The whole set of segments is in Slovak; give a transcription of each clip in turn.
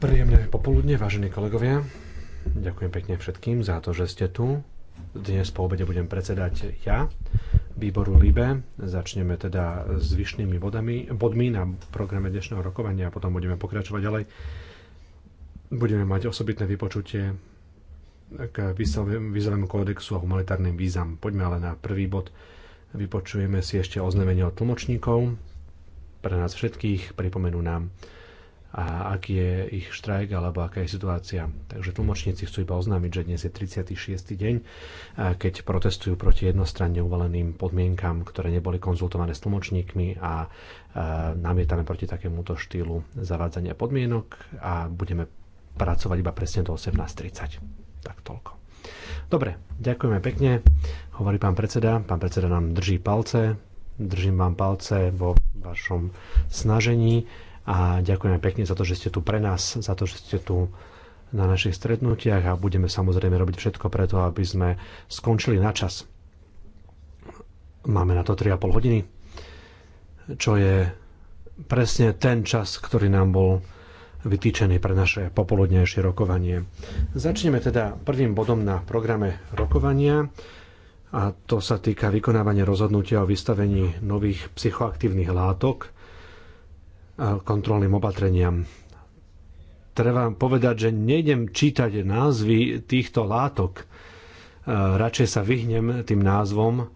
Príjemné popoludne, vážení kolegovia. Ďakujem pekne všetkým za to, že ste tu. Dnes po obede budem predsedať ja výboru LIBE. Začneme teda s vyšnými bodami, bodmi na programe dnešného rokovania a potom budeme pokračovať ďalej. Budeme mať osobitné vypočutie k vízovému kódexu a humanitárnym vízam. Poďme ale na prvý bod. Vypočujeme si ešte oznámenie od tlmočníkov. Pre nás všetkých pripomenú nám, a aký je ich štrajk alebo aká je situácia. Takže tlmočníci chcú iba oznámiť, že dnes je 36. deň, keď protestujú proti jednostranne uvaleným podmienkam, ktoré neboli konzultované s tlmočníkmi a namietame proti takémuto štýlu zavádzania podmienok a budeme pracovať iba presne do 18.30. Tak toľko. Dobre, ďakujeme pekne, hovorí pán predseda. Pán predseda nám drží palce, držím vám palce vo vašom snažení a ďakujeme pekne za to, že ste tu pre nás, za to, že ste tu na našich stretnutiach a budeme samozrejme robiť všetko preto, aby sme skončili na čas. Máme na to 3,5 hodiny, čo je presne ten čas, ktorý nám bol vytýčený pre naše popoludnejšie rokovanie. Začneme teda prvým bodom na programe rokovania a to sa týka vykonávania rozhodnutia o vystavení nových psychoaktívnych látok kontrolným opatreniam. Treba povedať, že nejdem čítať názvy týchto látok. E, radšej sa vyhnem tým názvom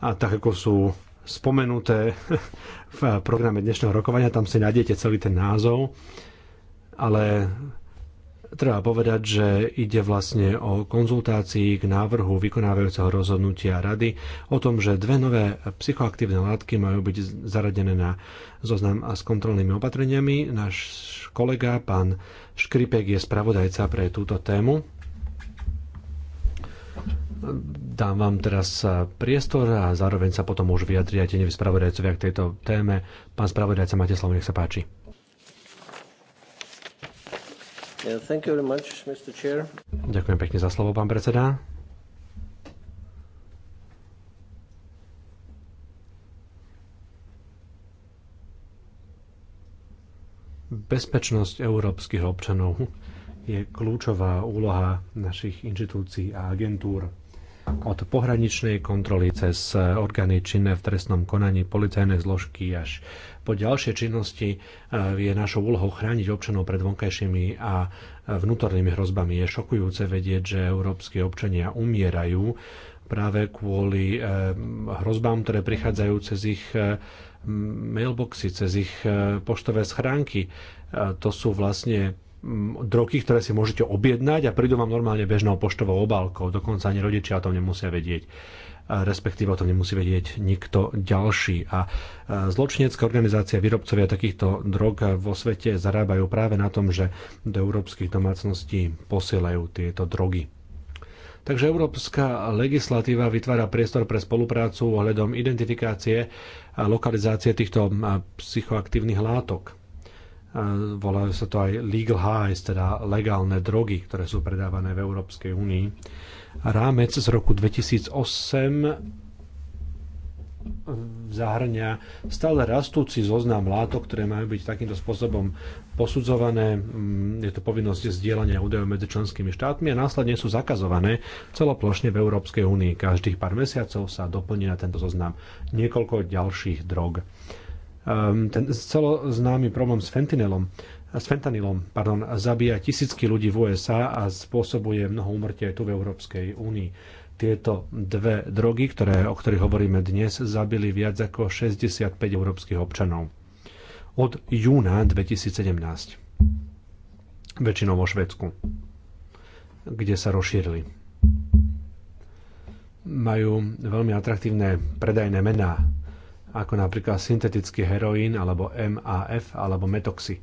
a tak ako sú spomenuté v programe dnešného rokovania, tam si nájdete celý ten názov, ale Treba povedať, že ide vlastne o konzultácii k návrhu vykonávajúceho rozhodnutia rady o tom, že dve nové psychoaktívne látky majú byť zaradené na zoznam a s kontrolnými opatreniami. Náš kolega, pán Škripek, je spravodajca pre túto tému. Dám vám teraz priestor a zároveň sa potom už vyjadriate nevy spravodajcovia k tejto téme. Pán spravodajca, máte slovo, nech sa páči. Ďakujem pekne za slovo, pán predseda. Bezpečnosť európskych občanov je kľúčová úloha našich inštitúcií a agentúr od pohraničnej kontroly cez orgány činné v trestnom konaní, policajné zložky až po ďalšie činnosti e, je našou úlohou chrániť občanov pred vonkajšími a vnútornými hrozbami. Je šokujúce vedieť, že európsky občania umierajú práve kvôli e, hrozbám, ktoré prichádzajú cez ich e, mailboxy, cez ich poštové schránky. To sú vlastne Mm, drogy, ktoré si môžete objednať a prídu vám normálne bežnou poštovou obálkou. Dokonca ani rodičia o tom nemusia vedieť e, respektíve o tom nemusí vedieť nikto ďalší. A e, zločinecká organizácia výrobcovia takýchto drog vo svete zarábajú práve na tom, že do európskych domácností posielajú tieto drogy. Takže európska legislatíva vytvára priestor pre spoluprácu ohľadom identifikácie a lokalizácie týchto psychoaktívnych látok volajú sa to aj legal highs, teda legálne drogy, ktoré sú predávané v Európskej únii. Rámec z roku 2008 zahrňa stále rastúci zoznam látok, ktoré majú byť takýmto spôsobom posudzované. Mm, je to povinnosť zdieľania údajov medzi členskými štátmi a následne sú zakazované celoplošne v Európskej únii. Každých pár mesiacov sa doplní na tento zoznam niekoľko ďalších drog. Ehm, ten celoznámy problém s fentanylom, s fentanylom pardon, zabíja tisícky ľudí v USA a spôsobuje mnoho úmrtí aj tu v Európskej únii. Tieto dve drogy, ktoré, o ktorých hovoríme dnes, zabili viac ako 65 európskych občanov. Od júna 2017. Väčšinou vo Švedsku, kde sa rozšírili. Majú veľmi atraktívne predajné mená ako napríklad syntetický heroín alebo MAF alebo metoxy.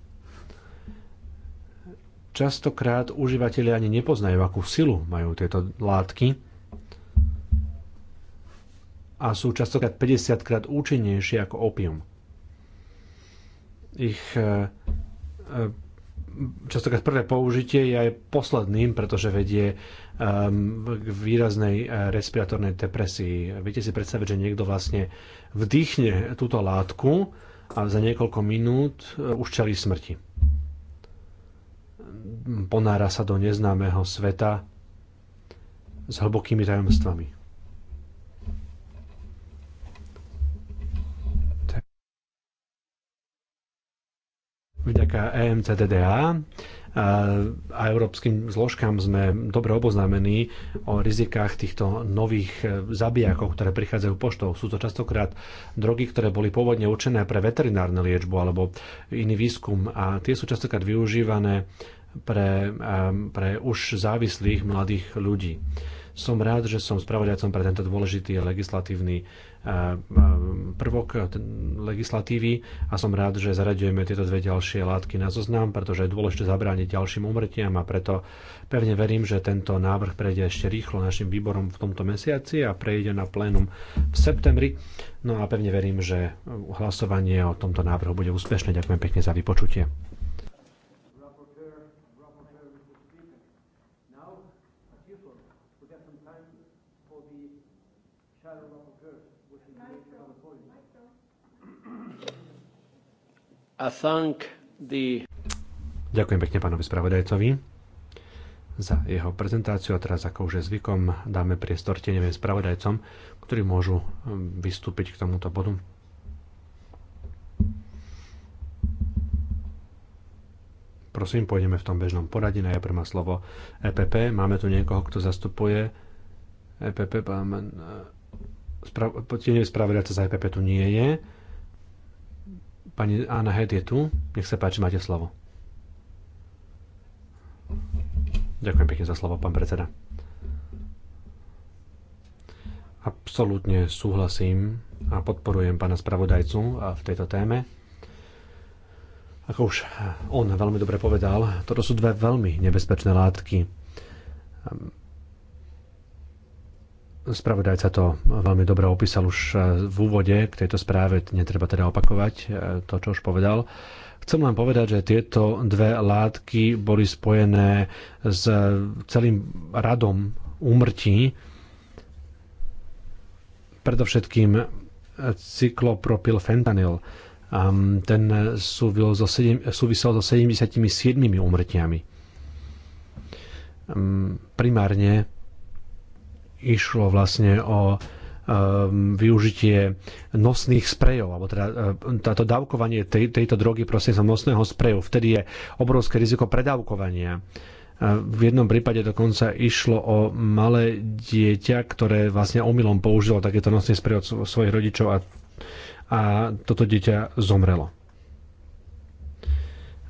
Častokrát užívateľi ani nepoznajú, akú silu majú tieto látky a sú častokrát 50 krát účinnejšie ako opium. Ich eh, eh, častokrát prvé použitie je aj posledným, pretože vedie Ehm, k výraznej e, respiratórnej depresii. Viete si predstaviť, že niekto vlastne vdýchne túto látku a za niekoľko minút e, už čelí smrti. Ponára sa do neznámeho sveta s hlbokými tajomstvami. Vďaka EMCDDA a európskym zložkám sme dobre oboznámení o rizikách týchto nových e, zabijakov, ktoré prichádzajú poštou. Sú to častokrát drogy, ktoré boli pôvodne určené pre veterinárne liečbu alebo iný výskum a tie sú častokrát využívané pre, pre už závislých mladých ľudí. Som rád, že som spravodajcom pre tento dôležitý legislatívny Ehm, prvok eh, legislatívy a som rád, že zaraďujeme tieto dve ďalšie látky na zoznam, pretože je dôležité zabrániť ďalším umrtiam a preto pevne verím, že tento návrh prejde ešte rýchlo našim výborom v tomto mesiaci a prejde na plénum v septembri. No a pevne verím, že hlasovanie o tomto návrhu bude úspešné. Ďakujem pekne za vypočutie. Ďakujem pekne pánovi spravodajcovi za jeho prezentáciu a teraz ako už je zvykom dáme priestor tenevým spravodajcom, ktorí môžu um, vystúpiť k tomuto bodu. Prosím, pôjdeme v tom bežnom poradí. Najprv má slovo EPP. Máme tu niekoho, kto zastupuje EPP. Pán... Uh, Sprav... Spravodajca za EPP tu nie je. Pani Anna Hed je tu. Nech sa páči, máte slovo. Ďakujem pekne za slovo, pán predseda. Absolútne súhlasím a podporujem pána spravodajcu v tejto téme. Ako už on veľmi dobre povedal, toto sú dve veľmi nebezpečné látky Spravodajca to veľmi dobre opísal už e, v úvode k tejto správe, netreba teda opakovať e, to, čo už povedal. Chcem len povedať, že tieto dve látky boli spojené s celým radom úmrtí, predovšetkým cyklopropylfentanyl. Ten súvisel so 77 úmrtiami. Primárne išlo vlastne o um, využitie nosných sprejov, alebo teda um, táto dávkovanie tej, tejto drogy prostredníctvom nosného spreju. Vtedy je obrovské riziko predávkovania. Uh, v jednom prípade dokonca išlo o malé dieťa, ktoré vlastne omylom použilo takéto nosný sprej od svojich rodičov a, a toto dieťa zomrelo.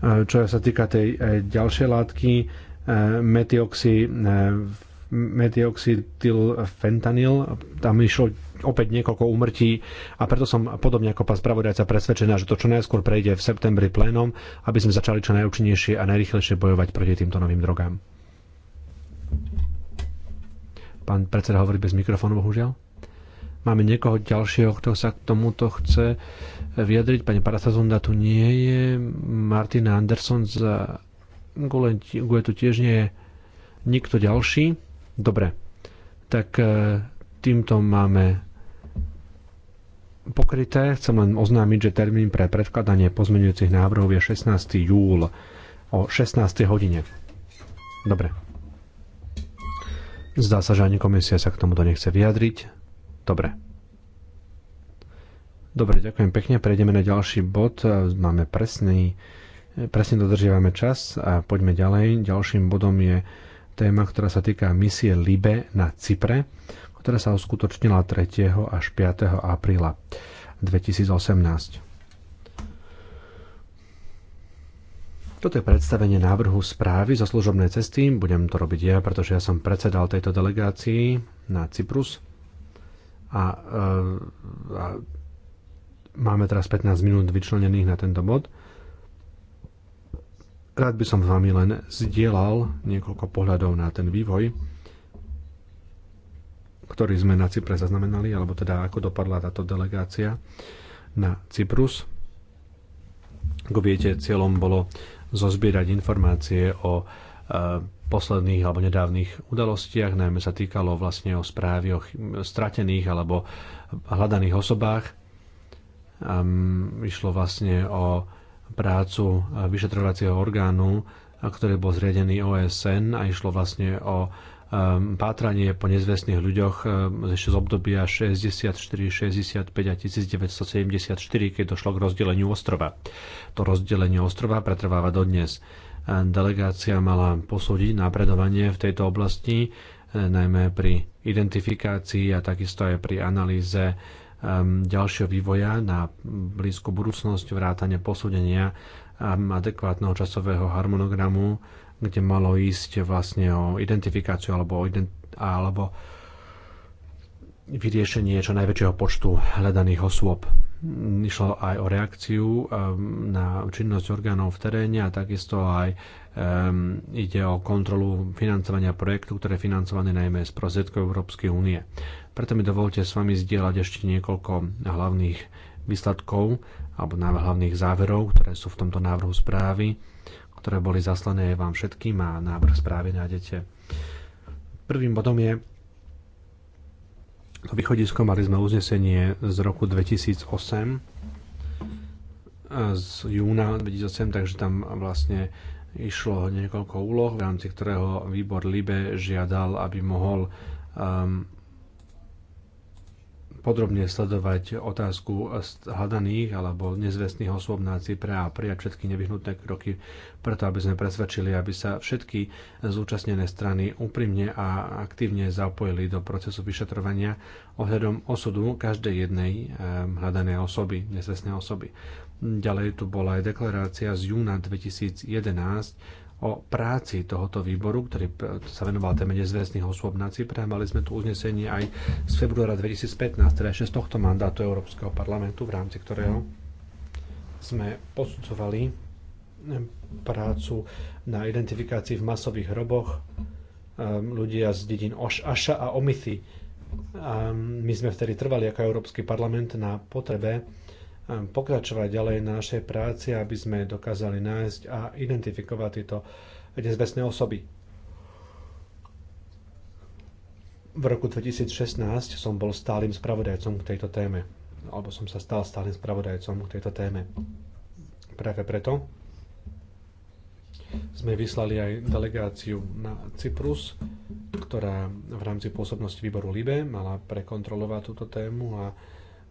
Uh, čo sa týka tej eh, ďalšej látky, eh, metioxy eh, metioxidil fentanyl. Tam išlo opäť niekoľko úmrtí a preto som podobne ako pán spravodajca presvedčená, že to čo najskôr prejde v septembri plénom, aby sme začali čo najúčinnejšie a najrychlejšie bojovať proti týmto novým drogám. Pán predseda hovorí bez mikrofónu, bohužiaľ. Máme niekoho ďalšieho, kto sa k tomuto chce vyjadriť. Pani Parasazunda tu nie je. Martina Anderson za Gule tu tiež nie je. Nikto ďalší. Dobre, tak e, týmto máme pokryté. Chcem len oznámiť, že termín pre predkladanie pozmeňujúcich návrhov je 16. júl o 16. hodine. Dobre. Zdá sa, že ani komisia sa k tomuto nechce vyjadriť. Dobre. Dobre, ďakujem pekne. Prejdeme na ďalší bod. E, máme presný, e, presne dodržiavame čas a poďme ďalej. Ďalším bodom je téma, ktorá sa týka misie Libe na Cypre, ktorá sa uskutočnila 3. až 5. apríla 2018. Toto je predstavenie návrhu správy zo služobnej cesty. Budem to robiť ja, pretože ja som predsedal tejto delegácii na Cyprus. A, a, e, a máme teraz 15 minút vyčlenených na tento bod. Rád by som s vami len zdieľal niekoľko pohľadov na ten vývoj, ktorý sme na Cypre zaznamenali, alebo teda ako dopadla táto delegácia na Cyprus. Ako viete, cieľom bolo zozbierať informácie o e, posledných alebo nedávnych udalostiach, najmä sa týkalo vlastne o správy o stratených alebo hľadaných osobách. E, išlo vlastne o prácu vyšetrovacieho orgánu, ktorý bol zriadený OSN a išlo vlastne o um, pátranie po nezvestných ľuďoch um, ešte z obdobia 64, 65 a 1974, keď došlo k rozdeleniu ostrova. To rozdelenie ostrova pretrváva dodnes. Delegácia mala posúdiť napredovanie v tejto oblasti, e, najmä pri identifikácii a takisto aj pri analýze Um, ďalšieho vývoja na blízku budúcnosť, vrátane posúdenia um, adekvátneho časového harmonogramu, kde malo ísť vlastne o identifikáciu alebo, ident- alebo vyriešenie čo najväčšieho počtu hľadaných osôb. Išlo aj o reakciu um, na činnosť orgánov v teréne a takisto aj Um, ide o kontrolu financovania projektu, ktoré je financované najmä z prostriedkov Európskej únie. Preto mi dovolte s vami zdieľať ešte niekoľko hlavných výsledkov alebo hlavných záverov, ktoré sú v tomto návrhu správy, ktoré boli zaslané vám všetkým a návrh správy nájdete. Prvým bodom je to východisko mali sme uznesenie z roku 2008 e, z júna 2008, takže tam vlastne Išlo niekoľko úloh, v rámci ktorého výbor Libe žiadal, aby mohol um, podrobne sledovať otázku hľadaných alebo nezvestných osôb na Cypre a prijať všetky nevyhnutné kroky preto, aby sme presvedčili, aby sa všetky zúčastnené strany úprimne a aktívne zapojili do procesu vyšetrovania ohľadom osudu každej jednej um, hľadanej osoby, nezvestnej osoby. Ďalej tu bola aj deklarácia z júna 2011 o práci tohoto výboru, ktorý sa venoval téme nezvestných osôb na Cypre. Mali sme tu uznesenie aj z februára 2015, teda ešte z tohto mandátu Európskeho parlamentu, v rámci ktorého sme posudzovali ehm, prácu na identifikácii v masových hroboch ehm, ľudia z dedín Aša a Omithy. A ehm, my sme vtedy trvali ako Európsky parlament na potrebe pokračovať ďalej na našej práci, aby sme dokázali nájsť a identifikovať tieto nezvestné osoby. V roku 2016 som bol stálym spravodajcom k tejto téme, alebo som sa stal stálym spravodajcom k tejto téme. Práve preto sme vyslali aj delegáciu na Cyprus, ktorá v rámci pôsobnosti výboru LIBE mala prekontrolovať túto tému a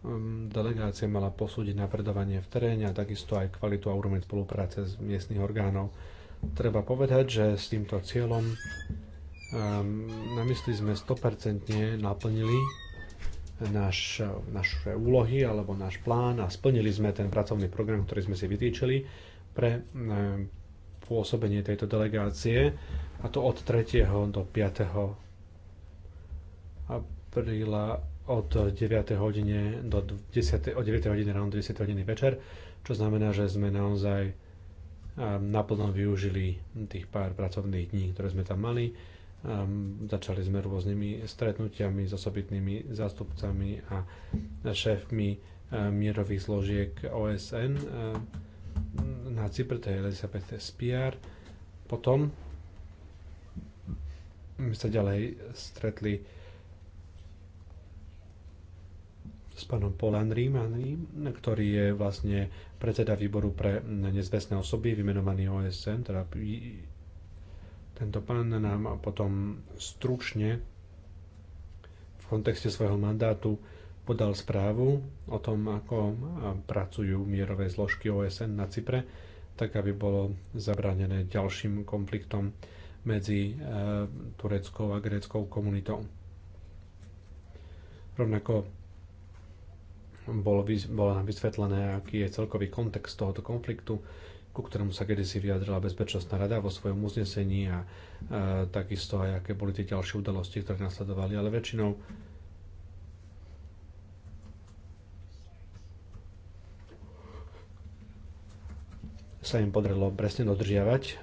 Ehm, delegácia mala posúdiť napredovanie v teréne a takisto aj kvalitu a úroveň spolupráce s miestnych orgánov. Treba povedať, že s týmto cieľom um, na mysli sme 100% naplnili naš, naše úlohy alebo náš plán a splnili sme ten pracovný program, ktorý sme si vytýčili pre um, pôsobenie tejto delegácie a to od 3. do 5. apríla od 9. hodine do 10. od 9. hodiny ráno do 10. hodiny večer, čo znamená, že sme naozaj ehm, naplno využili tých pár pracovných dní, ktoré sme tam mali. Ehm, začali sme rôznymi stretnutiami s osobitnými zástupcami a šéfmi ehm, mierových zložiek OSN na Cypr, to je Elizabeth Spiar. Potom sme sa ďalej stretli s pánom Polan Rímanim, ktorý je vlastne predseda výboru pre nezvestné osoby, vymenovaný OSN. Teda tento pán nám potom stručne v kontexte svojho mandátu podal správu o tom, ako pracujú mierové zložky OSN na Cypre, tak aby bolo zabranené ďalším konfliktom medzi e, tureckou a gréckou komunitou. Rovnako bol, bolo nám vysvetlené, aký je celkový kontext tohoto konfliktu, ku ktorému sa kedysi vyjadrila Bezpečnostná rada vo svojom uznesení a, e, takisto aj aké boli tie ďalšie udalosti, ktoré nasledovali, ale väčšinou sa im podarilo presne dodržiavať e,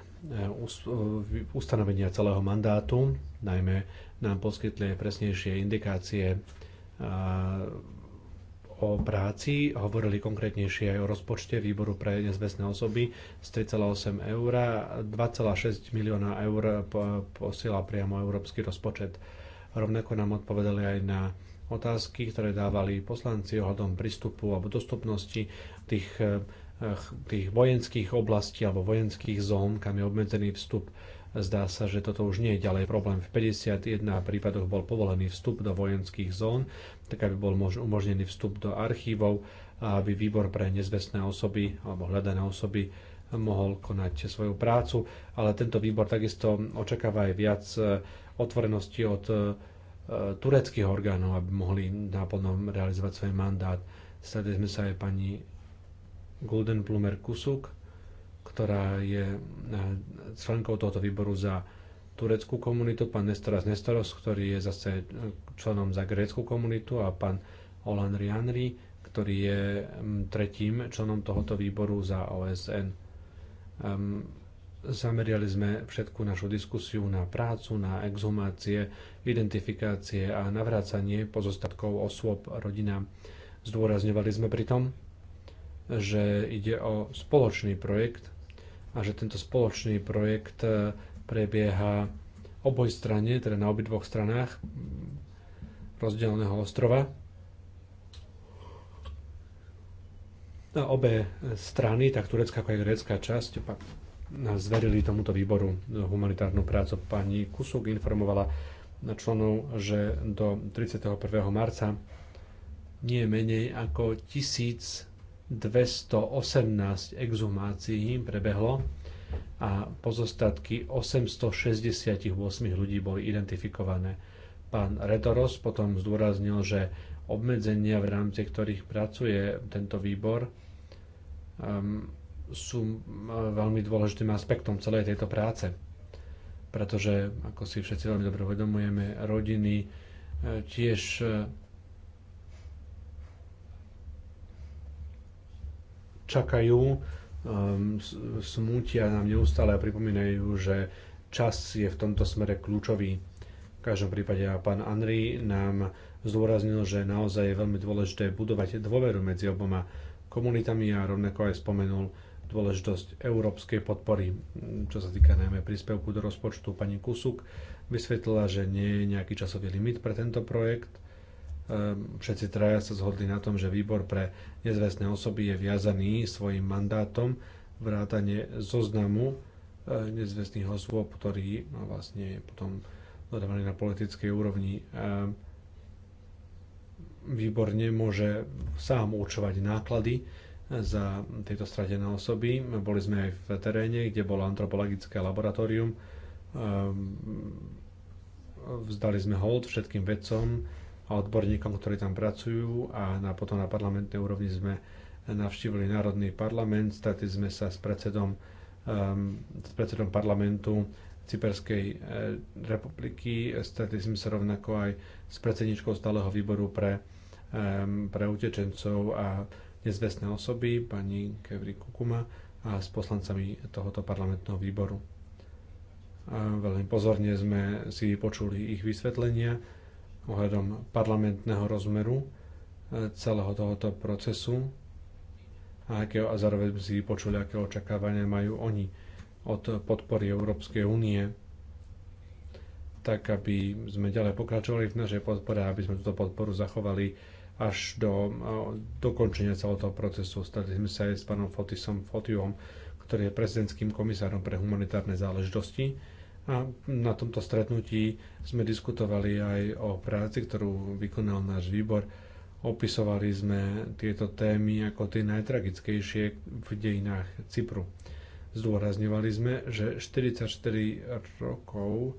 e, ustanovenia celého mandátu, najmä nám poskytli presnejšie indikácie e, o práci, hovorili konkrétnejšie aj o rozpočte výboru pre nezvestné osoby z 3,8 eur, 2,6 milióna eur posiela priamo európsky rozpočet. Rovnako nám odpovedali aj na otázky, ktoré dávali poslanci ohľadom prístupu alebo dostupnosti tých, eh, tých vojenských oblastí alebo vojenských zón, kam je obmedzený vstup Zdá sa, že toto už nie je ďalej problém. V 51 prípadoch bol povolený vstup do vojenských zón, tak aby bol umožnený vstup do archívov a aby výbor pre nezvestné osoby alebo hľadané osoby mohol konať svoju prácu, ale tento výbor takisto očakáva aj viac e, otvorenosti od e, tureckých orgánov, aby mohli náplno realizovať svoj mandát. Stretli sme sa aj pani Golden Plumer Kusuk, ktorá je e, členkou tohoto výboru za tureckú komunitu, pán Nestoras Nestoros, ktorý je zase e, členom za grécku komunitu a pán Olan Rianri, ktorý je tretím členom tohoto výboru za OSN. Zameriali sme všetku našu diskusiu na prácu, na exhumácie, identifikácie a navrácanie pozostatkov osôb rodina. Zdôrazňovali sme pritom, že ide o spoločný projekt, a že tento spoločný projekt e, prebieha oboj strane, teda na obidvoch stranách rozdielného ostrova. A obe strany, tak turecká ako aj grécka časť, pak zverili tomuto výboru humanitárnu prácu. Pani Kusuk informovala na členov, že do 31. marca nie menej ako tisíc 218 exhumácií prebehlo a pozostatky 868 ľudí boli identifikované. Pán Retoros potom zdôraznil, že obmedzenia, v rámci ktorých pracuje tento výbor, um, sú uh, veľmi dôležitým aspektom celej tejto práce. Pretože, ako si všetci veľmi dobre uvedomujeme, rodiny uh, tiež uh, čakajú, um, smútia nám neustále a pripomínajú, že čas je v tomto smere kľúčový. V každom prípade a pán Andri nám zdôraznil, že naozaj je veľmi dôležité budovať dôveru medzi oboma komunitami a rovnako aj spomenul dôležitosť európskej podpory, čo sa týka najmä príspevku do rozpočtu. Pani Kusuk vysvetlila, že nie je nejaký časový limit pre tento projekt, Ehm, všetci traja sa zhodli na tom, že výbor pre nezvestné osoby je viazaný svojim mandátom vrátane zoznamu ehm, nezvestných osôb, ktorý no, vlastne je potom dodávaný na politickej úrovni. Ehm, výbor nemôže sám určovať náklady za tieto stratené osoby. Boli sme aj v teréne, kde bolo antropologické laboratórium. Vzdali sme hold všetkým vedcom, a odborníkom, ktorí tam pracujú a na, potom na parlamentnej úrovni sme navštívili Národný parlament, stretli sme sa s predsedom, um, s predsedom parlamentu Cyperskej eh, republiky, stretli sme sa rovnako aj s predsedničkou stáleho výboru pre, um, pre utečencov a nezvestné osoby, pani Kevri Kukuma, a s poslancami tohoto parlamentného výboru. A veľmi pozorne sme si počuli ich vysvetlenia, ohľadom parlamentného rozmeru e, celého tohoto procesu a, akého, a zároveň si vypočuli, aké očakávania majú oni od podpory Európskej únie, tak aby sme ďalej pokračovali v našej podpore, aby sme túto podporu zachovali až do e, dokončenia celého toho procesu. Stali sme sa aj s pánom Fotisom Fotiom, ktorý je prezidentským komisárom pre humanitárne záležitosti a na tomto stretnutí sme diskutovali aj o práci, ktorú vykonal náš výbor. Opisovali sme tieto témy ako tie najtragickejšie v dejinách Cypru. Zdôrazňovali sme, že 44 rokov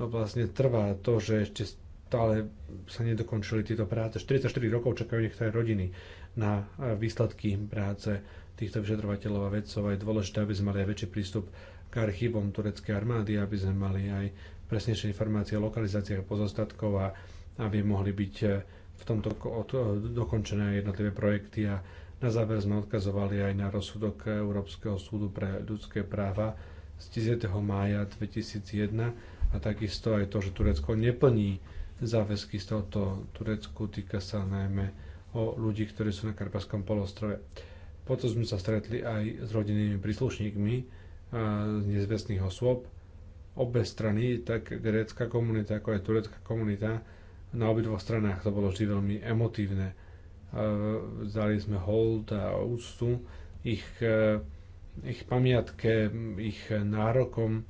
vlastne trvá to, že ešte stále sa nedokončili tieto práce. 44 rokov čakajú niektoré rodiny na výsledky práce týchto vyšetrovateľov a vedcov. je dôležité, aby sme mali aj väčší prístup k archívom tureckej armády, aby sme mali aj presnejšie informácie o lokalizáciách pozostatkov a aby mohli byť eh, v tomto dokončené jednotlivé projekty a na záver sme odkazovali aj na rozsudok Európskeho súdu pre ľudské práva z 10. mája 2001 a takisto aj to, že Turecko neplní záväzky z tohoto Turecku, týka sa najmä o ľudí, ktorí sú na Karpatskom polostrove. Potom sme sa stretli aj s rodinnými príslušníkmi, Eh, nezvestných osôb. Obe strany, tak grécka komunita, ako aj turecká komunita, na obidvoch stranách to bolo vždy veľmi emotívne. Eh, Zdali sme hold a úctu ich, eh, ich pamiatke, ich nárokom,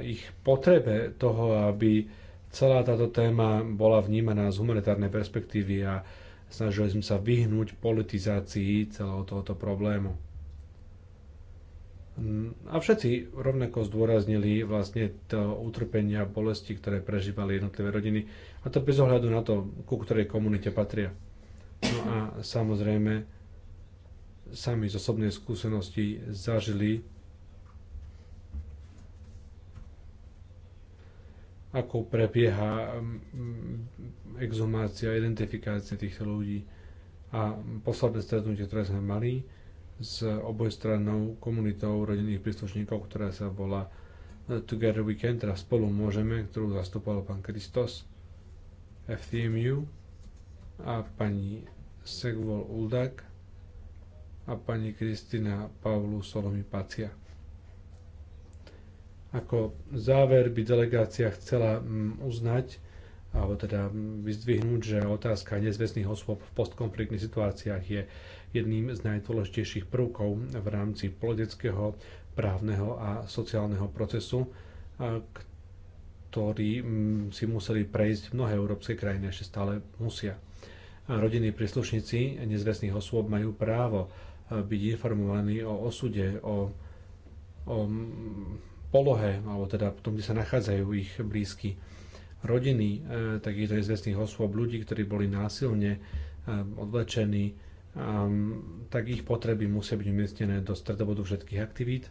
ich potrebe toho, aby celá táto téma bola vnímaná z humanitárnej perspektívy a snažili sme sa vyhnúť politizácii celého tohoto problému. Mm, a všetci rovnako zdôraznili vlastne to utrpenia, bolesti, ktoré prežívali jednotlivé rodiny. A to bez ohľadu na to, ku ktorej komunite patria. No a samozrejme, sami z osobnej skúsenosti zažili, ako prebieha mm, mm, exhumácia, identifikácia týchto ľudí. A posledné stretnutie, ktoré sme mali, s obojstrannou komunitou rodinných príslušníkov, ktorá sa volá eh, Together We Can, teda Spolu Môžeme, ktorú zastupoval pán Kristos, FTMU a pani Segvol Uldak a pani Kristina Pavlu Solomi Pacia. Ako záver by delegácia chcela mm, uznať, alebo teda mm, vyzdvihnúť, že otázka nezvestných osôb v postkonfliktných situáciách je jedným z najdôležitejších prvkov v rámci politického, právneho a sociálneho procesu, ktorý mm, si museli prejsť mnohé európske krajiny, ešte stále musia. Rodiny príslušníci nezvestných osôb majú právo byť informovaní o osude, o, o mm, polohe, alebo teda v tom, kde sa nachádzajú ich blízky rodiny e, takýchto nezvestných osôb, ľudí, ktorí boli násilne e, odvlečení Ehm, tak ich potreby musia byť umiestnené do stredobodu všetkých aktivít.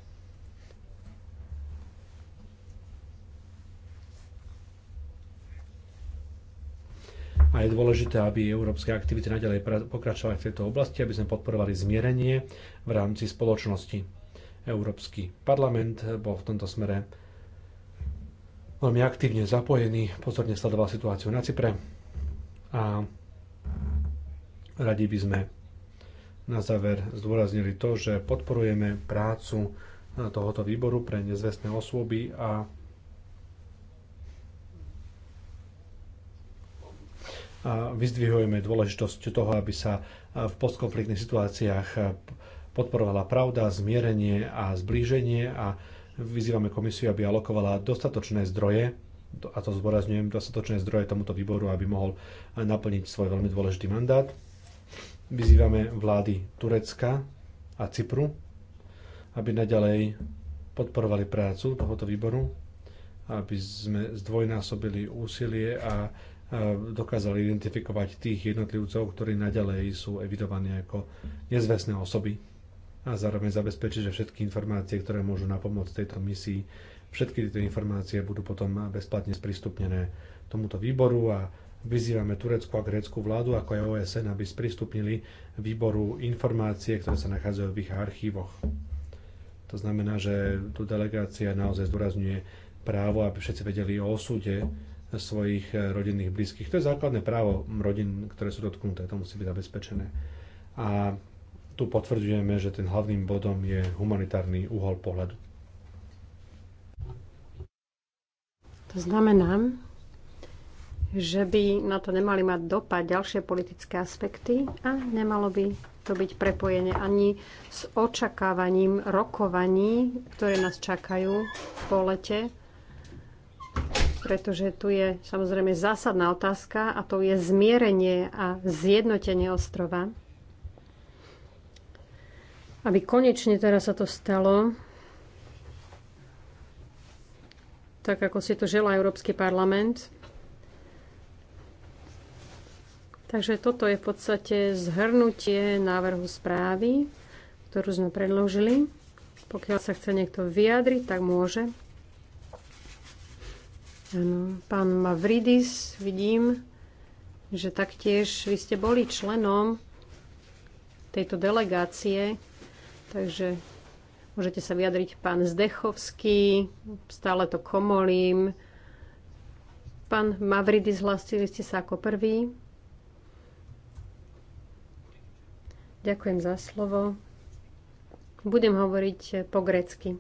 a je dôležité, aby európske aktivity nadalej pokračovali v tejto oblasti, aby sme podporovali zmierenie v rámci spoločnosti. Európsky parlament bol v tomto smere veľmi aktívne zapojený, pozorne sledoval situáciu na Cypre a radi by sme na záver zdôraznili to, že podporujeme prácu e, tohoto výboru pre nezvestné osôby a a vyzdvihujeme dôležitosť toho, aby sa e, v postkonfliktných situáciách e, podporovala pravda, zmierenie a zblíženie a vyzývame komisiu, aby alokovala dostatočné zdroje a to zdôrazňujem, dostatočné zdroje tomuto výboru, aby mohol naplniť svoj veľmi dôležitý mandát. Vyzývame vlády Turecka a Cypru, aby naďalej podporovali prácu tohoto výboru, aby sme zdvojnásobili úsilie a dokázali identifikovať tých jednotlivcov, ktorí naďalej sú evidovaní ako nezvestné osoby a zároveň zabezpečiť, že všetky informácie, ktoré môžu na pomoc tejto misii, všetky tieto informácie budú potom bezplatne sprístupnené tomuto výboru a Vyzývame tureckú a grécku vládu, ako aj OSN, aby sprístupnili výboru informácie, ktoré sa nachádzajú v ich archívoch. To znamená, že tu delegácia naozaj zdôrazňuje právo, aby všetci vedeli o osude svojich rodinných blízkych. To je základné právo rodín, ktoré sú dotknuté, to musí byť zabezpečené. A tu potvrdzujeme, že ten hlavným bodom je humanitárny uhol pohľadu. To znamená, že by na to nemali mať dopad ďalšie politické aspekty a nemalo by to byť prepojené ani s očakávaním rokovaní, ktoré nás čakajú po lete, pretože tu je samozrejme zásadná otázka a to je zmierenie a zjednotenie ostrova. Aby konečne teraz sa to stalo, tak ako si to želá Európsky parlament, Takže toto je v podstate zhrnutie návrhu správy, ktorú sme predložili. Pokiaľ sa chce niekto vyjadriť, tak môže. Ano, pán Mavridis, vidím, že taktiež vy ste boli členom tejto delegácie, takže môžete sa vyjadriť pán Zdechovský, stále to komolím. Pán Mavridis, hlasili ste sa ako prvý. Ďakujem za slovo. Budem hovoriť eh, po grecky.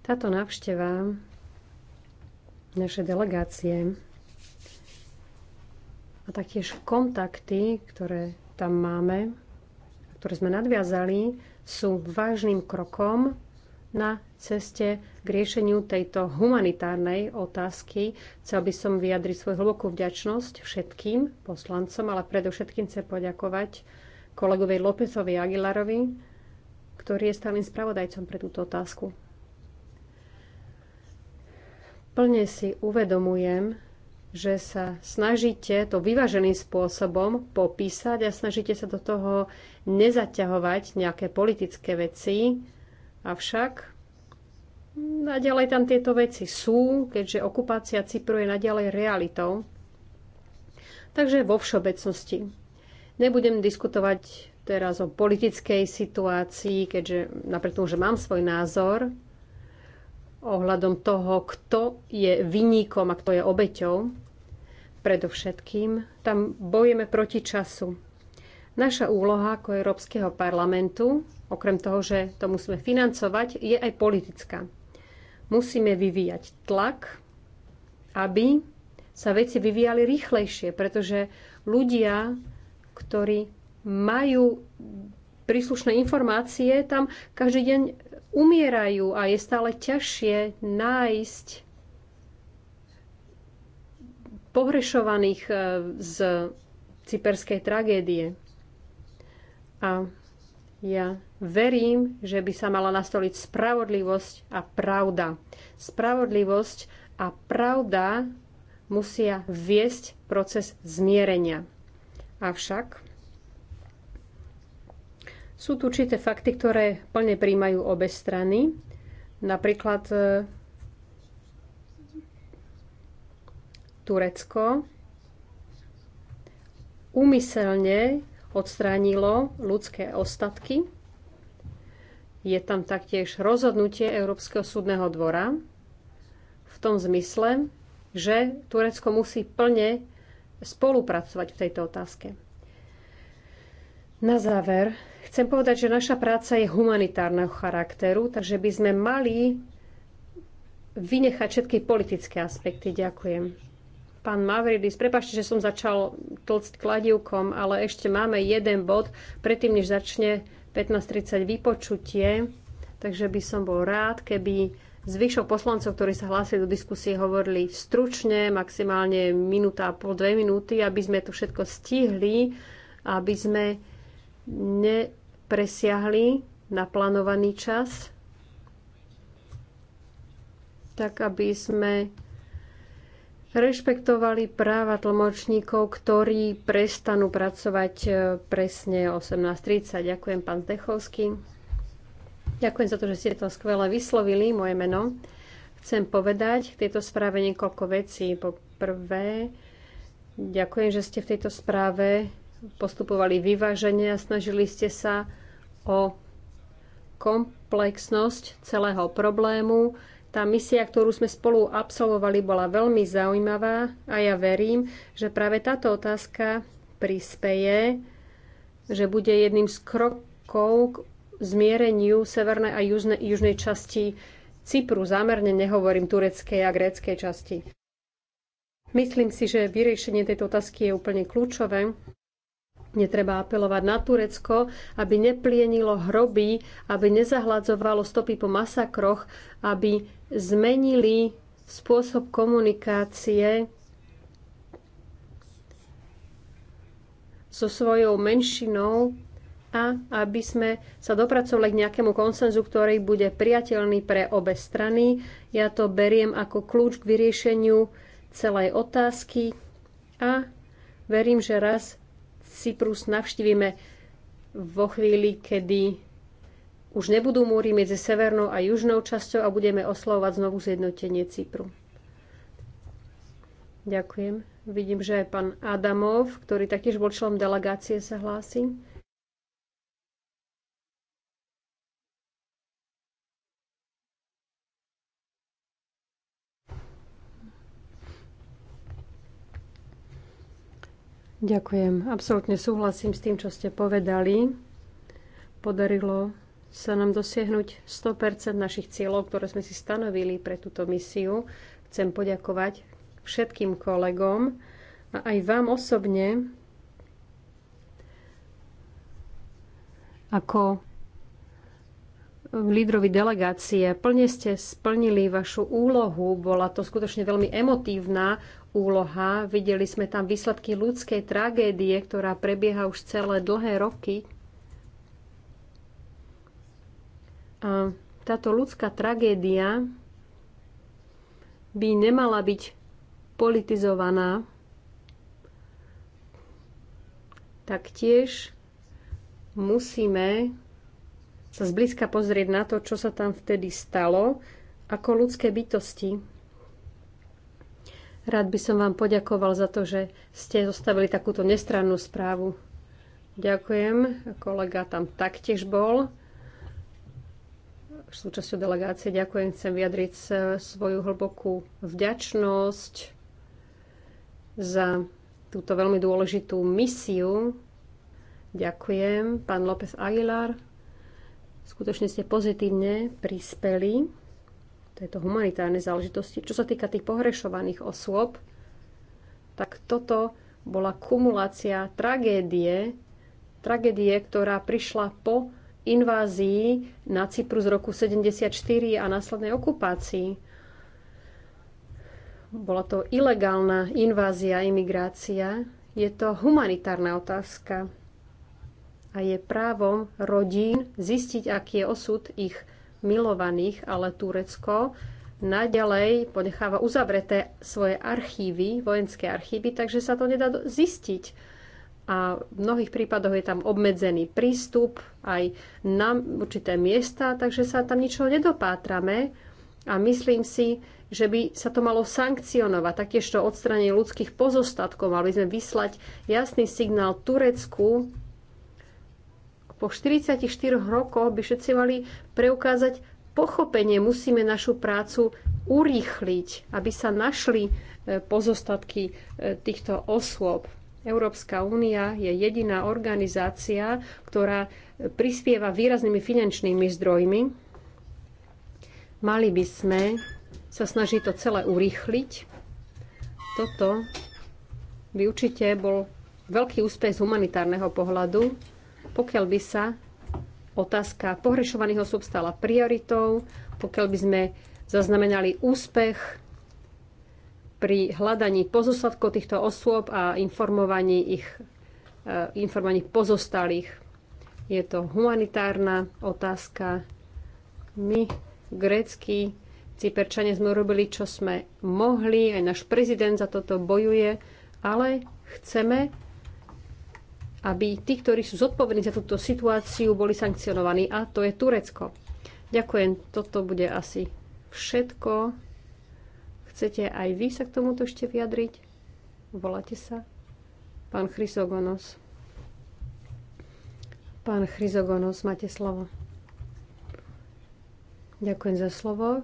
Táto návšteva naše delegácie a taktiež kontakty, ktoré tam máme, ktoré sme nadviazali, sú vážnym krokom na ceste k riešeniu tejto humanitárnej otázky. Chcel by som vyjadriť svoju hlbokú vďačnosť všetkým poslancom, ale predovšetkým chcem poďakovať kolegovi Lópezovi Aguilarovi, ktorý je stálym spravodajcom pre túto otázku. Plne si uvedomujem, že sa snažíte to vyváženým spôsobom popísať a snažíte sa do toho nezaťahovať nejaké politické veci, Avšak naďalej tam tieto veci sú, keďže okupácia Cypru je naďalej realitou. Takže vo všeobecnosti. Nebudem diskutovať teraz o politickej situácii, keďže napriek tomu, že mám svoj názor ohľadom toho, kto je vyníkom a kto je obeťou, predovšetkým tam bojujeme proti času. Naša úloha ako Európskeho parlamentu okrem toho, že to musíme financovať, je aj politická. Musíme vyvíjať tlak, aby sa veci vyvíjali rýchlejšie, pretože ľudia, ktorí majú príslušné informácie, tam každý deň umierajú a je stále ťažšie nájsť pohrešovaných eh, z cyperskej tragédie. A ja verím, že by sa mala nastoliť spravodlivosť a pravda. Spravodlivosť a pravda musia viesť proces zmierenia. Avšak sú tu určité fakty, ktoré plne príjmajú obe strany. Napríklad e, Turecko úmyselne odstránilo ľudské ostatky. Je tam taktiež rozhodnutie Európskeho súdneho dvora v tom zmysle, že Turecko musí plne spolupracovať v tejto otázke. Na záver chcem povedať, že naša práca je humanitárneho charakteru, takže by sme mali vynechať všetky politické aspekty. Ďakujem. Pán Mavridis, prepašte, že som začal tlcť kladivkom, ale ešte máme jeden bod, predtým, než začne 15.30 vypočutie, takže by som bol rád, keby zvyšok poslancov, ktorí sa hlásili do diskusie, hovorili stručne, maximálne minúta a pol, dve minúty, aby sme to všetko stihli, aby sme nepresiahli naplánovaný čas, tak aby sme rešpektovali práva tlmočníkov, ktorí prestanú pracovať e, presne 18.30. Ďakujem, pán Zdechovský. Ďakujem za to, že ste to skvele vyslovili, moje meno. Chcem povedať k tejto správe niekoľko vecí. Po prvé, ďakujem, že ste v tejto správe postupovali vyvážene a snažili ste sa o komplexnosť celého problému tá misia, ktorú sme spolu absolvovali, bola veľmi zaujímavá a ja verím, že práve táto otázka prispeje, že bude jedným z krokov k zmiereniu severnej a južnej, južnej časti Cypru. Zámerne nehovorím tureckej a gréckej časti. Myslím si, že vyriešenie tejto otázky je úplne kľúčové Netreba apelovať na Turecko, aby neplienilo hroby, aby nezahladzovalo stopy po masakroch, aby zmenili spôsob komunikácie so svojou menšinou a aby sme sa dopracovali k nejakému konsenzu, ktorý bude priateľný pre obe strany. Ja to beriem ako kľúč k vyriešeniu celej otázky a verím, že raz Cyprus navštívime vo chvíli, kedy už nebudú múry medzi severnou a južnou časťou a budeme oslovať znovu zjednotenie Cypru. Ďakujem. Vidím, že aj pán Adamov, ktorý taktiež bol členom delegácie, sa hlási. Ďakujem. Absolutne súhlasím s tým, čo ste povedali. Podarilo sa nám dosiahnuť 100% našich cieľov, ktoré sme si stanovili pre túto misiu. Chcem poďakovať všetkým kolegom a aj vám osobne ako lídrovi delegácie. Plne ste splnili vašu úlohu, bola to skutočne veľmi emotívna úloha. Videli sme tam výsledky ľudskej tragédie, ktorá prebieha už celé dlhé roky. A táto ľudská tragédia by nemala byť politizovaná. Taktiež musíme sa zblízka pozrieť na to, čo sa tam vtedy stalo ako ľudské bytosti. Rád by som vám poďakoval za to, že ste zostavili takúto nestrannú správu. Ďakujem. Kolega tam taktiež bol súčasťou delegácie. Ďakujem, chcem vyjadriť svoju hlbokú vďačnosť za túto veľmi dôležitú misiu. Ďakujem, pán López Aguilar. Skutočne ste pozitívne prispeli tejto humanitárnej záležitosti. Čo sa týka tých pohrešovaných osôb, tak toto bola kumulácia tragédie, tragédie, ktorá prišla po invázii na Cypru z roku 74 a následnej okupácii. Bola to ilegálna invázia, imigrácia. Je to humanitárna otázka a je právom rodín zistiť, aký je osud ich milovaných, ale Turecko naďalej ponecháva uzavreté svoje archívy, vojenské archívy, takže sa to nedá zistiť. A v mnohých prípadoch je tam obmedzený prístup aj na určité miesta, takže sa tam ničoho nedopátrame. A myslím si, že by sa to malo sankcionovať, taktiež to odstranenie ľudských pozostatkov. Mali by sme vyslať jasný signál Turecku, po 44 rokoch by všetci mali preukázať pochopenie. Musíme našu prácu urýchliť, aby sa našli e, pozostatky e, týchto osôb. Európska únia je jediná organizácia, ktorá e, prispieva výraznými finančnými zdrojmi. Mali by sme sa snažiť to celé urýchliť. Toto by určite bol veľký úspech z humanitárneho pohľadu pokiaľ by sa otázka pohrešovaných osôb stala prioritou, pokiaľ by sme zaznamenali úspech pri hľadaní pozostatkov týchto osôb a informovaní ich e, informovaní pozostalých. Je to humanitárna otázka. My, grécky Cyperčania, sme urobili, čo sme mohli. Aj náš prezident za toto bojuje. Ale chceme aby tí, ktorí sú zodpovední za túto situáciu, boli sankcionovaní. A to je Turecko. Ďakujem, toto bude asi všetko. Chcete aj vy sa k tomuto ešte vyjadriť? Voláte sa? Pán Chrysogonos. Pán Chrysogonos, máte slovo. Ďakujem za slovo.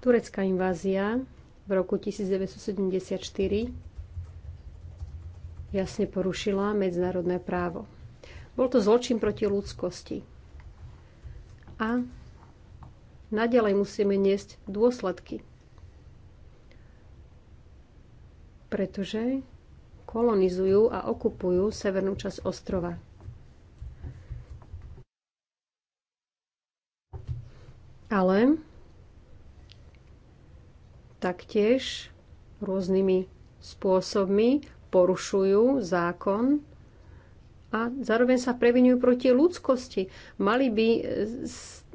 Turecká invázia v roku 1974 jasne porušila medzinárodné právo. Bol to zločin proti ľudskosti. A nadalej musíme niesť dôsledky. Pretože kolonizujú a okupujú severnú časť ostrova. Ale taktiež rôznymi spôsobmi porušujú zákon a zároveň sa previnujú proti ľudskosti. Mali by e,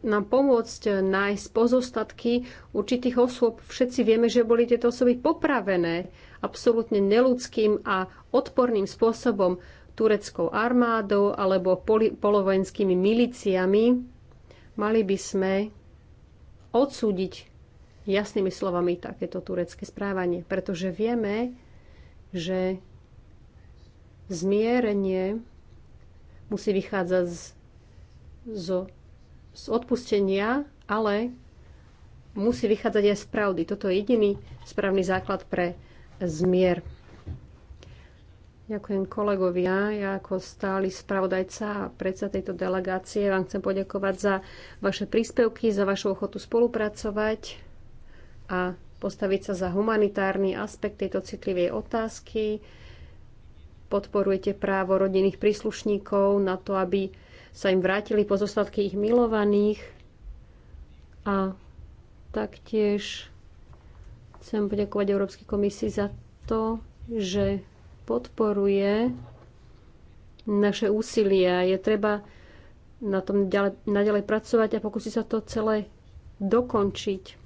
nám pomôcť nájsť pozostatky určitých osôb. Všetci vieme, že boli tieto osoby popravené absolútne neludským a odporným spôsobom tureckou armádou alebo poli- polovojenskými miliciami. Mali by sme odsúdiť jasnými slovami takéto turecké správanie, pretože vieme, že zmierenie musí vychádzať z, z, z odpustenia, ale musí vychádzať aj z pravdy. Toto je jediný správny základ pre zmier. Ďakujem kolegovia. Ja ako stály spravodajca a predsa tejto delegácie vám chcem poďakovať za vaše príspevky, za vašu ochotu spolupracovať a postaviť sa za humanitárny aspekt tejto citlivej otázky. Podporujete právo rodinných príslušníkov na to, aby sa im vrátili pozostatky ich milovaných. A taktiež chcem poďakovať Európskej komisii za to, že podporuje naše úsilie. Je treba na tom ďalej, naďalej pracovať a pokúsiť sa to celé dokončiť.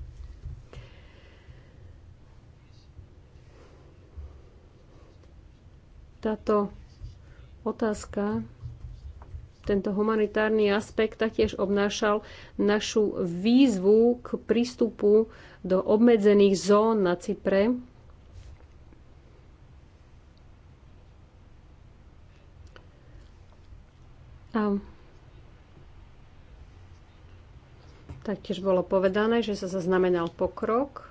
Táto otázka, tento humanitárny aspekt taktiež obnášal našu výzvu k prístupu do obmedzených zón na Cypre. A taktiež bolo povedané, že sa zaznamenal pokrok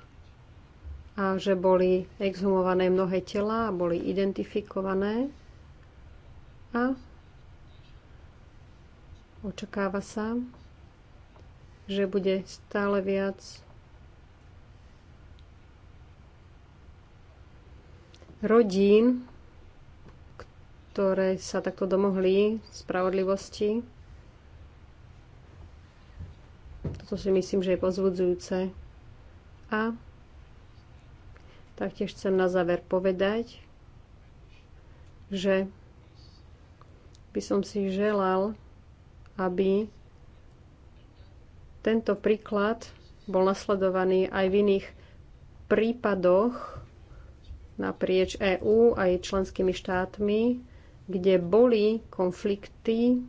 a že boli exhumované mnohé tela a boli identifikované. A očakáva sa, že bude stále viac rodín, ktoré sa takto domohli spravodlivosti. Toto si myslím, že je pozvudzujúce. A Taktiež chcem na záver povedať, že by som si želal, aby tento príklad bol nasledovaný aj v iných prípadoch naprieč EÚ aj členskými štátmi, kde boli konflikty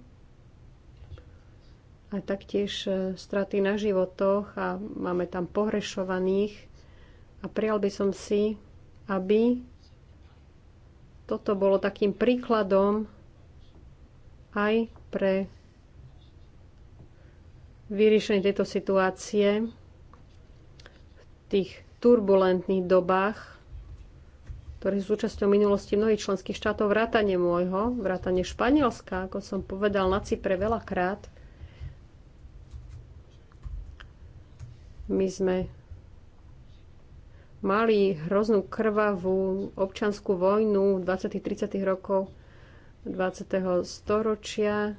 a taktiež straty na životoch a máme tam pohrešovaných a prijal by som si, aby toto bolo takým príkladom aj pre vyriešenie tejto situácie v tých turbulentných dobách, ktorý sú súčasťou minulosti mnohých členských štátov, vrátane môjho, vrátane Španielska, ako som povedal na Cypre veľakrát. My sme mali hroznú krvavú občanskú vojnu v 20. 30. rokov 20. storočia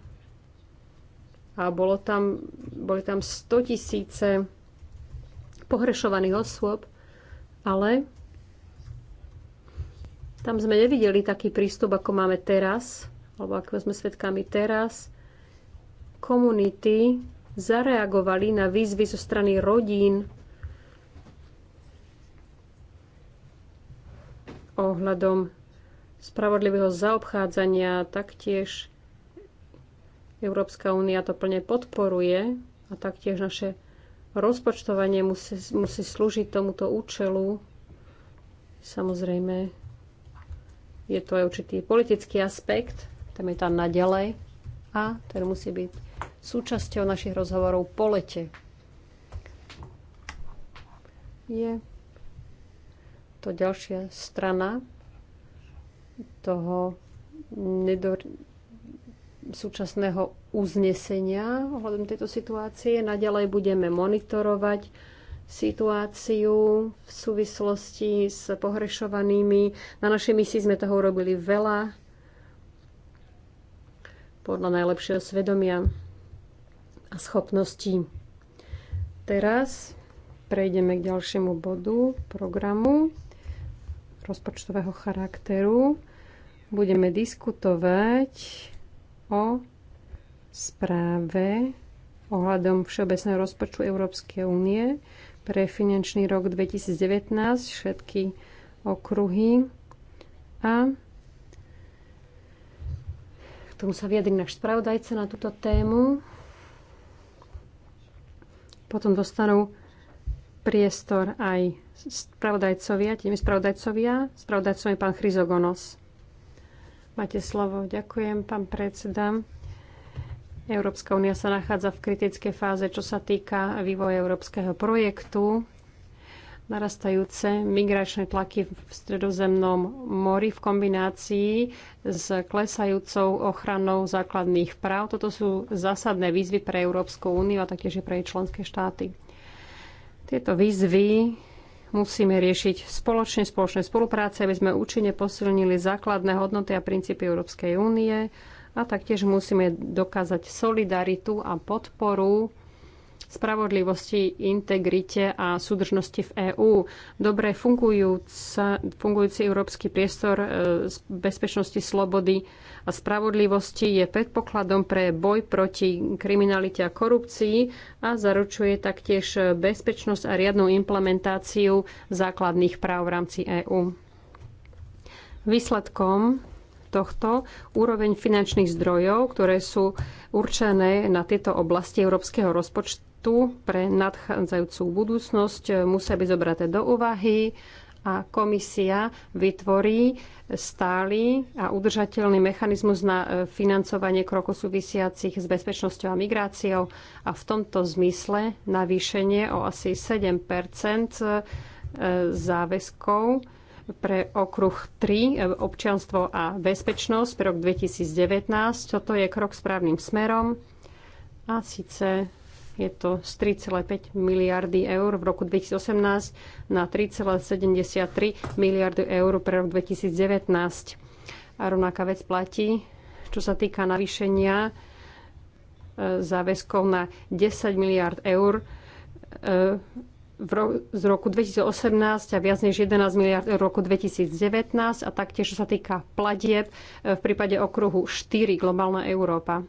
a bolo tam, boli tam 100 tisíce pohrešovaných osôb, ale tam sme nevideli taký prístup, ako máme teraz, alebo ako sme svedkami teraz. Komunity zareagovali na výzvy zo strany rodín, ohľadom spravodlivého zaobchádzania. Taktiež Európska únia to plne podporuje a taktiež naše rozpočtovanie musí, musí slúžiť tomuto účelu. Samozrejme, je to aj určitý politický aspekt, tam je tam naďalej a ten musí byť súčasťou našich rozhovorov po lete. Je to ďalšia strana toho nedor- súčasného uznesenia ohľadom tejto situácie. Naďalej budeme monitorovať situáciu v súvislosti s pohrešovanými. Na našej misii sme toho urobili veľa podľa najlepšieho svedomia a schopností. Teraz prejdeme k ďalšiemu bodu programu rozpočtového charakteru budeme diskutovať o správe ohľadom Všeobecného rozpočtu Európskej únie pre finančný rok 2019, všetky okruhy. A k tomu sa vyjadrí náš spravodajca na túto tému. Potom dostanú priestor aj spravodajcovia, tými spravodajcovia. Spravodajcom je pán Chryzogonos. Máte slovo. Ďakujem, pán predseda. Európska únia sa nachádza v kritickej fáze, čo sa týka vývoja európskeho projektu. Narastajúce migračné tlaky v stredozemnom mori v kombinácii s klesajúcou ochranou základných práv. Toto sú zásadné výzvy pre Európsku úniu a taktiež pre jej členské štáty. Tieto výzvy musíme riešiť spoločne, spoločné spolupráce, aby sme účinne posilnili základné hodnoty a princípy Európskej únie a taktiež musíme dokázať solidaritu a podporu spravodlivosti, integrite a súdržnosti v EÚ. Dobre fungujúci európsky priestor e, bezpečnosti, slobody a spravodlivosti je predpokladom pre boj proti kriminalite a korupcii a zaručuje taktiež bezpečnosť a riadnu implementáciu základných práv v rámci EÚ. Výsledkom tohto úroveň finančných zdrojov, ktoré sú určené na tieto oblasti európskeho rozpočtu, tu pre nadchádzajúcu budúcnosť e, musia byť zobraté do úvahy a komisia vytvorí stály a udržateľný mechanizmus na e, financovanie krokov súvisiacich s bezpečnosťou a migráciou a v tomto zmysle navýšenie o asi 7 e, záväzkov pre okruh 3 občianstvo a bezpečnosť pre rok 2019. Toto je krok správnym smerom a síce je to z 3,5 miliardy eur v roku 2018 na 3,73 miliardy eur pre rok 2019. A rovnaká vec platí, čo sa týka navýšenia e, záväzkov na 10 miliard eur e, z roku 2018 a viac než 11 miliard eur v roku 2019 a taktiež, čo sa týka platieb e, v prípade okruhu 4 Globálna Európa.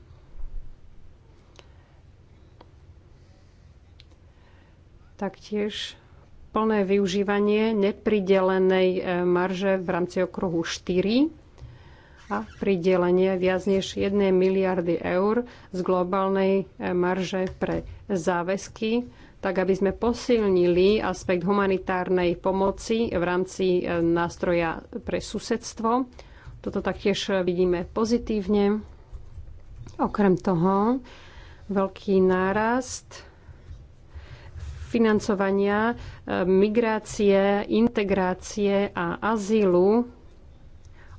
taktiež plné využívanie nepridelenej e, marže v rámci okruhu 4 a pridelenie viac než 1 miliardy eur z globálnej e, marže pre záväzky, tak aby sme posilnili aspekt humanitárnej pomoci v rámci e, nástroja pre susedstvo. Toto taktiež vidíme pozitívne. Okrem toho, veľký nárast financovania e, migrácie, integrácie a azylu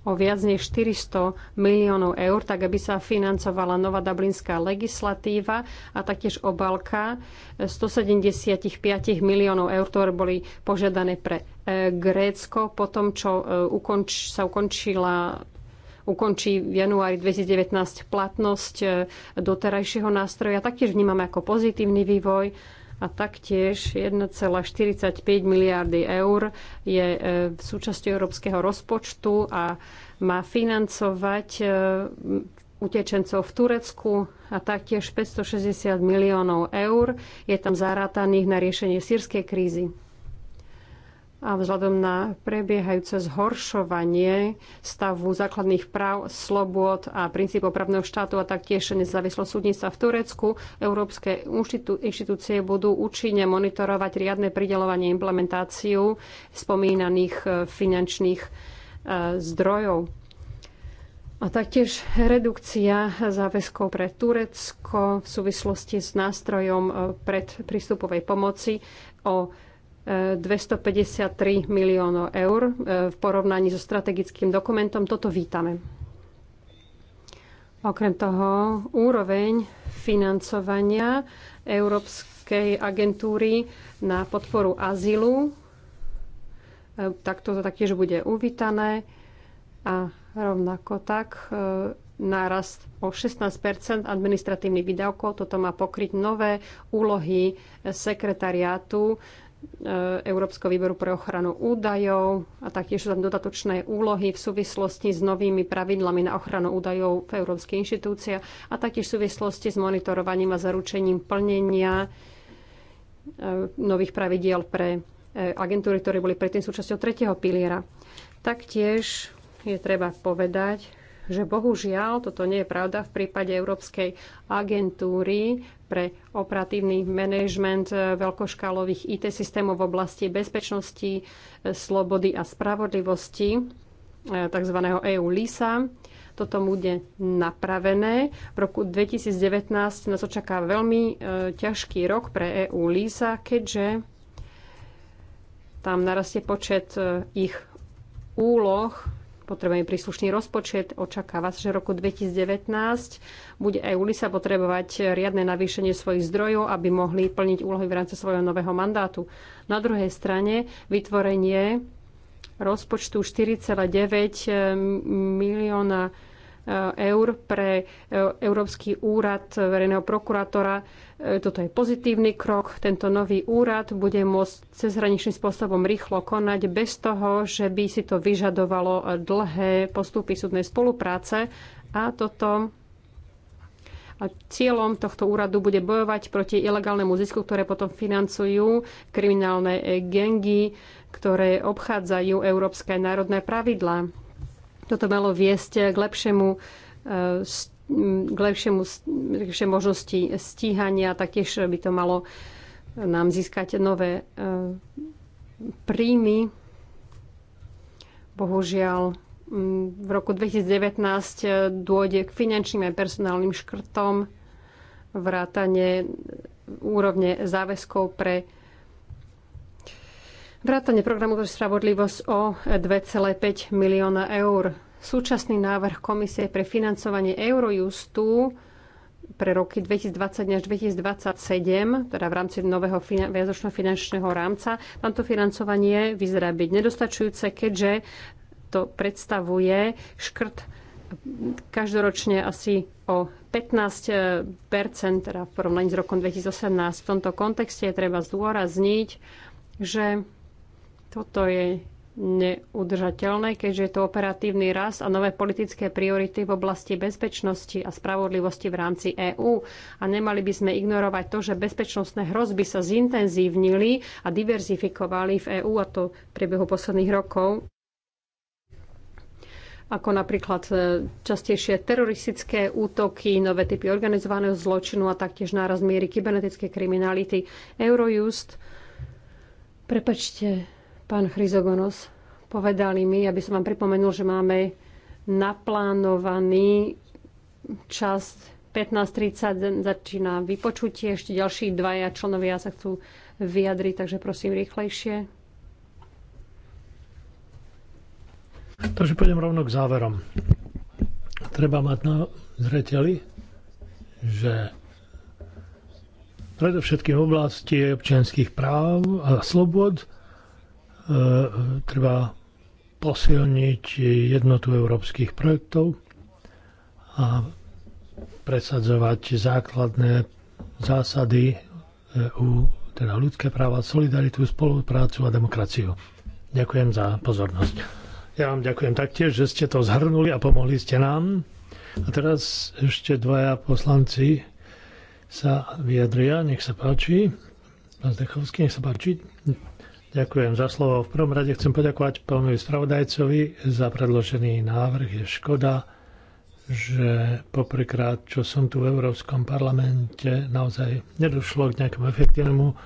o viac než 400 miliónov eur, tak aby sa financovala nová dublinská legislatíva a taktiež obalka 175 miliónov eur, ktoré boli požiadané pre e, Grécko po tom, čo e, ukonč, sa ukončila ukončí v januári 2019 platnosť doterajšieho nástroja. Taktiež vnímame ako pozitívny vývoj a taktiež 1,45 miliardy eur je e, súčasti európskeho rozpočtu a má financovať e, utečencov v Turecku a taktiež 560 miliónov eur je tam zarátaných na riešenie sírskej krízy a vzhľadom na prebiehajúce zhoršovanie stavu základných práv, slobôd a princípov právneho štátu a taktiež nezávislosť súdnictva v Turecku, európske inštitúcie budú účinne monitorovať riadne pridelovanie implementáciu spomínaných e, finančných e, zdrojov. A taktiež redukcia záväzkov pre Turecko v súvislosti s nástrojom e, predprístupovej pomoci o 253 miliónov eur e, v porovnaní so strategickým dokumentom. Toto vítame. Okrem toho úroveň financovania Európskej agentúry na podporu azylu. E, tak toto taktiež bude uvítané a rovnako tak e, nárast o 16 administratívnych výdavkov. Toto má pokryť nové úlohy sekretariátu E, Európskeho výboru pre ochranu údajov a taktiež sú tam dodatočné úlohy v súvislosti s novými pravidlami na ochranu údajov v európskej inštitúcii a taktiež v súvislosti s monitorovaním a zaručením plnenia e, nových pravidiel pre e, agentúry, ktoré boli predtým súčasťou tretieho piliera. Taktiež je treba povedať, že bohužiaľ toto nie je pravda v prípade Európskej agentúry pre operatívny manažment eh, veľkoškálových IT systémov v oblasti bezpečnosti, eh, slobody a spravodlivosti, eh, tzv. EU LISA. Toto bude napravené. V roku 2019 nás očaká veľmi ťažký rok pre EU LISA, keďže tam narastie počet ich úloh potrebujeme príslušný rozpočet. Očakáva sa, že roku 2019 bude EULISA potrebovať riadne navýšenie svojich zdrojov, aby mohli plniť úlohy v rámci svojho nového mandátu. Na druhej strane vytvorenie rozpočtu 4,9 eh, milióna eh, eur pre eh, Európsky úrad verejného prokurátora E, toto je pozitívny krok. Tento nový úrad bude môcť cezhraničným spôsobom rýchlo konať bez toho, že by si to vyžadovalo dlhé postupy súdnej spolupráce. A toto a cieľom tohto úradu bude bojovať proti ilegálnemu zisku, ktoré potom financujú kriminálne gengy, ktoré obchádzajú európske národné pravidlá. Toto malo viesť k lepšiemu e, k lepšiemu, lepšie možnosti stíhania, taktiež by to malo nám získať nové e, príjmy. Bohužiaľ, v roku 2019 e, dôjde k finančným a personálnym škrtom, vrátane úrovne záväzkov pre vrátane programu pre spravodlivosť o 2,5 milióna eur. Súčasný návrh Komisie pre financovanie Eurojustu pre roky 2020 až 2027, teda v rámci nového finan- viazočného finančného rámca, to financovanie vyzerá byť nedostačujúce, keďže to predstavuje škrt každoročne asi o 15 teda v porovnaní s rokom 2018. V tomto kontexte je treba zdôrazniť, že toto je neudržateľné, keďže je to operatívny rast a nové politické priority v oblasti bezpečnosti a spravodlivosti v rámci EÚ. A nemali by sme ignorovať to, že bezpečnostné hrozby sa zintenzívnili a diverzifikovali v EÚ, a to v priebehu posledných rokov ako napríklad e, častejšie teroristické útoky, nové typy organizovaného zločinu a taktiež náraz miery kybernetickej kriminality. Eurojust, prepačte, pán Chryzogonos, povedali mi, aby som vám pripomenul, že máme naplánovaný čas 15.30 začína vypočutie, ešte ďalší dvaja členovia sa chcú vyjadriť, takže prosím rýchlejšie. Takže pôjdem rovno k záverom. Treba mať na zreteli, že predovšetkým v oblasti občianských práv a slobod E, treba posilniť jednotu európskych projektov a presadzovať základné zásady EU, teda ľudské práva, solidaritu, spoluprácu a demokraciu. Ďakujem za pozornosť. Ja vám ďakujem taktiež, že ste to zhrnuli a pomohli ste nám. A teraz ešte dvaja poslanci sa vyjadria. Nech sa páči. Pán Zdechovský, nech sa páči. Ďakujem za slovo. V prvom rade chcem poďakovať pánovi spravodajcovi za predložený návrh. Je škoda, že poprvýkrát, čo som tu v Európskom parlamente, naozaj nedošlo k nejakému efektívnemu e,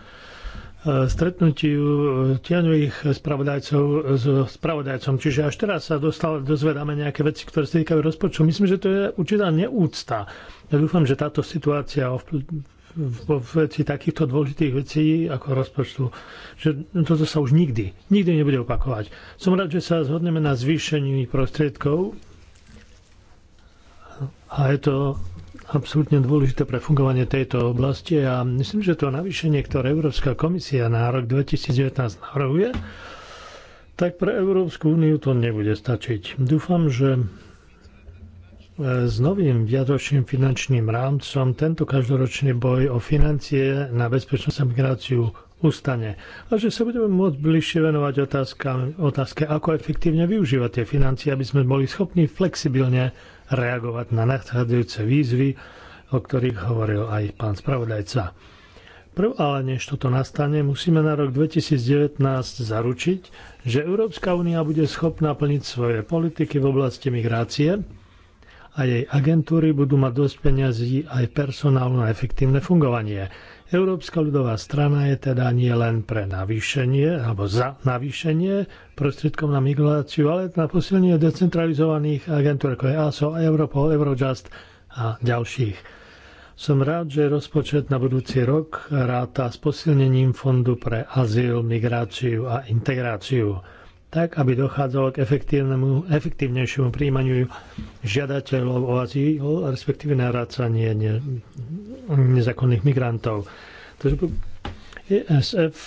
stretnutiu e, tieňových spravodajcov s spravodajcom. Čiže až teraz sa dostal, dozvedáme nejaké veci, ktoré sa týkajú rozpočtu. Myslím, že to je určitá neúcta. Ja dúfam, že táto situácia vo veci takýchto dôležitých vecí ako rozpočtu, že toto sa už nikdy, nikdy nebude opakovať. Som rád, že sa zhodneme na zvýšení prostriedkov a je to absolútne dôležité pre fungovanie tejto oblasti a myslím, že to navýšenie, ktoré Európska komisia na rok 2019 navrhuje, tak pre Európsku úniu to nebude stačiť. Dúfam, že E, s novým viacročným finančným rámcom tento každoročný boj o financie na bezpečnosť a migráciu ustane. A že sa budeme môcť bližšie venovať otázka, otázke, ako efektívne využívať tie financie, aby sme boli schopní flexibilne reagovať na nadchádzajúce výzvy, o ktorých hovoril aj pán spravodajca. Prv, ale než toto nastane, musíme na rok 2019 zaručiť, že Európska únia bude schopná plniť svoje politiky v oblasti migrácie, a jej agentúry budú mať dosť peňazí aj personálu na efektívne fungovanie. Európska ľudová strana je teda nie len pre navýšenie alebo za navýšenie prostriedkom na migráciu, ale na posilnenie decentralizovaných agentúr ako je ASO, Europol, Eurojust a ďalších. Som rád, že rozpočet na budúci rok ráta s posilnením Fondu pre azyl, migráciu a integráciu tak aby dochádzalo k efektívnemu, efektívnejšiemu príjmaniu žiadateľov o azyl, respektíve narácanie ne, nezákonných migrantov. Takže ESF,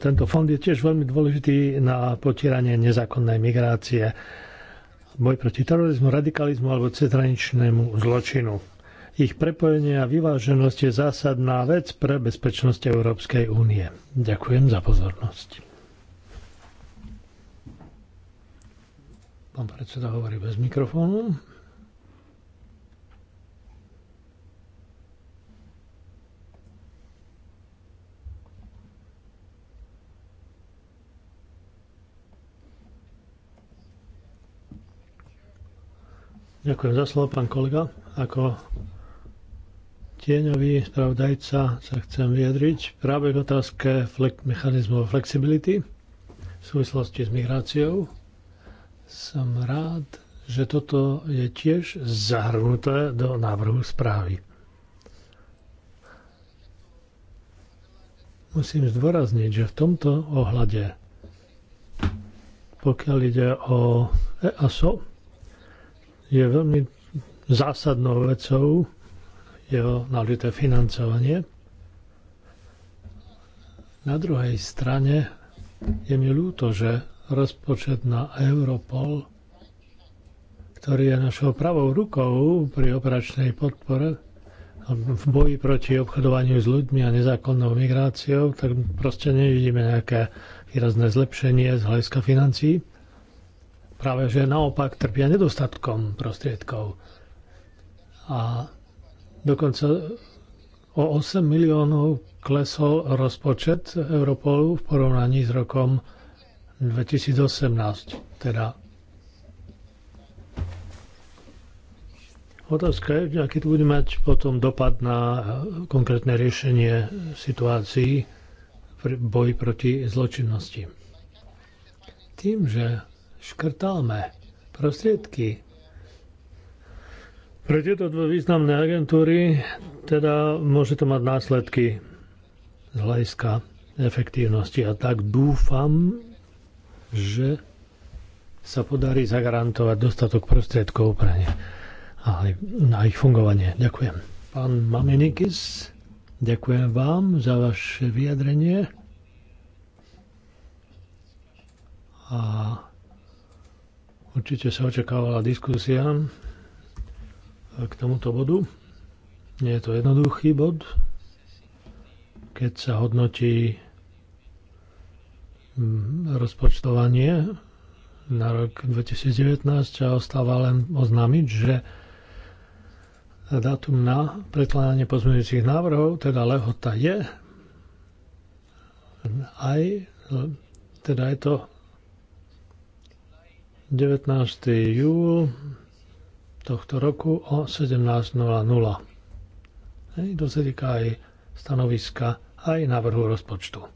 tento fond je tiež veľmi dôležitý na potieranie nezákonnej migrácie, boj proti terorizmu, radikalizmu alebo cezhraničnému zločinu. Ich prepojenie a vyváženosť je zásadná vec pre bezpečnosť Európskej únie. Ďakujem za pozornosť. Pán predseda hovorí bez mikrofónu. Ďakujem za slovo, pán kolega. Ako tieňový spravodajca sa chcem vyjadriť práve k otázke mechanizmov flexibility v súvislosti s migráciou. Som rád, že toto je tiež zahrnuté do návrhu správy. Musím zdôrazniť, že v tomto ohľade, pokiaľ ide o EASO, je veľmi zásadnou vecou jeho nalité financovanie. Na druhej strane je mi ľúto, že rozpočet na Europol, ktorý je našou pravou rukou pri operačnej podpore v boji proti obchodovaniu s ľuďmi a nezákonnou migráciou, tak proste nevidíme nejaké výrazné zlepšenie z hľadiska financií. Práve že naopak trpia nedostatkom prostriedkov. A dokonca o 8 miliónov klesol rozpočet Europolu v porovnaní s rokom 2018. Teda Otázka je, aký to bude mať potom dopad na konkrétne riešenie situácií v boji proti zločinnosti. Tým, že škrtáme prostriedky pre tieto dve významné agentúry, teda môže to mať následky z hľadiska efektívnosti. A tak dúfam, že sa podarí zagarantovať dostatok prostriedkov pre ne aj na ich fungovanie. Ďakujem. Pán Maminikis, ďakujem vám za vaše vyjadrenie. A určite sa očakávala diskusia k tomuto bodu. Nie je to jednoduchý bod, keď sa hodnotí Mm, rozpočtovanie na rok 2019 a ostáva len oznámiť, že dátum na prekladanie pozmeňujúcich návrhov, teda lehota je aj, teda je to 19. júl tohto roku o 17.00. Hej, to sa týka aj stanoviska, aj návrhu rozpočtu.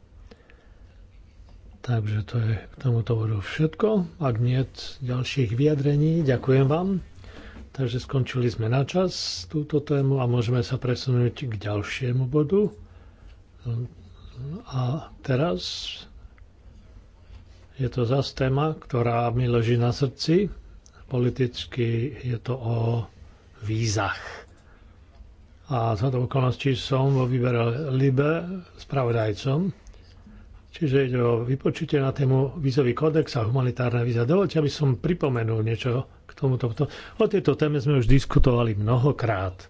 Takže to je k tomuto bodu všetko. Ak nie ďalších vyjadrení, ďakujem vám. Takže skončili sme na čas túto tému a môžeme sa presunúť k ďalšiemu bodu. A teraz je to zase téma, ktorá mi leží na srdci. Politicky je to o vízach. A za to okolností som vo výbere Libe spravodajcom Čiže ide o vypočutie na tému vízový kódex a humanitárna víza. Dovolte, aby som pripomenul niečo k tomuto. O tejto téme sme už diskutovali mnohokrát.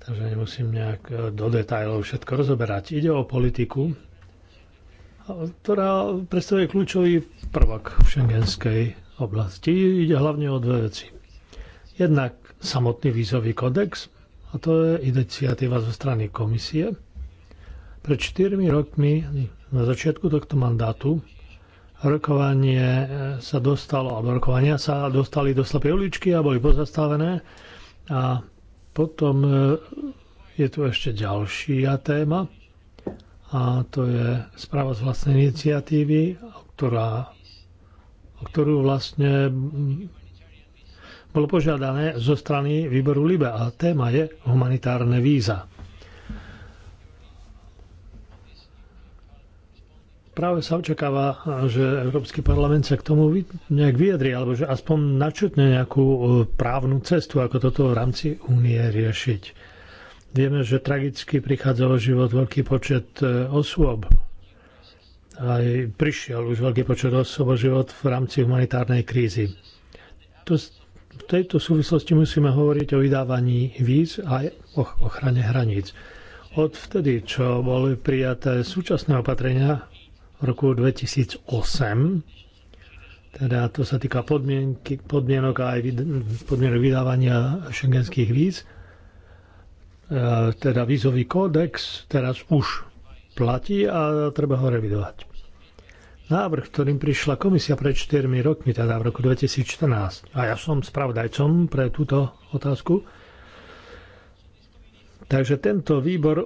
Takže nemusím nejak e, do detajlov všetko rozoberať. Ide o politiku, ktorá predstavuje kľúčový prvok v šengenskej oblasti. Ide hlavne o dve veci. Jednak samotný vízový kodex, a to je iniciatíva zo strany komisie, pred 4 rokmi, na začiatku tohto mandátu, rokovanie e, sa dostalo, alebo rokovania sa dostali do slepej uličky a boli pozastavené. A potom e, je tu ešte ďalšia téma, a to je správa z vlastnej iniciatívy, ktorá, o ktorú vlastne bolo požiadané zo strany výboru LIBE a téma je humanitárne víza. práve sa očakáva, že Európsky parlament sa k tomu nejak vyjadri, alebo že aspoň načutne nejakú e, právnu cestu, ako toto v rámci únie riešiť. Vieme, že tragicky prichádza o život veľký počet e, osôb. Aj prišiel už veľký počet osôb o život v rámci humanitárnej krízy. To, v tejto súvislosti musíme hovoriť o vydávaní víz a o ochrane hraníc. Od vtedy, čo boli prijaté súčasné opatrenia roku 2008. Teda to sa týka podmienky, podmienok a aj podmienok vydávania šengenských víz. E, teda vízový kódex teraz už platí a treba ho revidovať. Návrh, ktorým prišla komisia pred 4 rokmi, teda v roku 2014, a ja som spravodajcom pre túto otázku, takže tento výbor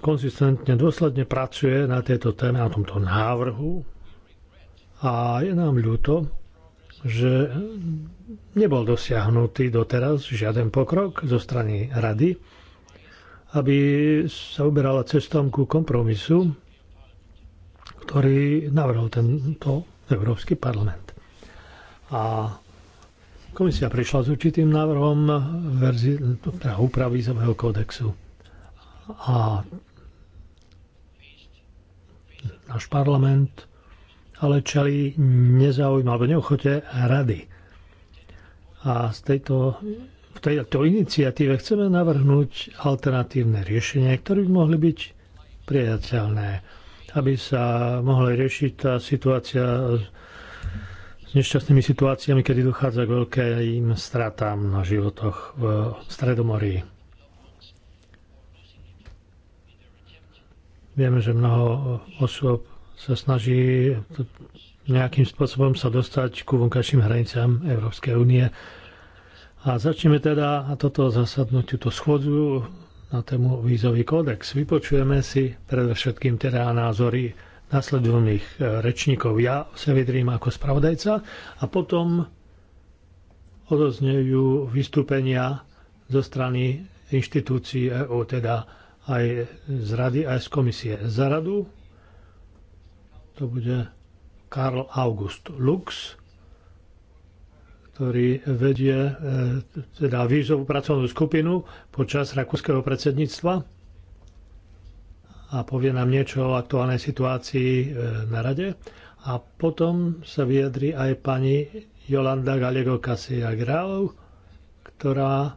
konzistentne, dôsledne pracuje na tejto téme, na tomto návrhu a je nám ľúto, že nebol dosiahnutý doteraz žiaden pokrok zo strany rady, aby sa uberala cestom ku kompromisu, ktorý navrhol tento Európsky parlament. A komisia prišla s určitým návrhom verzi, teda úpravy zového kódexu. A náš parlament, ale čali nezaujíma alebo neochote rady. A z tejto, v tejto iniciatíve chceme navrhnúť alternatívne riešenia, ktoré by mohli byť priateľné, aby sa mohla riešiť tá situácia s nešťastnými situáciami, kedy dochádza k veľkým stratám na životoch v Stredomorí. Vieme, že mnoho osôb sa snaží nejakým spôsobom sa dostať ku vonkajším hraniciam Európskej únie. A začneme teda toto zasadnúť, túto schôdzu na tému vízový kódex. Vypočujeme si predovšetkým teda názory nasledovných e, rečníkov. Ja sa vydrím ako spravodajca a potom odoznejú vystúpenia zo strany inštitúcií EU, teda aj z rady, aj z komisie. Za radu to bude Karl August Lux, ktorý vedie e, teda výzovú pracovnú skupinu počas rakúskeho predsedníctva a povie nám niečo o aktuálnej situácii e, na rade. A potom sa vyjadri aj pani Jolanda Gallego Casilla Grau, ktorá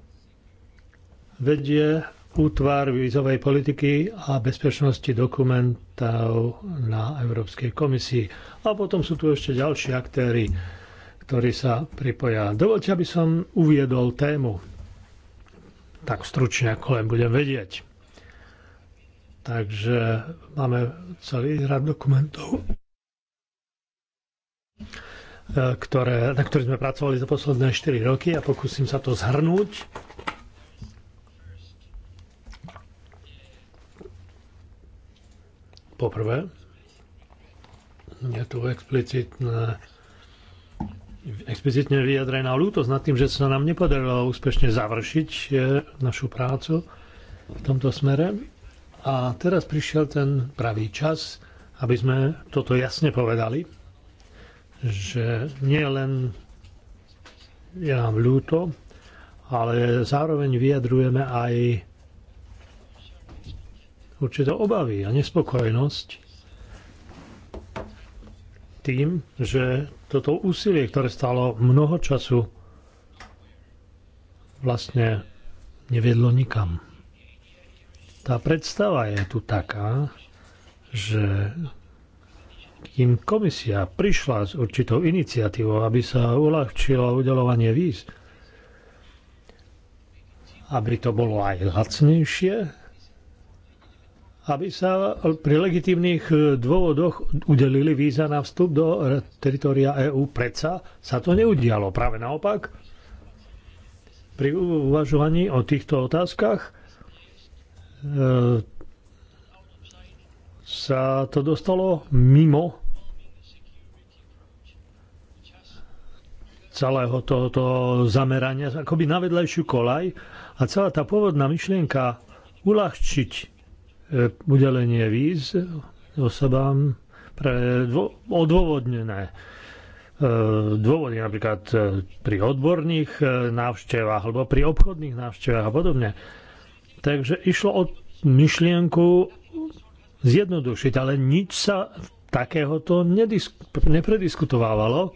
vedie útvar vízovej politiky a bezpečnosti dokumentov na Európskej komisii. A potom sú tu ešte ďalší aktéry, ktorí sa pripoja. Dovolte, aby som uviedol tému tak stručne, ako len budem vedieť. Takže máme celý rad dokumentov, e, ktoré, na ktorých sme pracovali za posledné 4 roky a pokúsim sa to zhrnúť Poprvé, je tu explicitne explicitne vyjadrená ľútosť nad tým, že sa nám nepodarilo úspešne završiť eh, našu prácu v tomto smere. A teraz prišiel ten pravý čas, aby sme toto jasne povedali, že nie len je nám ľúto, ale zároveň vyjadrujeme aj určité obavy a nespokojnosť tým, že toto úsilie, ktoré stalo mnoho času, vlastne nevedlo nikam. Tá predstava je tu taká, že kým komisia prišla s určitou iniciatívou, aby sa uľahčilo udelovanie víz, aby to bolo aj lacnejšie, aby sa pri legitímnych e, dôvodoch udelili víza na vstup do e, teritoria EÚ. Predsa sa to neudialo. Práve naopak, pri uvažovaní o týchto otázkach e, sa to dostalo mimo celého tohoto zamerania, akoby na vedľajšiu kolaj a celá tá pôvodná myšlienka uľahčiť E, udelenie víz osobám pre odôvodnené e, dôvody, napríklad e, pri odborných návštevách alebo pri obchodných návštevách a podobne. Takže išlo o myšlienku zjednodušiť, ale nič sa takéhoto neprediskutovávalo.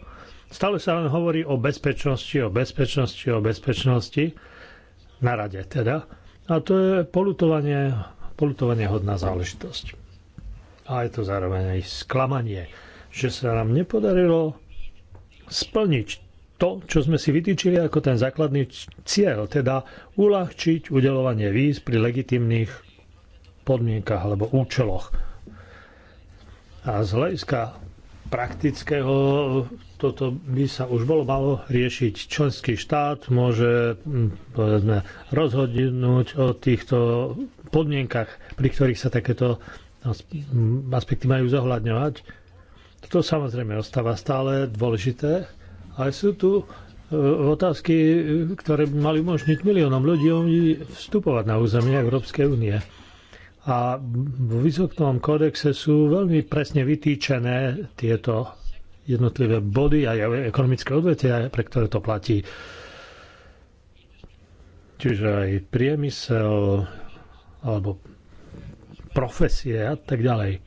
Stále sa len hovorí o bezpečnosti, o bezpečnosti, o bezpečnosti, na rade teda. A to je polutovanie polutovanie hodná záležitosť. A je to zároveň aj sklamanie, že sa nám nepodarilo splniť to, čo sme si vytýčili ako ten základný cieľ, teda uľahčiť udelovanie víz pri legitimných podmienkach alebo účeloch. A z hľadiska praktického toto by sa už bolo malo riešiť. Členský štát môže mm, povedzme, rozhodnúť o týchto podmienkach, pri ktorých sa takéto aspekty majú zohľadňovať. To samozrejme ostáva stále dôležité, ale sú tu e, otázky, ktoré by mali umožniť miliónom ľudí vstupovať na územie Európskej únie. A v Vysokom kódexe sú veľmi presne vytýčené tieto jednotlivé body a ekonomické odvetia, pre ktoré to platí. Čiže aj priemysel, alebo profesie a tak ďalej.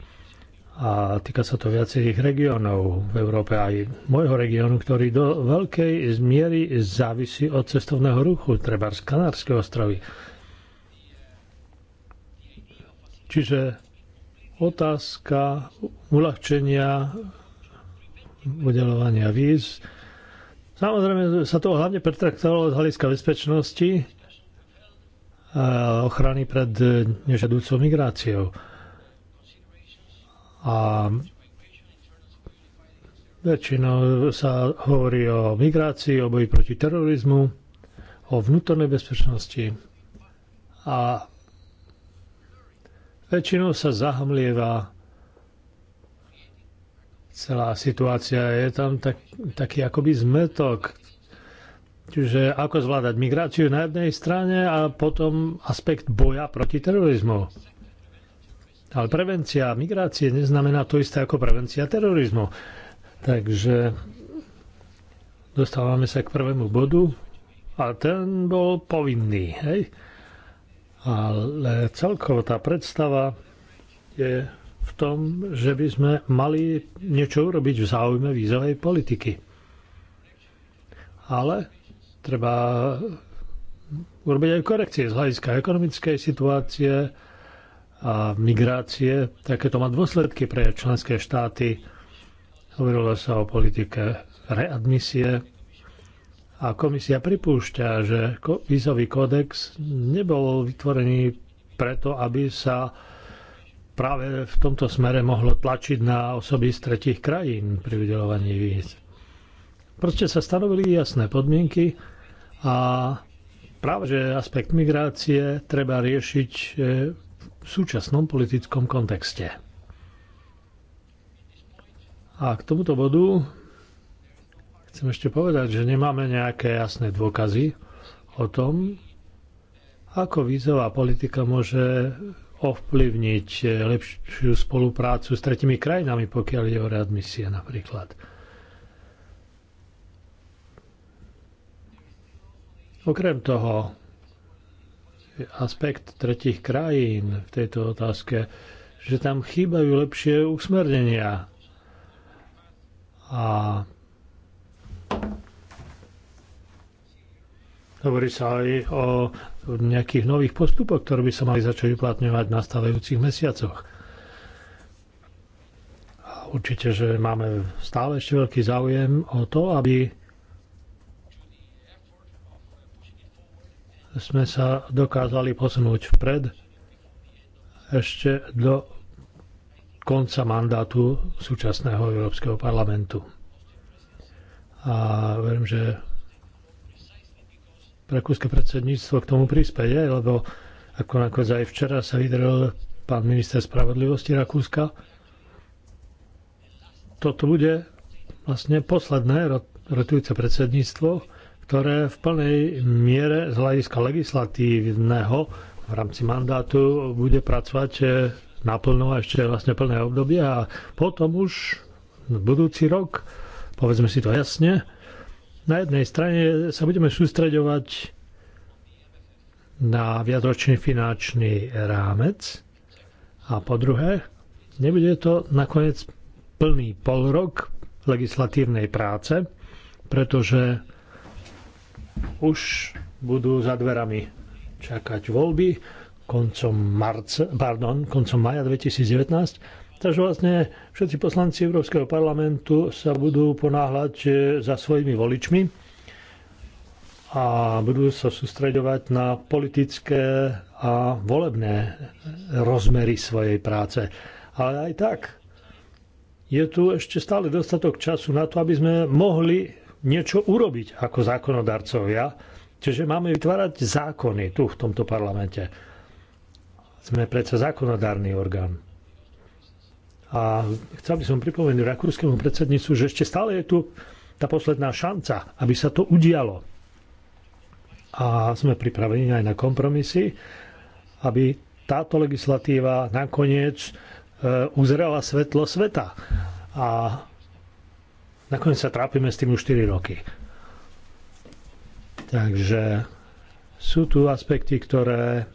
A týka sa to viacerých regiónov v Európe, aj môjho regiónu, ktorý do veľkej miery závisí od cestovného ruchu, treba z Kanárske ostrovy. Čiže otázka uľahčenia udelovania víz. Samozrejme sa to hlavne pretraktovalo z hľadiska bezpečnosti, ochrany pred e, nežadúcou migráciou. A väčšinou sa hovorí o migrácii, o boji proti terorizmu, o vnútornej bezpečnosti a väčšinou sa zahmlieva celá situácia. Je tam tak, taký akoby zmetok, Čiže ako zvládať migráciu na jednej strane a potom aspekt boja proti terorizmu. Ale prevencia migrácie neznamená to isté ako prevencia terorizmu. Takže dostávame sa k prvému bodu a ten bol povinný. Hej? Ale celkovo tá predstava je v tom, že by sme mali niečo urobiť v záujme vízovej politiky. Ale treba urobiť aj korekcie z hľadiska ekonomickej situácie a migrácie. Také to má dôsledky pre členské štáty. Hovorilo sa o politike readmisie a komisia pripúšťa, že vízový kódex nebol vytvorený preto, aby sa práve v tomto smere mohlo tlačiť na osoby z tretich krajín pri vydelovaní víz. Proste sa stanovili jasné podmienky, a práve, že aspekt migrácie treba riešiť e, v súčasnom politickom kontexte. A k tomuto bodu chcem ešte povedať, že nemáme nejaké jasné dôkazy o tom, ako vízová politika môže ovplyvniť e, lepšiu spoluprácu s tretimi krajinami, pokiaľ je o readmisie napríklad. Okrem toho, aspekt tretich krajín v tejto otázke, že tam chýbajú lepšie usmernenia. A hovorí sa aj o nejakých nových postupoch, ktoré by sa mali začať uplatňovať v nastávajúcich mesiacoch. A určite, že máme stále ešte veľký záujem o to, aby sme sa dokázali posunúť vpred ešte do konca mandátu súčasného Európskeho parlamentu. A verím, že rakúske predsedníctvo k tomu prispieje, lebo ako nakoniec aj včera sa vydrel pán minister spravodlivosti Rakúska, toto bude vlastne posledné rotujúce predsedníctvo, ktoré v plnej miere z hľadiska legislatívneho v rámci mandátu bude pracovať e, naplno a ešte vlastne plné obdobie a potom už budúci rok, povedzme si to jasne, na jednej strane sa budeme sústreďovať na viacročný finančný rámec a po druhé, nebude to nakoniec plný polrok legislatívnej práce, pretože už budú za dverami čakať voľby koncom, marca, pardon, koncom maja 2019. Takže vlastne všetci poslanci Európskeho parlamentu sa budú ponáhľať za svojimi voličmi a budú sa sústreďovať na politické a volebné rozmery svojej práce. Ale aj tak je tu ešte stále dostatok času na to, aby sme mohli niečo urobiť ako zákonodarcovia. Čiže máme vytvárať zákony tu v tomto parlamente. Sme predsa zákonodárny orgán. A chcel by som pripomenúť rakúskému predsednícu, že ešte stále je tu tá posledná šanca, aby sa to udialo. A sme pripravení aj na kompromisy, aby táto legislatíva nakoniec e, uzrela svetlo sveta. A Nakoniec sa trápime s tým už 4 roky. Takže sú tu aspekty, ktoré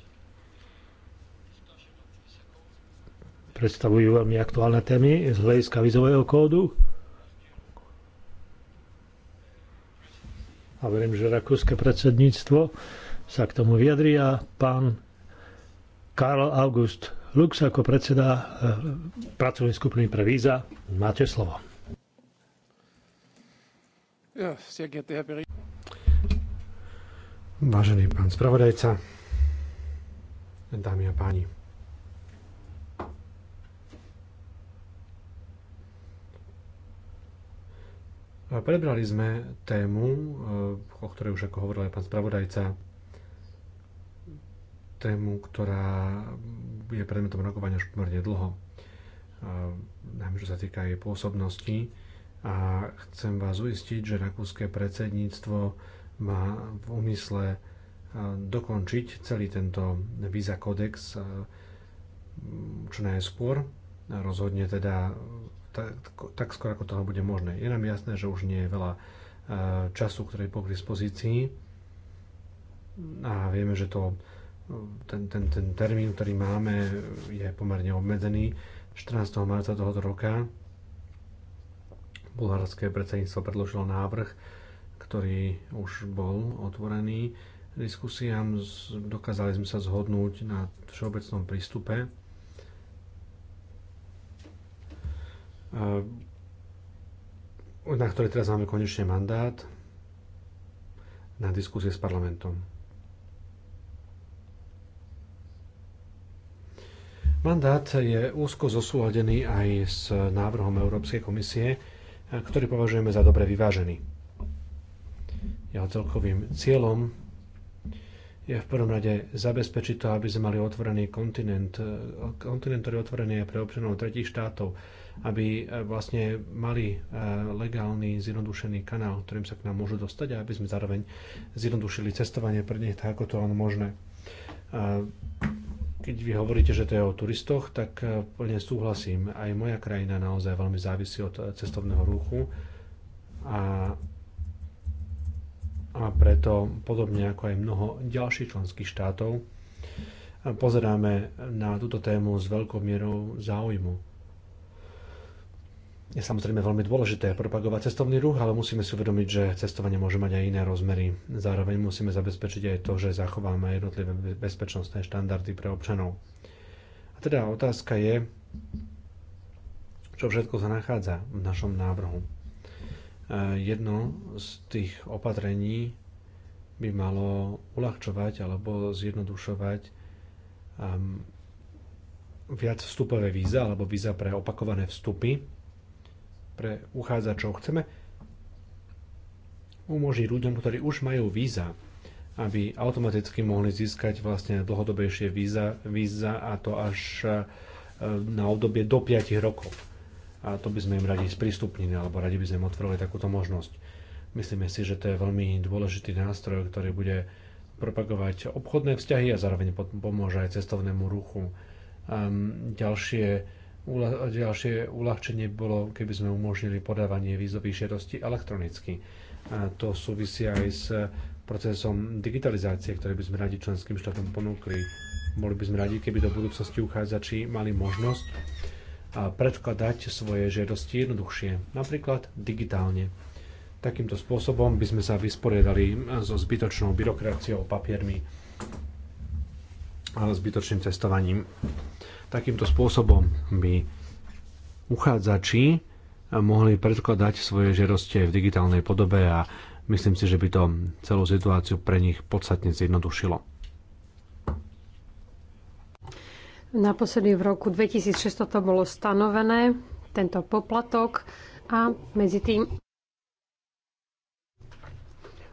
predstavujú veľmi aktuálne témy z hľadiska vizového kódu. A verím, že rakúske predsedníctvo sa k tomu vyjadrí a pán Karl August Lux ako predseda eh, pracovnej skupiny pre víza. Máte slovo. Ja, Vážený pán spravodajca, dámy a páni. Prebrali sme tému, eh, o ktorej už ako hovoril aj pán spravodajca, tému, ktorá je predmetom rokovania už pomerne dlho, eh, najmä čo sa týka jej pôsobnosti a chcem vás uistiť, že rakúske predsedníctvo má v úmysle e, dokončiť celý tento víza kodex e, čo najskôr. Rozhodne teda e, tak, tak skôr, ako toho bude možné. Je nám jasné, že už nie je veľa času, ktorý bol k dispozícii a vieme, že to, ten, ten, ten termín, ktorý máme, je pomerne obmedzený. 14. marca tohoto roka Bulharské predsedníctvo predložilo návrh, ktorý už bol otvorený diskusiám. Dokázali sme sa zhodnúť na všeobecnom prístupe. na ktorý teraz máme konečne mandát na diskusie s parlamentom. Mandát je úzko zosúladený aj s návrhom Európskej komisie, ktorý považujeme za dobre vyvážený. Jeho celkovým cieľom je v prvom rade zabezpečiť to, aby sme mali otvorený kontinent, kontinent, ktorý je otvorený pre občanov tretich štátov, aby eh, vlastne mali eh, legálny, zjednodušený kanál, ktorým sa k nám môžu dostať a aby sme zároveň zjednodušili cestovanie pre nich tak, ako to len možné. Eh, keď vy hovoríte, že to je o turistoch, tak eh, plne súhlasím. Aj moja krajina naozaj veľmi závisí od eh, cestovného ruchu a, a preto, podobne ako aj mnoho ďalších členských štátov, eh, pozeráme na túto tému s veľkou mierou záujmu je samozrejme veľmi dôležité propagovať cestovný ruch, ale musíme si uvedomiť, že cestovanie môže mať aj iné rozmery. Zároveň musíme zabezpečiť aj to, že zachováme jednotlivé bezpečnostné štandardy pre občanov. A teda otázka je, čo všetko sa nachádza v našom návrhu. E, jedno z tých opatrení by malo uľahčovať alebo zjednodušovať ehm, viac vstupové víza alebo víza pre opakované vstupy pre uchádzačov. Chceme umožniť ľuďom, ktorí už majú víza, aby automaticky mohli získať vlastne dlhodobejšie víza, víza a to až e, na obdobie do 5 rokov. A to by sme im radi sprístupnili, alebo radi by sme im otvorili takúto možnosť. Myslíme si, že to je veľmi dôležitý nástroj, ktorý bude propagovať obchodné vzťahy a zároveň pomôže aj cestovnému ruchu. Um, ďalšie Ďalšie uľahčenie bolo, keby sme umožnili podávanie vízových žiadostí elektronicky. A to súvisí aj s procesom digitalizácie, ktoré by sme radi členským štátom ponúkli. Boli by sme radi, keby do budúcnosti uchádzači mali možnosť predkladať svoje žiadosti jednoduchšie, napríklad digitálne. Takýmto spôsobom by sme sa vysporiadali so zbytočnou byrokraciou papiermi zbytočným cestovaním. Takýmto spôsobom by uchádzači mohli predkladať svoje žiadosti v digitálnej podobe a myslím si, že by to celú situáciu pre nich podstatne zjednodušilo. Naposledy v roku 2006 to bolo stanovené, tento poplatok a medzi tým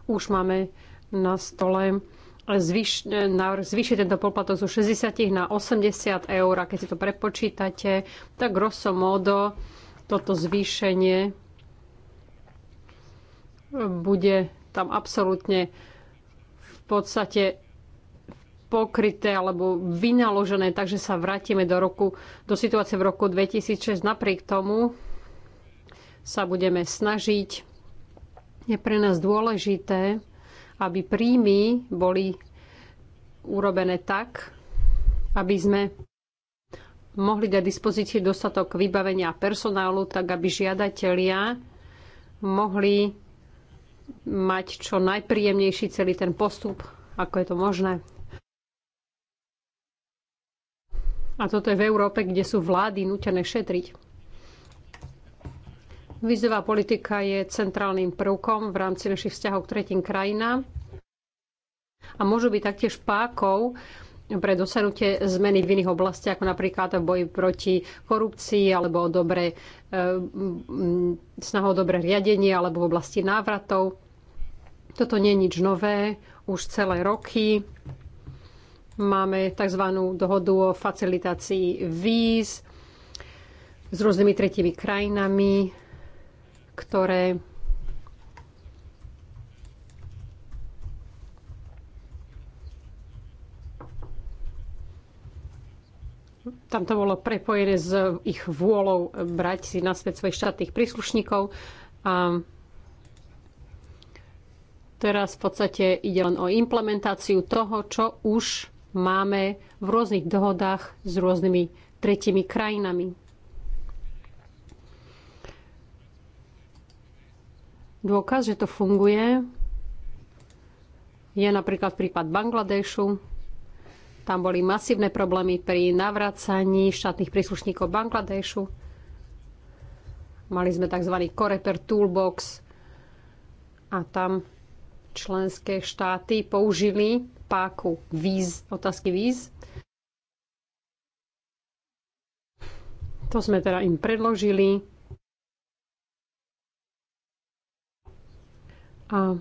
už máme na stole zvyš, návrh zvýši tento poplatok zo 60 na 80 eur. A keď si to prepočítate, tak grosso modo toto zvýšenie bude tam absolútne v podstate pokryté alebo vynaložené, takže sa vrátime do, roku, do situácie v roku 2006. Napriek tomu sa budeme snažiť. Je pre nás dôležité, aby príjmy boli urobené tak, aby sme mohli dať dispozície dostatok vybavenia personálu, tak aby žiadatelia mohli mať čo najpríjemnejší celý ten postup, ako je to možné. A toto je v Európe, kde sú vlády nutené šetriť. Vízová politika je centrálnym prvkom v rámci našich vzťahov k tretím krajinám a môžu byť taktiež pákov pre dosadnutie zmeny v iných oblastiach, ako napríklad v boji proti korupcii alebo o dobre, e, snahu o dobré riadenie alebo v oblasti návratov. Toto nie je nič nové, už celé roky. Máme tzv. dohodu o facilitácii víz s rôznymi tretími krajinami ktoré tam to bolo prepojené s ich vôľou brať si na svet svojich štátnych príslušníkov. A teraz v podstate ide len o implementáciu toho, čo už máme v rôznych dohodách s rôznymi tretimi krajinami. Dôkaz, že to funguje, je napríklad prípad Bangladešu. Tam boli masívne problémy pri navracaní štátnych príslušníkov Bangladešu. Mali sme tzv. Koreper Toolbox a tam členské štáty použili páku víz, otázky víz. To sme teda im predložili A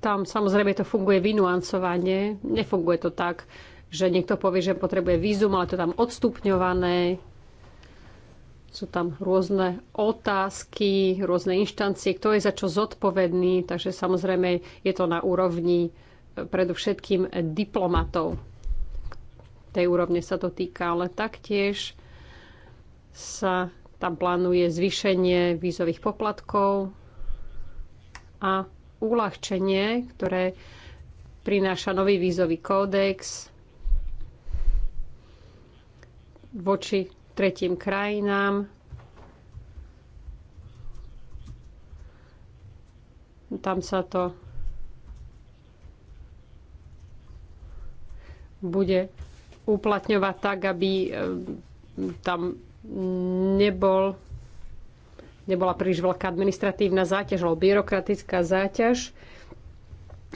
tam samozrejme to funguje vynuancovanie. Nefunguje to tak, že niekto povie, že potrebuje vízum, ale to tam odstupňované. Sú tam rôzne otázky, rôzne inštancie, kto je za čo zodpovedný, takže samozrejme je to na úrovni eh, predovšetkým diplomatov. Tej úrovne sa to týka, ale taktiež sa tam plánuje zvýšenie vízových poplatkov a uľahčenie, ktoré prináša nový vízový kódex voči tretím krajinám. Tam sa to bude uplatňovať tak, aby eh, tam nebol nebola príliš veľká administratívna záťaž alebo byrokratická záťaž.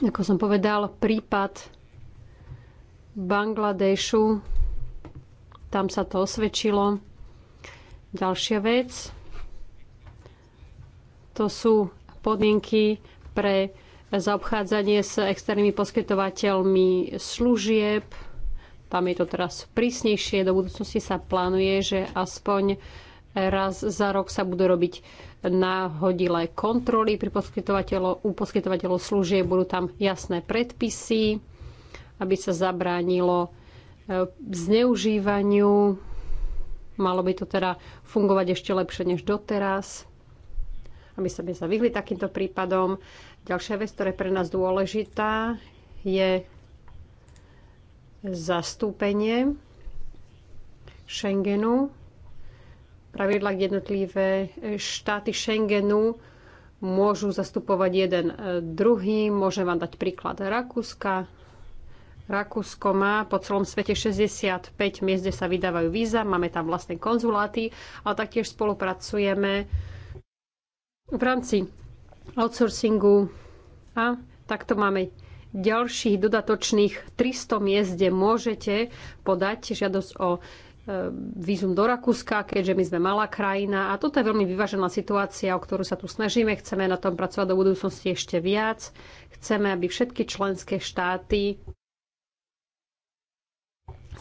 Ako som povedal, prípad Bangladešu, tam sa to osvedčilo. Ďalšia vec, to sú podmienky pre zaobchádzanie s externými poskytovateľmi služieb. Tam je to teraz prísnejšie. Do budúcnosti sa plánuje, že aspoň Raz za rok sa budú robiť náhodilé kontroly pri poskytovateľov, u poskytovateľov služieb, budú tam jasné predpisy, aby sa zabránilo e, zneužívaniu. Malo by to teda fungovať ešte lepšie než doteraz, aby sa by sa vyhli takýmto prípadom. Ďalšia vec, ktorá je pre nás dôležitá, je zastúpenie Schengenu pravidlách jednotlivé e, štáty Schengenu môžu zastupovať jeden e, druhý. Môžem vám dať príklad Rakúska. Rakúsko má po celom svete 65 miest, kde sa vydávajú víza, máme tam vlastné konzuláty, ale taktiež spolupracujeme v rámci outsourcingu a takto máme ďalších dodatočných 300 miest, kde môžete podať žiadosť o vízum do Rakúska, keďže my sme malá krajina. A toto je veľmi vyvážená situácia, o ktorú sa tu snažíme. Chceme na tom pracovať do budúcnosti ešte viac. Chceme, aby všetky členské štáty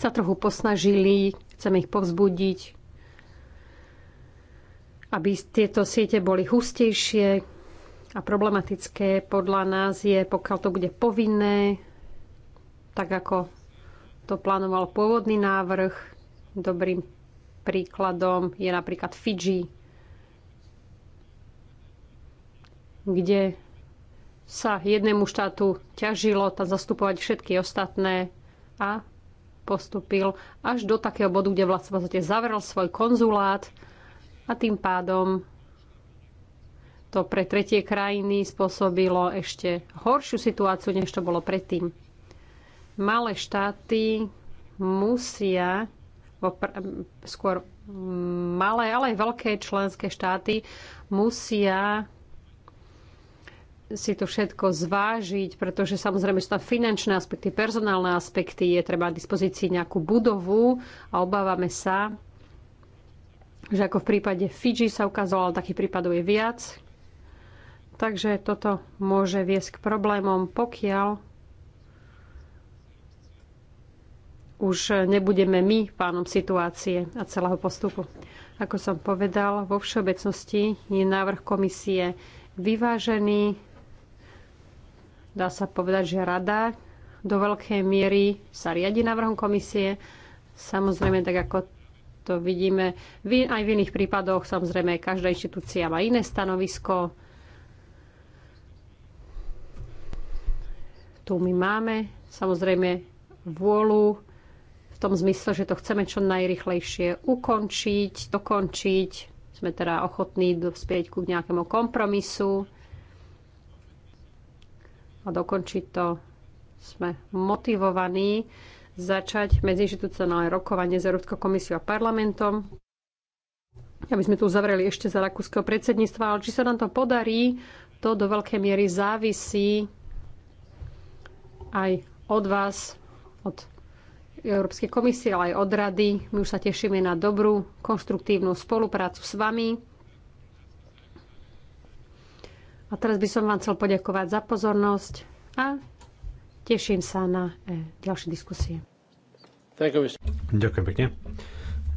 sa trochu posnažili, chceme ich povzbudiť, aby tieto siete boli hustejšie a problematické podľa nás je, pokiaľ to bude povinné, tak ako to plánoval pôvodný návrh, Dobrým príkladom je napríklad Fidži, kde sa jednému štátu ťažilo tam zastupovať všetky ostatné a postupil až do takého bodu, kde vlastne zavrel svoj konzulát a tým pádom to pre tretie krajiny spôsobilo ešte horšiu situáciu, než to bolo predtým. Malé štáty musia skôr malé, ale aj veľké členské štáty musia si to všetko zvážiť, pretože samozrejme sú tam finančné aspekty, personálne aspekty, je treba k dispozícii nejakú budovu a obávame sa, že ako v prípade Fidži sa ukázalo, ale takých prípadov je viac. Takže toto môže viesť k problémom, pokiaľ už nebudeme my pánom situácie a celého postupu. Ako som povedal, vo všeobecnosti je návrh komisie vyvážený. Dá sa povedať, že rada do veľkej miery sa riadi návrhom komisie. Samozrejme, tak ako to vidíme aj v iných prípadoch, samozrejme, každá inštitúcia má iné stanovisko. Tu my máme samozrejme vôľu tom zmysle, že to chceme čo najrychlejšie ukončiť, dokončiť. Sme teda ochotní dospieť ku nejakému kompromisu a dokončiť to. Sme motivovaní začať medziinstitucionálne rokovanie s Európskou komisiou a parlamentom, aby sme tu uzavreli ešte za rakúskeho predsedníctva, ale či sa nám to podarí, to do veľkej miery závisí aj od vás, od Európskej komisie, ale aj od rady. My už sa tešíme na dobrú, konštruktívnu spoluprácu s vami. A teraz by som vám chcel poďakovať za pozornosť a teším sa na e, ďalšie diskusie. Ďakujem pekne.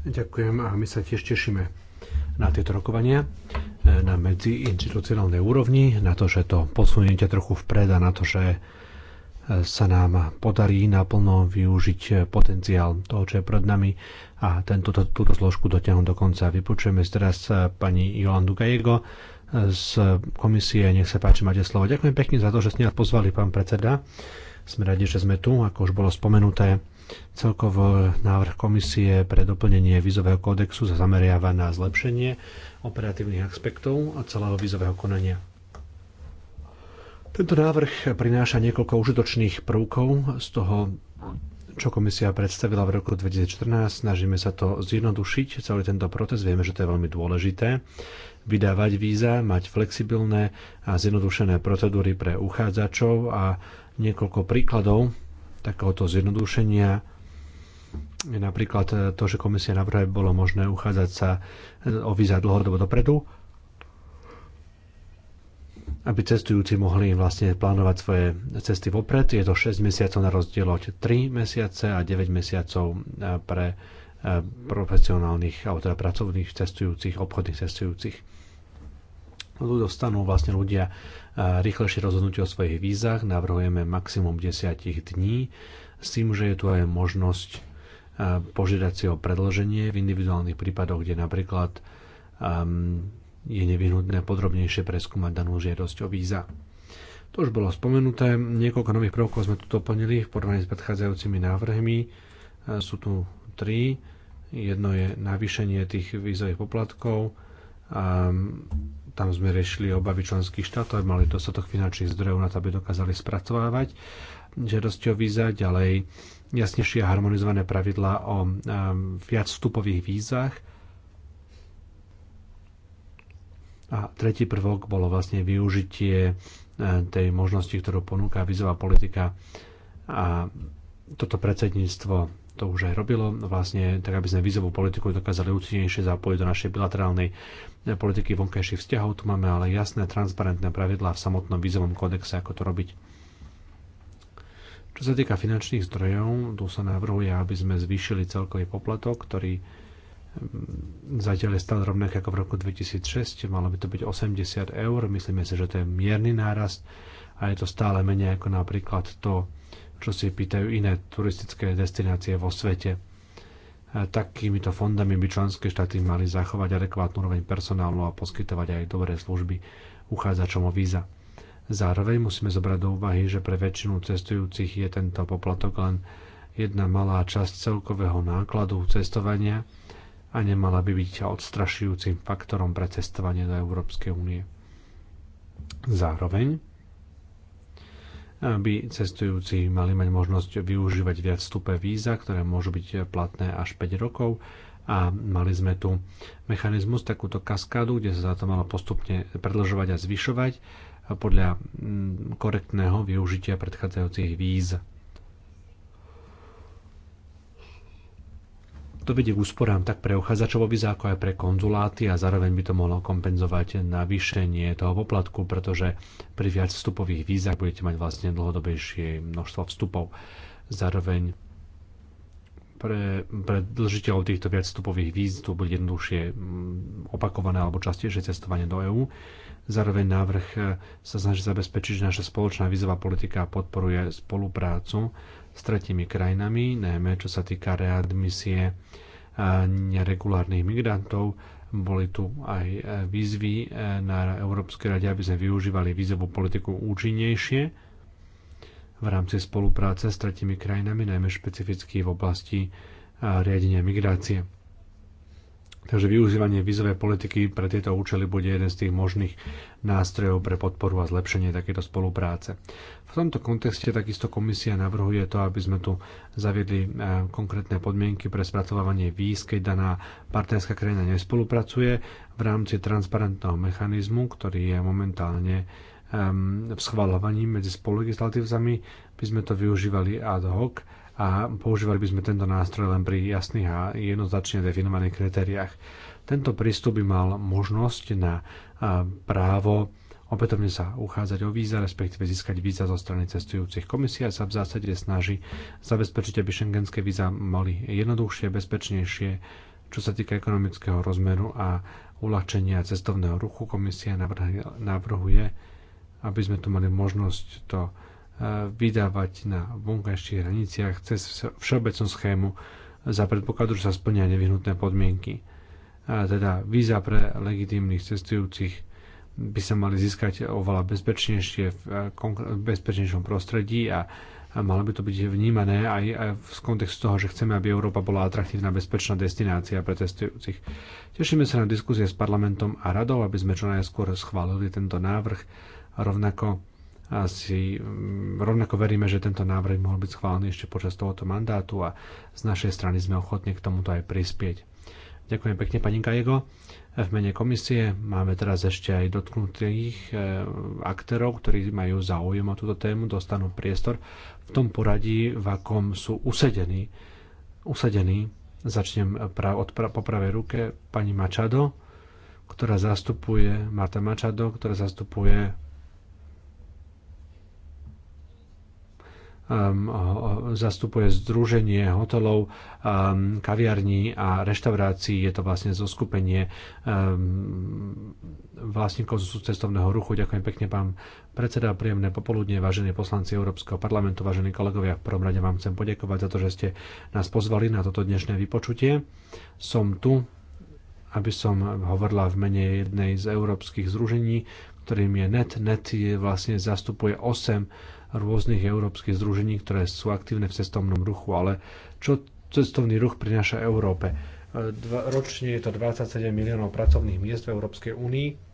Ďakujem a my sa tiež tešíme na tieto rokovania e, na medziinstitucionálnej úrovni, na to, že to posuniete trochu vpred a na to, že sa nám podarí naplno využiť potenciál toho, čo je pred nami a tento, túto zložku dotiahnuť do konca. Vypočujeme teraz eh, pani Jolandu Gajego eh, z komisie. Nech sa páči, máte slovo. Ďakujem pekne za to, že ste nás pozvali, pán predseda. Sme radi, že sme tu, ako už bolo spomenuté. Celkovo návrh komisie pre doplnenie vízového kódexu sa zameriava na zlepšenie operatívnych aspektov a celého vízového konania. Tento návrh prináša niekoľko užitočných prvkov z toho, čo komisia predstavila v roku 2014. Snažíme sa to zjednodušiť, celý tento proces. Vieme, že to je veľmi dôležité. Vydávať víza, mať flexibilné a zjednodušené procedúry pre uchádzačov a niekoľko príkladov takéhoto zjednodušenia je napríklad to, že komisia navrhuje bolo možné uchádzať sa o víza dlhodobo dopredu aby cestujúci mohli vlastne plánovať svoje cesty vopred. Je to 6 mesiacov na rozdiel od 3 mesiace a 9 mesiacov eh, pre eh, profesionálnych alebo teda pracovných cestujúcich, obchodných cestujúcich. Dostanú vlastne ľudia eh, rýchlejšie rozhodnutie o svojich vízach. Navrhujeme maximum 10 dní s tým, že je tu aj možnosť požiadať si o predloženie v individuálnych prípadoch, kde napríklad ehm, je nevyhnutné podrobnejšie preskúmať danú žiadosť o víza. To už bolo spomenuté, niekoľko nových prvkov sme tu doplnili v porovnaní s predchádzajúcimi návrhmi. E, sú tu tri. Jedno je navýšenie tých vízových poplatkov. A tam sme riešili obavy členských štátov, mali dostatok finančných zdrojov na to, aby dokázali spracovávať žiadosti o víza, ďalej jasnejšie harmonizované pravidlá o e, viac vstupových vízach, A tretí prvok bolo vlastne využitie e, tej možnosti, ktorú ponúka vízová politika. A toto predsedníctvo to už aj robilo, vlastne tak, aby sme vizovú politiku dokázali účinnejšie zapojiť do našej bilaterálnej e, politiky vonkajších vzťahov. Tu máme ale jasné, transparentné pravidlá v samotnom vízovom kódexe, ako to robiť. Čo sa týka finančných zdrojov, tu sa navrhuje, aby sme zvýšili celkový poplatok, ktorý Zatiaľ je stále rovnak, ako v roku 2006, malo by to byť 80 eur, myslíme si, že to je mierny nárast a je to stále menej ako napríklad to, čo si pýtajú iné turistické destinácie vo svete. Takýmito fondami by členské štáty mali zachovať adekvátnu úroveň personálu a poskytovať aj dobré služby uchádzačom o víza. Zároveň musíme zobrať do úvahy, že pre väčšinu cestujúcich je tento poplatok len jedna malá časť celkového nákladu cestovania a nemala by byť odstrašujúcim faktorom pre cestovanie do Európskej únie. Zároveň eh, by cestujúci mali mať možnosť využívať viac stupe víza, ktoré môžu byť platné až 5 rokov a mali sme tu mechanizmus, takúto kaskádu, kde sa za to malo postupne predlžovať a zvyšovať eh, podľa mm, korektného využitia predchádzajúcich víz. To vedie k úsporám tak pre uchádzačov o ako aj pre konzuláty a zároveň by to mohlo kompenzovať navýšenie toho poplatku, pretože pri viac vstupových vízach budete mať vlastne dlhodobejšie množstvo vstupov. Zároveň pre, pre dlžiteľov týchto viac vstupových víz to bude jednoduchšie mm, opakované alebo častejšie cestovanie do EÚ. Zároveň návrh sa snaží zabezpečiť, že naša spoločná vízová politika podporuje spoluprácu s tretimi krajinami, najmä čo sa týka readmisie neregulárnych migrantov. Boli tu aj e, výzvy e, na Európskej rade, aby sme využívali vízovú politiku účinnejšie v rámci spolupráce s tretimi krajinami, najmä špecificky v oblasti riadenia migrácie. Takže využívanie vízovej politiky pre tieto účely bude jeden z tých možných nástrojov pre podporu a zlepšenie takéto spolupráce. V tomto kontexte takisto komisia navrhuje to, aby sme tu zaviedli e, konkrétne podmienky pre spracovávanie víz, keď daná partnerská krajina nespolupracuje v rámci transparentného mechanizmu, ktorý je momentálne v schvalovaní medzi spolulegislatívzami, by sme to využívali ad hoc a používali by sme tento nástroj len pri jasných a jednoznačne definovaných kritériách. Tento prístup by mal možnosť na právo opätovne sa uchádzať o víza, respektíve získať víza zo strany cestujúcich. Komisia sa v zásade snaží zabezpečiť, aby šengenské víza mali jednoduchšie, bezpečnejšie, čo sa týka ekonomického rozmeru a uľahčenia cestovného ruchu. Komisia navrhuje, aby sme tu mali možnosť to vydávať na vonkajších hraniciach cez všeobecnú schému za predpokladu, že sa splnia nevyhnutné podmienky. A teda víza pre legitímnych cestujúcich by sa mali získať oveľa bezpečnejšie v e, bezpečnejšom prostredí a malo by to byť vnímané aj, e, v kontextu toho, že chceme, aby Európa bola atraktívna, bezpečná destinácia pre cestujúcich. Tešíme sa na diskusie s parlamentom a radou, aby sme čo najskôr schválili tento návrh. Rovnako a si mm, rovnako veríme, že tento návrh mohol byť schválený ešte počas tohoto mandátu a z našej strany sme ochotní k tomuto aj prispieť. Ďakujem pekne, pani Kajego. V mene komisie máme teraz ešte aj dotknutých eh, aktérov, ktorí majú záujem o túto tému, dostanú priestor v tom poradí, v akom sú usedení. Usedení začnem pra, od pra, po pravej ruke pani Mačado, ktorá zastupuje, Marta Mačado, ktorá zastupuje Ehm, zastupuje Združenie hotelov, ehm, kaviarní a reštaurácií. Je to vlastne zoskupenie ehm, vlastníkov z cestovného ruchu. Ďakujem pekne, pán predseda. Príjemné popoludne, vážení poslanci Európskeho parlamentu, vážení kolegovia. V prvom rade vám chcem poďakovať za to, že ste nás pozvali na toto dnešné vypočutie. Som tu aby som hovorila v mene jednej z európskych združení, ktorým je NET. NET je vlastne zastupuje 8 rôznych európskych združení, ktoré sú aktívne v cestovnom ruchu, ale čo cestovný ruch prináša Európe? E, dva, ročne je to 27 miliónov pracovných miest v Európskej únii.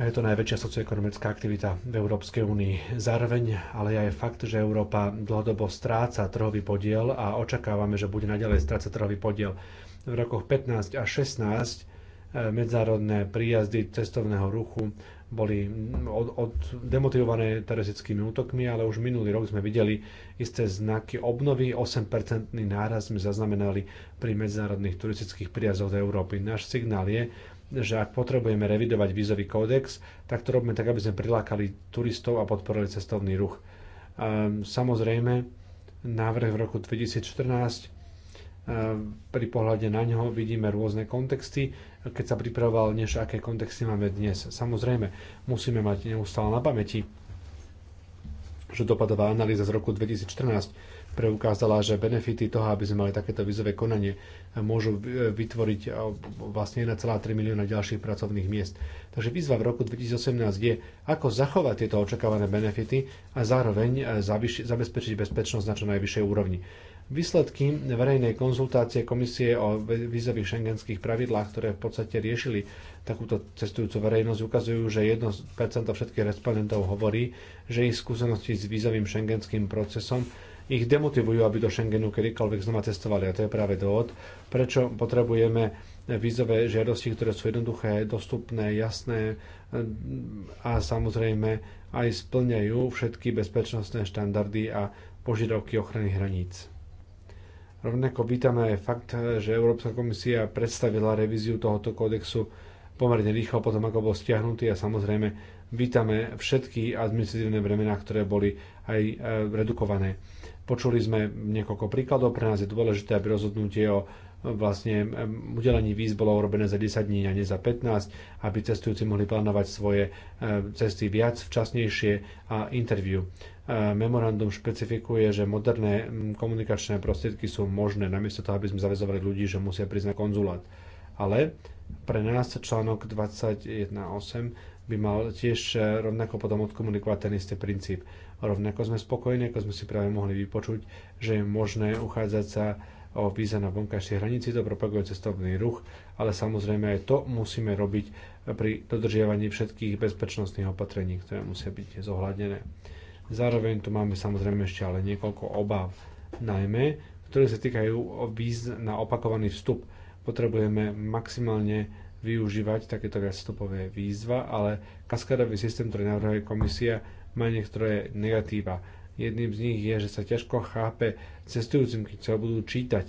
A je to najväčšia socioekonomická aktivita v Európskej únii. Zároveň ale aj fakt, že Európa dlhodobo stráca trhový podiel a očakávame, že bude naďalej strácať trhový podiel. V rokoch 15 a 16 e, medzárodné príjazdy cestovného ruchu boli od, od demotivované teroristickými útokmi, ale už minulý rok sme videli isté znaky obnovy. 8-percentný náraz sme zaznamenali pri medzinárodných turistických príjazdoch do Európy. Náš signál je, že ak potrebujeme revidovať vízový kódex, tak to robíme tak, aby sme prilákali turistov a podporili cestovný ruch. Ehm, samozrejme, návrh v roku 2014 Ehm, pri pohľade na ňo vidíme rôzne kontexty, keď sa pripravoval, než aké kontexty máme dnes. Samozrejme, musíme mať neustále na pamäti, že dopadová analýza z roku 2014 preukázala, že benefity toho, aby sme mali takéto vizové konanie, ehm, môžu e, vytvoriť e, vlastne 1,3 milióna ďalších pracovných miest. Takže výzva v roku 2018 je, ako zachovať tieto očakávané benefity a zároveň e, zabezpečiť bezpečnosť na čo najvyššej úrovni. Výsledky verejnej konzultácie komisie o vízových šengenských pravidlách, ktoré v podstate riešili takúto cestujúcu verejnosť, ukazujú, že 1% všetkých respondentov hovorí, že ich skúsenosti s vízovým šengenským procesom ich demotivujú, aby do Schengenu kedykoľvek znova cestovali. A to je práve dôvod, prečo potrebujeme vízové žiadosti, ktoré sú jednoduché, dostupné, jasné eh, a samozrejme aj splňajú všetky bezpečnostné štandardy a požiadavky ochrany hraníc. Rovnako vítame aj fakt, že Európska komisia predstavila revíziu tohoto kódexu pomerne rýchlo potom, ako bol stiahnutý a samozrejme vítame všetky administratívne bremená, ktoré boli aj e, redukované. Počuli sme niekoľko príkladov, pre nás je dôležité, aby rozhodnutie o e, vlastne e, udelení víz bolo urobené za 10 dní a nie za 15, aby cestujúci mohli plánovať svoje cesty viac, včasnejšie a interviu. E, memorandum špecifikuje, že moderné komunikačné prostriedky sú možné, namiesto toho, aby sme zavezovali ľudí, že musia priznať konzulát. Ale pre nás článok 21.8 by mal tiež e, rovnako potom odkomunikovať ten istý princíp. Rovnako sme spokojní, ako sme si práve mohli vypočuť, že je možné uchádzať sa o víza na vonkajšej hranici, to propaguje cestovný ruch, ale samozrejme aj to musíme robiť pri dodržiavaní všetkých bezpečnostných opatrení, ktoré musia byť zohľadené. Zároveň tu máme samozrejme ešte ale niekoľko obáv, najmä, ktoré sa týkajú výz na opakovaný vstup. Potrebujeme maximálne využívať takéto viacstupové výzva, ale kaskadový systém, ktorý navrhuje komisia, má niektoré negatíva. Jedným z nich je, že sa ťažko chápe cestujúcim, keď sa budú čítať.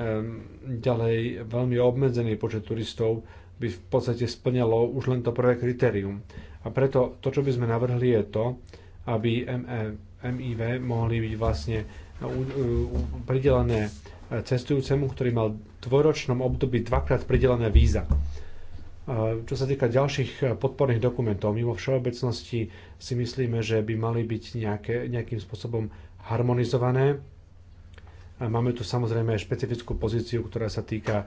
Ehm, ďalej, veľmi obmedzený počet turistov by v podstate splňalo už len to prvé kritérium. A preto to, čo by sme navrhli, je to, aby MIV e, mohli byť vlastne e, e, pridelené cestujúcemu, ktorý mal v dvoročnom období dvakrát pridelené víza. Čo sa týka ďalších podporných dokumentov, mimo vo všeobecnosti si myslíme, že by mali byť nejaké, nejakým spôsobom harmonizované. Máme tu samozrejme špecifickú pozíciu, ktorá sa týka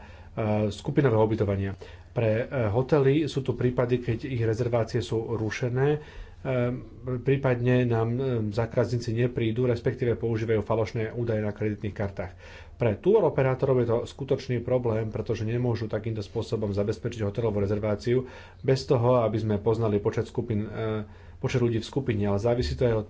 skupinového ubytovania. Pre hotely sú tu prípady, keď ich rezervácie sú rušené Ehm, prípadne nám ehm, zákazníci neprídu, respektíve používajú falošné údaje na kreditných kartách. Pre tour operátorov je to skutočný problém, pretože nemôžu takýmto spôsobom zabezpečiť hotelovú rezerváciu bez toho, aby sme poznali počet skupín ehm, počet ľudí v skupine, ale závisí to aj od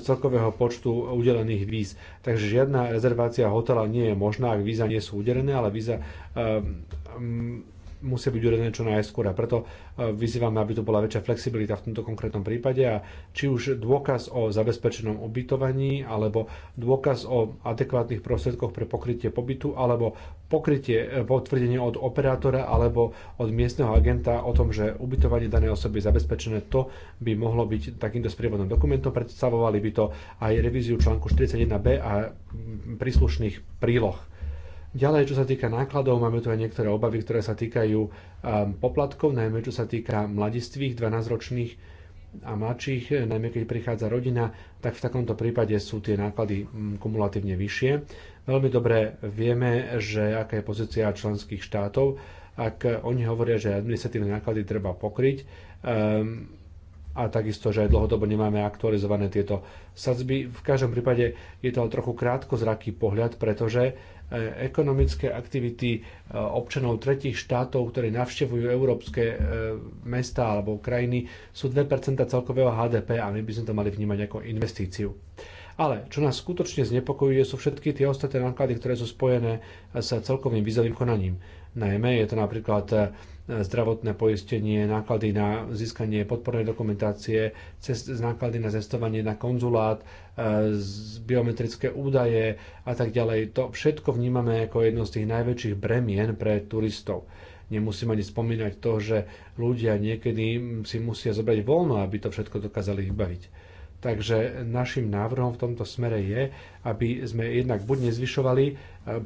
celkového počtu udelených víz. Takže žiadna rezervácia hotela nie je možná, ak víza nie sú udelené, ale víza um, um, musia byť uvedené čo najskôr. A preto e, vyzývame, aby to bola väčšia flexibilita v tomto konkrétnom prípade a či už dôkaz o zabezpečenom ubytovaní alebo dôkaz o adekvátnych prostriedkoch pre pokrytie pobytu alebo pokrytie, e, potvrdenie od operátora alebo od miestneho agenta o tom, že ubytovanie danej osoby je zabezpečené, to by mohlo byť takýmto sprievodným dokumentom. Predstavovali by to aj revíziu článku 41b a príslušných príloh Ďalej, čo sa týka nákladov, máme tu aj niektoré obavy, ktoré sa týkajú um, poplatkov, najmä čo sa týka mladistvých, 12-ročných a mladších, najmä keď prichádza rodina, tak v takomto prípade sú tie náklady mm, kumulatívne vyššie. Veľmi dobre vieme, že aká je pozícia členských štátov, ak oni hovoria, že administratívne náklady treba pokryť um, a takisto, že aj dlhodobo nemáme aktualizované tieto sadzby. V každom prípade je to trochu zraký pohľad, pretože E, ekonomické aktivity e, občanov tretich štátov, ktorí navštevujú európske e, mesta alebo krajiny, sú 2% celkového HDP a my by sme to mali vnímať ako investíciu. Ale čo nás skutočne znepokojuje, sú všetky tie ostatné náklady, ktoré sú spojené s celkovým vízovým konaním. Najmä je to napríklad zdravotné poistenie, náklady na získanie podpornej dokumentácie, cest, náklady na cestovanie na konzulát, e, biometrické údaje a tak ďalej. To všetko vnímame ako jedno z tých najväčších bremien pre turistov. Nemusím ani spomínať to, že ľudia niekedy si musia zobrať voľno, aby to všetko dokázali vybaviť. Takže našim návrhom v tomto smere je, aby sme jednak buď nezvyšovali e,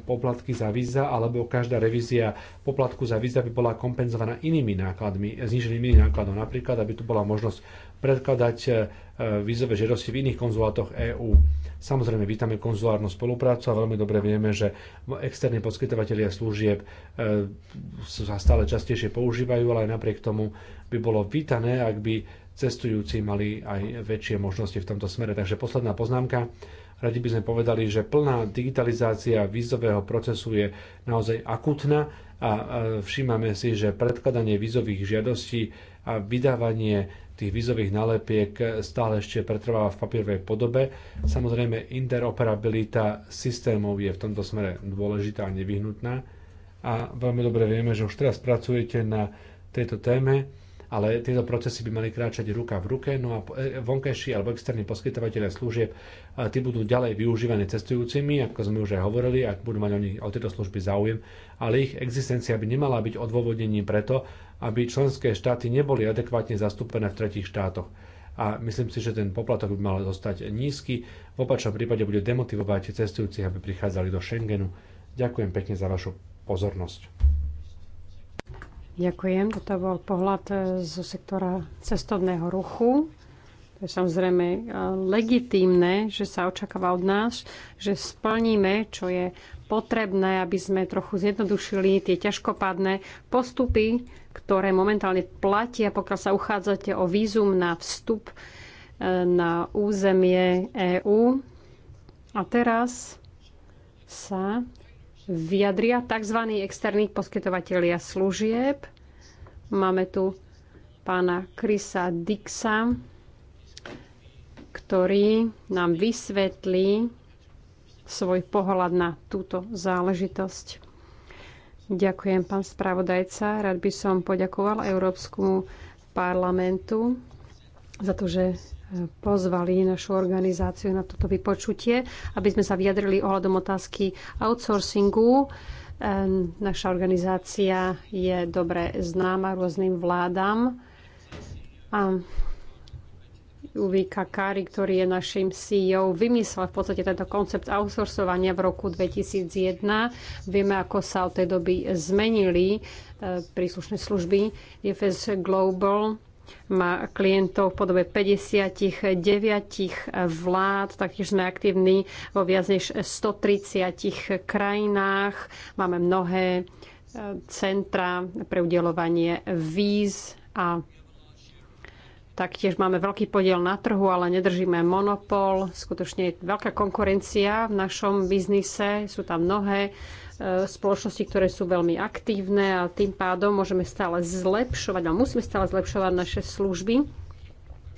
poplatky za víza, alebo každá revízia poplatku za víza by bola kompenzovaná inými nákladmi, zniženými nákladom. Napríklad, aby tu bola možnosť predkladať e, e, vízové žiadosti v iných konzulátoch EÚ. Samozrejme, vítame konzulárnu spoluprácu a veľmi dobre vieme, že externí poskytovateľia služieb sa stále častejšie používajú, ale aj napriek tomu by bolo vítané, ak by cestujúci mali aj väčšie možnosti v tomto smere. Takže posledná poznámka. Radi by sme povedali, že plná digitalizácia vízového procesu je naozaj akutná a všímame si, že predkladanie vízových žiadostí a vydávanie tých vízových nalepiek stále ešte pretrváva v papierovej podobe. Samozrejme, interoperabilita systémov je v tomto smere dôležitá a nevyhnutná. A veľmi dobre vieme, že už teraz pracujete na tejto téme ale tieto procesy by mali kráčať ruka v ruke, no a e, vonkajší alebo externí poskytovateľe služieb, tí budú ďalej využívaní cestujúcimi, ako sme už aj hovorili, ak budú mať oni o tieto služby záujem, ale ich existencia by nemala byť odôvodnením preto, aby členské štáty neboli adekvátne zastúpené v tretich štátoch a myslím si, že ten poplatok by mal zostať nízky. V opačnom prípade bude demotivovať cestujúcich, aby prichádzali do Schengenu. Ďakujem pekne za vašu pozornosť. Ďakujem. Toto bol pohľad e, zo sektora cestovného ruchu. To je samozrejme e, legitímne, že sa očakáva od nás, že splníme, čo je potrebné, aby sme trochu zjednodušili tie ťažkopádne postupy, ktoré momentálne platia, pokiaľ sa uchádzate o vízum na vstup e, na územie EÚ. A teraz sa vyjadria tzv. externí poskytovateľia služieb. Máme tu pána Krisa Dixa, ktorý nám vysvetlí svoj pohľad na túto záležitosť. Ďakujem, pán spravodajca. Rád by som poďakoval Európskemu parlamentu za to, že pozvali našu organizáciu na toto vypočutie, aby sme sa vyjadrili ohľadom otázky outsourcingu. Naša organizácia je dobre známa rôznym vládam. A Uvi Kakari, ktorý je našim CEO, vymyslel v podstate tento koncept outsourcovania v roku 2001. Vieme, ako sa od tej doby zmenili eh, príslušné služby. FS Global má klientov v podobe 59 vlád, taktiež sme aktívni vo viac než 130 krajinách. Máme mnohé e, centra pre udelovanie víz a taktiež máme veľký podiel na trhu, ale nedržíme monopol. Skutočne je veľká konkurencia v našom biznise, sú tam mnohé E, spoločnosti, ktoré sú veľmi aktívne a tým pádom môžeme stále zlepšovať, a musíme stále zlepšovať naše služby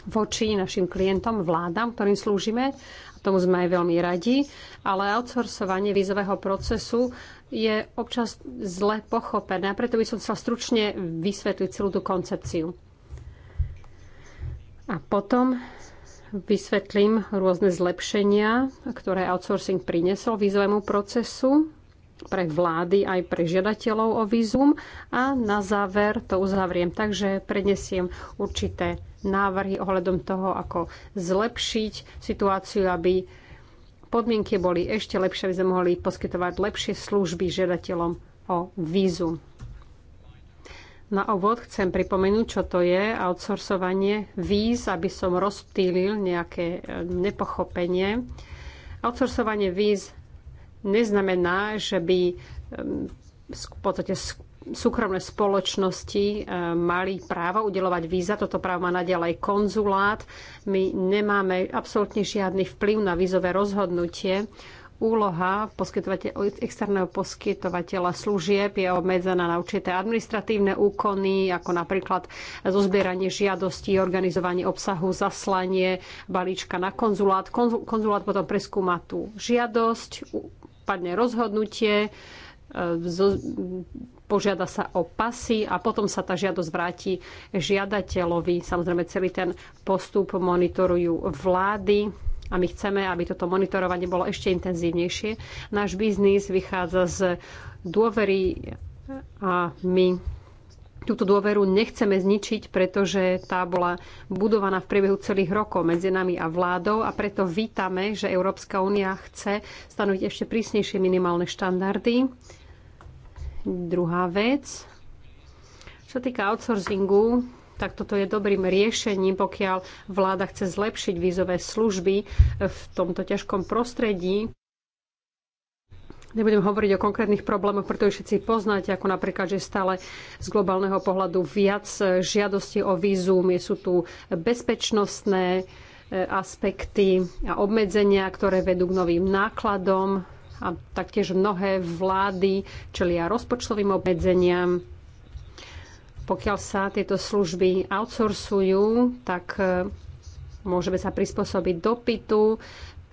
voči našim klientom, vládam, ktorým slúžime. A tomu sme aj veľmi radi. Ale outsourcovanie vízového procesu je občas zle pochopené. A preto by som chcela stručne vysvetliť celú tú koncepciu. A potom vysvetlím rôzne zlepšenia, ktoré outsourcing priniesol vízovému procesu pre vlády aj pre žiadateľov o vízum. A na záver to uzavriem tak, že prednesiem určité návrhy ohľadom toho, ako zlepšiť situáciu, aby podmienky boli ešte lepšie, aby sme mohli poskytovať lepšie služby žiadateľom o vízum. Na ovod chcem pripomenúť, čo to je outsourcovanie víz, aby som rozptýlil nejaké nepochopenie. Outsourcovanie víz neznamená, že by v podstate súkromné spoločnosti mali právo udelovať víza. Toto právo má naďalej konzulát. My nemáme absolútne žiadny vplyv na vízové rozhodnutie. Úloha externého poskytovateľa služieb je obmedzená na určité administratívne úkony, ako napríklad zozbieranie žiadostí, organizovanie obsahu, zaslanie balíčka na konzulát. Konzulát potom preskúma tú žiadosť, padne rozhodnutie, e, požiada sa o pasy a potom sa tá žiadosť vráti žiadateľovi. Samozrejme, celý ten postup monitorujú vlády a my chceme, aby toto monitorovanie bolo ešte intenzívnejšie. Náš biznis vychádza z dôvery a my Túto dôveru nechceme zničiť, pretože tá bola budovaná v priebehu celých rokov medzi nami a vládou a preto vítame, že Európska únia chce stanoviť ešte prísnejšie minimálne štandardy. Druhá vec. Čo týka outsourcingu, tak toto je dobrým riešením, pokiaľ vláda chce zlepšiť vízové služby v tomto ťažkom prostredí. Nebudem hovoriť o konkrétnych problémoch, pretože všetci poznáte, ako napríklad, že stále z globálneho pohľadu viac žiadosti o vízum, sú tu bezpečnostné e, aspekty a obmedzenia, ktoré vedú k novým nákladom a taktiež mnohé vlády čelia rozpočtovým obmedzeniam. Pokiaľ sa tieto služby outsourcujú, tak e, môžeme sa prispôsobiť dopytu,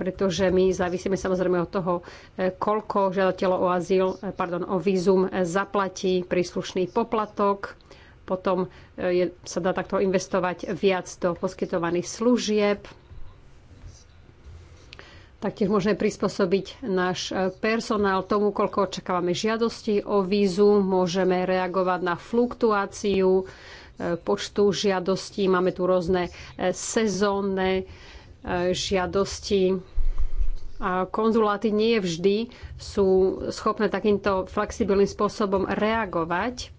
pretože my závisíme samozrejme od toho, e, koľko žiadateľov o azyl, e, pardon, o vízum e, zaplatí príslušný poplatok. Potom je, sa dá takto investovať viac do poskytovaných služieb. Taktiež môžeme prispôsobiť náš personál tomu, koľko očakávame žiadosti o vízu. Môžeme reagovať na fluktuáciu počtu žiadostí. Máme tu rôzne sezónne žiadosti a konzuláty nie vždy sú schopné takýmto flexibilným spôsobom reagovať.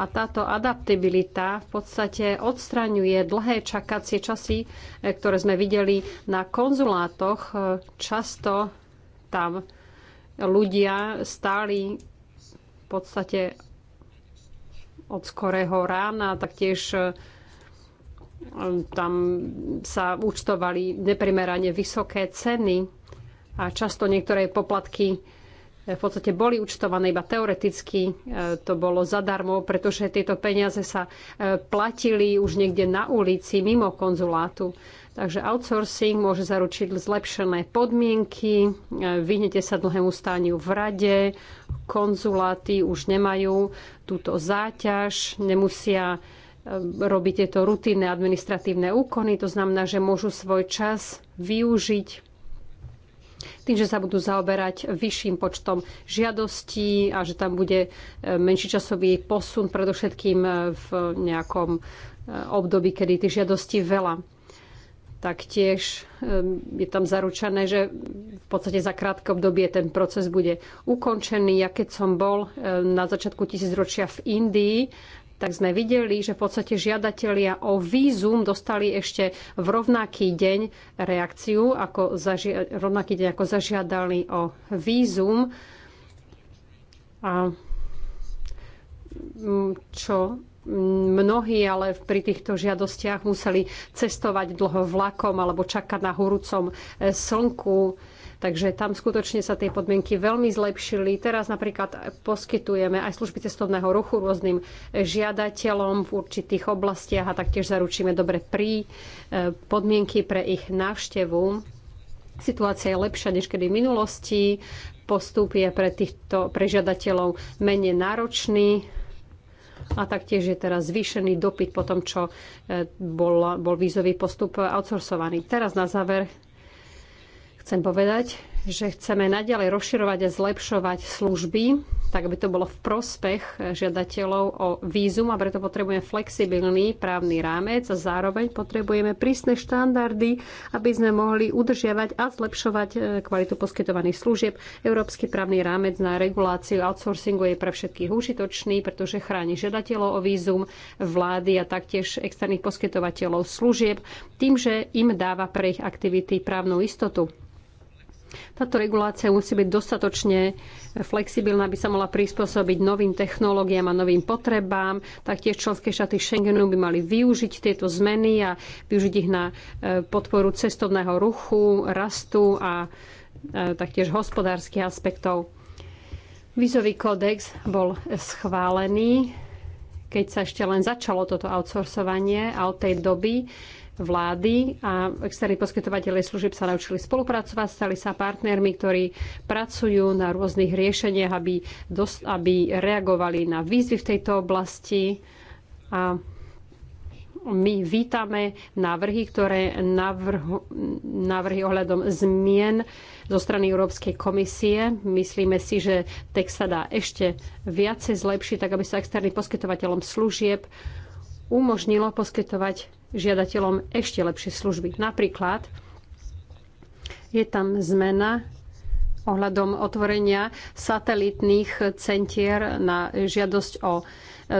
A táto adaptibilita v podstate odstraňuje dlhé čakacie časy, e, ktoré sme videli na konzulátoch. E, Často tam ľudia stáli v podstate od skorého rána, taktiež e, tam sa účtovali neprimerane vysoké ceny a často niektoré poplatky v podstate boli účtované iba teoreticky, e, to bolo zadarmo, pretože tieto peniaze sa e, platili už niekde na ulici mimo konzulátu. Takže outsourcing môže zaručiť zlepšené podmienky, e, vyhnete sa dlhému stániu v rade, konzuláty už nemajú túto záťaž, nemusia robí tieto rutinné administratívne úkony. To znamená, že môžu svoj čas využiť tým, že sa budú zaoberať vyšším počtom žiadostí a že tam bude e, menší časový posun, predovšetkým e, v nejakom e, období, kedy tých žiadostí veľa. Taktiež je tam zaručené, že v podstate za krátke obdobie ten proces bude ukončený. Ja keď som bol na začiatku tisícročia v Indii, tak sme videli, že v podstate žiadatelia o vízum dostali ešte v rovnaký deň reakciu, ako zažia- rovnaký deň ako zažiadali o vízum. A čo mnohí ale pri týchto žiadostiach museli cestovať dlho vlakom alebo čakať na horúcom slnku Takže tam skutočne sa tie podmienky veľmi zlepšili. Teraz napríklad poskytujeme aj služby cestovného ruchu rôznym žiadateľom v určitých oblastiach a taktiež zaručíme dobre pri e, podmienky pre ich návštevu. Situácia je lepšia než kedy v minulosti. Postup je pre týchto prežiadateľov menej náročný a taktiež je teraz zvýšený dopyt po tom, čo e, bol, bol vízový postup outsourcovaný. Teraz na záver Chcem povedať, že chceme naďalej rozširovať a zlepšovať služby, tak aby to bolo v prospech žiadateľov o vízum a preto potrebujeme flexibilný právny rámec a zároveň potrebujeme prísne štandardy, aby sme mohli udržiavať a zlepšovať eh, kvalitu poskytovaných služieb. Európsky právny rámec na reguláciu outsourcingu je pre všetkých užitočný, pretože chráni žiadateľov o vízum, vlády a taktiež externých poskytovateľov služieb tým, že im dáva pre ich aktivity právnu istotu. Táto regulácia musí byť dostatočne flexibilná, aby sa mohla prispôsobiť novým technológiám a novým potrebám. Taktiež členské štáty Schengenu by mali využiť tieto zmeny a využiť ich na e, podporu cestovného ruchu, rastu a e, taktiež hospodárskych aspektov. Vizový kódex bol schválený, keď sa ešte len začalo toto outsourcovanie a od tej doby vlády a externí poskytovateľe služieb sa naučili spolupracovať, stali sa partnermi, ktorí pracujú na rôznych riešeniach, aby, dos- aby reagovali na výzvy v tejto oblasti. A my vítame návrhy, ktoré navrhu, návrhy ohľadom zmien zo strany Európskej komisie. Myslíme si, že text sa dá ešte viacej zlepšiť, tak aby sa externým poskytovateľom služieb umožnilo poskytovať žiadateľom ešte lepšie služby. Napríklad je tam zmena ohľadom otvorenia satelitných centier na žiadosť o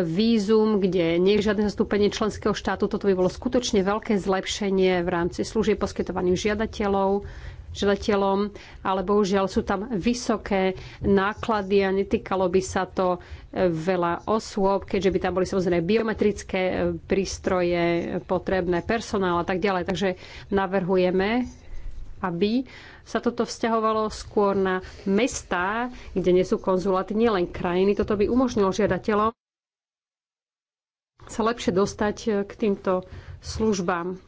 vízum, kde nie je žiadne zastúpenie členského štátu. Toto by bolo skutočne veľké zlepšenie v rámci služieb poskytovaných žiadateľov želetelom, ale bohužiaľ sú tam vysoké náklady a netýkalo by sa to e, veľa osôb, keďže by tam boli samozrejme biometrické e, prístroje, e, potrebné personál a tak ďalej. Takže navrhujeme, aby sa toto vzťahovalo skôr na mestá, kde nie sú konzuláty, nielen krajiny. Toto by umožnilo žiadateľom sa lepšie dostať k týmto službám.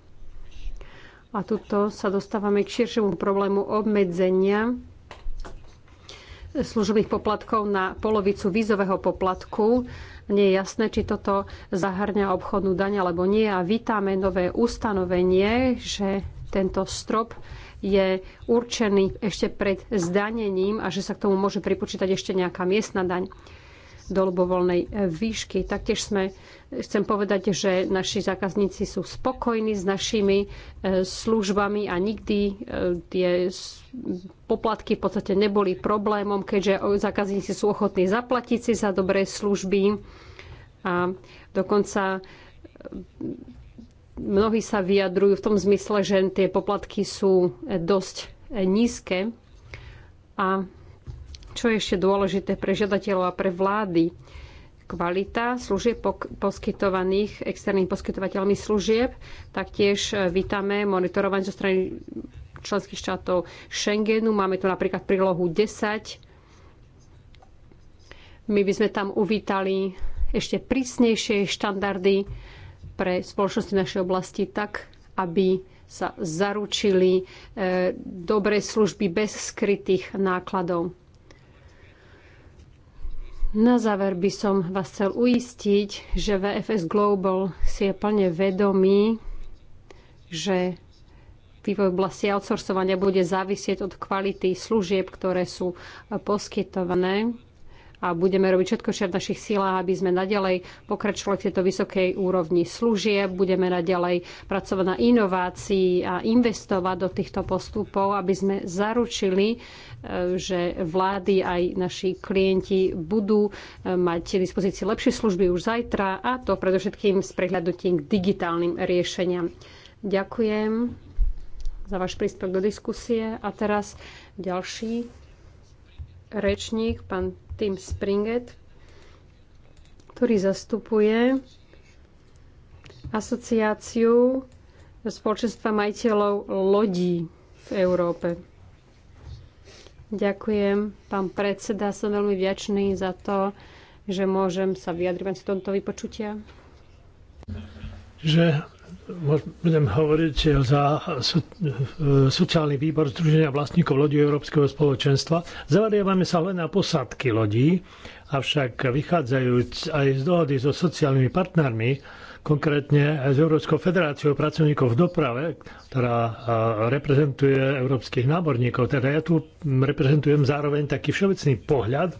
A tuto sa dostávame k širšiemu problému obmedzenia služobných poplatkov na polovicu vízového poplatku. Nie je jasné, či toto zahrňa obchodnú daň alebo nie. A vítame nové ustanovenie, že tento strop je určený ešte pred zdanením a že sa k tomu môže pripočítať ešte nejaká miestna daň do ľubovoľnej e, výšky. Taktiež sme, chcem povedať, že naši zákazníci sú spokojní s našimi e, službami a nikdy e, tie poplatky v podstate neboli problémom, keďže zákazníci sú ochotní zaplatiť si za dobré služby a dokonca mnohí sa vyjadrujú v tom zmysle, že tie poplatky sú dosť nízke a čo je ešte dôležité pre žiadateľov a pre vlády? Kvalita služieb poskytovaných externým poskytovateľmi služieb. Taktiež e, vítame monitorovanie zo strany členských štátov Schengenu. Máme tu napríklad prílohu 10. My by sme tam uvítali ešte prísnejšie štandardy pre spoločnosti našej oblasti tak, aby sa zaručili e, dobré služby bez skrytých nákladov. Na záver by som vás chcel uistiť, že VFS Global si je plne vedomý, že vývoj v oblasti outsourcovania bude závisieť od kvality služieb, ktoré sú poskytované a budeme robiť všetko, čo v našich silách, aby sme naďalej pokračovali v tejto vysokej úrovni služieb, budeme naďalej pracovať na inovácii a investovať do týchto postupov, aby sme zaručili, e, že vlády aj naši klienti budú e, mať v dispozícii lepšie služby už zajtra a to predovšetkým s prehľadnutím k digitálnym riešeniam. Ďakujem za váš príspevok do diskusie. A teraz ďalší rečník, pán Tim Springett, ktorý zastupuje asociáciu spoločenstva majiteľov lodí v Európe. Ďakujem, pán predseda, som veľmi vďačný za to, že môžem sa vyjadriť v tomto vypočutia. Že budem hovoriť eh, za eh, sociálny výbor Združenia vlastníkov lodí Európskeho spoločenstva. Zavariavame sa len na posádky lodí, avšak vychádzajúc aj z dohody so sociálnymi partnermi, konkrétne s Európskou federáciou pracovníkov v doprave, ktorá eh, reprezentuje európskych náborníkov. Teda ja tu reprezentujem zároveň taký všeobecný pohľad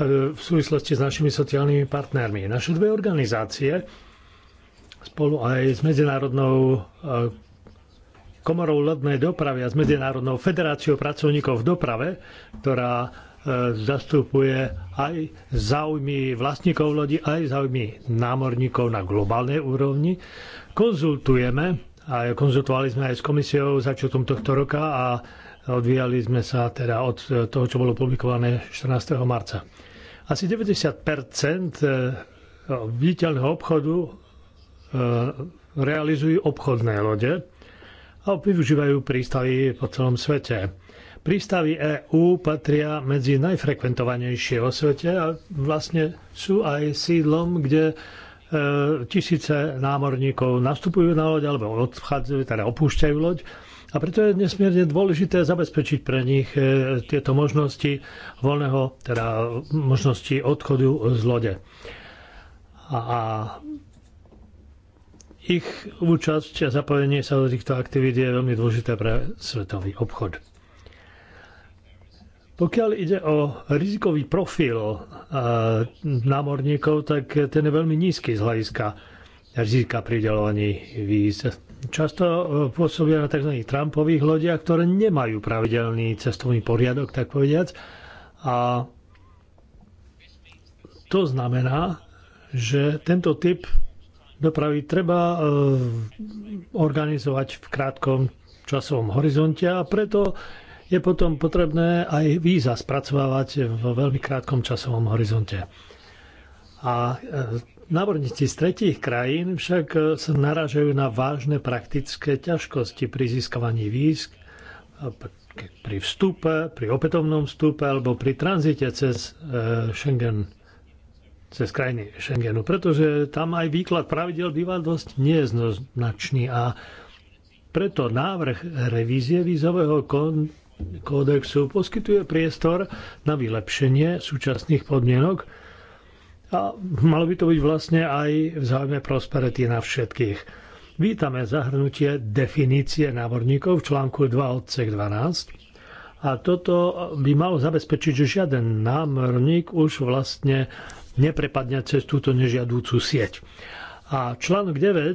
v súvislosti s našimi sociálnymi partnermi. Naše dve organizácie spolu aj s Medzinárodnou eh, komorou lodnej dopravy a s Medzinárodnou federáciou pracovníkov v doprave, ktorá eh, zastupuje aj záujmy vlastníkov lodi, aj záujmy námorníkov na globálnej úrovni. Konzultujeme, a konzultovali sme aj s komisiou začiatkom tohto roka a odvíjali sme sa teda od eh, toho, čo bolo publikované 14. marca. Asi 90 viditeľného obchodu E, realizujú obchodné lode a využívajú prístavy po celom svete. Prístavy EÚ patria medzi najfrekventovanejšie vo svete a vlastne sú aj sídlom, kde e, tisíce námorníkov nastupujú na loď alebo odchádzajú, teda opúšťajú loď. A preto je nesmierne dôležité zabezpečiť pre nich e, tieto možnosti voľného, teda možnosti odchodu z lode. A ich účasť a zapojenie sa do týchto aktivít je veľmi dôležité pre svetový obchod. Pokiaľ ide o rizikový profil námorníkov, tak ten je veľmi nízky z hľadiska rizika pridelovaní víz. Často e, pôsobia na tzv. Trumpových lodiach, ktoré nemajú pravidelný cestovný poriadok, tak povediac. A to znamená, že tento typ dopravy treba eh, organizovať v krátkom časovom horizonte a preto je potom potrebné aj víza spracovávať vo veľmi krátkom časovom horizonte. A eh, náborníci z tretích krajín však eh, sa naražajú na vážne praktické ťažkosti pri získavaní víz, pri vstupe, pri opätovnom vstupe alebo pri tranzite cez Schengen cez krajiny Schengenu, pretože tam aj výklad pravidel býva dosť neznačný a preto návrh revízie vízového kódexu poskytuje priestor na vylepšenie súčasných podmienok a malo by to byť vlastne aj v záujme prosperity na všetkých. Vítame zahrnutie definície námorníkov v článku 2 odsek 12 a toto by malo zabezpečiť, že žiaden námorník už vlastne neprepadne cez túto nežiadúcu sieť. A článok 9 e, e,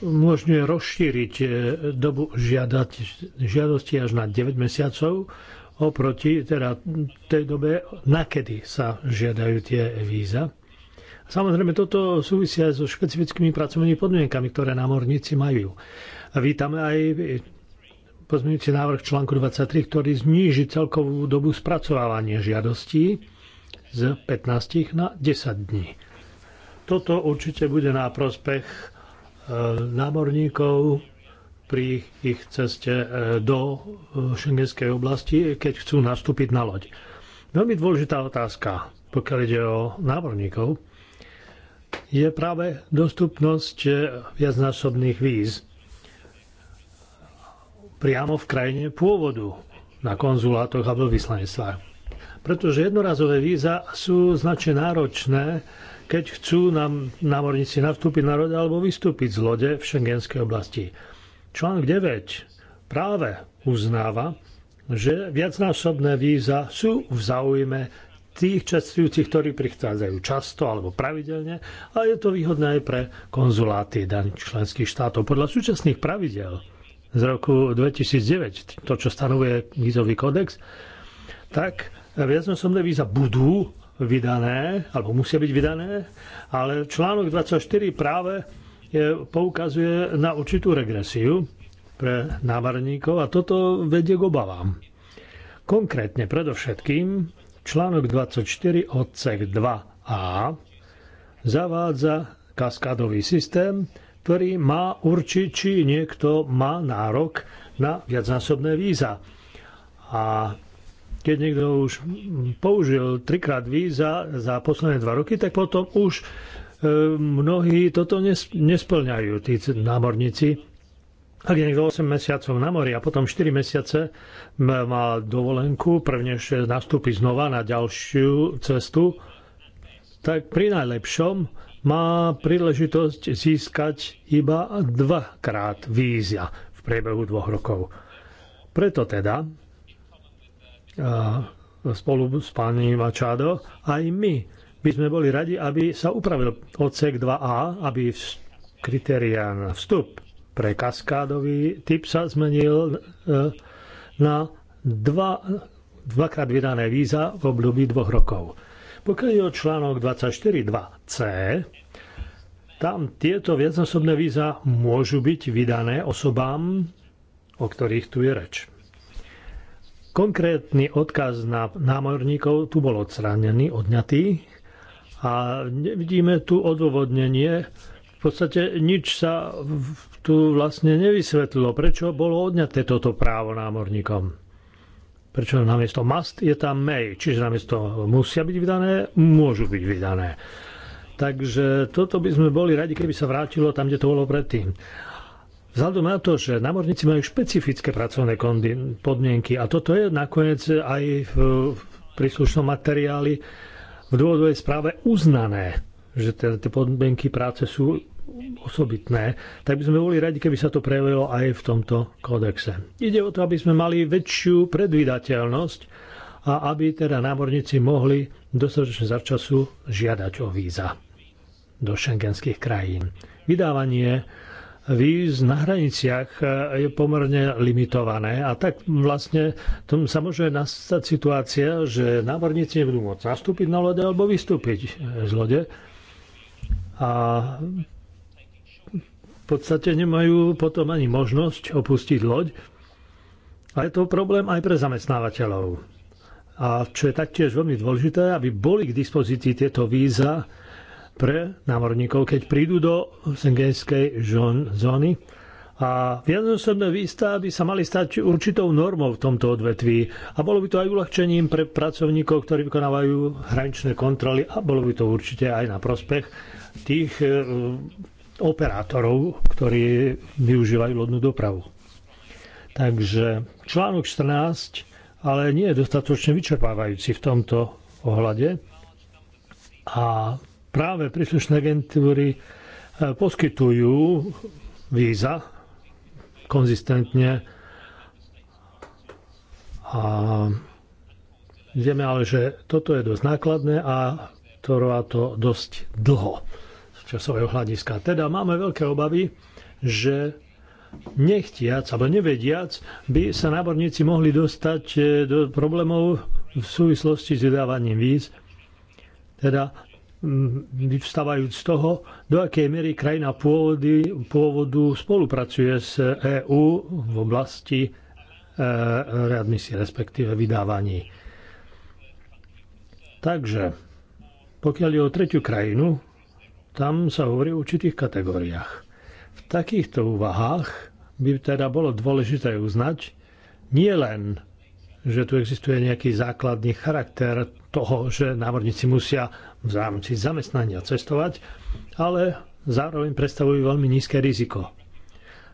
umožňuje rozšíriť e, dobu žiadať, žiadosti až na 9 mesiacov oproti teda tej dobe, nakedy sa žiadajú tie víza. Samozrejme, toto súvisia so špecifickými pracovnými podmienkami, ktoré námorníci majú. A vítame aj pozmeňujúci návrh článku 23, ktorý zníži celkovú dobu spracovávania žiadostí z 15 na 10 dní. Toto určite bude na prospech e, námorníkov pri ich ceste e, do e, šengenskej oblasti, keď chcú nastúpiť na loď. Veľmi dôležitá otázka, pokiaľ ide o námorníkov, je práve dostupnosť viacnásobných víz priamo v krajine pôvodu na konzulátoch alebo vyslanectvách pretože jednorazové víza sú značne náročné, keď chcú nám námorníci navstúpiť na rode alebo vystúpiť z lode v šengenskej oblasti. Článok 9 práve uznáva, že viacnásobné víza sú v záujme tých čestujúcich, ktorí prichádzajú často alebo pravidelne a je to výhodné aj pre konzuláty daných členských štátov. Podľa súčasných pravidel z roku 2009, to čo stanovuje vízový kódex, tak som víza budú vydané, alebo musia byť vydané, ale článok 24 práve je, poukazuje na určitú regresiu pre námorníkov a toto vedie k obavám. Konkrétne predovšetkým článok 24 odsek 2a zavádza kaskádový systém, ktorý má určiť, či niekto má nárok na viacnásobné víza. A keď niekto už použil trikrát víza za posledné dva roky, tak potom už e, mnohí toto nesplňajú, tí námorníci. Ak je niekto 8 mesiacov na mori a potom 4 mesiace má dovolenku, prvnež nastúpi znova na ďalšiu cestu, tak pri najlepšom má príležitosť získať iba dvakrát vízia v priebehu dvoch rokov. Preto teda spolu s pani Mačádo, aj my by sme boli radi, aby sa upravil odsek 2a, aby kritériá na vstup pre kaskádový typ sa zmenil e, na dva, dvakrát vydané víza v období dvoch rokov. Pokiaľ je o článok 24.2c, tam tieto viacnásobné víza môžu byť vydané osobám, o ktorých tu je reč. Konkrétny odkaz na námorníkov tu bol odstránený, odňatý a vidíme tu odôvodnenie. V podstate nič sa tu vlastne nevysvetlilo, prečo bolo odňaté toto právo námorníkom. Prečo namiesto must je tam may, čiže namiesto musia byť vydané, môžu byť vydané. Takže toto by sme boli radi, keby sa vrátilo tam, kde to bolo predtým. Vzhľadom na to, že námorníci majú špecifické pracovné podmienky a toto je nakoniec aj v príslušnom materiáli v dôvodovej správe uznané, že tie podmienky práce sú osobitné, tak by sme boli radi, keby sa to prejavilo aj v tomto kódexe. Ide o to, aby sme mali väčšiu predvídateľnosť a aby teda námorníci mohli dostatočne času žiadať o víza do šengenských krajín. Vydávanie víz na hraniciach e, je pomerne limitované a tak vlastne tom sa môže nastať situácia, že námorníci nebudú môcť nastúpiť na lode alebo vystúpiť e, z lode a v podstate nemajú potom ani možnosť opustiť loď a je to problém aj pre zamestnávateľov. A čo je taktiež veľmi dôležité, aby boli k dispozícii tieto víza pre námorníkov, keď prídu do sengenskej zóny. A viacnosobné výstavy sa mali stať určitou normou v tomto odvetví a bolo by to aj uľahčením pre pracovníkov, ktorí vykonávajú hraničné kontroly a bolo by to určite aj na prospech tých e, operátorov, ktorí využívajú lodnú dopravu. Takže článok 14 ale nie je dostatočne vyčerpávajúci v tomto ohľade. A práve príslušné agentúry e, poskytujú víza konzistentne a vieme ale, že toto je dosť nákladné a trvá to dosť dlho z časového hľadiska. Teda máme veľké obavy, že nechtiac alebo nevediac by sa náborníci mohli dostať e, do problémov v súvislosti s vydávaním víz. Teda vyvstávajúc z toho, do akej miery krajina pôvody, pôvodu spolupracuje s EÚ v oblasti e, readmisie, respektíve vydávaní. Takže, pokiaľ je o tretiu krajinu, tam sa hovorí o určitých kategóriách. V takýchto úvahách by teda bolo dôležité uznať nie len že tu existuje nejaký základný charakter toho, že námorníci musia v rámci zamestnania cestovať, ale zároveň predstavujú veľmi nízke riziko.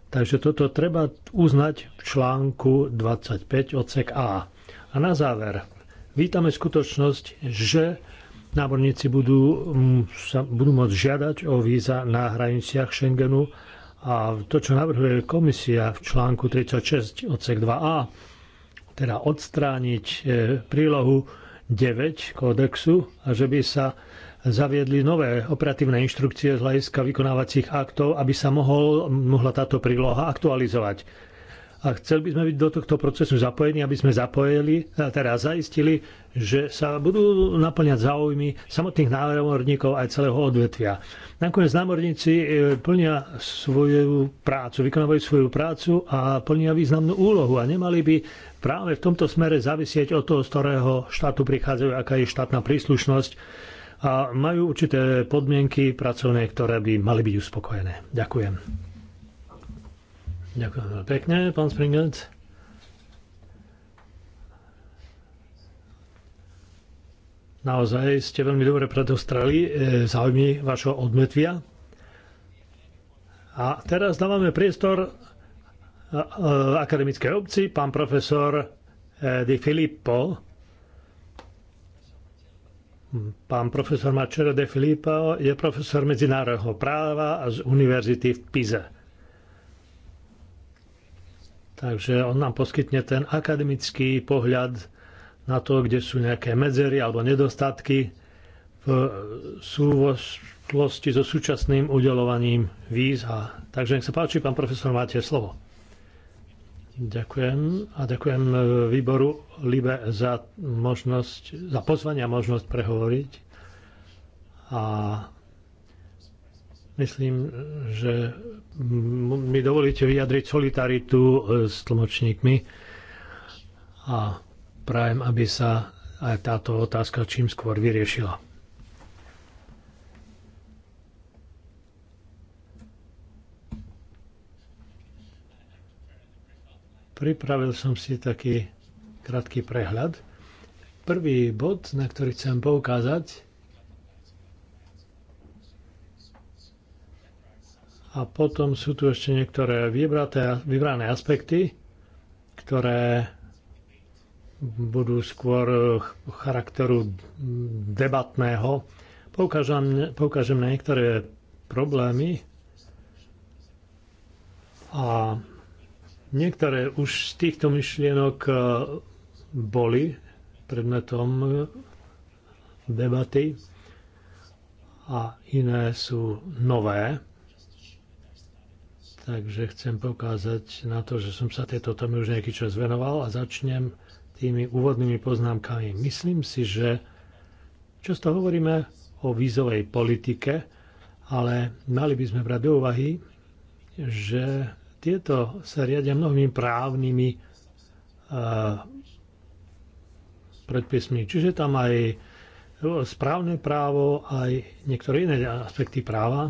Takže toto treba uznať v článku 25 odsek A. A na záver, vítame skutočnosť, že námorníci budú, mm, sa budú môcť žiadať o víza na hraniciach Schengenu a to, čo navrhuje komisia v článku 36 odsek 2a, teda odstrániť e, prílohu 9 kódexu a že by sa zaviedli nové operatívne inštrukcie z hľadiska vykonávacích aktov, aby sa mohol, mohla táto príloha aktualizovať a chceli by sme byť do tohto procesu zapojení, aby sme zapojili, teda zaistili, že sa budú naplňať záujmy samotných námorníkov aj celého odvetvia. Nakoniec námorníci e, plnia svoju prácu, vykonávajú svoju prácu a plnia významnú úlohu a nemali by práve v tomto smere zavisieť od toho, z ktorého štátu prichádzajú, aká je štátna príslušnosť a majú určité podmienky pracovné, ktoré by mali byť uspokojené. Ďakujem. Ďakujem veľmi pekne, pán Springec. Naozaj ste veľmi dobre predostrali e, záujmy vašho odmetvia. A teraz dávame priestor e, e, akademickej obci, pán profesor Di Filippo. Pán profesor Mačero De Filippo je profesor medzinárodného práva z Univerzity v Pize. Takže on nám poskytne ten akademický pohľad na to, kde sú nejaké medzery alebo nedostatky v súvislosti so súčasným udelovaním víz. A, takže nech sa páči, pán profesor, máte slovo. Ďakujem a ďakujem e, výboru Libe za možnosť, za pozvanie a možnosť prehovoriť. A Myslím, že mi dovolíte vyjadriť solidaritu e, s tlmočníkmi a prajem, aby sa aj táto otázka čím skôr vyriešila. Pripravil som si taký krátky prehľad. Prvý bod, na ktorý chcem poukázať, A potom sú tu ešte niektoré vybraté, vybrané aspekty, ktoré budú skôr charakteru debatného. Poukážem, poukážem na niektoré problémy a niektoré už z týchto myšlienok e, boli predmetom debaty a iné sú nové. Takže chcem pokázať na to, že som sa tejto téme už nejaký čas venoval a začnem tými úvodnými poznámkami. Myslím si, že často hovoríme o vízovej politike, ale mali by sme brať do úvahy, že tieto sa riadia mnohými právnymi e, predpismi. Čiže tam aj správne právo, aj niektoré iné aspekty práva,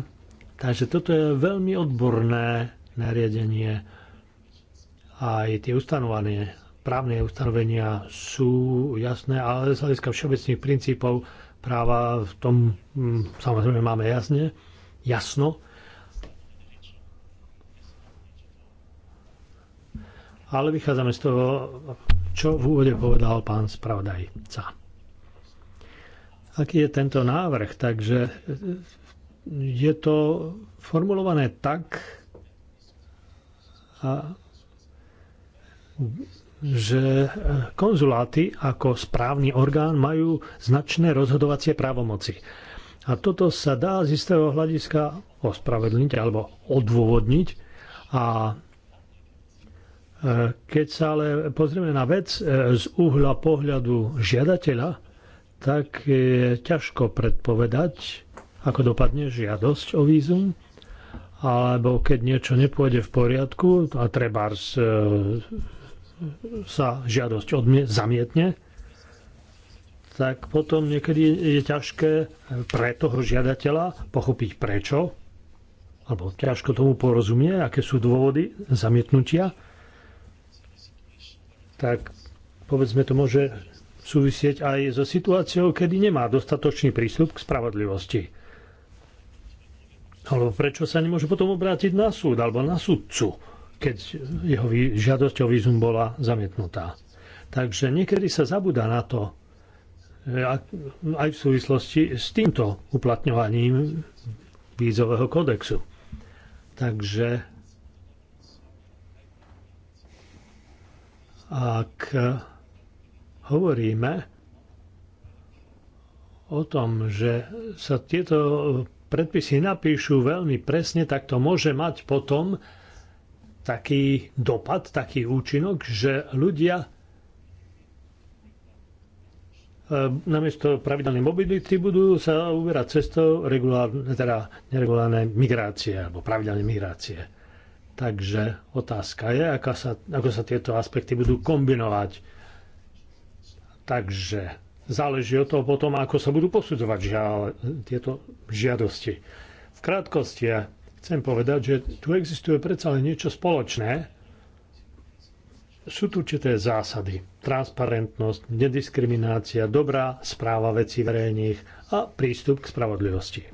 Takže toto je veľmi odborné nariadenie. Aj tie ustanovanie, právne ustanovenia sú jasné, ale z hľadiska všeobecných princípov práva v tom mm, samozrejme máme jasne, jasno. Ale vychádzame z toho, čo v úvode povedal pán spravodajca. Aký je tento návrh? Takže je to formulované tak, a, že konzuláty ako správny orgán majú značné rozhodovacie právomoci. A toto sa dá z istého hľadiska ospravedlniť alebo odôvodniť. A e, keď sa ale pozrieme na vec e, z uhla pohľadu žiadateľa, tak je ťažko predpovedať, ako dopadne žiadosť o vízum, alebo keď niečo nepôjde v poriadku a treba e, sa žiadosť odmie, zamietne, tak potom niekedy je ťažké pre toho žiadateľa pochopiť prečo, alebo ťažko tomu porozumie, aké sú dôvody zamietnutia, tak povedzme to môže súvisieť aj so situáciou, kedy nemá dostatočný prístup k spravodlivosti. Alebo prečo sa nemôže potom obrátiť na súd alebo na súdcu, keď jeho žiadosť o vízum bola zamietnutá. Takže niekedy sa zabúda na to, e, aj v súvislosti s týmto uplatňovaním vízového kodexu. Takže ak hovoríme o tom, že sa tieto predpisy napíšu veľmi presne, tak to môže mať potom taký dopad, taký účinok, že ľudia eh, namiesto pravidelnej mobility budú sa uberať cestou regulárne, teda neregulárne migrácie alebo pravidelné migrácie. Takže otázka je, ako sa, ako sa tieto aspekty budú kombinovať. Takže záleží od toho potom, ako sa budú posudzovať žiaľ, tieto žiadosti. V krátkosti ja chcem povedať, že tu existuje predsa len niečo spoločné. Sú tu určité zásady. Transparentnosť, nediskriminácia, dobrá správa vecí verejných a prístup k spravodlivosti.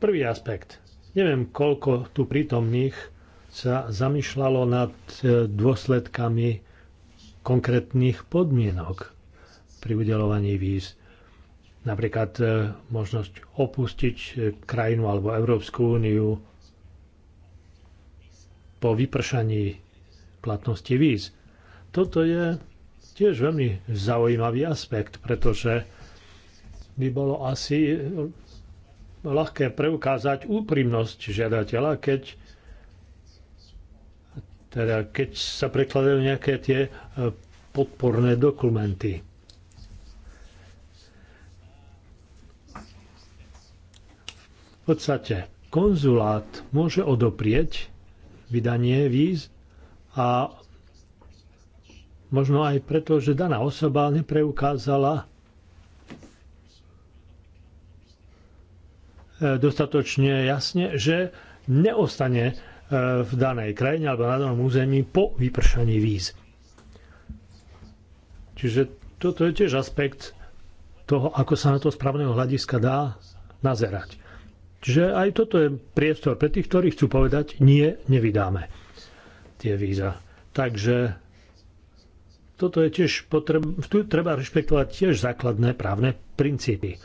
Prvý aspekt. Neviem, koľko tu prítomných sa zamýšľalo nad e, dôsledkami konkrétnych podmienok pri udelovaní víz. Napríklad e, možnosť opustiť e, krajinu alebo Európsku úniu po vypršaní platnosti víz. Toto je tiež veľmi zaujímavý aspekt, pretože by bolo asi e, ľahké preukázať úprimnosť žiadateľa, keď, teda keď sa prekladajú nejaké tie podporné dokumenty. V podstate konzulát môže odoprieť vydanie víz a možno aj preto, že daná osoba nepreukázala e, dostatočne jasne, že neostane e, v danej krajine alebo na danom území po vypršaní víz. Čiže toto je tiež aspekt toho, ako sa na to správneho hľadiska dá nazerať. Čiže aj toto je priestor pre tých, ktorí chcú povedať, nie, nevydáme tie víza. Takže toto je tiež potreb, tu treba rešpektovať tiež základné právne princípy.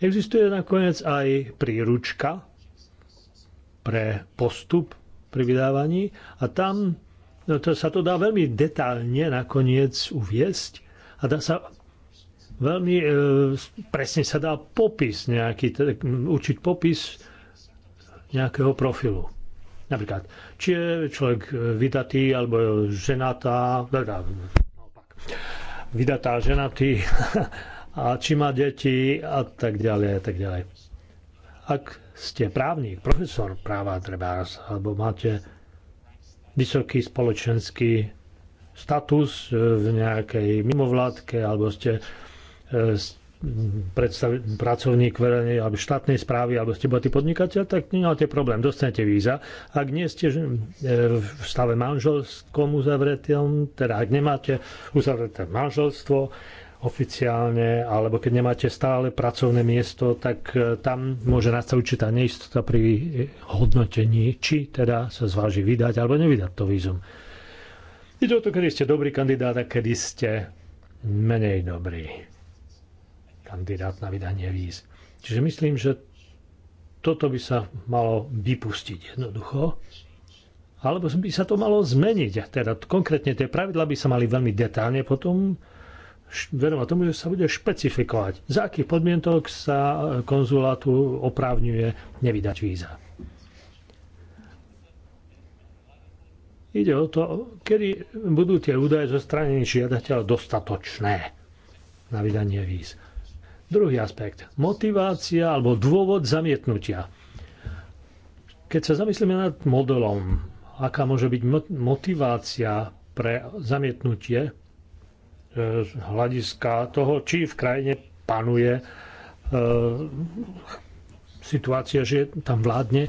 Existuje nakoniec aj príručka pre postup pri vydávaní a tam no to, sa to dá veľmi detálne nakoniec uviesť a dá sa veľmi e, presne sa dá popis nejaký, teda, určiť popis nejakého profilu. Napríklad, či je človek e, vydatý alebo ženatá, teda, naopak, vydatá, ženatý a či má deti a tak ďalej a tak ďalej. Ak ste právnik, profesor práva treba, alebo máte vysoký spoločenský status e, v nejakej mimovládke, alebo ste E, pracovník verejnej alebo štátnej správy alebo ste bohatý podnikateľ, tak nemáte problém, dostanete víza. Ak nie ste e, v stave manželskom uzavretom, teda ak nemáte uzavreté manželstvo oficiálne, alebo keď nemáte stále pracovné miesto, tak e, tam môže nastať určitá neistota pri hodnotení, či teda sa zváži vydať alebo nevydať to vízum. Ide o to, kedy ste dobrý kandidát a kedy ste menej dobrý kandidát na vydanie víz. Čiže myslím, že toto by sa malo vypustiť jednoducho, alebo by sa to malo zmeniť. Teda konkrétne tie pravidla by sa mali veľmi detálne potom venovať tomu, že sa bude špecifikovať, za akých podmienok sa konzulátu oprávňuje nevydať víza. Ide o to, kedy budú tie údaje zo strany žiadateľa dostatočné na vydanie víz. Druhý aspekt. Motivácia alebo dôvod zamietnutia. Keď sa zamyslíme nad modelom, aká môže byť motivácia pre zamietnutie e, z hľadiska toho, či v krajine panuje e, situácia, že tam vládne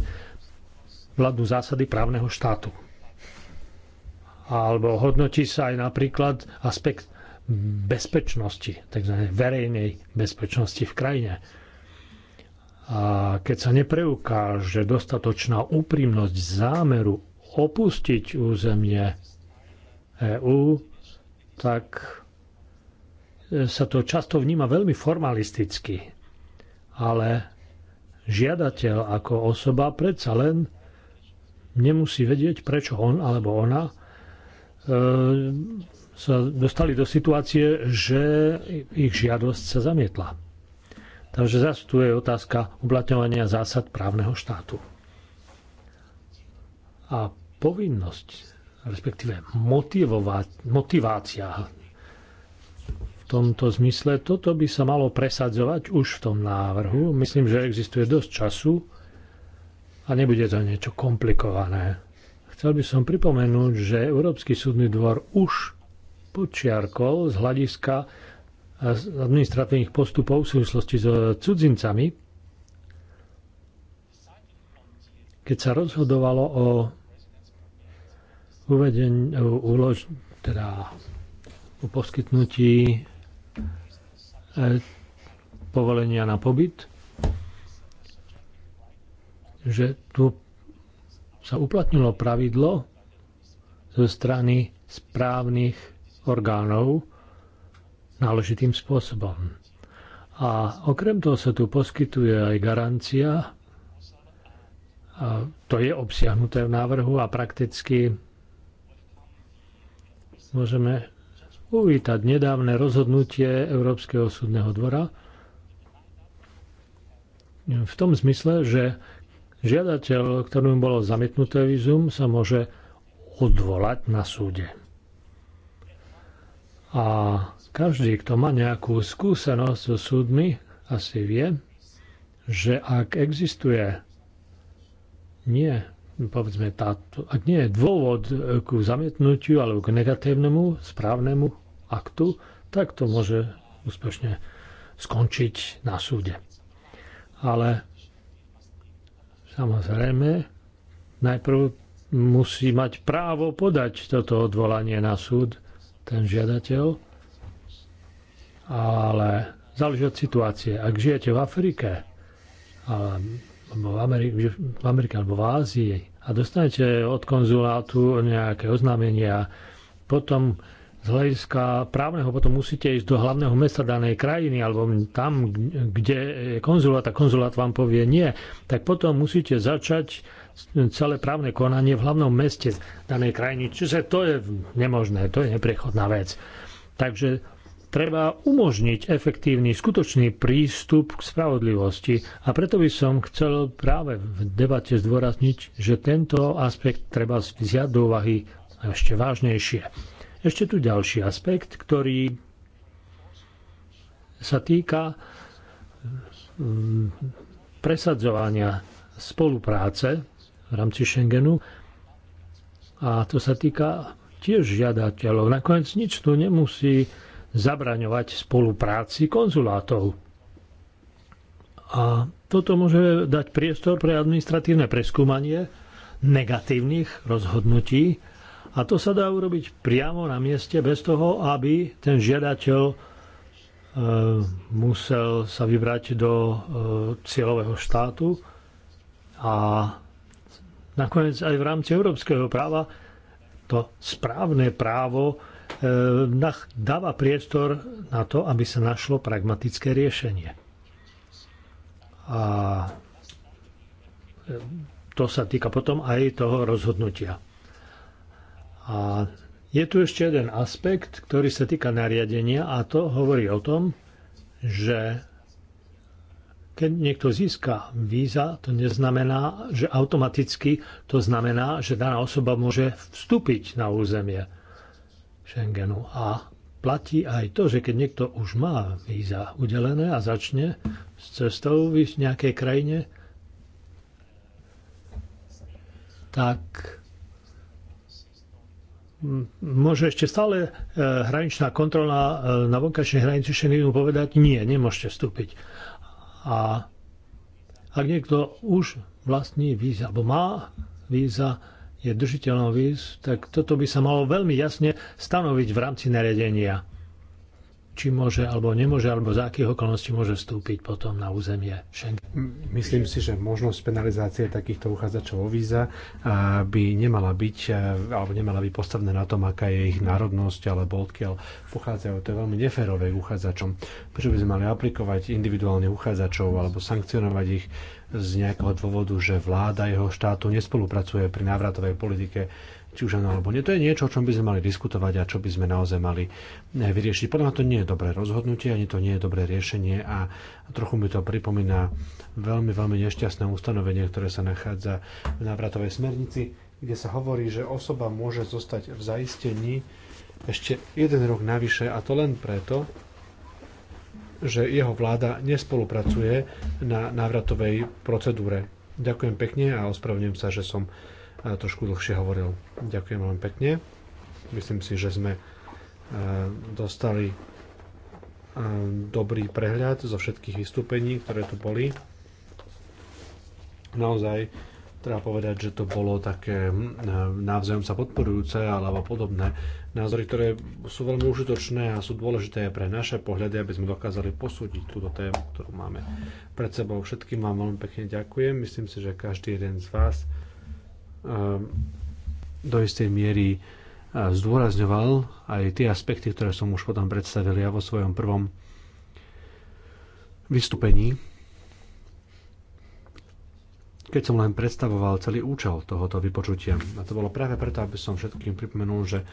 vládnu zásady právneho štátu. Alebo hodnotí sa aj napríklad aspekt bezpečnosti, tzv. verejnej bezpečnosti v krajine. A keď sa nepreukáže dostatočná úprimnosť zámeru opustiť územie EÚ, tak e, sa to často vníma veľmi formalisticky. Ale žiadateľ ako osoba predsa len nemusí vedieť, prečo on alebo ona e, sa dostali do situácie, že ich žiadosť sa zamietla. Takže zase tu je otázka uplatňovania zásad právneho štátu. A povinnosť, respektíve motivácia v tomto zmysle, toto by sa malo presadzovať už v tom návrhu. Myslím, že existuje dosť času a nebude to niečo komplikované. Chcel by som pripomenúť, že Európsky súdny dvor už počiarkol z hľadiska administratívnych postupov v súvislosti s cudzincami, keď sa rozhodovalo o uvedení, ulož, teda o poskytnutí e, povolenia na pobyt, že tu sa uplatnilo pravidlo zo strany správnych orgánov náležitým spôsobom. A okrem toho sa tu poskytuje aj garancia, a to je obsiahnuté v návrhu a prakticky môžeme uvítať nedávne rozhodnutie Európskeho súdneho dvora v tom zmysle, že žiadateľ, ktorým bolo zamietnuté vízum, sa môže odvolať na súde. A každý, kto má nejakú skúsenosť so súdmi, asi vie, že ak existuje nie, povedzme táto, ak nie je dôvod ku zamietnutiu alebo k negatívnemu správnemu aktu, tak to môže úspešne skončiť na súde. Ale samozrejme, najprv musí mať právo podať toto odvolanie na súd, ten žiadateľ, ale záleží od situácie. Ak žijete v Afrike, alebo v, Amerike, v Amerike alebo v Ázii a dostanete od konzulátu nejaké oznámenia, potom z hľadiska právneho potom musíte ísť do hlavného mesta danej krajiny alebo tam, kde je konzulát a konzulát vám povie nie, tak potom musíte začať celé právne konanie v hlavnom meste danej krajiny. Čiže to je nemožné, to je neprechodná vec. Takže treba umožniť efektívny, skutočný prístup k spravodlivosti. A preto by som chcel práve v debate zdôrazniť, že tento aspekt treba vziať do úvahy ešte vážnejšie. Ešte tu ďalší aspekt, ktorý sa týka mm, presadzovania spolupráce v rámci Schengenu. A to sa týka tiež žiadateľov. Nakoniec nič tu nemusí zabraňovať spolupráci konzulátov. A toto môže dať priestor pre administratívne preskúmanie negatívnych rozhodnutí a to sa dá urobiť priamo na mieste bez toho, aby ten žiadateľ e, musel sa vybrať do e, cieľového štátu a nakoniec aj v rámci európskeho práva to správne právo e, dáva priestor na to, aby sa našlo pragmatické riešenie. A e, to sa týka potom aj toho rozhodnutia. A je tu ešte jeden aspekt, ktorý sa týka nariadenia a to hovorí o tom, že keď niekto získa víza, to neznamená, že automaticky to znamená, že daná osoba môže vstúpiť na územie Schengenu. A platí aj to, že keď niekto už má víza udelené a začne s cestou v nejakej krajine, tak môže ešte stále e, hraničná kontrola e, na vonkajšej hranici Schengenu povedať, nie, nemôžete vstúpiť. A ak niekto už vlastní víza, alebo má víza, je držiteľom víz, tak toto by sa malo veľmi jasne stanoviť v rámci nariadenia či môže alebo nemôže, alebo za akých okolností môže vstúpiť potom na územie Schengen. Myslím si, že možnosť penalizácie takýchto uchádzačov o víza by nemala byť, alebo nemala byť postavená na tom, aká je ich národnosť alebo odkiaľ pochádzajú. To je veľmi neférové uchádzačom. Prečo by sme mali aplikovať individuálnych uchádzačov alebo sankcionovať ich z nejakého dôvodu, že vláda jeho štátu nespolupracuje pri návratovej politike či už áno alebo nie. To je niečo, o čom by sme mali diskutovať a čo by sme naozaj mali eh, vyriešiť. Podľa mňa to nie je dobré rozhodnutie, ani to nie je dobré riešenie a trochu mi to pripomína veľmi, veľmi nešťastné ustanovenie, ktoré sa nachádza v návratovej smernici, kde sa hovorí, že osoba môže zostať v zaistení ešte jeden rok navyše a to len preto, že jeho vláda nespolupracuje na návratovej procedúre. Ďakujem pekne a ospravedlňujem sa, že som trošku dlhšie hovoril. Ďakujem veľmi pekne. Myslím si, že sme e, dostali e, dobrý prehľad zo všetkých vystúpení, ktoré tu boli. Naozaj treba povedať, že to bolo také e, navzájom sa podporujúce alebo podobné názory, ktoré sú veľmi užitočné a sú dôležité pre naše pohľady, aby sme dokázali posúdiť túto tému, ktorú máme pred sebou. Všetkým vám veľmi pekne ďakujem. Myslím si, že každý jeden z vás Ehm, do istej miery e, zdôrazňoval aj tie aspekty, ktoré som už potom predstavil ja vo svojom prvom vystúpení, keď som len predstavoval celý účel tohoto vypočutia. A to bolo práve preto, aby som všetkým pripomenul, že e,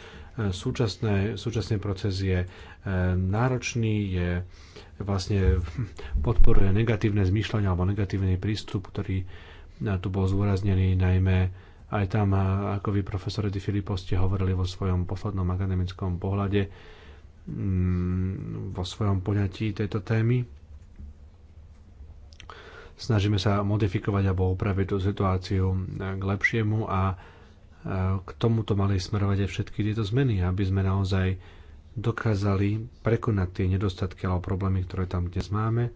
súčasné, súčasný proces je e, náročný, je vlastne podporuje negatívne zmýšľanie alebo negatívny prístup, ktorý tu bol zúraznený najmä aj tam, ako vy, profesor Di Filipov ste hovorili vo svojom poslednom akademickom pohľade, mm, vo svojom poňatí tejto témy. Snažíme sa modifikovať alebo upraviť tú situáciu e, k lepšiemu a e, k tomuto mali smerovať aj všetky tieto zmeny, aby sme naozaj dokázali prekonať tie nedostatky alebo problémy, ktoré tam dnes máme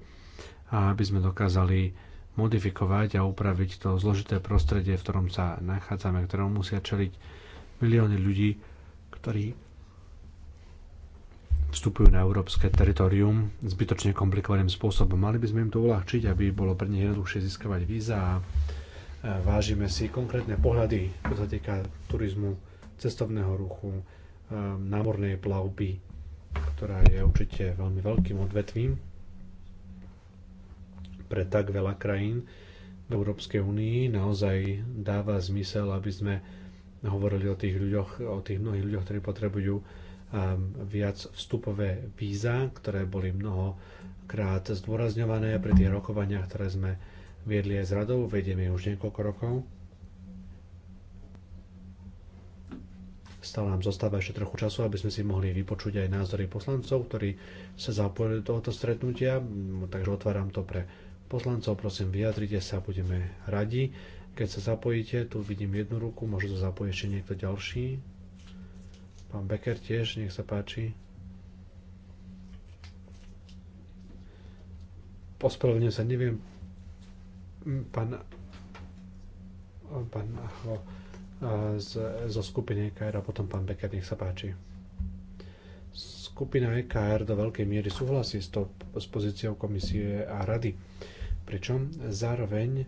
a aby sme dokázali modifikovať a upraviť to zložité prostredie, v ktorom sa nachádzame, ktorom musia čeliť milióny ľudí, ktorí vstupujú na európske teritorium zbytočne komplikovaným spôsobom. Mali by sme im to uľahčiť, aby bolo pre nich jednoduchšie získavať víza a vážime si konkrétne pohľady, čo sa týka turizmu, cestovného ruchu, námornej plavby, ktorá je určite veľmi veľkým odvetvím pre tak veľa krajín v Európskej únii. Naozaj dáva zmysel, aby sme hovorili o tých ľuďoch, o tých mnohých ľuďoch, ktorí potrebujú um, viac vstupové víza, ktoré boli mnohokrát zdôrazňované pri tých rokovaniach, ktoré sme viedli aj s radou, vedieme už niekoľko rokov. Stále nám zostáva ešte trochu času, aby sme si mohli vypočuť aj názory poslancov, ktorí sa zapojili do tohoto stretnutia, takže otváram to pre Poslancov, prosím, vyjadrite sa, budeme radi. Keď sa zapojíte, tu vidím jednu ruku, môže sa zapojí ešte niekto ďalší. Pán Becker tiež, nech sa páči. Ospravedlňujem sa, neviem, pán, pán z, zo skupiny EKR a potom pán Becker, nech sa páči. Skupina EKR do veľkej miery súhlasí s, to, s pozíciou komisie a rady pričom zároveň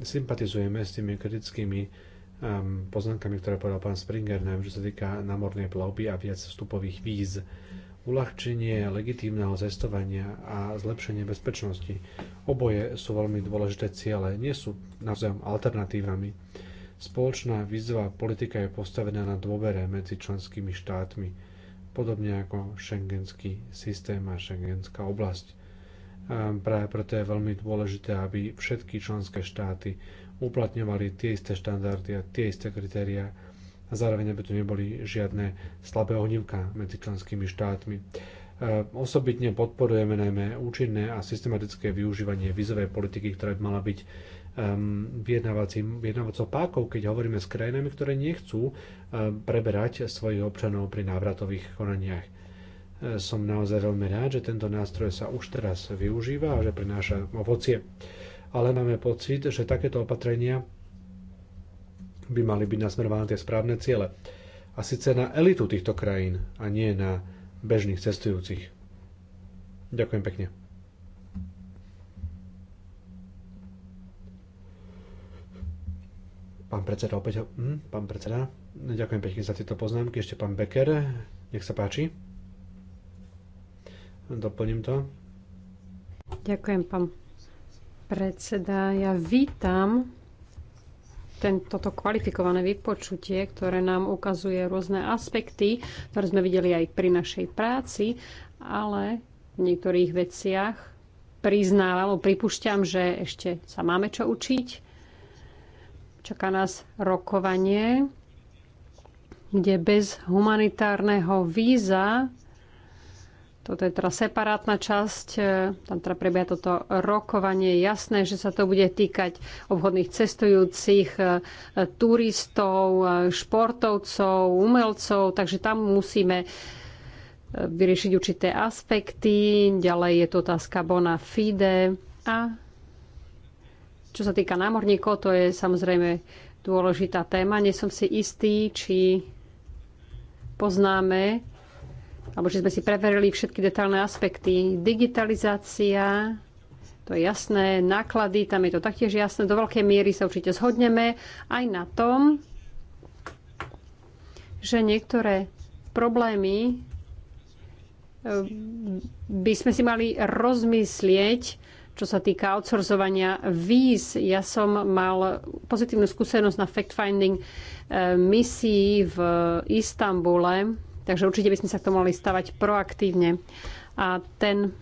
sympatizujeme s tými kritickými um, poznámkami, ktoré povedal pán Springer, najmä čo sa týka námornej plavby a viac vstupových víz, uľahčenie legitímneho cestovania a zlepšenie bezpečnosti. Oboje sú veľmi dôležité ciele, nie sú navzájom alternatívami. Spoločná výzva politika je postavená na dôvere medzi členskými štátmi, podobne ako šengenský systém a šengenská oblasť. Práve preto je veľmi dôležité, aby všetky členské štáty uplatňovali tie isté štandardy a tie isté kritériá a zároveň aby tu neboli žiadne slabé ohnívka medzi členskými štátmi. E, osobitne podporujeme najmä účinné a systematické využívanie vizovej politiky, ktorá by mala byť vyjednávacou pákov, keď hovoríme s krajinami, ktoré nechcú preberať svojich občanov pri návratových konaniach E, som naozaj veľmi rád, že tento nástroj sa už teraz využíva a že prináša ovocie. Ale máme pocit, že takéto opatrenia by mali byť nasmerované na tie správne ciele. A síce na elitu týchto krajín a nie na bežných cestujúcich. Ďakujem pekne. Pán predseda, opäť... Hm, pán predseda, ďakujem pekne za tieto poznámky. Ešte pán Becker, nech sa páči. Doplním to. Ďakujem, pán predseda. Ja vítam toto kvalifikované vypočutie, ktoré nám ukazuje rôzne aspekty, ktoré sme videli aj pri našej práci, ale v niektorých veciach priznávam, pripúšťam, že ešte sa máme čo učiť. Čaká nás rokovanie, kde bez humanitárneho víza toto je teda separátna časť, e, tam teda prebieha toto rokovanie. Je jasné, že sa to bude týkať obchodných cestujúcich, e, turistov, e, športovcov, umelcov, takže tam musíme vyriešiť určité aspekty. Ďalej je to otázka bona fide a čo sa týka námorníkov, to je samozrejme dôležitá téma. Nie som si istý, či poznáme alebo že sme si preverili všetky detálne aspekty. Digitalizácia, to je jasné, náklady, tam je to taktiež jasné, do veľkej miery sa určite zhodneme aj na tom, že niektoré problémy e, by sme si mali rozmyslieť, čo sa týka outsourcovania víz. Ja som mal pozitívnu skúsenosť na fact-finding e, misii v Istambule, Takže určite by sme sa k tomu mali stavať proaktívne. A ten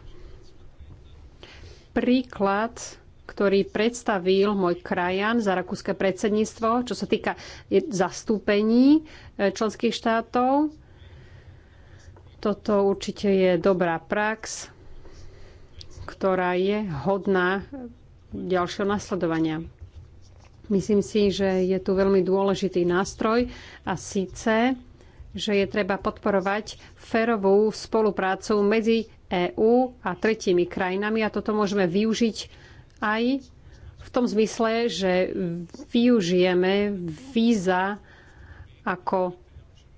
príklad, ktorý predstavil môj krajan za rakúske predsedníctvo, čo sa týka zastúpení e, členských štátov. Toto určite je dobrá prax, ktorá je hodná ďalšieho nasledovania. Myslím si, že je tu veľmi dôležitý nástroj a síce že je treba podporovať férovú spoluprácu medzi EÚ a tretími krajinami a toto môžeme využiť aj v tom zmysle, že využijeme víza ako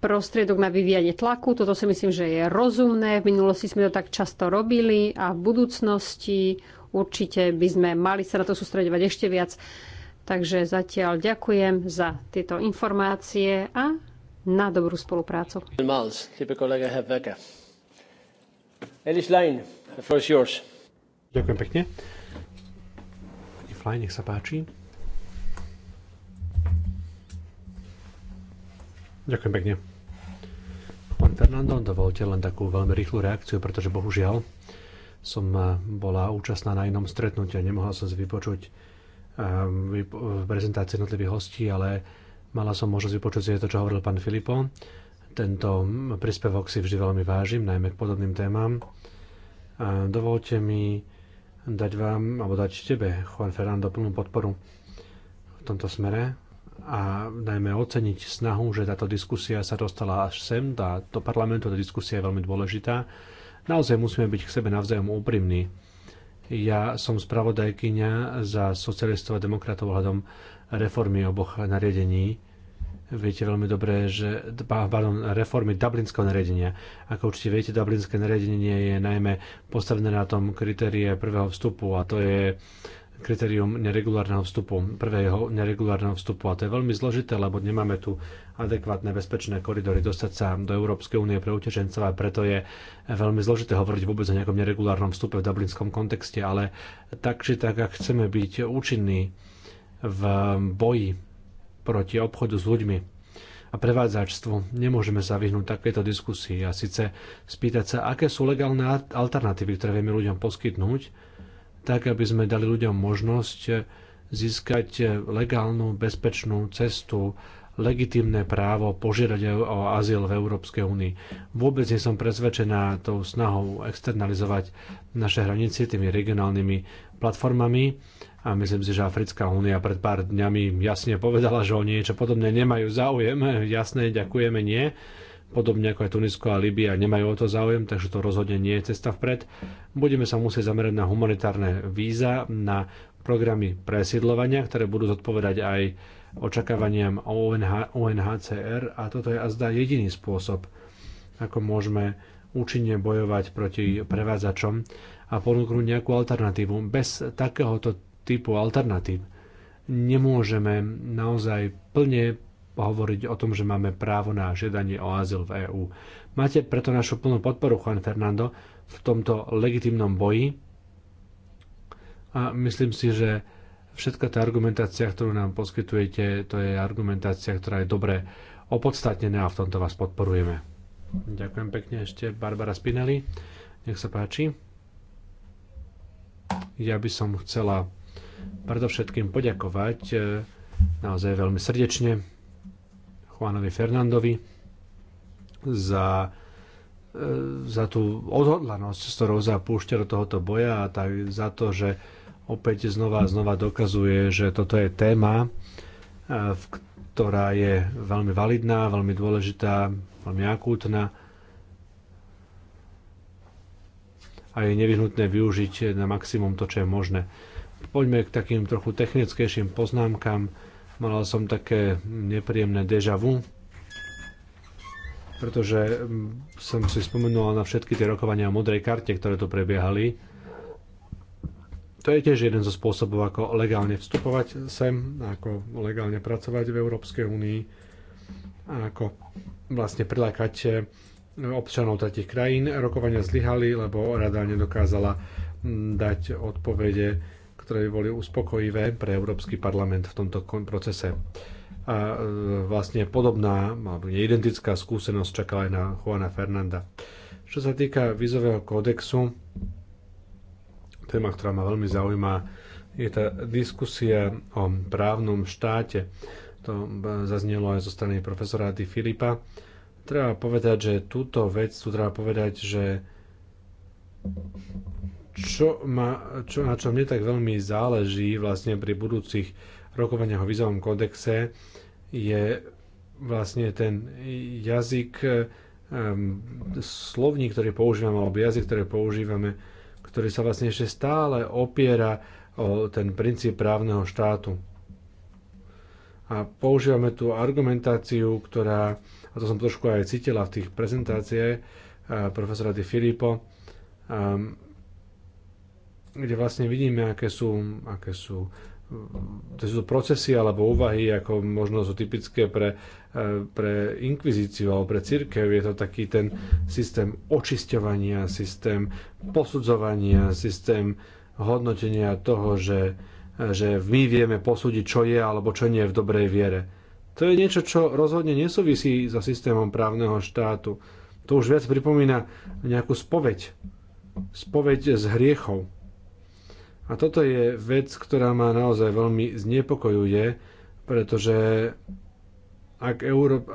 prostriedok na vyvíjanie tlaku. Toto si myslím, že je rozumné. V minulosti sme to tak často robili a v budúcnosti určite by sme mali sa na to sústredovať ešte viac. Takže zatiaľ ďakujem za tieto informácie a na dobrú spoluprácu. Ďakujem pekne. Fly, nech sa páči. Ďakujem pekne. Pán Fernando, dovolte len takú veľmi rýchlu reakciu, pretože bohužiaľ som eh, bola účastná na inom stretnutí a nemohla som si vypočuť um, prezentácie jednotlivých hostí, ale Mala som možnosť vypočuť si to, čo hovoril pán Filipo. Tento príspevok si vždy veľmi vážim, najmä k podobným témam. A dovolte mi dať vám, alebo dať tebe, Juan Fernando, plnú podporu v tomto smere a najmä oceniť snahu, že táto diskusia sa dostala až sem, tá, do parlamentu, tá diskusia je veľmi dôležitá. Naozaj musíme byť k sebe navzájom úprimní. Ja som spravodajkyňa za socialistov a demokratov hľadom reformy oboch nariadení. Viete veľmi dobre, že pardon, reformy Dublinského nariadenia. Ako určite viete, Dublinské nariadenie je najmä postavené na tom kritérie prvého vstupu a to je kritérium neregulárneho vstupu, prvého neregulárneho vstupu. A to je veľmi zložité, lebo nemáme tu adekvátne bezpečné koridory dostať sa do Európskej únie pre utečencov a preto je veľmi zložité hovoriť vôbec o nejakom neregulárnom vstupe v dublinskom kontexte, ale tak či tak, ak chceme byť účinní, v boji proti obchodu s ľuďmi a prevádzačstvu. Nemôžeme sa vyhnúť takéto diskusii a síce spýtať sa, aké sú legálne alternatívy, ktoré vieme ľuďom poskytnúť, tak aby sme dali ľuďom možnosť získať legálnu, bezpečnú cestu, legitimné právo požiadať o azyl v Európskej únii. Vôbec nie som presvedčená tou snahou externalizovať naše hranice tými regionálnymi platformami a myslím si, že Africká únia pred pár dňami jasne povedala, že o niečo podobné nemajú záujem. Jasné, ďakujeme, nie. Podobne ako aj Tunisko a Libia nemajú o to záujem, takže to rozhodne nie je cesta vpred. Budeme sa musieť zamerať na humanitárne víza, na programy presídlovania, ktoré budú zodpovedať aj očakávaniam UNHCR a toto je azda jediný spôsob, ako môžeme účinne bojovať proti prevádzačom a ponúknuť nejakú alternatívu. Bez takéhoto typu alternatív. Nemôžeme naozaj plne hovoriť o tom, že máme právo na žiadanie o azyl v EÚ. Máte preto našu plnú podporu, Juan Fernando, v tomto legitimnom boji a myslím si, že všetka tá argumentácia, ktorú nám poskytujete, to je argumentácia, ktorá je dobre opodstatnená a v tomto vás podporujeme. Ďakujem pekne ešte Barbara Spinelli. Nech sa páči. Ja by som chcela predovšetkým poďakovať e, naozaj veľmi srdečne Juanovi Fernandovi za, e, za tú odhodlanosť, s ktorou zapúšťa do tohoto boja a tak za to, že opäť znova a znova dokazuje, že toto je téma, e, ktorá je veľmi validná, veľmi dôležitá, veľmi akútna a je nevyhnutné využiť na maximum to, čo je možné. Poďme k takým trochu technickejším poznámkam. Mala som také nepríjemné deja vu, pretože mm, som si spomenul na všetky tie rokovania o modrej karte, ktoré tu prebiehali. To je tiež jeden zo spôsobov, ako legálne vstupovať sem, ako legálne pracovať v Európskej únii a ako vlastne prilákať e, občanov tretich krajín. Rokovania zlyhali, lebo rada nedokázala mm, dať odpovede ktoré by boli uspokojivé pre Európsky parlament v tomto procese. A e, vlastne podobná, alebo neidentická skúsenosť čakala aj na Juana Fernanda. Čo sa týka vízového kódexu, téma, ktorá ma veľmi zaujíma, je tá diskusia o právnom štáte. To e, zaznelo aj zo strany profesora Di Filipa. Treba povedať, že túto vec, tu treba povedať, že čo, ma, čo na čo mne tak veľmi záleží vlastne pri budúcich rokovaniach o vizovom kodexe, je vlastne ten jazyk, um, slovník, ktorý používame, alebo jazyk, ktorý používame, ktorý sa vlastne ešte stále opiera o ten princíp právneho štátu. A používame tú argumentáciu, ktorá, a to som trošku aj cítila v tých prezentáciách eh, profesora Di Filippo, um, kde vlastne vidíme, aké sú, aké sú to sú procesy alebo úvahy, ako možno sú typické pre, e, pre inkvizíciu alebo pre církev. Je to taký ten systém očisťovania, systém posudzovania, systém hodnotenia toho, že, že my vieme posúdiť, čo je alebo čo nie je v dobrej viere. To je niečo, čo rozhodne nesúvisí so systémom právneho štátu. To už viac pripomína nejakú spoveď. Spoveď z hriechov a toto je vec, ktorá ma naozaj veľmi znepokojuje, pretože ak, Euró-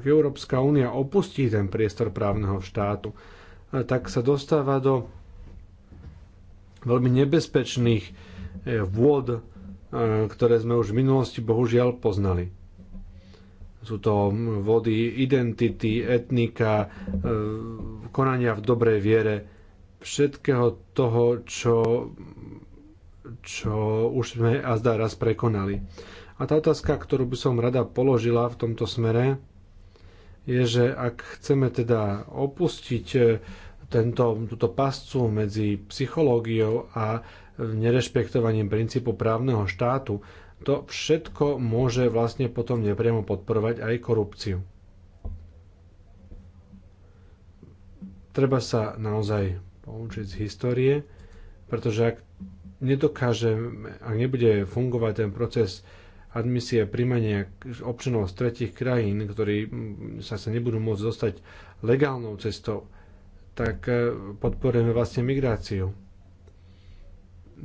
ak Európska únia opustí ten priestor právneho štátu, tak sa dostáva do veľmi nebezpečných e, vôd, e, ktoré sme už v minulosti bohužiaľ poznali. Sú to vody identity, etnika, e, konania v dobrej viere, všetkého toho, čo čo už sme a zdá raz prekonali. A tá otázka, ktorú by som rada položila v tomto smere, je, že ak chceme teda opustiť e, tento, túto pascu medzi psychológiou a nerešpektovaním princípu právneho štátu, to všetko môže vlastne potom nepriamo podporovať aj korupciu. Treba sa naozaj poučiť z histórie, pretože ak nedokážeme, ak nebude fungovať ten proces admisie príjmania občanov z tretich krajín, ktorí mm, sa sa nebudú môcť dostať legálnou cestou, tak e, podporujeme vlastne migráciu.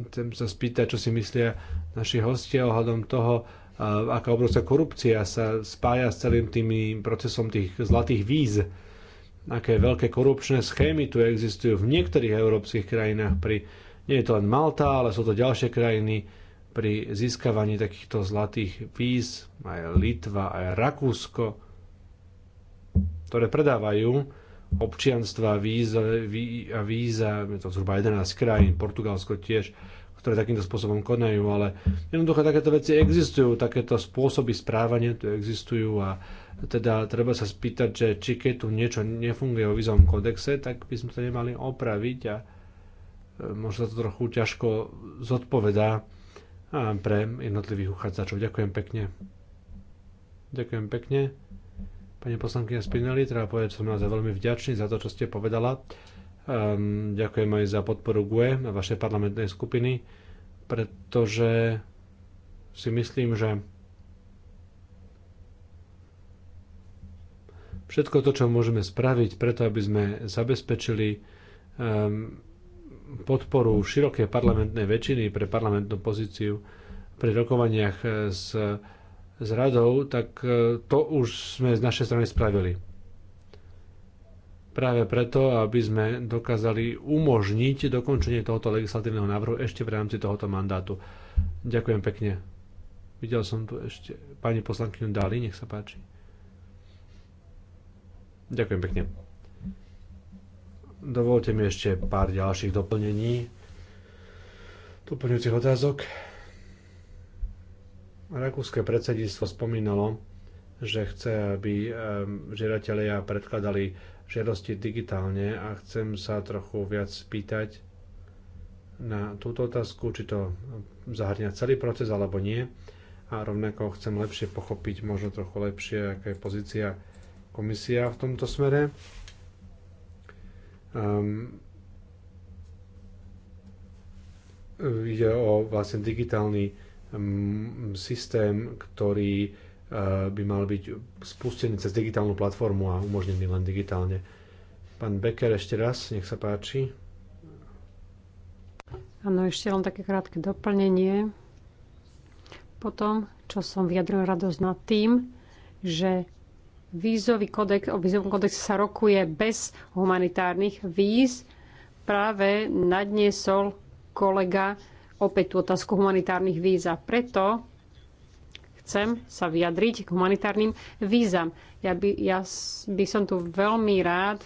Chcem sa spýtať, čo si myslia naši hostia ohľadom toho, e, aká obrovská korupcia sa spája s celým tým procesom tých zlatých víz, aké veľké korupčné schémy tu existujú v niektorých európskych krajinách pri nie je to len Malta, ale sú to ďalšie krajiny pri získavaní takýchto zlatých víz, aj Litva, aj Rakúsko, ktoré predávajú občianstva, víza, ví, a víza, je to zhruba 11 krajín, Portugalsko tiež, ktoré takýmto spôsobom konajú, ale jednoducho takéto veci existujú, takéto spôsoby správania tu existujú a teda treba sa spýtať, že či keď tu niečo nefunguje o vizovom kodexe, tak by sme to nemali opraviť a E, možno to trochu ťažko zodpovedá e, pre jednotlivých uchádzačov. Ďakujem pekne. Ďakujem pekne. Pani poslankyňa Spinelli, treba povedať, som naozaj veľmi vďačný za to, čo ste povedala. Um, ďakujem aj za podporu GUE a vašej parlamentnej skupiny, pretože si myslím, že všetko to, čo môžeme spraviť preto, aby sme zabezpečili um, podporu širokej parlamentnej väčšiny pre parlamentnú pozíciu pri rokovaniach s, s radou, tak e, to už sme z našej strany spravili. Práve preto, aby sme dokázali umožniť dokončenie tohoto legislatívneho návrhu ešte v rámci tohoto mandátu. Ďakujem pekne. Videl som tu ešte pani poslankyňu Dali, nech sa páči. Ďakujem pekne. Dovolte mi ešte pár ďalších doplnení, doplňujúcich otázok. Rakúske predsedníctvo spomínalo, že chce, aby žiadatelia predkladali žiadosti digitálne a chcem sa trochu viac spýtať na túto otázku, či to zahrňa celý proces alebo nie. A rovnako chcem lepšie pochopiť, možno trochu lepšie, aká je pozícia komisia v tomto smere Um, ide o vlastne digitálny um, systém, ktorý uh, by mal byť spustený cez digitálnu platformu a umožnený len digitálne. Pán Becker ešte raz, nech sa páči. Áno, ešte len také krátke doplnenie. Potom, čo som vyjadril radosť nad tým, že vízový kodex, o vízovom kodexe sa rokuje bez humanitárnych víz. Práve nadniesol kolega opäť tú otázku humanitárnych víz a preto chcem sa vyjadriť k humanitárnym vízam. Ja by, ja by som tu veľmi rád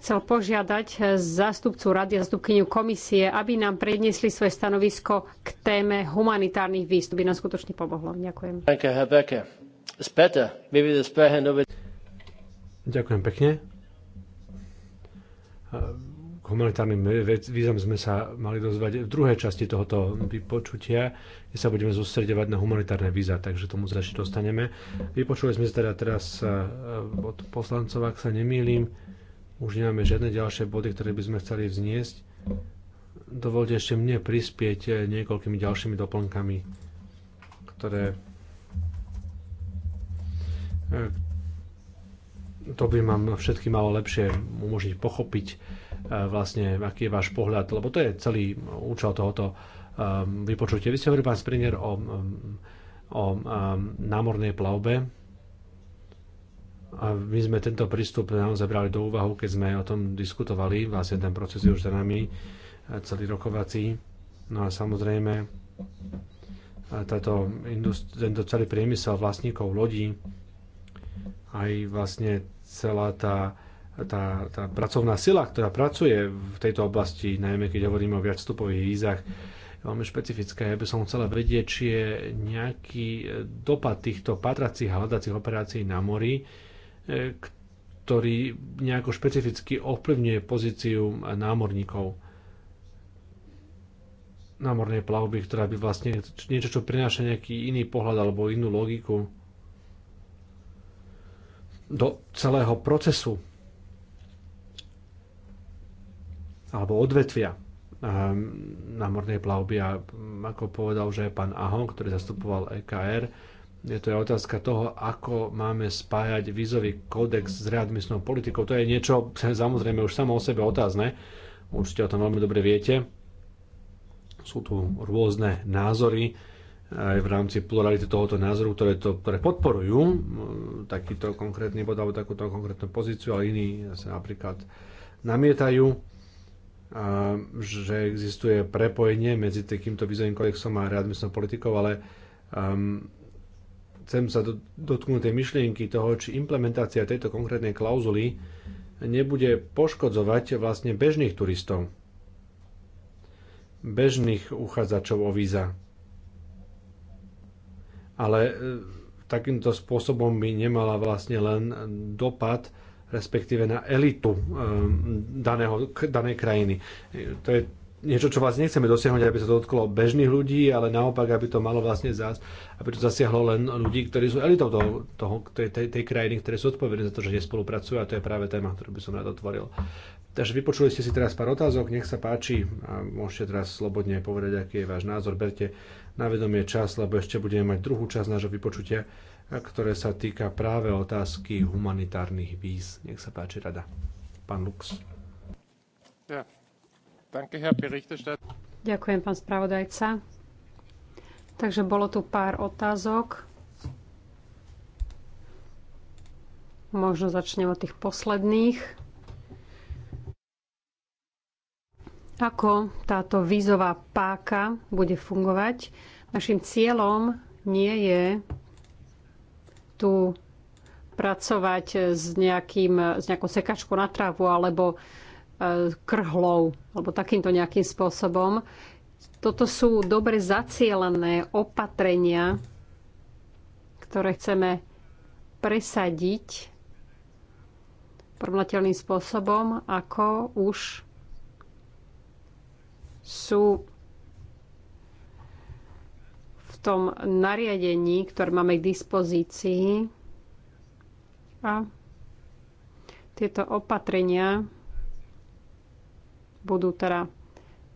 chcel požiadať zástupcu rady a zástupkyniu komisie, aby nám predniesli svoje stanovisko k téme humanitárnych výstup. By nám skutočne pomohlo. Ďakujem. Ďakujem pekne. K humanitárnym vízam sme sa mali dozvať v druhej časti tohoto vypočutia, kde sa budeme sústredovať na humanitárne víza, takže tomu začne dostaneme. Vypočuli sme teda teraz eh, od poslancov, ak sa nemýlim, už nemáme žiadne ďalšie body, ktoré by sme chceli vzniesť. Dovolte ešte mne prispieť eh, niekoľkými ďalšími doplnkami, ktoré eh, to by nám všetky malo lepšie umožniť pochopiť eh, vlastne, aký je váš pohľad, lebo to je celý účel tohoto vypočutia. Vy ste hovorili, pán Springer, o, mm, o námornej plavbe, a my sme tento prístup naozaj brali do úvahu, keď sme o tom diskutovali. Vlastne ten proces je už za nami, celý rokovací. No a samozrejme, táto tento celý priemysel vlastníkov lodí, aj vlastne celá tá, tá, tá pracovná sila, ktorá pracuje v tejto oblasti, najmä keď hovoríme o viacstupových vízach, veľmi špecifické. Ja by som chcela vedieť, či je nejaký dopad týchto patracích a hľadacích operácií na mori, E, ktorý nejako špecificky ovplyvňuje pozíciu námorníkov námornej plavby, ktorá by vlastne niečo, čo prináša nejaký iný pohľad alebo inú logiku do celého procesu alebo odvetvia ehm, námornej plavby a ako povedal už aj pán Ahon, ktorý zastupoval EKR, je to je otázka toho, ako máme spájať vízový kódex s readmisnou politikou. To je niečo, samozrejme, už samo o sebe otázne. Určite o tom veľmi dobre viete. Sú tu rôzne názory aj v rámci plurality tohoto názoru, ktoré, to, ktoré podporujú takýto konkrétny bod alebo takúto konkrétnu pozíciu, ale iní sa napríklad namietajú, že existuje prepojenie medzi takýmto vízovým kodexom a readmisnou politikou, ale um, chcem sa dotknúť tej myšlienky toho, či implementácia tejto konkrétnej klauzuly nebude poškodzovať vlastne bežných turistov, bežných uchádzačov o víza. Ale e, takýmto spôsobom by nemala vlastne len dopad respektíve na elitu e, daného, danej krajiny. E, to je niečo, čo vlastne nechceme dosiahnuť, aby sa to dotklo bežných ľudí, ale naopak, aby to malo vlastne zás, aby to zasiahlo len ľudí, ktorí sú elitou toho, toho, tej, tej, tej krajiny, ktoré sú odpovední za to, že nespolupracujú a to je práve téma, ktorú by som rád otvoril. Takže vypočuli ste si teraz pár otázok, nech sa páči a môžete teraz slobodne povedať, aký je váš názor. Berte na vedomie čas, lebo ešte budeme mať druhú časť nášho vypočutia, ktoré sa týka práve otázky humanitárnych víz. Nech sa páči rada. Pán Lux. Yeah. Ďakujem, pán spravodajca. Takže bolo tu pár otázok. Možno začnem od tých posledných. Ako táto vízová páka bude fungovať? Našim cieľom nie je tu pracovať s, nejakým, s nejakou sekačkou na trávu alebo krhlov alebo takýmto nejakým spôsobom. Toto sú dobre zacielené opatrenia, ktoré chceme presadiť porovnateľným spôsobom, ako už sú v tom nariadení, ktoré máme k dispozícii. A tieto opatrenia budú teda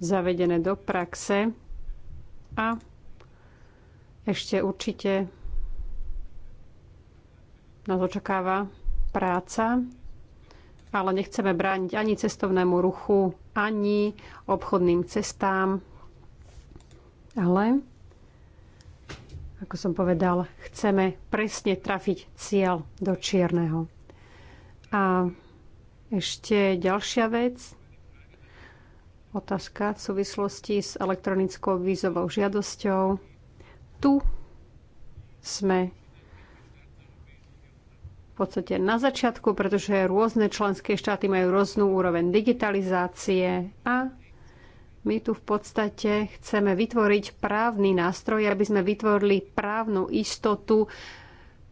zavedené do praxe a ešte určite nás očakáva práca, ale nechceme brániť ani cestovnému ruchu, ani obchodným cestám. Ale, ako som povedal, chceme presne trafiť cieľ do čierneho. A ešte ďalšia vec, otázka v súvislosti s elektronickou vízovou žiadosťou. Tu sme v podstate na začiatku, pretože rôzne členské štáty majú rôznu úroveň digitalizácie a my tu v podstate chceme vytvoriť právny nástroj, aby sme vytvorili právnu istotu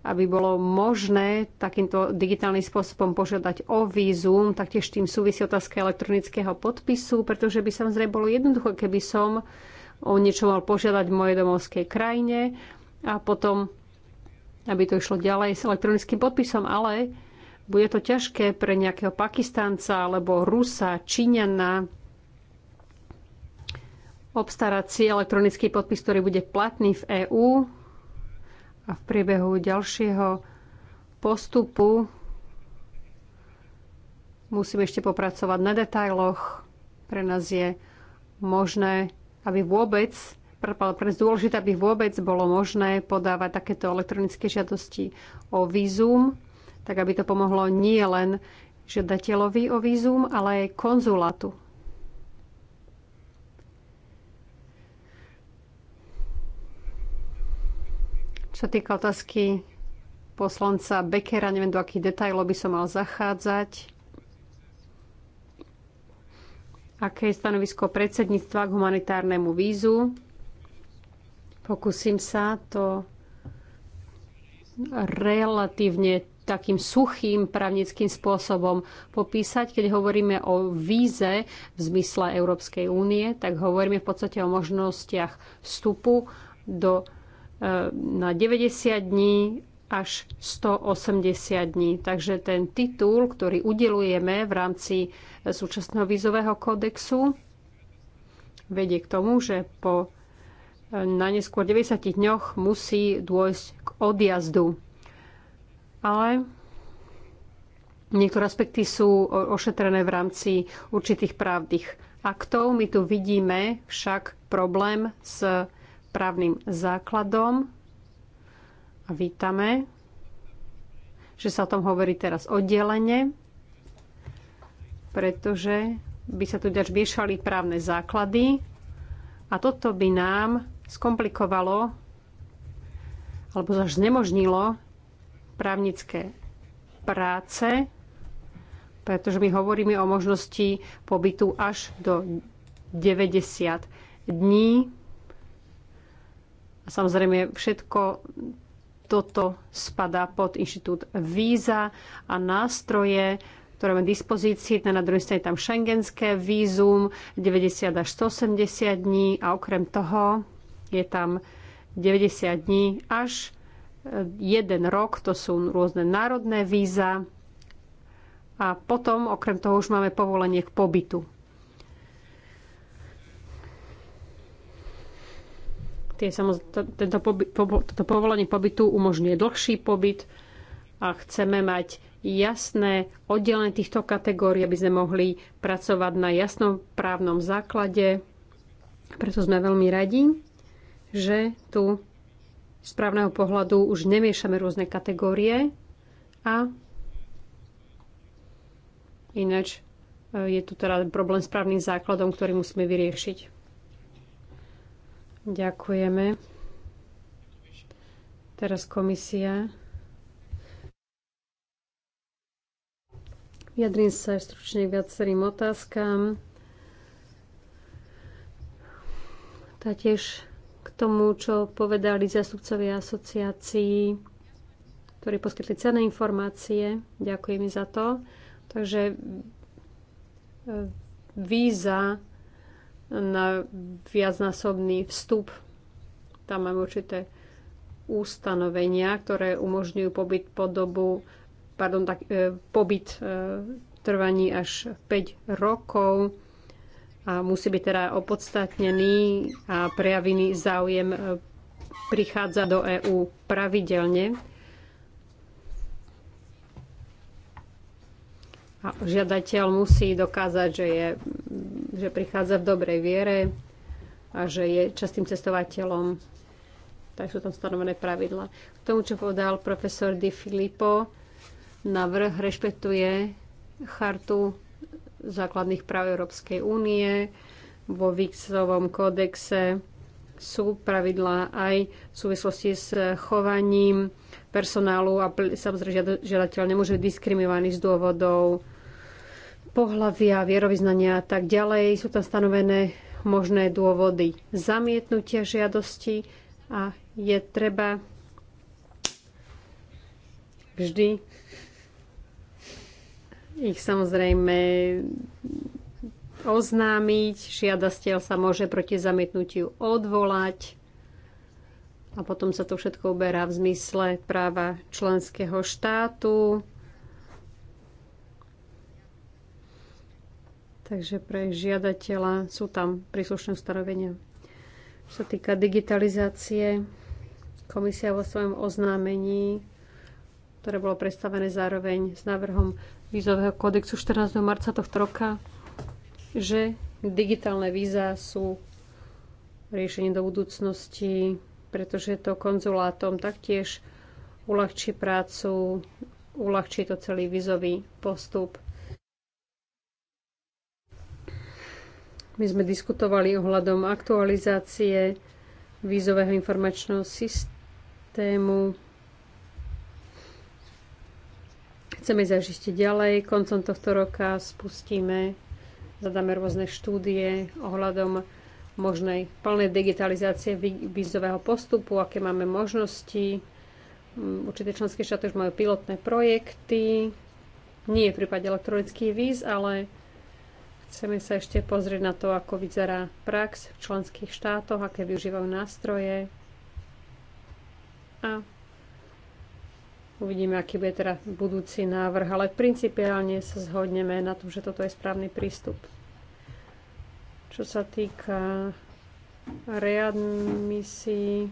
aby bolo možné takýmto digitálnym spôsobom požiadať o vízum, taktiež tým súvisí otázka elektronického podpisu, pretože by samozrejme bolo jednoducho, keby som o niečo mal požiadať v mojej domovskej krajine a potom, aby to išlo ďalej s elektronickým podpisom, ale bude to ťažké pre nejakého Pakistanca alebo Rusa, Číňana obstarať si elektronický podpis, ktorý bude platný v EÚ, a v priebehu ďalšieho postupu musím ešte popracovať na detailoch. Pre nás je možné, aby vôbec, pre nás dôležité, aby vôbec bolo možné podávať takéto elektronické žiadosti o vízum, tak aby to pomohlo nie len žiadateľovi o vízum, ale aj konzulátu sa týka otázky poslanca Bekera, neviem do akých detajlov by som mal zachádzať. Aké je stanovisko predsedníctva k humanitárnemu vízu? Pokúsim sa to relatívne takým suchým právnickým spôsobom popísať. Keď hovoríme o víze v zmysle Európskej únie, tak hovoríme v podstate o možnostiach vstupu do na 90 dní až 180 dní. Takže ten titul, ktorý udelujeme v rámci súčasného vízového kódexu, vedie k tomu, že po e, na neskôr 90 dňoch musí dôjsť k odjazdu. Ale niektoré aspekty sú ošetrené v rámci určitých právnych aktov. My tu vidíme však problém s právnym základom a vítame, že sa o tom hovorí teraz oddelenie, pretože by sa tu ďač viešali právne základy a toto by nám skomplikovalo alebo až znemožnilo právnické práce, pretože my hovoríme o možnosti pobytu až do 90 dní a samozrejme, všetko toto spadá pod inštitút víza a nástroje, ktoré máme dispozícii. Na druhej strane tam šengenské vízum 90 až 180 dní a okrem toho je tam 90 dní až eh, jeden rok, to sú rôzne národné víza a potom okrem toho už máme povolenie k pobytu. Tie, tento pobyt, po, toto povolenie pobytu umožňuje dlhší pobyt a chceme mať jasné oddelenie týchto kategórií, aby sme mohli pracovať na jasnom právnom základe. Preto sme veľmi radi, že tu z právneho pohľadu už nemiešame rôzne kategórie a ináč e, je tu teda problém s právnym základom, ktorý musíme vyriešiť. Ďakujeme. Teraz komisia. Vyjadrím sa stručne k viacerým otázkám. Taktiež k tomu, čo povedali zastupcovia asociácií, ktorí poskytli cenné informácie. Ďakujem za to. Takže e, víza na viacnásobný vstup. Tam máme určité ustanovenia, ktoré umožňujú pobyt po dobu, pardon, tak, e, pobyt e, trvaní až 5 rokov a musí byť teda opodstatnený a prejavený záujem e, prichádza do EÚ pravidelne. A žiadateľ musí dokázať, že je že prichádza v dobrej viere a že je častým cestovateľom. Tak sú tam stanovené pravidla. K tomu, čo povedal profesor Di Filippo, navrh rešpektuje chartu základných práv Európskej únie. Vo Vixovom kódexe sú pravidlá aj v súvislosti s chovaním personálu a samozrejme žiadateľ nemôže byť diskriminovaný z dôvodov pohľavia, vierovýznania a tak ďalej. Sú tam stanovené možné dôvody zamietnutia žiadosti a je treba vždy ich samozrejme oznámiť. Žiadastiel sa môže proti zamietnutiu odvolať a potom sa to všetko uberá v zmysle práva členského štátu. Takže pre žiadateľa sú tam príslušné ustanovenia. Čo sa týka digitalizácie, komisia vo svojom oznámení, ktoré bolo predstavené zároveň s návrhom vízového kódexu 14. marca tohto roka, že digitálne víza sú riešenie do budúcnosti, pretože to konzulátom taktiež uľahčí prácu, uľahčí to celý vízový postup. My sme diskutovali ohľadom aktualizácie vízového informačného systému. Chceme zažiť ďalej. Koncom tohto roka spustíme, zadáme rôzne štúdie ohľadom možnej plnej digitalizácie vízového postupu, aké máme možnosti. Mm, určité členské štáty už majú pilotné projekty, nie v prípade elektronických víz, ale Chceme sa ešte pozrieť na to, ako vyzerá prax v členských štátoch, aké využívajú nástroje. A uvidíme, aký bude teda budúci návrh, ale principiálne sa zhodneme na tom, že toto je správny prístup. Čo sa týka readmisí,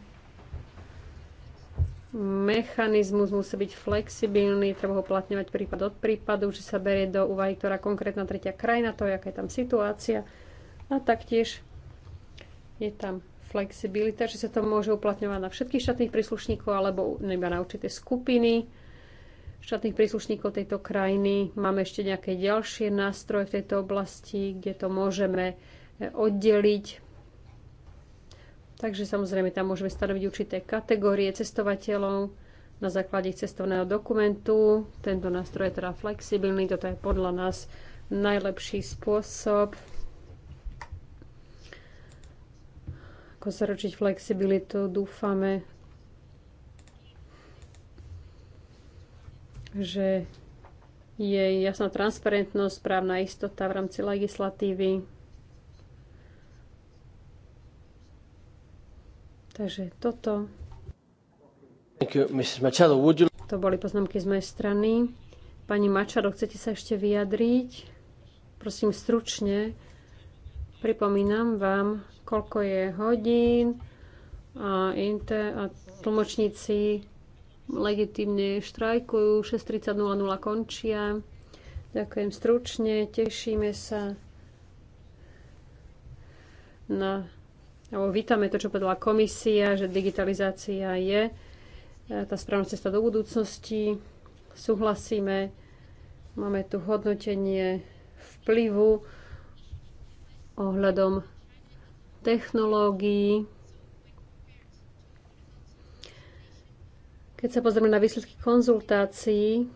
Mechanizmus musí byť flexibilný, treba ho platňovať prípad od prípadu, že sa berie do úvahy, ktorá konkrétna tretia krajina, to, aká je tam situácia. A taktiež je tam flexibilita, že sa to môže uplatňovať na všetkých štátnych príslušníkov alebo iba na určité skupiny štátnych príslušníkov tejto krajiny. Máme ešte nejaké ďalšie nástroje v tejto oblasti, kde to môžeme eh, oddeliť Takže samozrejme tam môžeme stanoviť určité kategórie cestovateľov na základe cestovného dokumentu. Tento nástroj je teda flexibilný, toto je podľa nás najlepší spôsob, ako zaručiť flexibilitu. Dúfame, že je jasná transparentnosť, právna istota v rámci legislatívy. Takže toto. To boli poznámky z mojej strany. Pani Mačado, chcete sa ešte vyjadriť? Prosím, stručne. Pripomínam vám, koľko je hodín a, inter, a tlmočníci legitimne štrajkujú, 6.30.00 končia. Ďakujem stručne, tešíme sa na alebo vítame to, čo povedala komisia, že digitalizácia je e, tá správna cesta do budúcnosti. Súhlasíme, máme tu hodnotenie vplyvu ohľadom technológií. Keď sa pozrieme na výsledky konzultácií,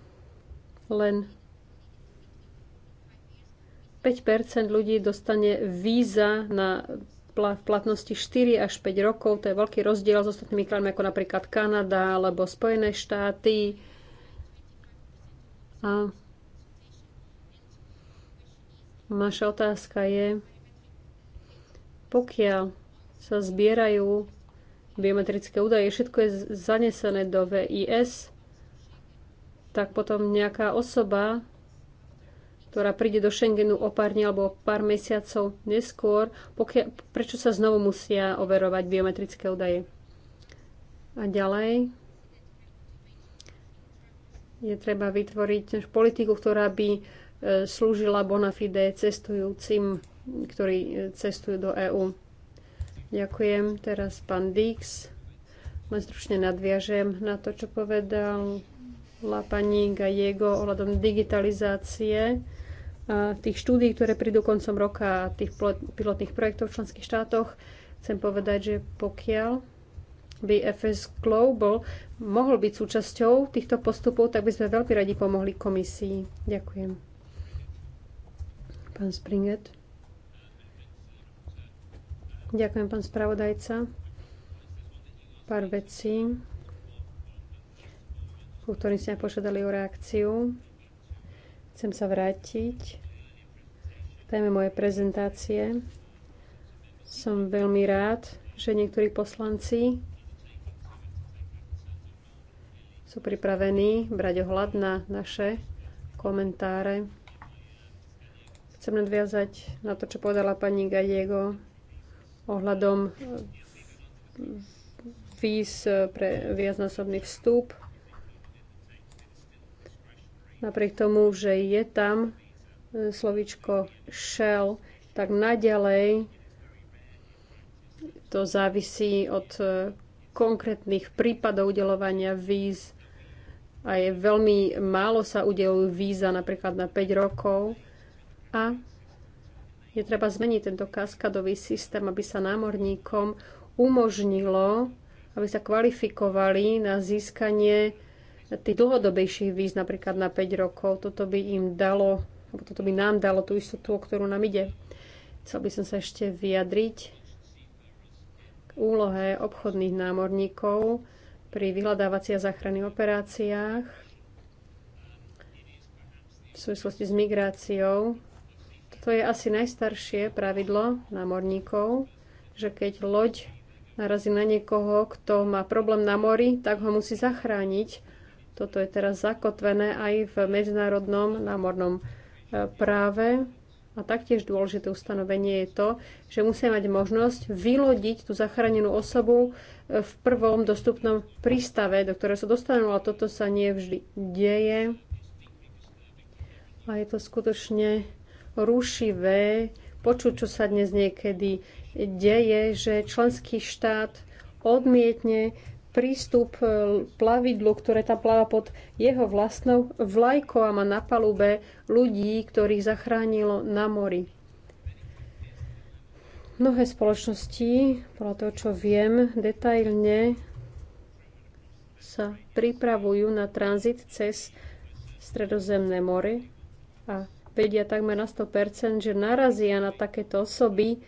len 5 ľudí dostane víza na v platnosti 4 až 5 rokov. To je veľký rozdiel s ostatnými krajinami, ako napríklad Kanada alebo Spojené štáty. A naša otázka je, pokiaľ sa zbierajú biometrické údaje, všetko je zanesené do VIS, tak potom nejaká osoba ktorá príde do Schengenu o pár dní alebo o pár mesiacov neskôr, pokia- prečo sa znovu musia overovať biometrické údaje. A ďalej je treba vytvoriť politiku, ktorá by e, slúžila bona fide cestujúcim, ktorí e, cestujú do EÚ. Ďakujem. Teraz pán Dix. Len stručne nadviažem na to, čo povedal la pani Gallego ohľadom digitalizácie Eh, tých štúdí, ktoré prídu koncom roka a tých pilotných projektov v členských štátoch, chcem povedať, že pokiaľ by FS Global mohol byť súčasťou týchto postupov, tak by sme veľmi radi pomohli komisii. Ďakujem. Pán Springet. Ďakujem, pán spravodajca. Pár vecí, ktorým ste požiadali o reakciu. Chcem sa vrátiť k téme mojej prezentácie. Som veľmi rád, že niektorí poslanci sú pripravení brať ohľad na naše komentáre. Chcem nadviazať na to, čo povedala pani Gadiego ohľadom víz pre viacnásobný vstup napriek tomu, že je tam e, slovičko shall, tak naďalej to závisí od e, konkrétnych prípadov udelovania víz a je veľmi málo sa udelujú víza napríklad na 5 rokov a je treba zmeniť tento kaskadový systém, aby sa námorníkom umožnilo, aby sa kvalifikovali na získanie tých dlhodobejších víz, napríklad na 5 rokov. Toto by im dalo, toto by nám dalo tú istotu, o ktorú nám ide. Chcel by som sa ešte vyjadriť k úlohe obchodných námorníkov pri vyhľadávacia a záchranných operáciách v súvislosti s migráciou. Toto je asi najstaršie pravidlo námorníkov, že keď loď narazí na niekoho, kto má problém na mori, tak ho musí zachrániť. Toto je teraz zakotvené aj v medzinárodnom námornom e, práve. A taktiež dôležité ustanovenie je to, že musia mať možnosť vylodiť tú zachránenú osobu e, v prvom dostupnom prístave, do ktorého sa dostanú, a toto sa nie vždy deje. A je to skutočne rušivé počuť, čo sa dnes niekedy deje, že členský štát odmietne prístup e, plavidlu, ktoré tam pláva pod jeho vlastnou vlajkou a má na palube ľudí, ktorých zachránilo na mori. Mnohé spoločnosti, podľa toho, čo viem, detailne sa pripravujú na tranzit cez Stredozemné more a vedia takmer na 100%, že narazia na takéto osoby,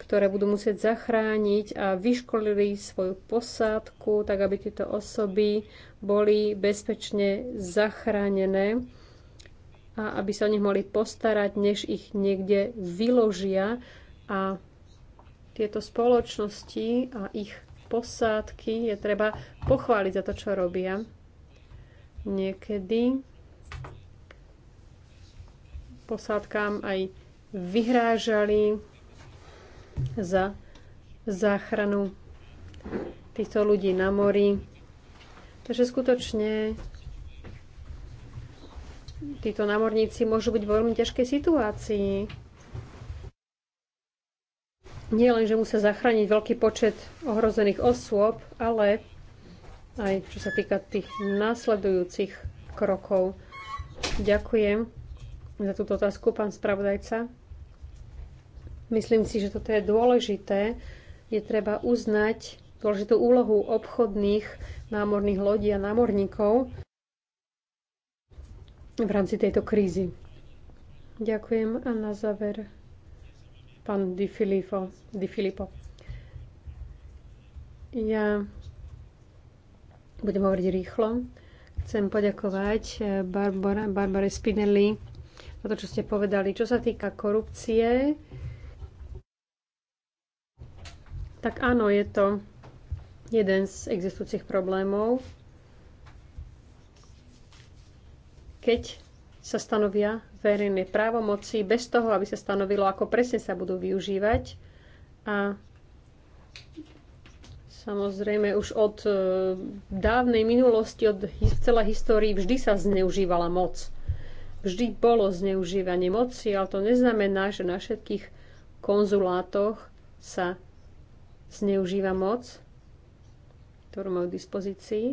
ktoré budú musieť zachrániť a vyškolili svoju posádku, tak aby tieto osoby boli bezpečne zachránené a aby sa o nich mohli postarať, než ich niekde vyložia. A tieto spoločnosti a ich posádky je treba pochváliť za to, čo robia. Niekedy posádkám aj vyhrážali za záchranu týchto ľudí na mori. Takže skutočne títo námorníci môžu byť v veľmi ťažkej situácii. Nie len, že musia zachrániť veľký počet ohrozených osôb, ale aj čo sa týka tých následujúcich krokov. Ďakujem za túto otázku, pán spravodajca. Myslím si, že toto je dôležité. Je treba uznať dôležitú úlohu obchodných námorných lodí a námorníkov v rámci tejto krízy. Ďakujem a na záver pán Di Filippo. Di Filippo. Ja budem hovoriť rýchlo. Chcem poďakovať eh, Barbara, Barbare Spinelli za to, čo ste povedali. Čo sa týka korupcie, tak áno, je to jeden z existujúcich problémov. Keď sa stanovia verejné právomoci bez toho, aby sa stanovilo, ako presne sa budú využívať. A samozrejme už od e, dávnej minulosti, od celej histórii vždy sa zneužívala moc. Vždy bolo zneužívanie moci, ale to neznamená, že na všetkých konzulátoch sa zneužíva moc, ktorú majú v dispozícii,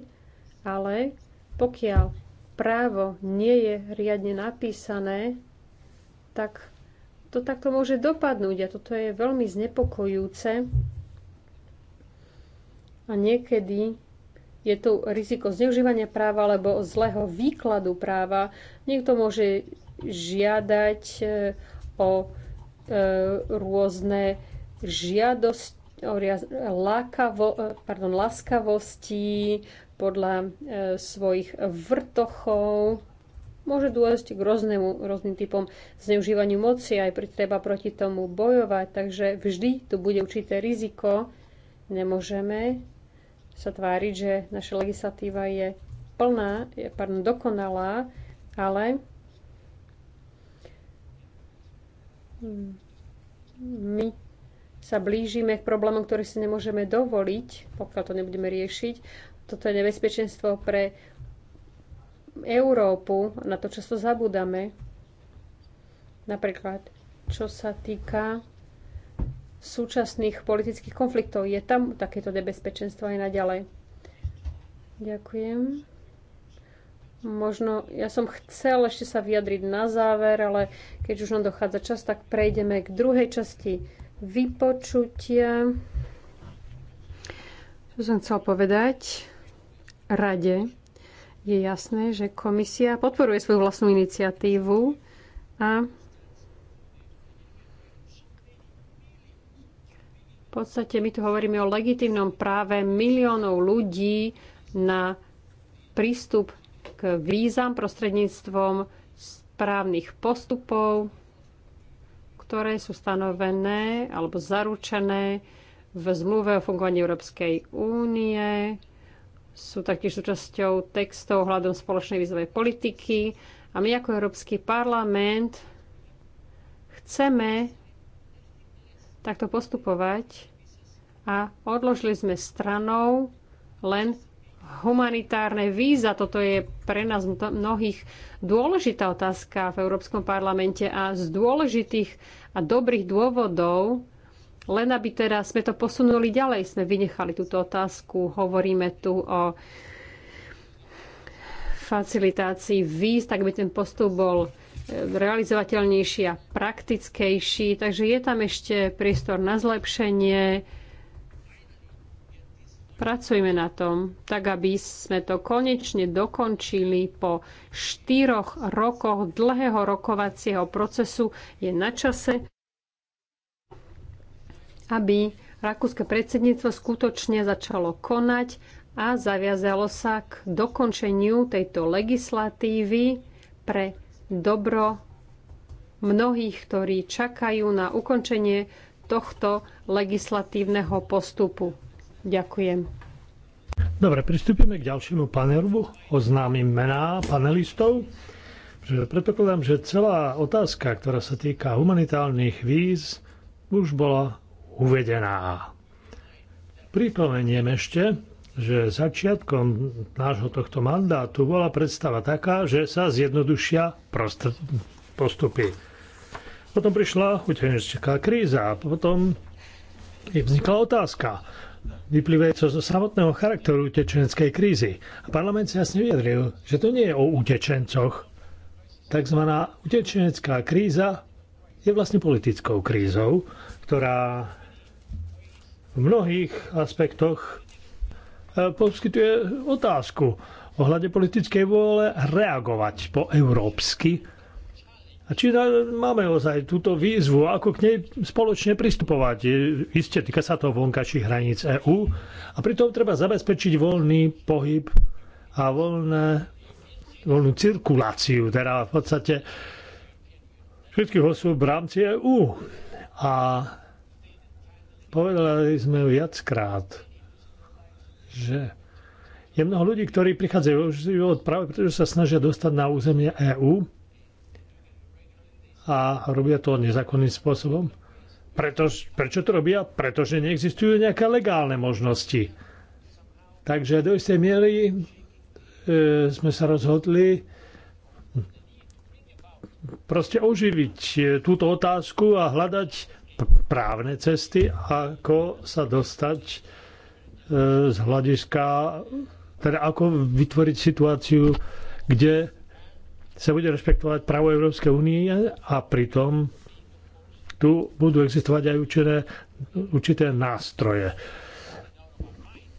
ale pokiaľ právo nie je riadne napísané, tak to takto môže dopadnúť a toto je veľmi znepokojúce. A niekedy je tu riziko zneužívania práva alebo zlého výkladu práva. Niekto môže žiadať eh, o eh, rôzne žiadosti, E, lákavo, e, pardon, láskavosti, podľa e, svojich vrtochov. Môže dôjsť k rôznemu, rôznym typom zneužívaniu moci, aj pri treba proti tomu bojovať, takže vždy tu bude určité riziko. Nemôžeme sa tváriť, že naša legislatíva je plná, je pardon, dokonalá, ale my sa blížime k problémom, ktorý si nemôžeme dovoliť, pokiaľ to nebudeme riešiť. Toto je nebezpečenstvo pre Európu, na to často zabudáme. Napríklad, čo sa týka súčasných politických konfliktov. Je tam takéto nebezpečenstvo aj naďalej. Ďakujem. Možno, ja som chcel ešte sa vyjadriť na záver, ale keď už nám dochádza čas, tak prejdeme k druhej časti vypočutia. Čo som chcel povedať? Rade je jasné, že komisia podporuje svoju vlastnú iniciatívu a v podstate my tu hovoríme o legitimnom práve miliónov ľudí na prístup k vízam prostredníctvom správnych postupov ktoré sú stanovené alebo zaručené v zmluve o fungovaní Európskej únie, sú taktiež súčasťou textov hľadom spoločnej výzovej politiky a my ako Európsky parlament chceme takto postupovať a odložili sme stranou len humanitárne víza. Toto je pre nás mnohých dôležitá otázka v Európskom parlamente a z dôležitých a dobrých dôvodov, len aby teda sme to posunuli ďalej, sme vynechali túto otázku. Hovoríme tu o facilitácii víz, tak by ten postup bol e, realizovateľnejší a praktickejší. Takže je tam ešte priestor na zlepšenie Pracujme na tom, tak aby sme to konečne dokončili po štyroch rokoch dlhého rokovacieho procesu. Je na čase, aby rakúske predsedníctvo skutočne začalo konať a zaviazalo sa k dokončeniu tejto legislatívy pre dobro mnohých, ktorí čakajú na ukončenie tohto legislatívneho postupu. Ďakujem. Dobre, pristúpime k ďalšiemu panelu. Oznámim mená panelistov. predpokladám, že celá otázka, ktorá sa týka humanitálnych víz, už bola uvedená. Pripomeniem ešte, že začiatkom nášho tohto mandátu bola predstava taká, že sa zjednodušia postupy. Potom prišla utečenecká kríza a potom vznikla otázka, vyplývajúco zo samotného charakteru utečenskej krízy. A parlament sa jasne vyjadril, že to nie je o utečencoch. Takzvaná utečenecká kríza je vlastne politickou krízou, ktorá v mnohých aspektoch e, poskytuje otázku ohľade politickej vôle reagovať po európsky a či máme ozaj túto výzvu, ako k nej spoločne pristupovať. Isté, týka sa to vonkajších hraníc EÚ a pritom treba zabezpečiť voľný pohyb a voľné, voľnú cirkuláciu, teda v podstate všetkých osôb v rámci EÚ. A povedali sme viackrát, že je mnoho ľudí, ktorí prichádzajú od práve pretože sa snažia dostať na územie EÚ a robia to nezákonným spôsobom? Preto, prečo to robia? Pretože neexistujú nejaké legálne možnosti. Takže do istej miery e, sme sa rozhodli proste oživiť e, túto otázku a hľadať právne cesty, ako sa dostať e, z hľadiska, teda ako vytvoriť situáciu, kde sa bude rešpektovať právo Európskej únie a pritom tu budú existovať aj určité, určité nástroje.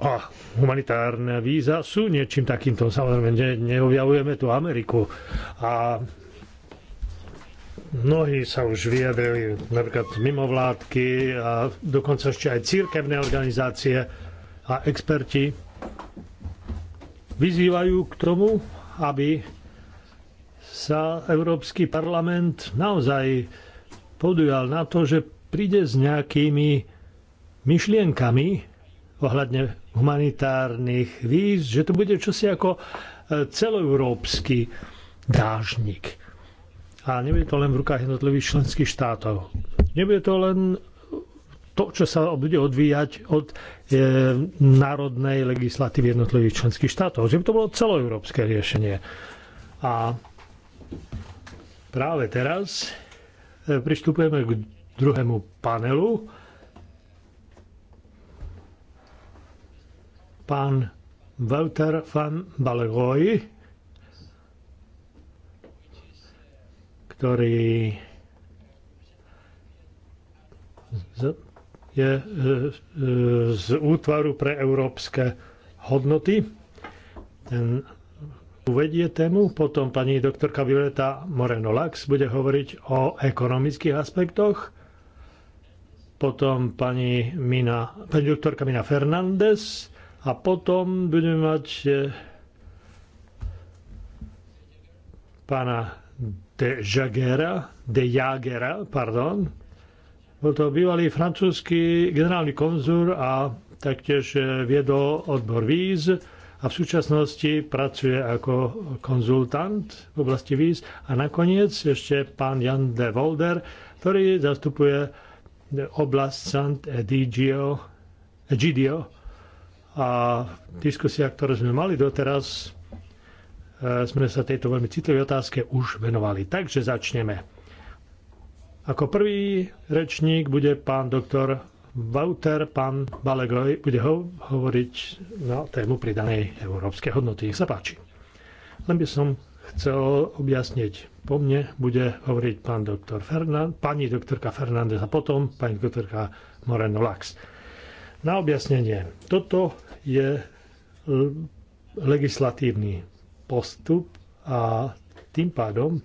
A humanitárne víza sú niečím takýmto. Samozrejme, ne, neobjavujeme tu Ameriku. A mnohí sa už vyjadrili, napríklad mimovládky a dokonca ešte aj církevné organizácie a experti vyzývajú k tomu, aby sa Európsky parlament naozaj podujal na to, že príde s nejakými myšlienkami ohľadne humanitárnych víz, že to bude čosi ako e, celoeurópsky dážnik. A nebude to len v rukách jednotlivých členských štátov. Nebude to len to, čo sa bude odvíjať od e, národnej legislatívy jednotlivých členských štátov. Že by to bolo celoeurópske riešenie. A Práve teraz e, pristupujeme k druhému panelu. Pán Walter van Balegoy, ktorý je e, e, z Útvaru pre európske hodnoty. Ten uvedie tému, potom pani doktorka Violeta Moreno-Lax bude hovoriť o ekonomických aspektoch, potom pani, Mina, pani doktorka Mina Fernández a potom budeme mať eh, pána de Jagera, de Jagera, pardon. Bol to bývalý francúzsky generálny konzul a taktiež eh, viedol odbor víz a v súčasnosti pracuje ako konzultant v oblasti víz a nakoniec ešte pán Jan de Volder, ktorý zastupuje oblast Sant Edigio, Egidio a v ktoré sme mali doteraz, eh, sme sa tejto veľmi citlivej otázke už venovali. Takže začneme. Ako prvý rečník bude pán doktor Wouter, pán Balegoj, bude ho- hovoriť na tému pridanej európskej hodnoty. Nech sa páči. Len by som chcel objasniť. Po mne bude hovoriť pán doktor Fernand, pani doktorka Fernández a potom pani doktorka Moreno Lax. Na objasnenie. Toto je legislatívny postup a tým pádom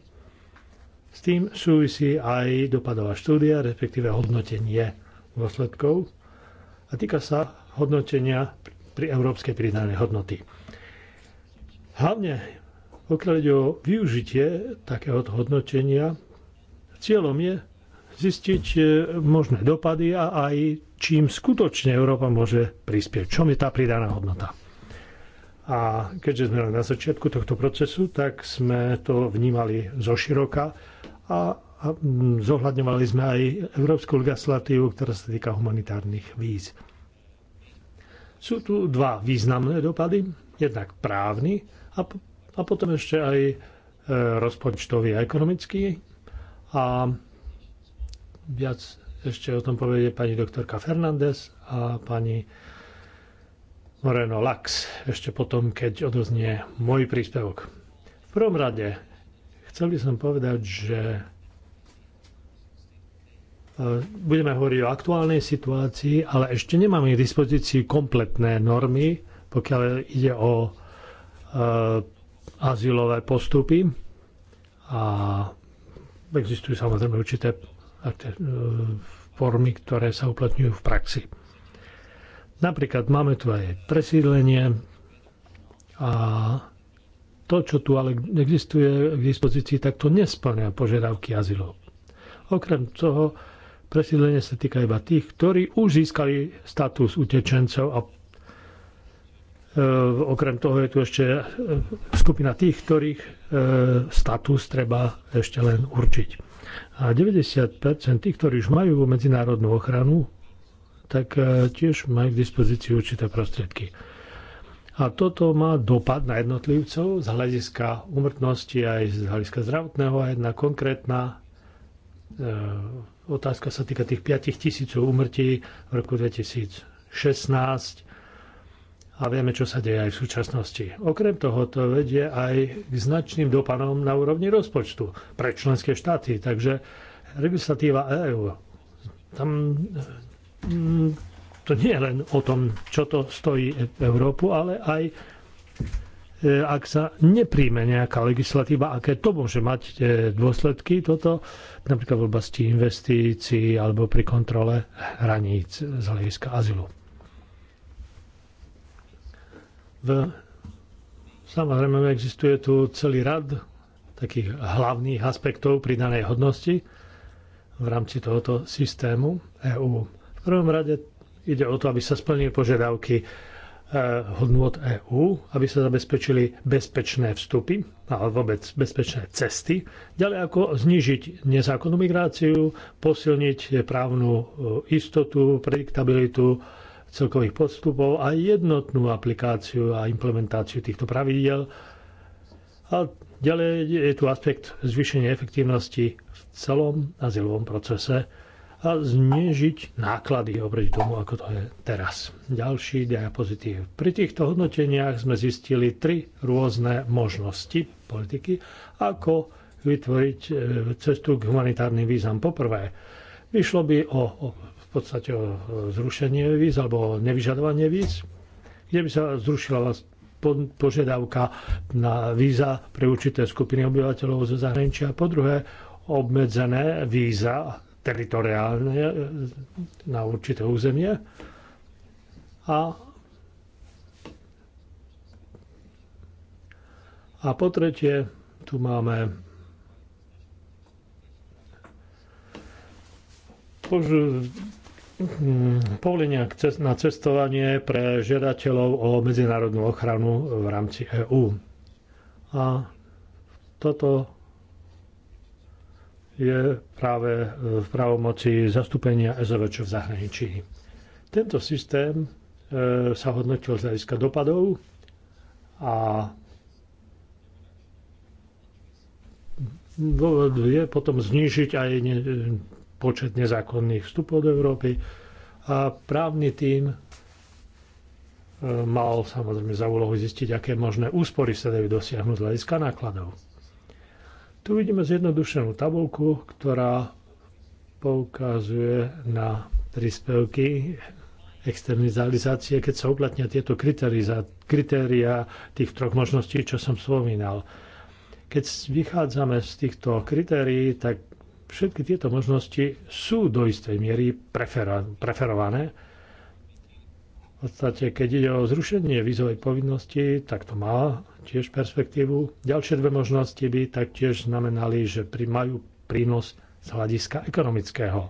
s tým súvisí aj dopadová štúdia, respektíve hodnotenie dôsledkov a týka sa hodnotenia pri európskej pridanej hodnoty. Hlavne pokiaľ ide o využitie takéhoto hodnotenia, cieľom je zistiť e, možné dopady a aj čím skutočne Európa môže prispieť, čom je tá pridaná hodnota. A keďže sme na začiatku tohto procesu, tak sme to vnímali zo široka a Mm, zohľadňovali sme aj európsku legislatívu, ktorá sa týka humanitárnych víz. Sú tu dva významné dopady, jednak právny a, a potom ešte aj e, rozpočtový a ekonomický. A viac ešte o tom povedie pani doktorka Fernández a pani Moreno Lax ešte potom, keď odoznie môj príspevok. V prvom rade chcel by som povedať, že Eh, budeme hovoriť o aktuálnej situácii, ale ešte nemáme k dispozícii kompletné normy, pokiaľ ide o eh, azylové postupy. A existujú samozrejme určité eh, formy, ktoré sa uplatňujú v praxi. Napríklad máme tu aj presídlenie a to, čo tu ale existuje k dispozícii, tak to nesplňa požiadavky azylov. Okrem toho presídlenie sa týka iba tých, ktorí už získali status utečencov a e, okrem toho je tu ešte e, skupina tých, ktorých e, status treba ešte len určiť. A 90% tých, ktorí už majú medzinárodnú ochranu, tak tiež majú k dispozícii určité prostriedky. A toto má dopad na jednotlivcov z hľadiska umrtnosti aj z hľadiska zdravotného a jedna konkrétna E, otázka sa týka tých 5 tisícov umrtí v roku 2016 a vieme, čo sa deje aj v súčasnosti. Okrem toho to vedie aj k značným dopadom na úrovni rozpočtu pre členské štáty. Takže legislatíva EÚ, tam mm, to nie je len o tom, čo to stojí Európu, ale aj E, ak sa nepríjme nejaká legislatíva, aké to môže mať e, dôsledky, toto napríklad v oblasti investícií alebo pri kontrole hraníc z hľadiska azylu. V... Samozrejme, existuje tu celý rad takých hlavných aspektov pridanej hodnosti v rámci tohoto systému EÚ. V prvom rade ide o to, aby sa splnili požiadavky Eh, hodnot EÚ, aby sa zabezpečili bezpečné vstupy a vôbec bezpečné cesty, ďalej ako znižiť nezákonnú migráciu, posilniť právnu eh, istotu, prediktabilitu celkových postupov a jednotnú aplikáciu a implementáciu týchto pravidiel. A ďalej je tu aspekt zvýšenia efektívnosti v celom azylovom procese a znižiť náklady oproti tomu, ako to je teraz. Ďalší diapozitív. Pri týchto hodnoteniach sme zistili tri rôzne možnosti politiky, ako vytvoriť e, cestu k humanitárnym vízam. Poprvé, vyšlo by o, o v podstate o zrušenie víz alebo o nevyžadovanie víz, kde by sa zrušila požiadavka na víza pre určité skupiny obyvateľov zo zahraničia. Po druhé, obmedzené víza teritoriálne e, na určité územie a A po tretie, tu máme mm, povolenia na cestovanie pre žiadateľov o medzinárodnú ochranu v rámci EÚ. A toto je práve e, v právomoci zastúpenia SVČ v zahraničí. Tento systém e, sa hodnotil z hľadiska dopadov a dôvod je potom znižiť aj počet nezákonných vstupov do Európy a právny tím e, mal samozrejme za úlohu zistiť, aké možné úspory sa dajú dosiahnuť z hľadiska nákladov. Tu vidíme zjednodušenú tabulku, ktorá poukazuje na príspevky externalizácie, keď sa uplatnia tieto kritéria tých troch možností, čo som spomínal. Keď vychádzame z týchto kritérií, tak všetky tieto možnosti sú do istej miery preferované v podstate, keď ide o zrušenie vízovej povinnosti, tak to má tiež perspektívu. Ďalšie dve možnosti by taktiež znamenali, že majú prínos z hľadiska ekonomického.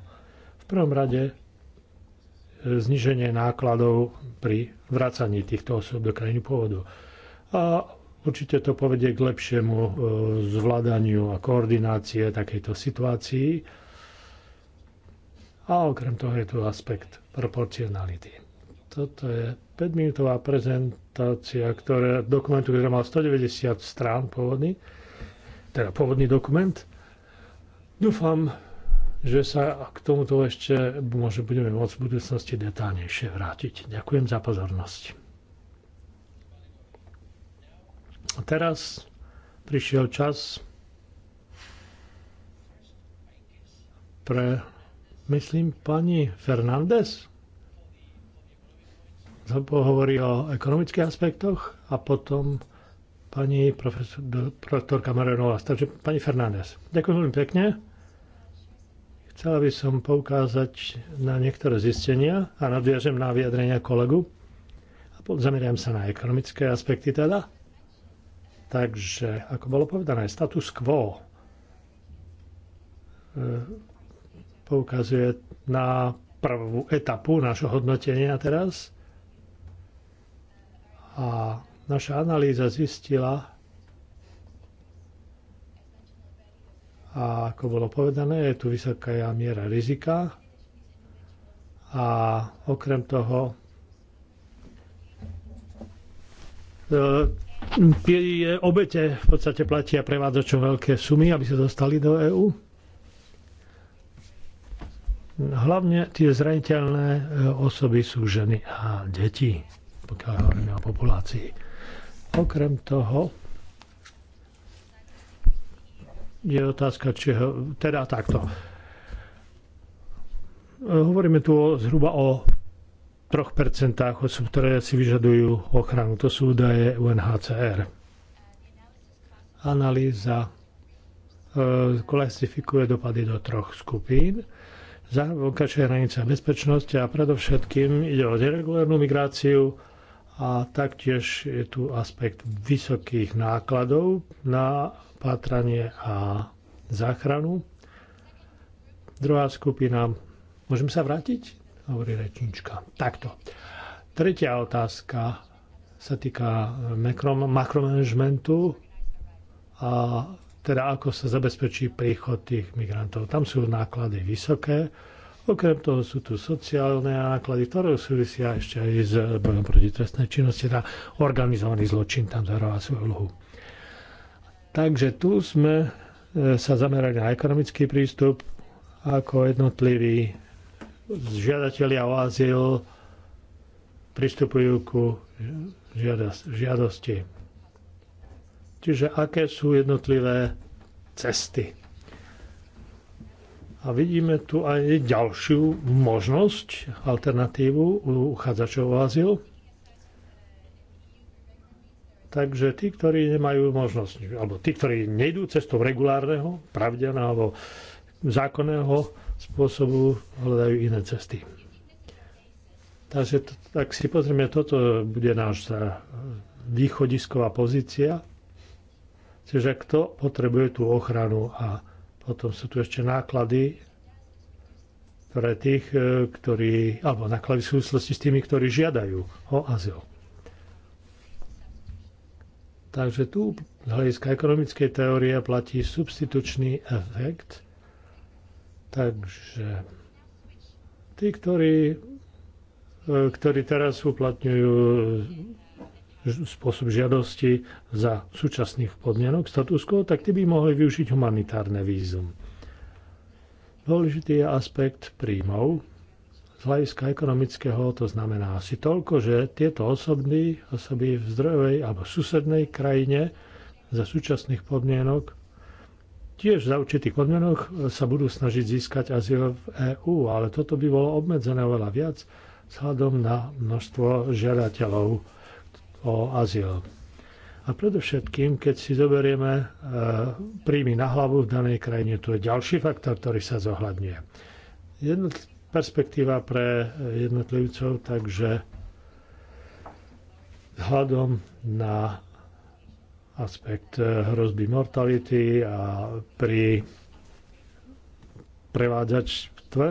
V prvom rade e, zniženie nákladov pri vracaní týchto osôb do krajiny pôvodu. A určite to povedie k lepšiemu e, zvládaniu a koordinácie takejto situácii. A okrem toho je tu aspekt proporcionality. Toto je 5-minútová prezentácia ktoré, dokumentu, ktorý mal 190 strán pôvodný, teda pôvodný dokument. Dúfam, že sa k tomuto ešte môže budeme môcť v budúcnosti detálnejšie vrátiť. Ďakujem za pozornosť. A teraz prišiel čas pre, myslím, pani Fernández hovorí o ekonomických aspektoch a potom pani profesor, profesorka Marenová. Takže pani Fernández, ďakujem veľmi pekne. Chcela by som poukázať na niektoré zistenia a nadviažem na vyjadrenia kolegu. A zameriam sa na ekonomické aspekty teda. Takže, ako bolo povedané, status quo e, poukazuje na prvú etapu nášho hodnotenia teraz – a naša analýza zistila, a ako bolo povedané, je tu vysoká miera rizika a okrem toho e, tie obete v podstate platia prevádzačom veľké sumy, aby sa dostali do EÚ. Hlavne tie zraniteľné e, osoby sú ženy a deti pokiaľ hovoríme o populácii. Okrem toho je otázka, či ho, teda takto. Hovoríme tu o, zhruba o 3% osôb, ktoré si vyžadujú ochranu. To sú údaje UNHCR. Analýza e, klasifikuje dopady do troch skupín. Za vonkajšie hranice a a predovšetkým ide o neregulárnu migráciu, a taktiež je tu aspekt vysokých nákladov na pátranie a záchranu. Druhá skupina, môžem sa vrátiť? Hovorí rečnička. Takto. Tretia otázka sa týka makromanagementu a teda ako sa zabezpečí príchod tých migrantov. Tam sú náklady vysoké, Okrem toho sú tu sociálne náklady, ktoré súvisia ešte aj s bojom proti trestnej činnosti. Teda organizovaný zločin tam zahráva svoju úlohu. Takže tu sme e, sa zamerali na ekonomický prístup ako jednotliví žiadatelia o azyl pristupujú ku žiadosti. Čiže aké sú jednotlivé cesty a vidíme tu aj ďalšiu možnosť, alternatívu u uchádzačov o azyl. Takže tí, ktorí nemajú možnosť, alebo tí, ktorí nejdú cestou regulárneho, pravdeného alebo zákonného spôsobu, hľadajú iné cesty. Takže tak si pozrieme, toto bude náš východisková pozícia. Čiže kto potrebuje tú ochranu a potom sú tu ešte náklady pre tých, e, ktorí, alebo náklady v súvislosti s tými, ktorí žiadajú o azyl. Takže tu z hľadiska ekonomickej teórie platí substitučný efekt. Takže tí, ktorí, e, ktorí teraz uplatňujú spôsob žiadosti za súčasných podmienok status quo, tak tí by mohli využiť humanitárne vízum. Dôležitý je aspekt príjmov. Z hľadiska ekonomického to znamená asi toľko, že tieto osoby, osoby v zdrojovej alebo susednej krajine za súčasných podmienok tiež za určitých podmienok sa budú snažiť získať azyl v EÚ, ale toto by bolo obmedzené oveľa viac vzhľadom na množstvo žiadateľov o azyl. A predovšetkým, keď si zoberieme e, príjmy na hlavu v danej krajine, to je ďalší faktor, ktorý sa zohľadňuje. Jedna perspektíva pre jednotlivcov, takže vzhľadom na aspekt e, hrozby mortality a pri prevádzačstve,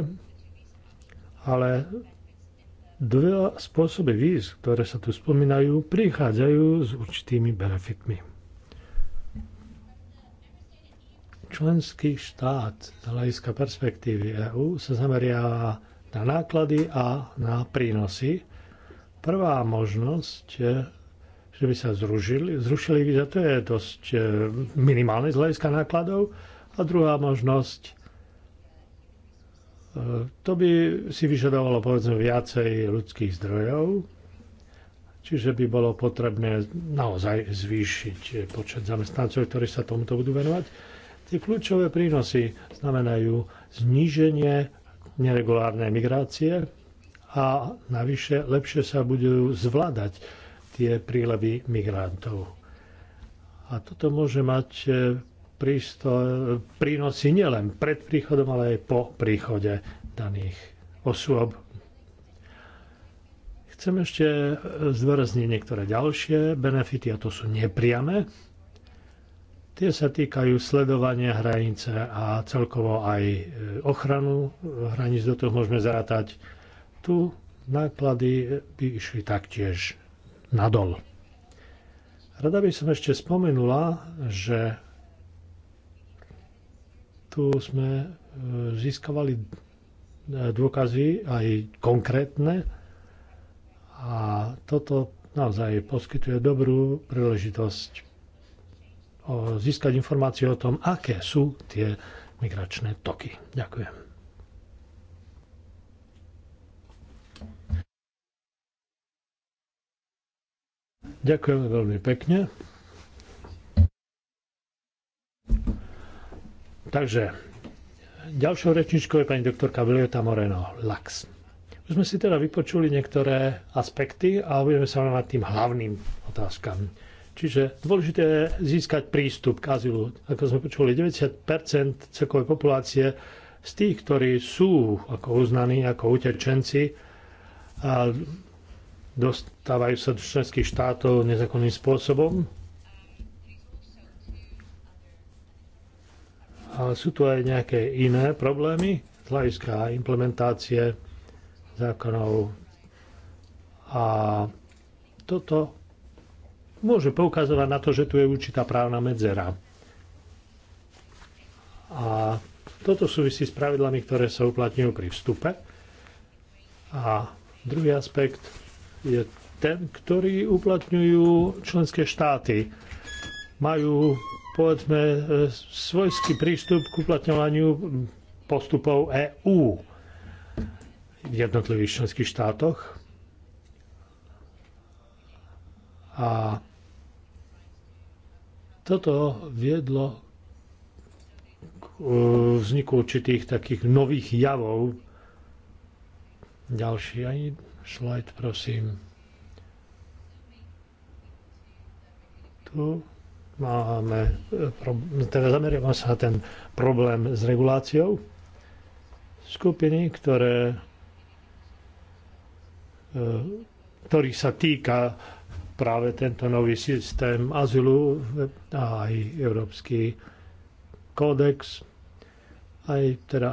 ale Dva spôsoby víz, ktoré sa tu spomínajú, prichádzajú s určitými benefitmi. Členský štát z hľadiska perspektívy EÚ sa zameriava na náklady a na prínosy. Prvá možnosť, že by sa zrušili, zrušili víza, to je dosť eh, minimálne z hľadiska nákladov. A druhá možnosť, to by si vyžadovalo povedzme viacej ľudských zdrojov, čiže by bolo potrebné naozaj zvýšiť počet zamestnancov, ktorí sa tomuto budú venovať. Tie kľúčové prínosy znamenajú zníženie neregulárnej migrácie a navyše lepšie sa budú zvládať tie prílevy migrantov. A toto môže mať prínosy nielen pred príchodom, ale aj po príchode daných osôb. Chcem ešte zdôrazniť niektoré ďalšie benefity, a to sú nepriame. Tie sa týkajú sledovania hranice a celkovo aj e, ochranu hraníc, do toho môžeme zarátať. Tu náklady by išli taktiež nadol. Rada by som ešte spomenula, že tu sme e, získavali e, dôkazy aj konkrétne a toto naozaj poskytuje dobrú príležitosť získať informácie o tom, aké sú tie migračné toky. Ďakujem. Ďakujem veľmi pekne. Takže ďalšou rečničkou je pani doktorka Violeta Moreno Lax. Už sme si teda vypočuli niektoré aspekty a budeme sa venovať tým hlavným otázkam. Čiže dôležité je získať prístup k azylu. Ako sme počuli, 90 celkovej populácie z tých, ktorí sú ako uznaní ako utečenci a dostávajú sa do členských štátov nezákonným spôsobom, A sú tu aj nejaké iné problémy z hľadiska implementácie zákonov. A toto môže poukazovať na to, že tu je určitá právna medzera. A toto súvisí s pravidlami, ktoré sa uplatňujú pri vstupe. A druhý aspekt je ten, ktorý uplatňujú členské štáty. Majú povedzme, e, svojský prístup k uplatňovaniu postupov EÚ v jednotlivých členských štátoch. A toto viedlo k e, vzniku určitých takých nových javov. Ďalší aj slide, prosím. Tu máme, e, teda zameriavam sa na ten problém s reguláciou skupiny, ktoré, e, ktorých sa týka práve tento nový systém azylu a aj Európsky kódex, aj teda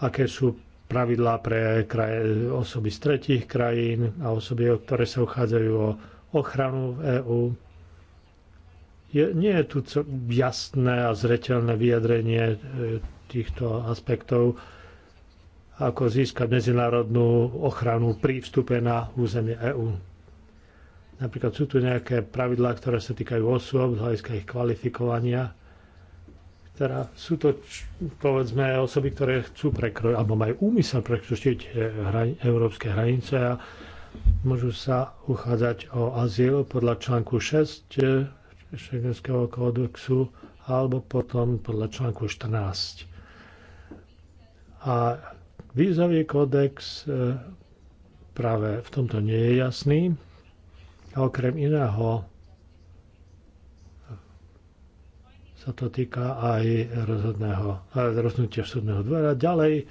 aké sú pravidlá pre kraje osoby z tretich krajín a osoby, ktoré sa uchádzajú o ochranu v EÚ je, nie je tu jasné a zreteľné vyjadrenie e, týchto aspektov, ako získať medzinárodnú ochranu pri vstupe na územie EÚ. Napríklad sú tu nejaké pravidlá, ktoré sa týkajú osôb, z hľadiska ich kvalifikovania. Teda sú to, povedzme, osoby, ktoré chcú prekročiť, alebo majú úmysel prekročiť e, hran- európske hranice a môžu sa uchádzať o azyl podľa článku 6 Šengenského kódexu alebo potom podľa článku 14. A vízový kódex e, práve v tomto nie je jasný. A okrem iného sa to týka aj rozhodného, e, rozhodnutia súdneho dvora. Ďalej,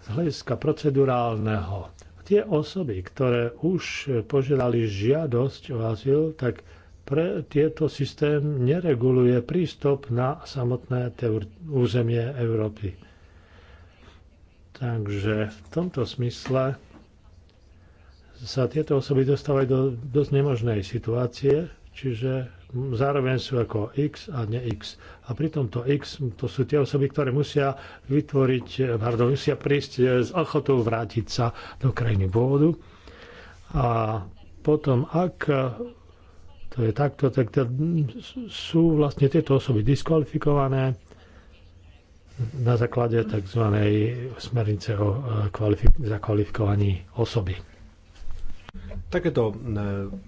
z hľadiska procedurálneho, tie osoby, ktoré už požiadali žiadosť o azyl, tak pre tieto systém nereguluje prístup na samotné územie Európy. Takže v tomto smysle sa tieto osoby dostávajú do dosť nemožnej situácie, čiže zároveň sú ako X a ne X. A pri tomto X to sú tie osoby, ktoré musia vytvoriť, pardon, musia prísť z ochotou vrátiť sa do krajiny pôvodu. A potom, ak to je takto, tak to, sú vlastne tieto osoby diskvalifikované na základe tzv. smernice o e, kvalifik- zakvalifikovaní osoby. Takéto e,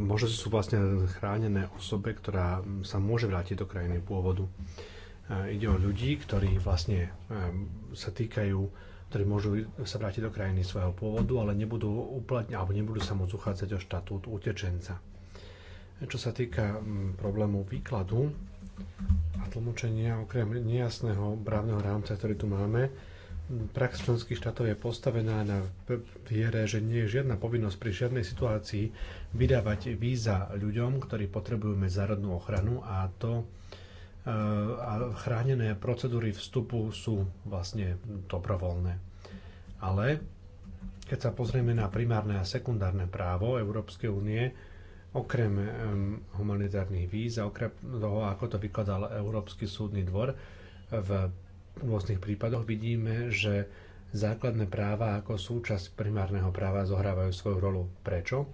možnosti sú vlastne chránené osobe, ktorá sa môže vrátiť do krajiny pôvodu. E, ide o ľudí, ktorí vlastne sa týkajú ktorí môžu sa vrátiť do krajiny svojho pôvodu, ale nebudú uplatňovať alebo nebudú sa môcť uchádzať o štatút utečenca. Čo sa týka mm, problému výkladu a tlmočenia, okrem nejasného právneho rámca, ktorý tu máme, mm, prax členských štátov je postavená na viere, že nie je žiadna povinnosť pri žiadnej situácii vydávať víza ľuďom, ktorí potrebujú medzárodnú ochranu a to e, a chránené procedúry vstupu sú vlastne dobrovoľné. Ale keď sa pozrieme na primárne a sekundárne právo Európskej únie, okrem humanitárnych víz a okrem toho, ako to vykladal Európsky súdny dvor, e, v rôznych prípadoch vidíme, že základné práva ako súčasť primárneho práva zohrávajú svoju rolu. Prečo?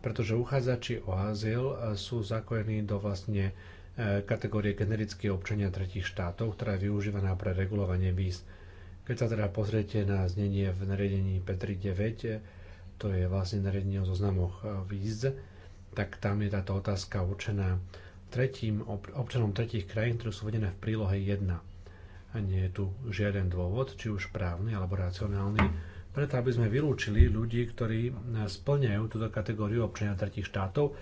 Pretože uchádzači o azyl e, sú zakojení do vlastne e, kategórie generické občania tretich štátov, ktorá je využívaná pre regulovanie víz. Keď sa teda pozriete na znenie v nariadení P39, to je vlastne nariadenie o zoznamoch víz, tak tam je táto otázka určená tretím, občanom tretich krajín, ktoré sú vedené v prílohe 1. A nie je tu žiaden dôvod, či už právny alebo racionálny, preto aby sme vylúčili ľudí, ktorí eh, splňajú túto kategóriu občania tretich štátov,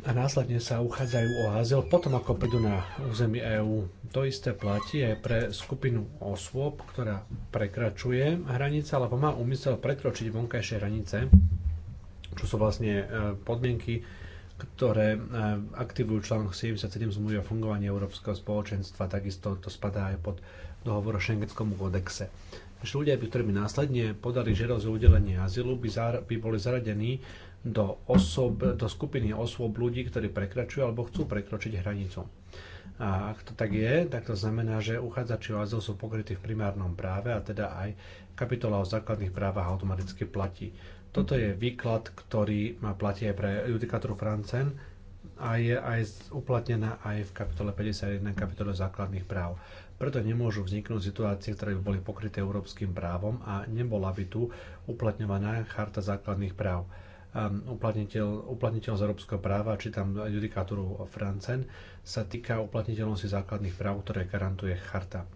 a následne sa uchádzajú o azyl potom, ako prídu na území EÚ. To isté platí aj pre skupinu osôb, ktorá prekračuje hranice alebo má úmysel prekročiť vonkajšie hranice čo sú vlastne e, podmienky, ktoré e, aktivujú článok 77 zmluvy o fungovaní Európskeho spoločenstva, takisto to spadá aj pod dohovor o Schengenskom kodexe. Takže ľudia, ktorí by následne podali žiadosť o udelenie azylu, by, zar- by boli zaradení do, osob, do skupiny osôb ľudí, ktorí prekračujú alebo chcú prekročiť hranicu. A ak to tak je, tak to znamená, že uchádzači o azyl sú pokrytí v primárnom práve a teda aj kapitola o základných právach automaticky platí. Toto je výklad, ktorý má platie aj pre judikatúru Francen a je aj uplatnená aj v kapitole 51 kapitole základných práv. Preto nemôžu vzniknúť situácie, ktoré by boli pokryté európskym právom a nebola by tu uplatňovaná charta základných práv ehm, uplatniteľ, uplatniteľ z európskeho práva, či tam judikatúru Francen, sa týka uplatniteľnosti základných práv, ktoré garantuje charta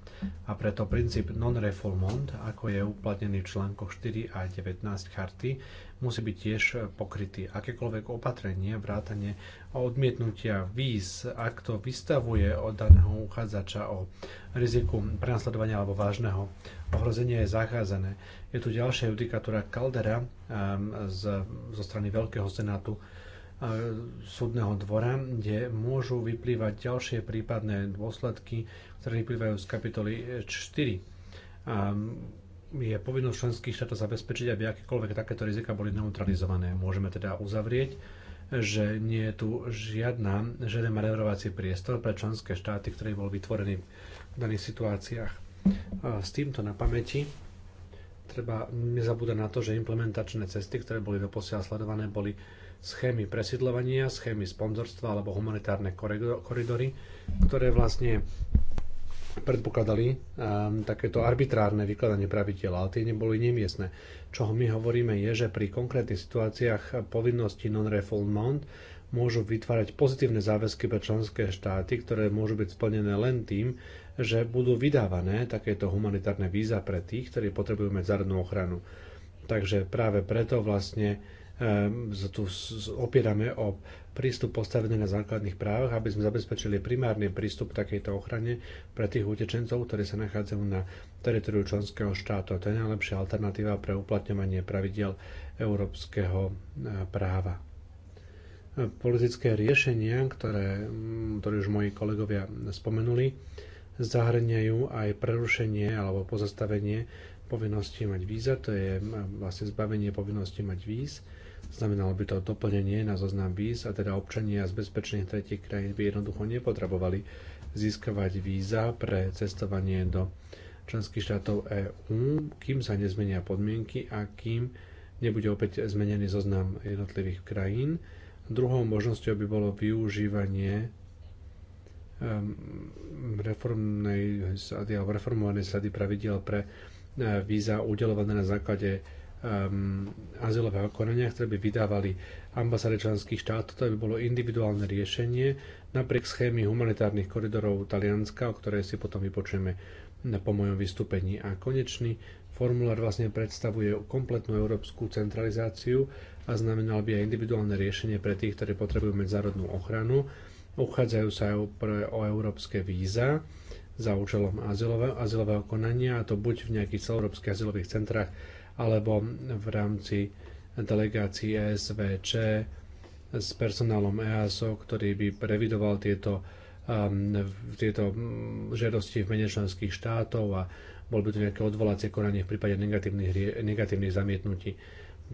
a preto princíp non-refoulement, ako je uplatnený v článkoch 4 a 19 charty, musí byť tiež pokrytý. Akékoľvek opatrenie, vrátanie odmietnutia víz, ak to vystavuje od daného uchádzača o riziku prenasledovania alebo vážneho ohrozenia je zacházané. Je tu ďalšia judikatúra Caldera ehm, z, zo strany Veľkého senátu E, súdneho dvora, kde môžu vyplývať ďalšie prípadné dôsledky, ktoré vyplývajú z kapitoly 4. A je povinnosť členských štátov zabezpečiť, aby akékoľvek takéto rizika boli neutralizované. Môžeme teda uzavrieť, že nie je tu žiadna, žiaden manevrovací priestor pre členské štáty, ktorý bol vytvorený v daných situáciách. A s týmto na pamäti treba nezabúdať na to, že implementačné cesty, ktoré boli doposiaľ sledované, boli schémy presidľovania, schémy sponzorstva alebo humanitárne koridory, ktoré vlastne predpokladali um, takéto arbitrárne vykladanie pravidel, ale tie neboli nemiestne. Čo my hovoríme je, že pri konkrétnych situáciách povinnosti non-refoulement môžu vytvárať pozitívne záväzky pre členské štáty, ktoré môžu byť splnené len tým, že budú vydávané takéto humanitárne víza pre tých, ktorí potrebujú medzárodnú ochranu. Takže práve preto vlastne Ehm, tu opierame o prístup postavený na základných právach, aby sme zabezpečili primárny prístup k takejto ochrane pre tých utečencov, ktorí sa nachádzajú na teritoriu členského štátu. To je najlepšia alternatíva pre uplatňovanie pravidel európskeho e, práva. E, politické riešenia, ktoré, mm, ktoré už moji kolegovia spomenuli, zahrňajú aj prerušenie alebo pozastavenie povinnosti mať víza, to je e, vlastne zbavenie povinnosti mať víz, Znamenalo by to doplnenie na zoznam víz a teda občania z bezpečných tretich krajín by jednoducho nepotrebovali získavať víza pre cestovanie do členských štátov EÚ, kým sa nezmenia podmienky a kým nebude opäť zmenený zoznam jednotlivých krajín. Druhou možnosťou by bolo využívanie ehm, reformnej, alebo reformovanej sady pravidiel pre e, víza udelované na základe um, azylového konania, ktoré by vydávali ambasády členských štátov. To by bolo individuálne riešenie napriek schémy humanitárnych koridorov Talianska, o ktorej si potom vypočujeme po mojom vystúpení. A konečný formulár vlastne predstavuje kompletnú európsku centralizáciu a znamenal by aj individuálne riešenie pre tých, ktorí potrebujú medzárodnú ochranu. Uchádzajú sa aj o európske víza za účelom azylového, azylového konania, a to buď v nejakých celoeurópskych azylových centrách, alebo v rámci delegácií ESVČ s personálom EASO, ktorý by previdoval tieto, um, tieto um, žiadosti v mene členských štátov a bol by to nejaké odvolacie konanie v prípade negatívnych, negatívnych zamietnutí.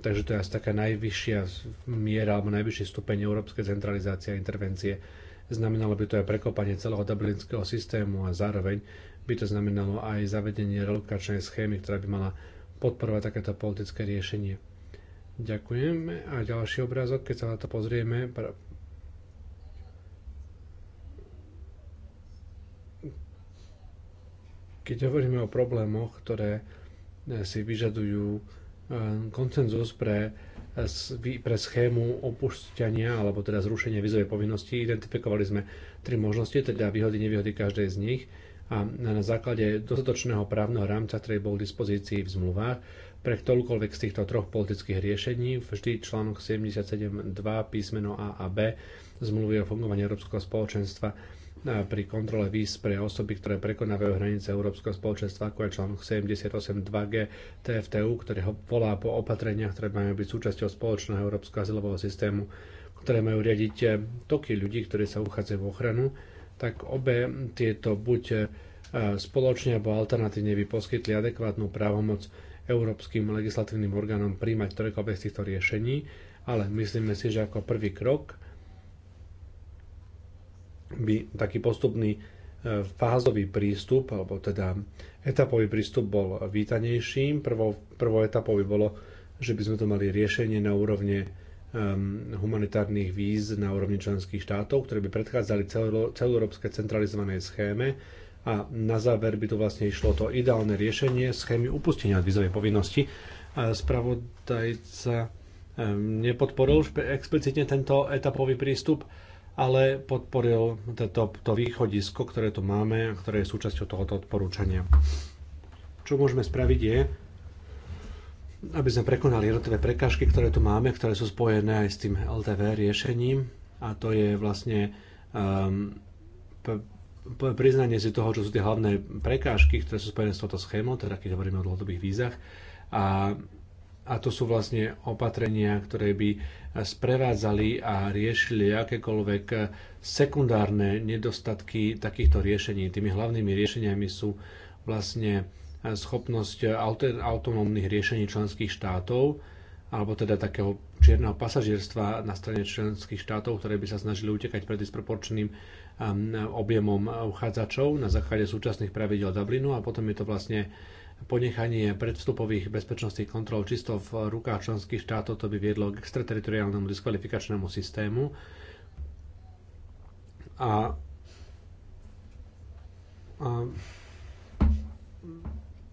Takže to je asi taká najvyššia miera alebo najvyšší stupeň európskej centralizácie a intervencie. Znamenalo by to aj prekopanie celého dublinského systému a zároveň by to znamenalo aj zavedenie relokačnej schémy, ktorá by mala podporovať takéto politické riešenie. Ďakujem. A ďalší obrázok, keď sa na to pozrieme, keď hovoríme o problémoch, ktoré eh, si vyžadujú eh, koncenzus pre, eh, pre schému opušťania alebo teda zrušenia vizovej povinnosti, identifikovali sme tri možnosti, teda výhody, nevýhody každej z nich a na základe dostatočného právneho rámca, ktorý bol k dispozícii v zmluvách, pre ktorúkoľvek z týchto troch politických riešení vždy článok 77.2 písmeno A a B zmluvy o fungovaní Európskeho spoločenstva pri kontrole víz pre osoby, ktoré prekonávajú hranice Európskeho spoločenstva, ako je článok 78.2g TFTU, ktorý ho volá po opatreniach, ktoré majú byť súčasťou spoločného európskeho azylového systému, ktoré majú riadiť e, toky ľudí, ktorí sa uchádzajú v ochranu tak obe tieto buď e, spoločne alebo alternatívne by poskytli adekvátnu právomoc európskym legislatívnym orgánom príjmať ktorékoľvek z týchto riešení, ale myslíme si, že ako prvý krok by taký postupný e, fázový prístup, alebo teda etapový prístup bol vítanejším. Prvou, prvou etapou by bolo, že by sme tu mali riešenie na úrovne Um, humanitárnych víz na úrovni členských štátov, ktoré by predchádzali celoeurópske centralizované schéme a na záver by tu vlastne išlo to ideálne riešenie schémy upustenia od vízovej povinnosti. A spravodajca um, nepodporil explicitne tento etapový prístup, ale podporil to, to východisko, ktoré tu máme a ktoré je súčasťou tohoto odporúčania. Čo môžeme spraviť je, aby sme prekonali jednotlivé prekážky, ktoré tu máme, ktoré sú spojené aj s tým LTV riešením a to je vlastne um, priznanie si toho, čo sú tie hlavné prekážky, ktoré sú spojené s touto schémou, teda keď hovoríme o dlhodobých vízach a a to sú vlastne opatrenia, ktoré by sprevádzali a riešili akékoľvek sekundárne nedostatky takýchto riešení. Tými hlavnými riešeniami sú vlastne schopnosť autonómnych riešení členských štátov, alebo teda takého čierneho pasažierstva na strane členských štátov, ktoré by sa snažili utekať pred disproporčným um, objemom uchádzačov na základe súčasných pravidel Dublinu a potom je to vlastne ponechanie predvstupových bezpečnostných kontrol čisto v rukách členských štátov, to by viedlo k extrateritoriálnemu diskvalifikačnému systému. A, a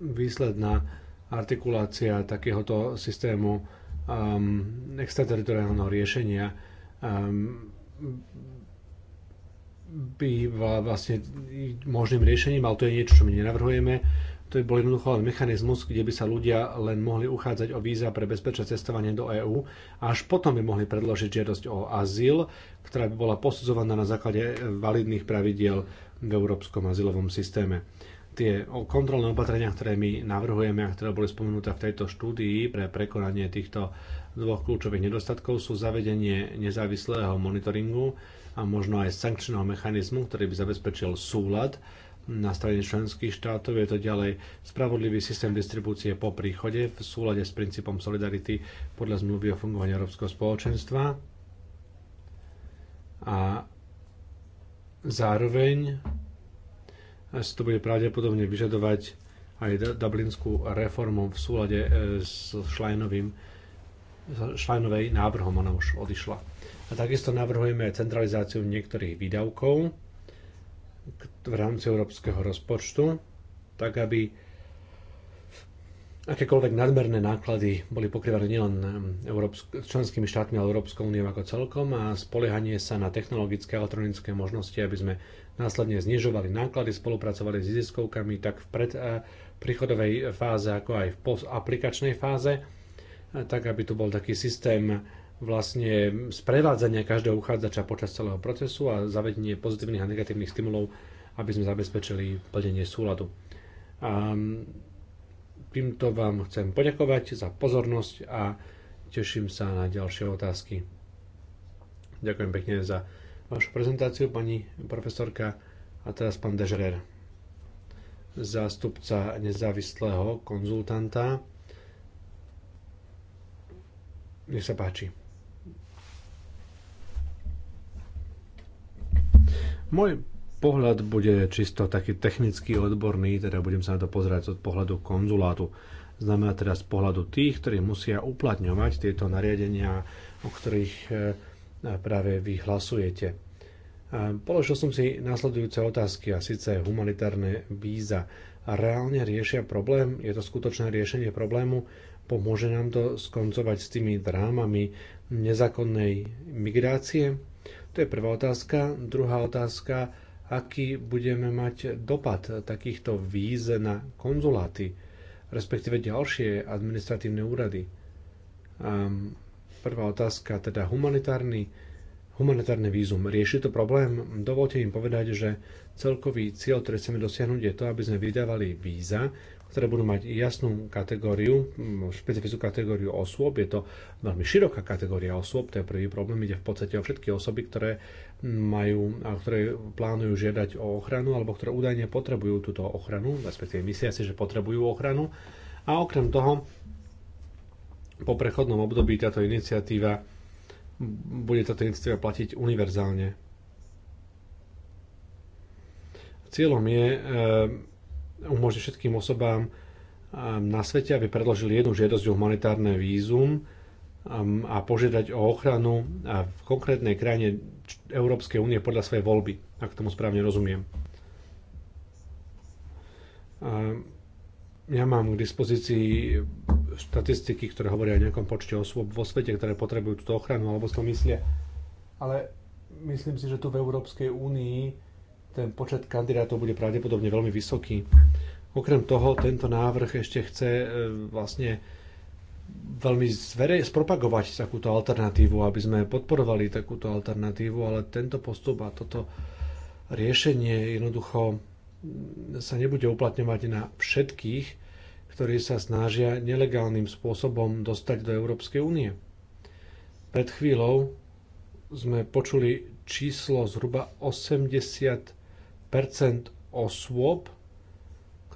výsledná artikulácia takéhoto systému um, extrateritoriálneho riešenia um, by bola vlastne možným riešením, ale to je niečo, čo my nenavrhujeme. To by bol jednoducho len mechanizmus, kde by sa ľudia len mohli uchádzať o víza pre bezpečné cestovanie do EÚ a až potom by mohli predložiť žiadosť o azyl, ktorá by bola posudzovaná na základe validných pravidiel v európskom azylovom systéme tie kontrolné opatrenia, ktoré my navrhujeme a ktoré boli spomenuté v tejto štúdii pre prekonanie týchto dvoch kľúčových nedostatkov sú zavedenie nezávislého monitoringu a možno aj sankčného mechanizmu, ktorý by zabezpečil súlad na strane členských štátov. Je to ďalej spravodlivý systém distribúcie po príchode v súlade s princípom solidarity podľa zmluvy o fungovaní Európskeho spoločenstva. A zároveň si to bude pravdepodobne vyžadovať aj dublinskú reformu v súlade e, s Šlajnovým, Šlajnovej návrhom, ona už odišla. A takisto navrhujeme aj centralizáciu niektorých výdavkov v rámci európskeho rozpočtu, tak aby akékoľvek nadmerné náklady boli pokrývané nielen e, členskými štátmi, ale Európskou úniou ako celkom a spoliehanie sa na technologické a elektronické možnosti, aby sme Následne znižovali náklady, spolupracovali s ziskovkami tak v predprichodovej eh, fáze, ako aj v postaplikačnej fáze, eh, tak aby tu bol taký systém eh, vlastne sprevádzania každého uchádzača počas celého procesu a zavedenie pozitívnych a negatívnych stimulov, aby sme zabezpečili plnenie súladu. A mm, týmto vám chcem poďakovať za pozornosť a teším sa na ďalšie otázky. Ďakujem pekne za vašu prezentáciu, pani profesorka a teraz pán Dežrer, zástupca nezávislého konzultanta. Nech sa páči. Môj pohľad bude čisto taký technicky odborný, teda budem sa na to pozerať od pohľadu konzulátu. Znamená teda z pohľadu tých, ktorí musia uplatňovať tieto nariadenia, o ktorých eh, práve vy hlasujete. A položil som si nasledujúce otázky a síce humanitárne víza A reálne riešia problém? Je to skutočné riešenie problému? Pomôže nám to skoncovať s tými drámami nezákonnej migrácie? To je prvá otázka. Druhá otázka, aký budeme mať dopad takýchto víz na konzuláty, respektíve ďalšie administratívne úrady. Ehm, Prvá otázka, teda humanitárny humanitárne vízum. Rieši to problém? Dovolte im povedať, že celkový cieľ, ktorý chceme dosiahnuť, je to, aby sme vydávali víza, ktoré budú mať jasnú kategóriu, mm, špecifickú kategóriu osôb. Je to veľmi široká kategória osôb, to je prvý problém. Ide v podstate o všetky osoby, ktoré majú, a ktoré plánujú žiadať o ochranu, alebo ktoré údajne potrebujú túto ochranu, respektíve myslia si, že potrebujú ochranu. A okrem toho po prechodnom období táto iniciatíva bude táto iniciatíva platiť univerzálne. Cieľom je eh, umožniť všetkým osobám eh, na svete, aby predložili jednu žiadosť o humanitárne vízum ehm, a požiadať o ochranu v konkrétnej krajine Európskej únie podľa svojej voľby, ak tomu správne rozumiem. Ehm, ja mám k dispozícii štatistiky, ktoré hovoria o nejakom počte osôb vo svete, ktoré potrebujú túto ochranu alebo to myslia. Ale myslím si, že tu v Európskej únii ten počet kandidátov bude pravdepodobne veľmi vysoký. Okrem toho, tento návrh ešte chce e, vlastne veľmi zverej, spropagovať takúto alternatívu, aby sme podporovali takúto alternatívu, ale tento postup a toto riešenie jednoducho sa nebude uplatňovať na všetkých, ktorí sa snažia nelegálnym spôsobom dostať do Európskej únie. Pred chvíľou sme počuli číslo zhruba 80 osôb,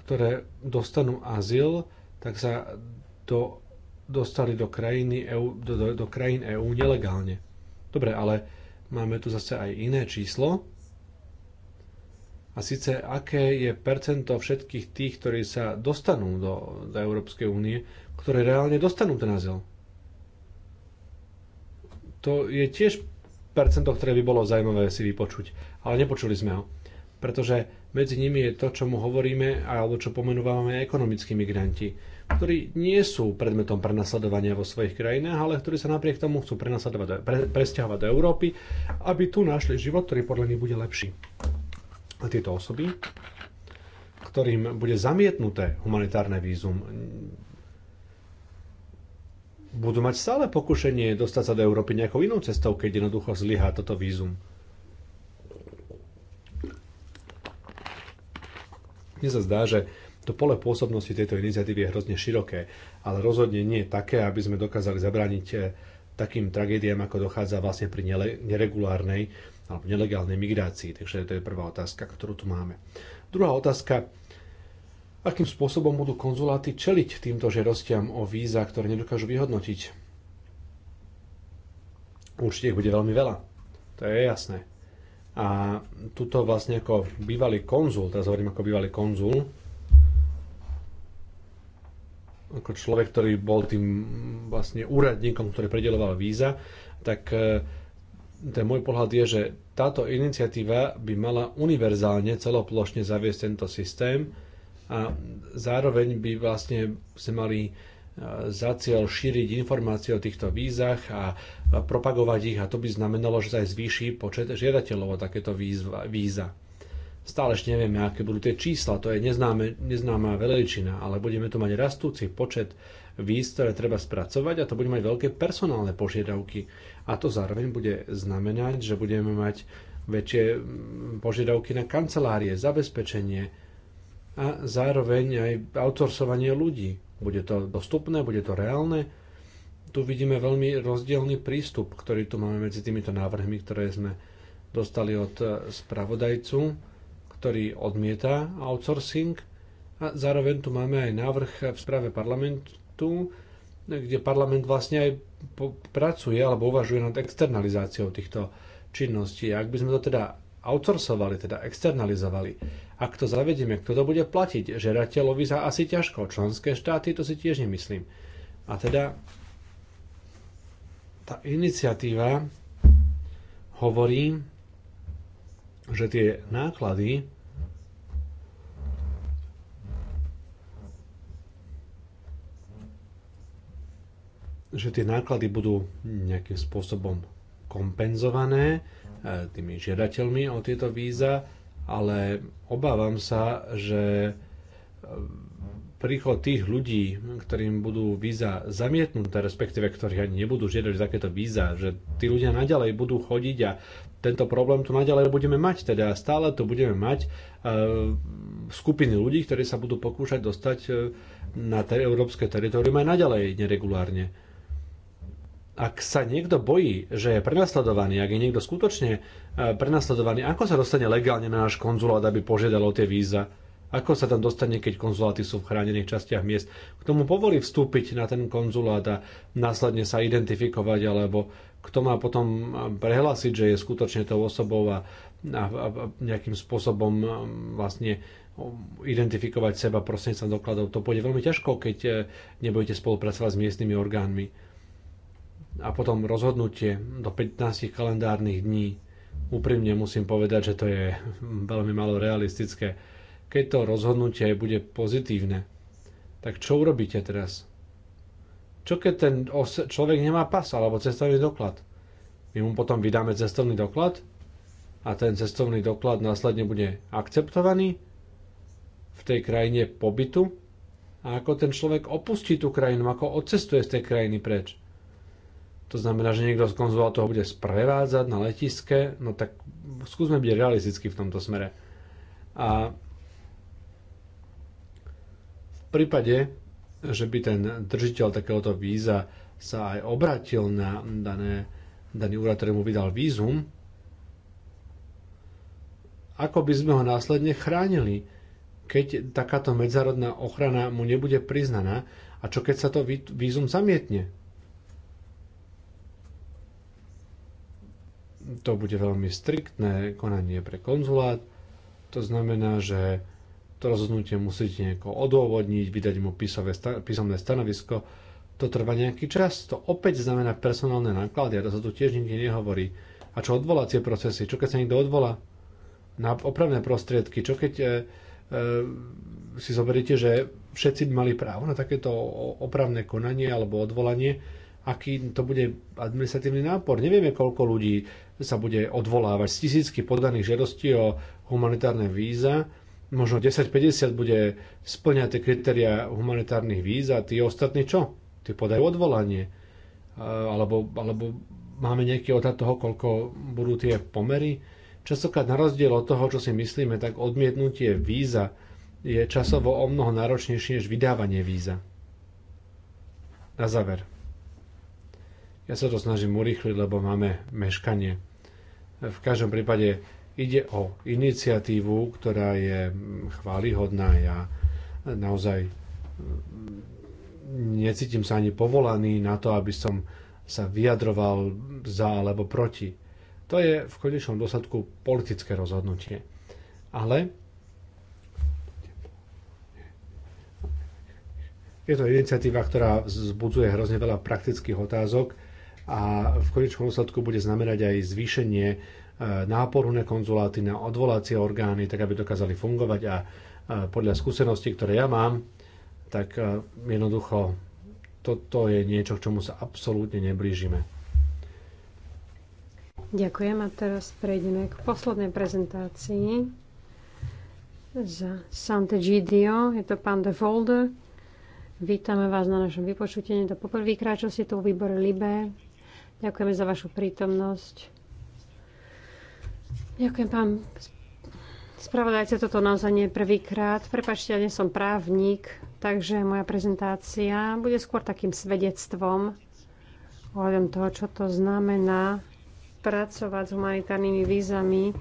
ktoré dostanú azyl, tak sa do, dostali do, krajiny EU, do, do, do krajín EÚ nelegálne. Dobre, ale máme tu zase aj iné číslo, a síce, aké je percento všetkých tých, ktorí sa dostanú do, do Európskej únie, ktoré reálne dostanú ten azyl? To je tiež percento, ktoré by bolo zaujímavé si vypočuť, ale nepočuli sme ho. Pretože medzi nimi je to, čo mu hovoríme alebo čo pomenúvame ekonomickí migranti, ktorí nie sú predmetom prenasledovania vo svojich krajinách, ale ktorí sa napriek tomu chcú pre, presťahovať do Európy, aby tu našli život, ktorý podľa nich bude lepší tieto osoby, ktorým bude zamietnuté humanitárne vízum, budú mať stále pokušenie dostať sa do Európy nejakou inou cestou, keď jednoducho zlyhá toto vízum. Mne sa zdá, že to pole pôsobnosti tejto iniciatívy je hrozne široké, ale rozhodne nie také, aby sme dokázali zabrániť eh, takým tragédiám, ako dochádza vlastne pri neregulárnej alebo nelegálnej migrácii. Takže to je prvá otázka, ktorú tu máme. Druhá otázka, akým spôsobom budú konzuláty čeliť týmto žiadostiam o víza, ktoré nedokážu vyhodnotiť. Určite ich bude veľmi veľa. To je jasné. A tuto vlastne ako bývalý konzul, teraz hovorím ako bývalý konzul, ako človek, ktorý bol tým vlastne úradníkom, ktorý predeloval víza, tak e, ten môj pohľad je, že táto iniciatíva by mala univerzálne, celoplošne zaviesť tento systém a zároveň by vlastne sme mali e, za cieľ šíriť informácie o týchto vízach a propagovať ich a to by znamenalo, že sa aj zvýši počet žiadateľov o takéto výzva, víza. Stále ešte nevieme, aké budú tie čísla, to je neznáme, neznáma veličina, ale budeme tu mať rastúci počet víz, ktoré treba spracovať a to bude mať veľké personálne požiadavky. A to zároveň bude znamenať, že budeme mať väčšie mm, požiadavky na kancelárie, zabezpečenie a zároveň aj outsourcovanie ľudí. Bude to dostupné, bude to reálne. Tu vidíme veľmi rozdielny prístup, ktorý tu máme medzi týmito návrhmi, ktoré sme dostali od e, spravodajcu, ktorý odmieta outsourcing. A zároveň tu máme aj návrh v správe parlament, projektu, kde parlament vlastne aj pracuje alebo uvažuje nad externalizáciou týchto činností. Ak by sme to teda outsourcovali, teda externalizovali, ak to zavedieme, kto to bude platiť? Žerateľovi za asi ťažko, členské štáty, to si tiež nemyslím. A teda tá iniciatíva hovorí, že tie náklady že tie náklady budú nejakým spôsobom kompenzované e, tými žiadateľmi o tieto víza, ale obávam sa, že e, príchod tých ľudí, ktorým budú víza zamietnuté, respektíve ktorí ani nebudú žiadať takéto víza, že tí ľudia naďalej budú chodiť a tento problém tu naďalej budeme mať, teda stále tu budeme mať e, skupiny ľudí, ktorí sa budú pokúšať dostať na te európske teritorium aj naďalej neregulárne ak sa niekto bojí, že je prenasledovaný, ak je niekto skutočne e, prenasledovaný, ako sa dostane legálne na náš konzulát, aby požiadalo tie víza? Ako sa tam dostane, keď konzuláty sú v chránených častiach miest? K tomu povolí vstúpiť na ten konzulát a následne sa identifikovať, alebo kto má potom e, prehlásiť, že je skutočne tou osobou a, a, a nejakým spôsobom e, vlastne identifikovať seba prostredníctvom dokladov. To pôjde veľmi ťažko, keď nebudete spolupracovať s miestnymi orgánmi a potom rozhodnutie do 15 kalendárnych dní. Úprimne musím povedať, že to je veľmi malo realistické. Keď to rozhodnutie bude pozitívne, tak čo urobíte teraz? Čo keď ten človek nemá pas alebo cestovný doklad? My mu potom vydáme cestovný doklad a ten cestovný doklad následne bude akceptovaný v tej krajine pobytu a ako ten človek opustí tú krajinu, ako odcestuje z tej krajiny preč to znamená, že niekto z konzulátu ho bude sprevádzať na letiske, no tak skúsme byť realisticky v tomto smere. A v prípade, že by ten držiteľ takéhoto víza sa aj obratil na dané, daný úrad, ktorý mu vydal vízum, ako by sme ho následne chránili, keď takáto medzárodná ochrana mu nebude priznaná a čo keď sa to vízum zamietne? to bude veľmi striktné konanie pre konzulát. To znamená, že to rozhodnutie musíte nejako odôvodniť, vydať mu písomné stanovisko. To trvá nejaký čas, to opäť znamená personálne náklady a to sa tu tiež nikde nehovorí. A čo odvolacie procesy? Čo keď sa niekto odvolá? Na opravné prostriedky? Čo keď e, e, si zoberiete, že všetci by mali právo na takéto opravné konanie alebo odvolanie? aký to bude administratívny nápor. Nevieme, koľko ľudí sa bude odvolávať z tisícky podaných žiadostí o humanitárne víza. Možno 10-50 bude splňať tie kritéria humanitárnych víz a tí ostatní čo? Tí podajú odvolanie. Alebo, alebo máme nejaký odhad toho, koľko budú tie pomery. Častokrát na rozdiel od toho, čo si myslíme, tak odmietnutie víza je časovo o mnoho náročnejšie než vydávanie víza. Na záver. Ja sa to snažím urýchliť, lebo máme meškanie. V každom prípade ide o iniciatívu, ktorá je chválihodná. Ja naozaj mm, necítim sa ani povolaný na to, aby som sa vyjadroval za alebo proti. To je v konečnom dôsledku politické rozhodnutie. Ale je to iniciatíva, ktorá zbudzuje hrozne veľa praktických otázok a v konečnom dôsledku bude znamenať aj zvýšenie e, náporu na konzuláty, na odvolacie orgány, tak aby dokázali fungovať a e, podľa skúseností, ktoré ja mám, tak e, jednoducho toto je niečo, k čomu sa absolútne neblížime. Ďakujem a teraz prejdeme k poslednej prezentácii za Sant'Egidio. Je to pán De Volder. Vítame vás na našom vypočutení. to poprvýkrát, čo ste tu v Libe Ďakujeme za vašu prítomnosť. Ďakujem, pán spravodajca, toto naozaj nie je prvýkrát. Prepačte, ja nie som právnik, takže moja prezentácia bude skôr takým svedectvom ohľadom toho, čo to znamená pracovať s humanitárnymi vízami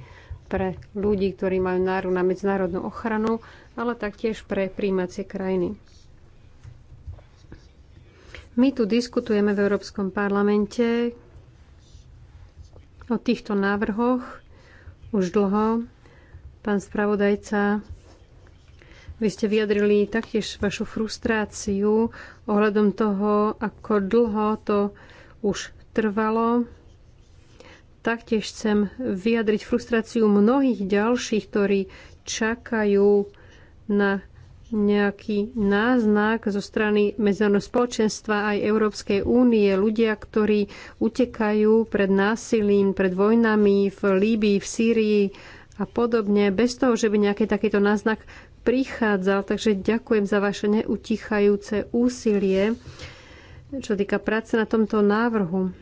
pre ľudí, ktorí majú náru na medzinárodnú ochranu, ale taktiež pre príjmacie krajiny. My tu diskutujeme v Európskom parlamente o týchto návrhoch už dlho. Pán spravodajca, vy ste vyjadrili taktiež vašu frustráciu ohľadom toho, ako dlho to už trvalo. Taktiež chcem vyjadriť frustráciu mnohých ďalších, ktorí čakajú na nejaký náznak zo strany medzinárodného spoločenstva aj Európskej únie. Ľudia, ktorí utekajú pred násilím, pred vojnami v Líbii, v Sýrii a podobne, bez toho, že by nejaký takýto náznak prichádzal. Takže ďakujem za vaše neutichajúce úsilie, čo týka práce na tomto návrhu.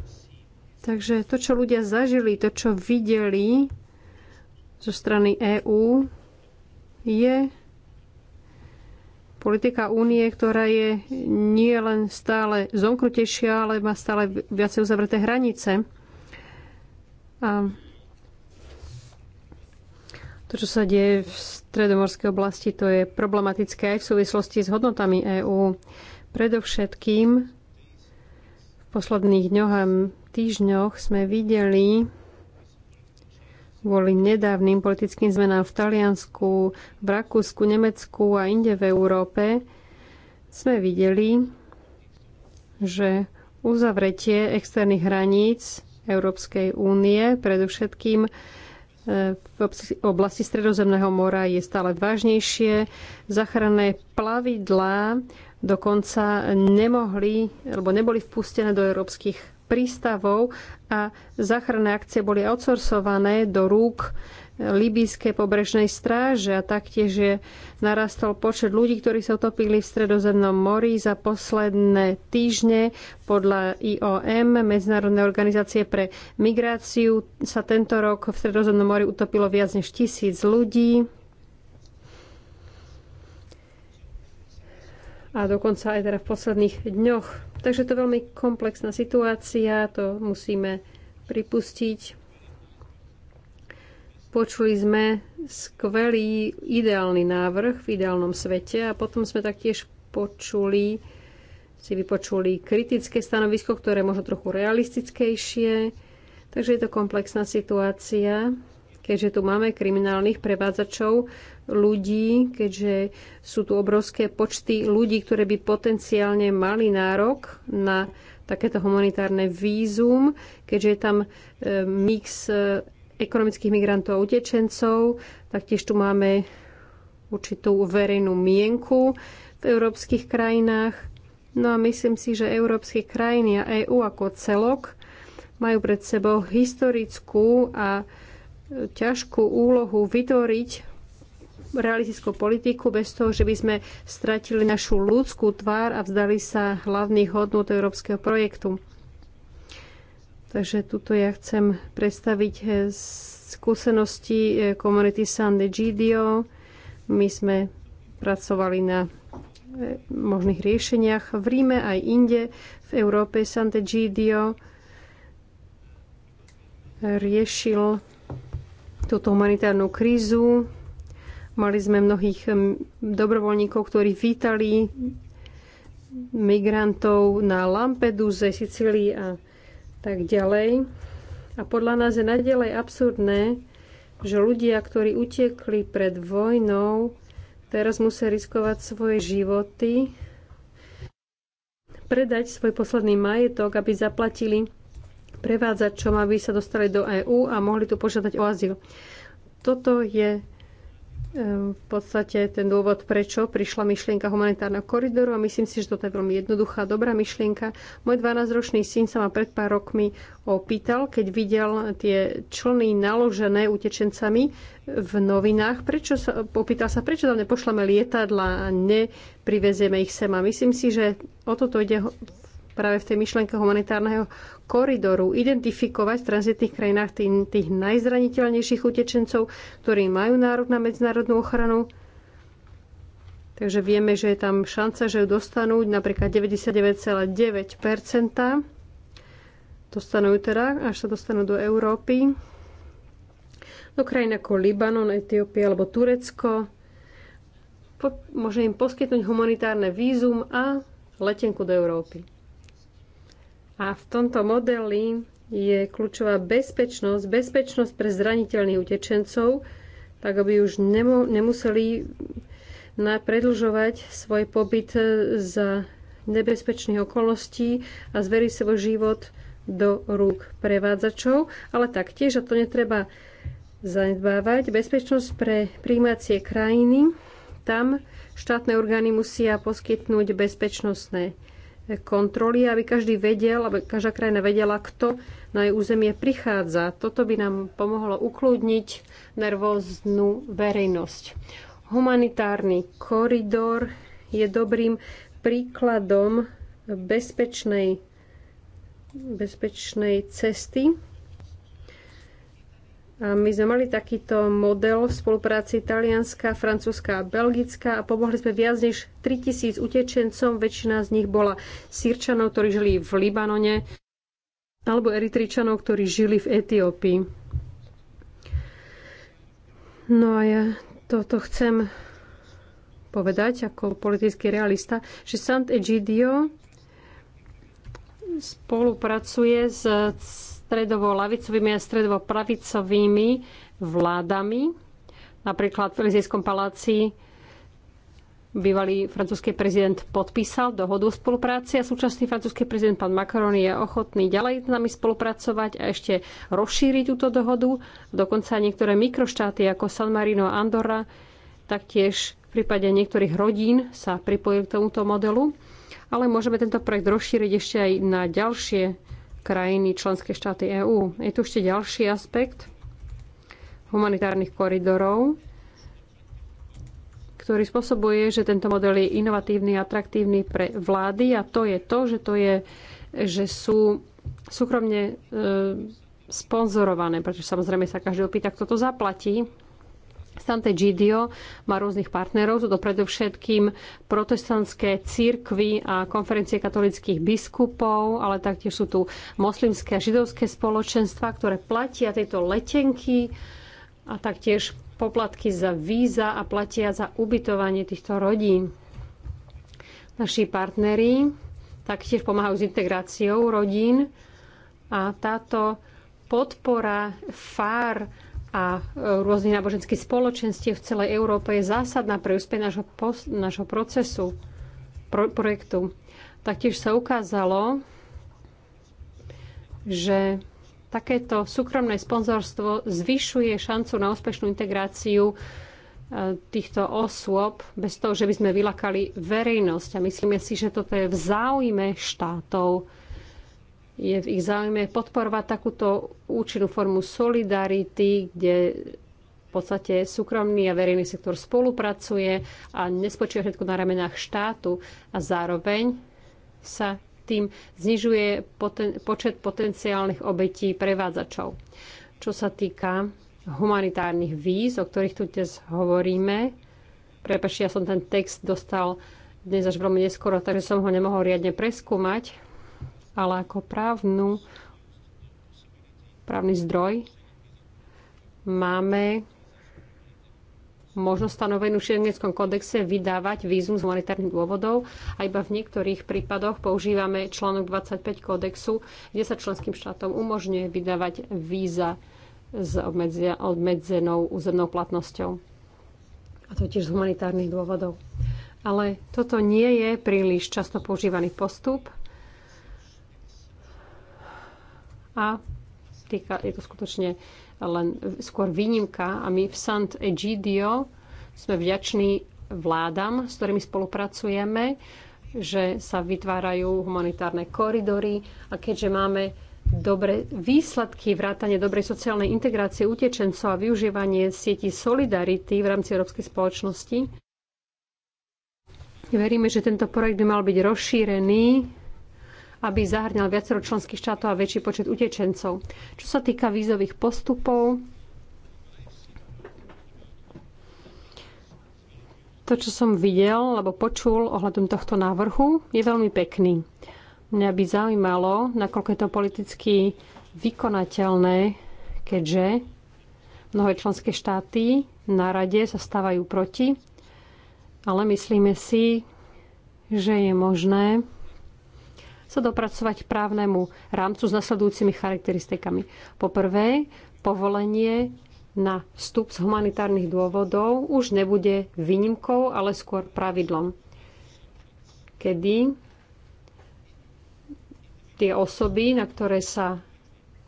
Takže to, čo ľudia zažili, to, čo videli zo strany EÚ, je politika únie, ktorá je nie len stále zomknutejšia, ale má stále viacej uzavreté hranice. A to, čo sa deje v stredomorskej oblasti, to je problematické aj v súvislosti s hodnotami EÚ. Predovšetkým v posledných dňoch a týždňoch sme videli kvôli nedávnym politickým zmenám v Taliansku, v Rakúsku, Nemecku a inde v Európe sme videli, že uzavretie externých hraníc Európskej únie, predovšetkým e, v oblasti Stredozemného mora je stále vážnejšie. Zachranné plavidlá dokonca nemohli, alebo neboli vpustené do európskych prístavov a záchranné akcie boli outsourcované do rúk e, Libijskej pobrežnej stráže a taktiež je narastol počet ľudí, ktorí sa utopili v Stredozemnom mori za posledné týždne. Podľa IOM, Medzinárodnej organizácie pre migráciu, sa tento rok v Stredozemnom mori utopilo viac než tisíc ľudí. A dokonca aj teda v posledných dňoch Takže to je veľmi komplexná situácia, to musíme pripustiť. Počuli sme skvelý, ideálny návrh v ideálnom svete a potom sme taktiež počuli, si vypočuli kritické stanovisko, ktoré je možno trochu realistickejšie. Takže je to komplexná situácia, keďže tu máme kriminálnych prevádzačov, ľudí, keďže sú tu obrovské počty ľudí, ktoré by potenciálne mali nárok na takéto humanitárne vízum, keďže je tam e, mix e, ekonomických migrantov a utečencov. Taktiež tu máme určitú verejnú mienku v európskych krajinách. No a myslím si, že európske krajiny a EÚ ako celok majú pred sebou historickú a e, ťažkú úlohu vytvoriť realistickú politiku bez toho, že by sme stratili našu ľudskú tvár a vzdali sa hlavných hodnot európskeho projektu. Takže tuto ja chcem predstaviť eh, skúsenosti eh, komunity San Egidio. My sme pracovali na eh, možných riešeniach v Ríme aj inde, v Európe Gidio riešil túto humanitárnu krízu Mali sme mnohých dobrovoľníkov, ktorí vítali migrantov na Lampeduze, Sicílii a tak ďalej. A podľa nás je nadalej absurdné, že ľudia, ktorí utekli pred vojnou, teraz musia riskovať svoje životy, predať svoj posledný majetok, aby zaplatili prevádzačom, aby sa dostali do EÚ a mohli tu požiadať o azyl. Toto je Ehm, v podstate ten dôvod, prečo prišla myšlienka humanitárneho koridoru a myslím si, že toto je veľmi jednoduchá, dobrá myšlienka. Môj 12-ročný syn sa ma pred pár rokmi opýtal, keď videl tie člny naložené utečencami v novinách, prečo sa, opýtal sa, prečo tam nepošlame lietadla a neprivezieme ich sem. A myslím si, že o toto ide v práve v tej myšlenke humanitárneho koridoru identifikovať v tranzitných krajinách tých, tých najzraniteľnejších utečencov, ktorí majú nárok na medzinárodnú ochranu. Takže vieme, že je tam šanca, že ju dostanú napríklad 99,9%. Dostanú ju teda, až sa dostanú do Európy. Do no, krajín ako Libanon, Etiópia alebo Turecko môže im poskytnúť humanitárne vízum a letenku do Európy. A v tomto modeli je kľúčová bezpečnosť, bezpečnosť pre zraniteľných utečencov, tak aby už nemuseli predlžovať svoj pobyt e, za nebezpečných okolností a zverí svoj život do rúk prevádzačov, ale taktiež, a to netreba zanedbávať, bezpečnosť pre príjmacie krajiny, tam štátne orgány musia poskytnúť bezpečnostné kontroly, aby každý vedel, aby každá krajina vedela, kto na jej územie prichádza. Toto by nám pomohlo ukludniť nervóznu verejnosť. Humanitárny koridor je dobrým príkladom bezpečnej, bezpečnej cesty a my sme mali takýto model v spolupráci Talianska, Francúzska a Belgická a pomohli sme viac než 3000 utečencom. Väčšina z nich bola Sýrčanov, ktorí žili v Libanone alebo Eritričanov, ktorí žili v Etiópii. No a ja toto chcem povedať ako politický realista, že Sant Egidio spolupracuje s stredovo-lavicovými a stredovo-pravicovými vládami. Napríklad v Elizejskom paláci bývalý francúzsky prezident podpísal dohodu o spolupráci a súčasný francúzsky prezident pán Macron je ochotný ďalej s nami spolupracovať a ešte rozšíriť túto dohodu. Dokonca niektoré mikroštáty ako San Marino a Andorra taktiež v prípade niektorých rodín sa pripojili k tomuto modelu. Ale môžeme tento projekt rozšíriť ešte aj na ďalšie krajiny členské štáty EÚ. Je tu ešte ďalší aspekt humanitárnych koridorov, ktorý spôsobuje, že tento model je inovatívny, atraktívny pre vlády a to je to, že, to je, že sú súkromne e, sponzorované, pretože samozrejme sa každý opýta, kto to zaplatí. Gidio má rôznych partnerov, sú to predovšetkým protestantské církvy a konferencie katolických biskupov, ale taktiež sú tu moslimské a židovské spoločenstva, ktoré platia tieto letenky a taktiež poplatky za víza a platia za ubytovanie týchto rodín. Naši partneri taktiež pomáhajú s integráciou rodín a táto podpora FAR a e, rôznych náboženských spoločenstiev v celej Európe je zásadná pre úspech nášho, nášho procesu, pro, projektu. Taktiež sa ukázalo, že takéto súkromné sponzorstvo zvyšuje šancu na úspešnú integráciu e, týchto osôb bez toho, že by sme vylakali verejnosť. A myslíme si, že toto je v záujme štátov, je v ich záujme podporovať takúto účinnú formu solidarity, kde v podstate súkromný a verejný sektor spolupracuje a nespočíva všetko na ramenách štátu a zároveň sa tým znižuje poten- počet potenciálnych obetí prevádzačov. Čo sa týka humanitárnych víz, o ktorých tu dnes hovoríme, prepašte, ja som ten text dostal dnes až veľmi neskoro, takže som ho nemohol riadne preskúmať, ale ako právnu, právny zdroj máme možno stanovenú v Šengenskom kodexe vydávať vízum z humanitárnych dôvodov a iba v niektorých prípadoch používame článok 25 kodexu, kde sa členským štátom umožňuje vydávať víza s obmedzenou územnou platnosťou. A to tiež z humanitárnych dôvodov. Ale toto nie je príliš často používaný postup a týka, je to skutočne len skôr výnimka a my v Sant Egidio sme vďační vládam, s ktorými spolupracujeme, že sa vytvárajú humanitárne koridory a keďže máme dobre výsledky vrátane dobrej sociálnej integrácie utečencov a využívanie sieti Solidarity v rámci Európskej spoločnosti. Veríme, že tento projekt by mal byť rozšírený aby zahrňal viacero členských štátov a väčší počet utečencov. Čo sa týka vízových postupov, to, čo som videl alebo počul ohľadom tohto návrhu, je veľmi pekný. Mňa by zaujímalo, nakoľko je to politicky vykonateľné, keďže mnohé členské štáty na rade sa stávajú proti, ale myslíme si, že je možné sa dopracovať k právnemu rámcu s nasledujúcimi charakteristikami. Po prvé, povolenie na vstup z humanitárnych dôvodov už nebude výnimkou, ale skôr pravidlom. Kedy tie osoby, na ktoré sa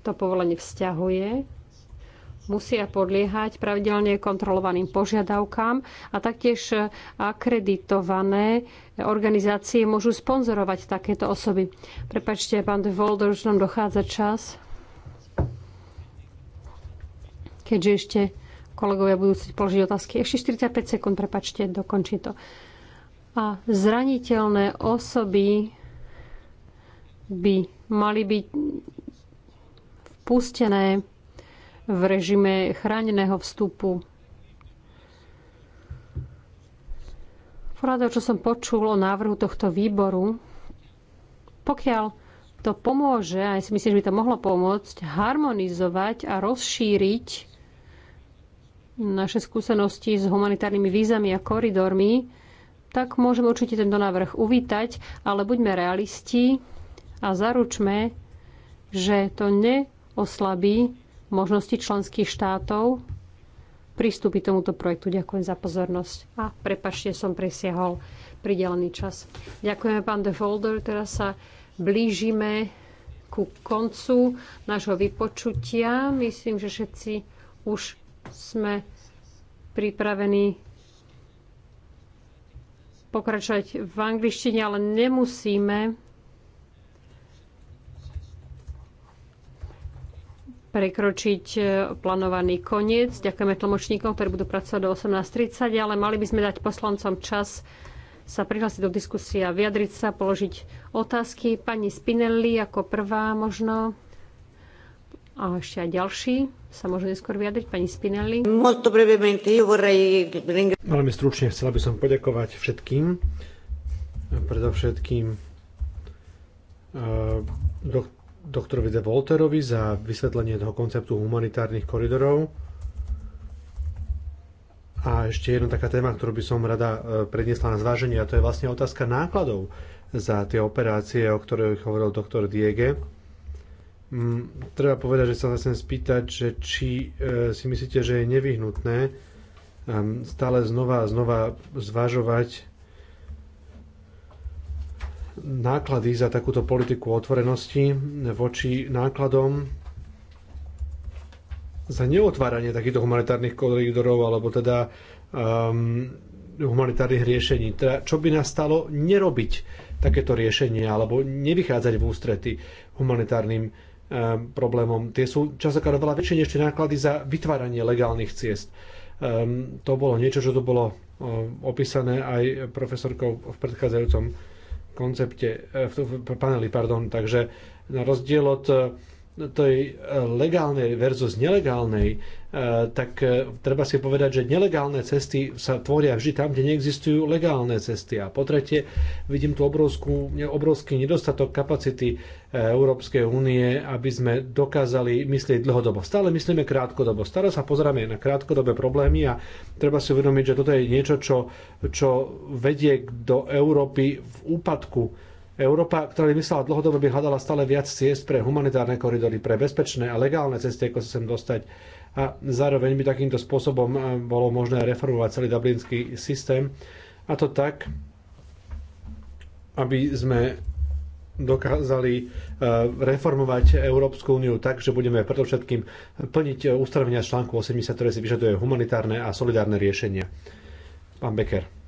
to povolenie vzťahuje, musia podliehať pravidelne kontrolovaným požiadavkám a taktiež akreditované organizácie môžu sponzorovať takéto osoby. Prepačte, pán de Volder, už nám dochádza čas. Keďže ešte kolegovia budú chcieť položiť otázky. Ešte 45 sekúnd, prepačte, dokončí to. A zraniteľné osoby by mali byť pustené v režime chráneného vstupu. Poradov, čo som počul o návrhu tohto výboru, pokiaľ to pomôže, aj si myslím, že by to mohlo pomôcť, harmonizovať a rozšíriť naše skúsenosti s humanitárnymi vízami a koridormi, tak môžeme určite tento návrh uvítať, ale buďme realisti a zaručme, že to neoslabí možnosti členských štátov pristúpiť tomuto projektu. Ďakujem za pozornosť. A prepačte, som presiahol pridelený čas. Ďakujeme, pán De Folder. Teraz sa blížime ku koncu nášho vypočutia. Myslím, že všetci už sme pripravení pokračovať v angličtine, ale nemusíme prekročiť e, plánovaný koniec. Ďakujeme tlmočníkom, ktorí budú pracovať do 18.30, ale mali by sme dať poslancom čas sa prihlásiť do diskusie a vyjadriť sa, položiť otázky. Pani Spinelli ako prvá možno a ešte aj ďalší sa môžu neskôr vyjadriť. Pani Spinelli. Veľmi stručne chcela by som poďakovať všetkým, predovšetkým e, doktorovi De Volterovi za vysvetlenie toho konceptu humanitárnych koridorov. A ešte jedna taká téma, ktorú by som rada e, predniesla na zváženie, a to je vlastne otázka nákladov za tie operácie, o ktorých hovoril doktor Diege. Mm, treba povedať, že sa chcem spýtať, že či e, si myslíte, že je nevyhnutné ehm, stále znova a znova zvažovať náklady za takúto politiku otvorenosti voči nákladom za neotváranie takýchto humanitárnych koridorov alebo teda um, humanitárnych riešení. Teda, čo by nás stalo nerobiť takéto riešenie alebo nevychádzať v ústrety humanitárnym um, problémom. Tie sú časokrát veľa väčšie než tie náklady za vytváranie legálnych ciest. Um, to bolo niečo, čo to bolo um, opísané aj profesorkou v predchádzajúcom koncepte, e, v paneli, pardon. Takže na rozdiel od e, tej e, legálnej versus nelegálnej, e, tak e, treba si povedať, že nelegálne cesty sa tvoria vždy tam, kde neexistujú legálne cesty. A po tretie, vidím tu obrovskú, obrovský nedostatok kapacity Európskej únie, aby sme dokázali myslieť dlhodobo. Stále myslíme krátkodobo. Stále sa pozeráme na krátkodobé problémy a treba si uvedomiť, že toto je niečo, čo, čo vedie do Európy v úpadku Európa, ktorá by myslela dlhodobo, by hľadala stále viac ciest pre humanitárne koridory, pre bezpečné a legálne cesty, ako sa sem dostať. A zároveň by takýmto spôsobom eh, bolo možné reformovať celý dublinský systém. A to tak, aby sme dokázali eh, reformovať Európsku úniu tak, že budeme predovšetkým plniť ustanovenia článku 80, ktoré si vyžaduje humanitárne a solidárne riešenia. Pán Becker.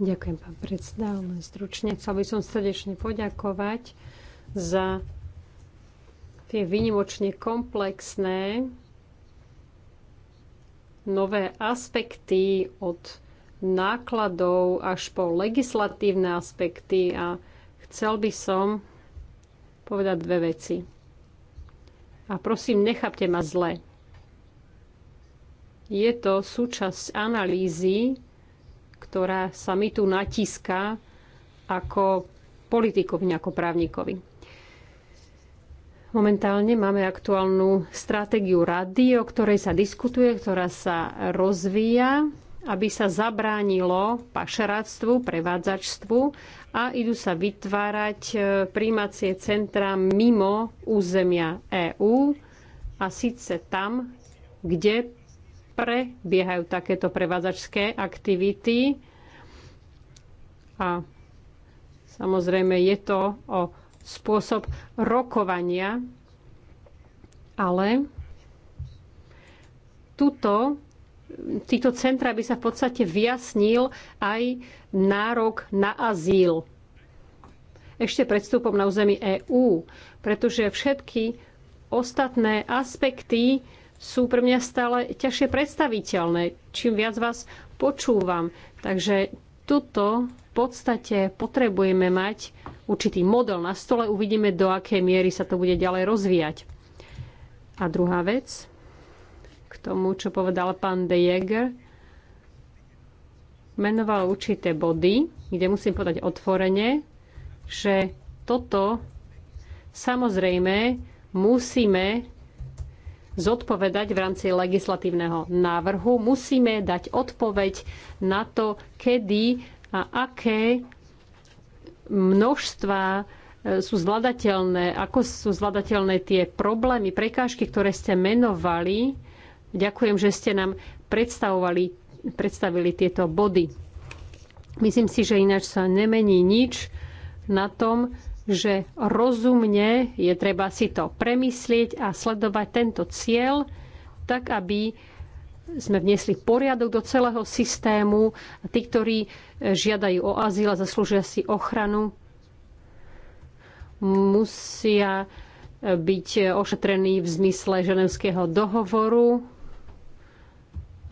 Ďakujem, pán predseda. Len stručne chcel by som srdečne poďakovať za tie výnimočne komplexné nové aspekty od nákladov až po legislatívne aspekty a chcel by som povedať dve veci. A prosím, nechápte ma zle. Je to súčasť analýzy ktorá sa mi tu natiská ako politikovi, ako právnikovi. Momentálne máme aktuálnu stratégiu rady, o ktorej sa diskutuje, ktorá sa rozvíja, aby sa zabránilo pašeráctvu, prevádzačstvu a idú sa vytvárať e, príjmacie centra mimo územia EÚ a síce tam, kde prebiehajú takéto prevádzačské aktivity. A samozrejme je to o spôsob rokovania, ale tuto týto centra by sa v podstate vyjasnil aj nárok na azyl ešte pred vstupom na území EÚ, pretože všetky ostatné aspekty sú pre mňa stále ťažšie predstaviteľné, čím viac vás počúvam. Takže tuto v podstate potrebujeme mať určitý model na stole, uvidíme do akej miery sa to bude ďalej rozvíjať. A druhá vec, k tomu, čo povedal pán De Jäger, menoval určité body, kde musím povedať otvorene, že toto samozrejme musíme zodpovedať v rámci legislatívneho návrhu. Musíme dať odpoveď na to, kedy a aké množstva e, sú zvladateľné, ako sú zvladateľné tie problémy, prekážky, ktoré ste menovali. Ďakujem, že ste nám predstavovali, predstavili tieto body. Myslím si, že ináč sa nemení nič na tom, že rozumne je treba si to premyslieť a sledovať tento cieľ, tak aby sme vniesli poriadok do celého systému. A tí, ktorí e, žiadajú o azyl a zaslúžia si ochranu, musia e, byť e, ošetrení v zmysle ženevského dohovoru.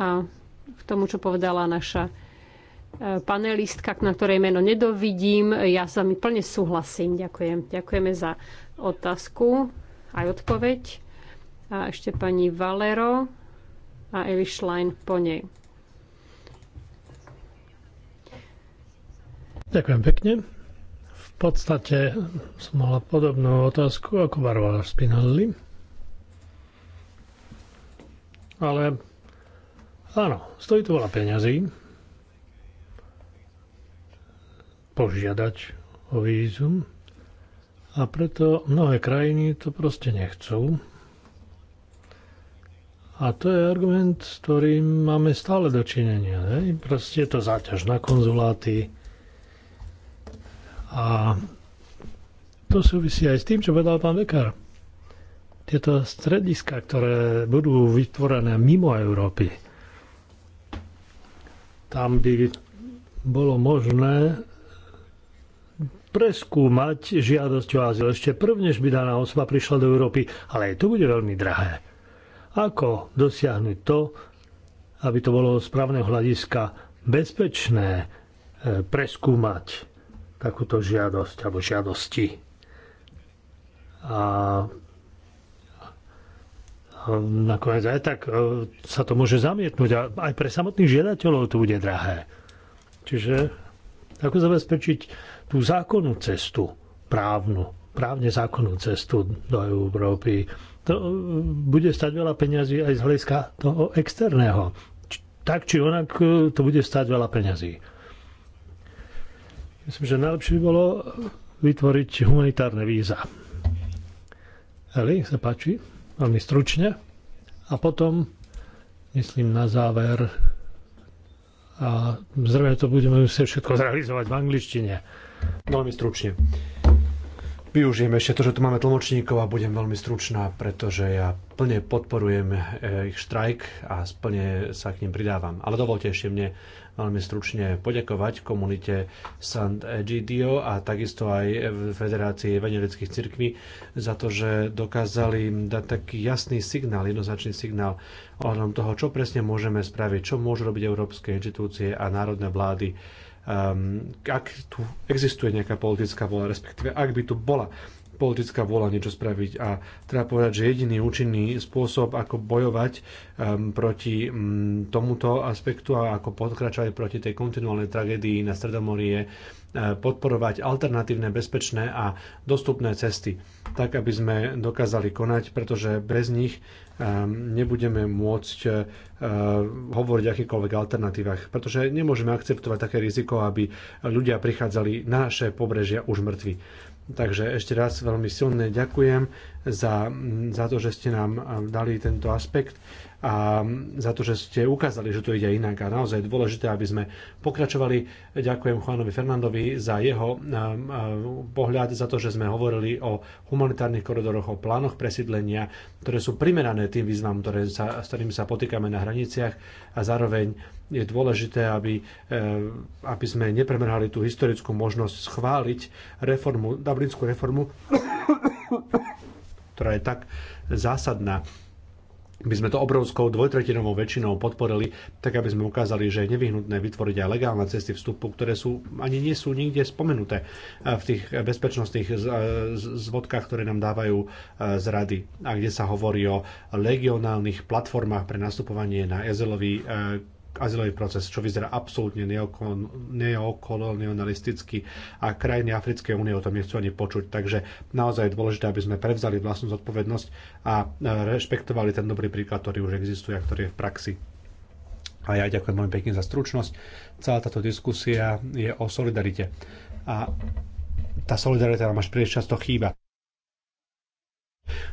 A k tomu, čo povedala naša panelistka, na ktorej meno nedovidím. Ja sa mi plne súhlasím. Ďakujem. Ďakujeme za otázku aj odpoveď. A ešte pani Valero a Eli Schlein po nej. Ďakujem pekne. V podstate som mala podobnú otázku ako Barbara Spinelli. Ale áno, stojí to veľa peňazí, požiadať o vízum a preto mnohé krajiny to proste nechcú. A to je argument, s ktorým máme stále dočinenie. Ne? Proste je to záťaž na konzuláty. A to súvisí aj s tým, čo povedal pán vekar. Tieto strediska, ktoré budú vytvorené mimo Európy, tam by bolo možné preskúmať žiadosť o azyl ešte prv, než by daná osoba prišla do Európy, ale aj to bude veľmi drahé. Ako dosiahnuť to, aby to bolo z právneho hľadiska bezpečné e, preskúmať takúto žiadosť alebo žiadosti? A nakoniec aj tak e, sa to môže zamietnúť a aj pre samotných žiadateľov to bude drahé. Čiže ako zabezpečiť tú zákonnú cestu, právnu, právne zákonnú cestu do Európy. To e, bude stať veľa peňazí aj z hľadiska toho externého. Tak či onak e, to bude stať veľa peňazí. Myslím, že najlepšie by bolo vytvoriť humanitárne víza. Eli, sa páči, veľmi stručne. A potom, myslím na záver, a zrejme to budeme musieť všetko zrealizovať v angličtine. Veľmi stručne. Využijem ešte to, že tu máme tlmočníkov a budem veľmi stručná, pretože ja plne podporujem eh, ich štrajk a plne sa k ním pridávam. Ale dovolte ešte mne veľmi stručne poďakovať komunite Sant Egidio a takisto aj Federácii evangelických cirkví za to, že dokázali dať taký jasný signál, jednoznačný signál ohľadom toho, čo presne môžeme spraviť, čo môžu robiť európske inštitúcie a národné vlády um, ak tu existuje nejaká politická vola, respektíve ak by tu bola politická vôľa niečo spraviť. A treba povedať, že jediný účinný spôsob, ako bojovať um, proti um, tomuto aspektu a ako pokračovať proti tej kontinuálnej tragédii na Stredomorie, E, podporovať alternatívne, bezpečné a dostupné cesty, tak aby sme dokázali konať, pretože bez nich e, nebudeme môcť e, hovoriť o akýchkoľvek alternatívach, pretože nemôžeme akceptovať také riziko, aby ľudia prichádzali na naše pobrežia už mŕtvi. Takže ešte raz veľmi silne ďakujem za, za to, že ste nám dali tento aspekt a za to, že ste ukázali, že to ide inak a naozaj je dôležité, aby sme pokračovali. Ďakujem Juanovi Fernandovi za jeho pohľad, za to, že sme hovorili o humanitárnych koridoroch, o plánoch presídlenia, ktoré sú primerané tým význam, ktoré sa, s ktorými sa potýkame na hraniciach a zároveň je dôležité, aby, e, aby sme nepremrhali tú historickú možnosť schváliť reformu, dublinskú reformu, ktorá je tak zásadná by sme to obrovskou dvojtretinovou väčšinou podporili, tak aby sme ukázali, že je nevyhnutné vytvoriť aj legálne cesty vstupu, ktoré sú, ani nie sú nikde spomenuté e, v tých bezpečnostných e, zvodkách, ktoré nám dávajú e, z rady a kde sa hovorí o legionálnych platformách pre nastupovanie na jazylový azylový proces, čo vyzerá absolútne neokolonialisticky a krajiny Africkej únie o tom nechcú ani počuť. Takže naozaj je dôležité, aby sme prevzali vlastnú zodpovednosť a e, rešpektovali ten dobrý príklad, ktorý už existuje a ktorý je v praxi. A ja ďakujem veľmi pekne za stručnosť. Celá táto diskusia je o solidarite. A tá solidarita nám až príliš často chýba.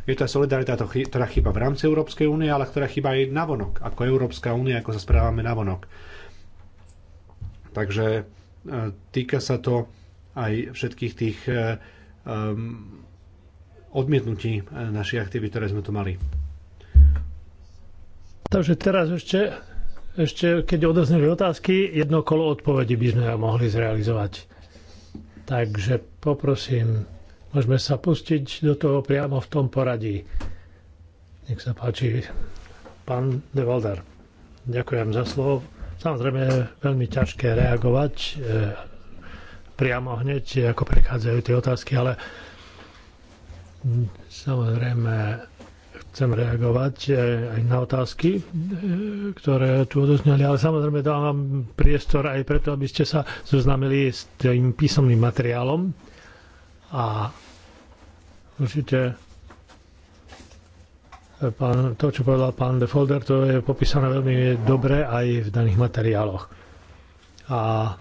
Je tá solidarita, ktorá chýba v rámci Európskej únie, ale ktorá chýba aj navonok, ako Európska únia, ako sa správame navonok. Takže e, týka sa to aj všetkých tých um, odmietnutí e, našich aktivít, ktoré sme tu mali. Takže teraz ešte, ešte keď odozneli otázky, jedno kolo odpovedí by sme mohli zrealizovať. Takže poprosím Môžeme sa pustiť do toho priamo v tom poradí. Nech sa páči, pán De Valder. Ďakujem za slovo. Samozrejme je veľmi ťažké reagovať e, priamo hneď, ako prechádzajú tie otázky, ale samozrejme chcem reagovať e, aj na otázky, e, ktoré tu odozneli, ale samozrejme dávam priestor aj preto, aby ste sa zoznámili s tým písomným materiálom a Určite eh, pán, to, čo povedal pán Defolder, to je popísané veľmi dobre aj v daných materiáloch. A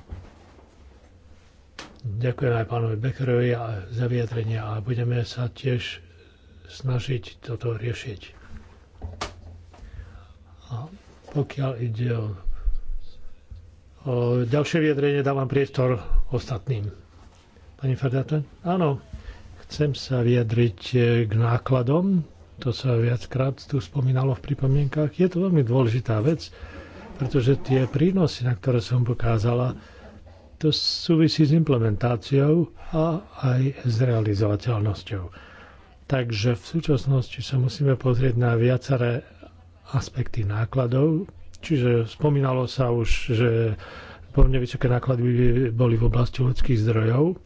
ďakujem aj pánovi Beckerovi za vyjadrenie a budeme sa tiež snažiť toto riešiť. A pokiaľ ide o, o ďalšie vyjadrenie, dávam priestor ostatným. Pani Ferdáte? Áno, Chcem sa vyjadriť e, k nákladom. To sa viackrát tu spomínalo v pripomienkach. Je to veľmi dôležitá vec, pretože tie prínosy, na ktoré som pokázala, to súvisí s implementáciou a aj s realizovateľnosťou. Takže v súčasnosti sa musíme pozrieť na viaceré aspekty nákladov. Čiže spomínalo sa už, že pomerne vysoké náklady by boli v oblasti ľudských zdrojov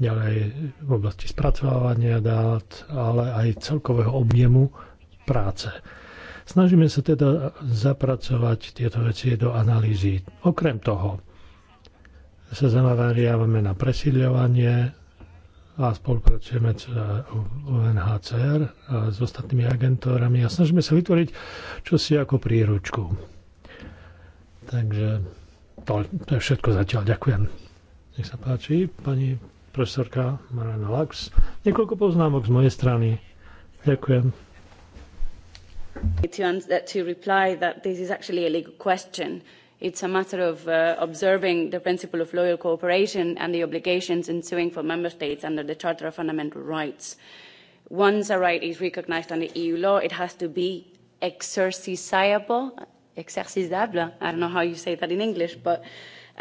ďalej v oblasti spracovávania dát, ale aj celkového objemu práce. Snažíme sa teda zapracovať tieto veci do analýzy. Okrem toho sa zameriavame na presídľovanie a spolupracujeme s UNHCR a s ostatnými agentórami a snažíme sa vytvoriť čosi ako príručku. Takže to, to je všetko zatiaľ. Ďakujem. Nech sa páči, pani profesorka Marana Lax. Niekoľko poznámok z mojej strany. Ďakujem. To reply that this is actually a legal question. It's a matter of uh, observing the principle of loyal cooperation and the obligations ensuing for member states under the Charter of Fundamental Rights. Once a right is recognized under EU law, it has to be exercisable, exercisable. I don't know how you say that in English, but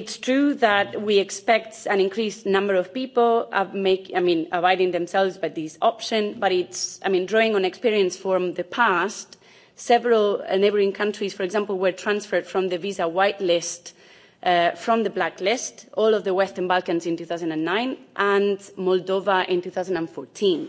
It's true that we expect an increased number of people uh, make, I mean, abiding themselves by this option, but it's, I mean, drawing on experience from the past, several neighbouring countries, for example, were transferred from the visa white list uh, from the black list, all of the Western Balkans in two thousand nine and Moldova in fourteen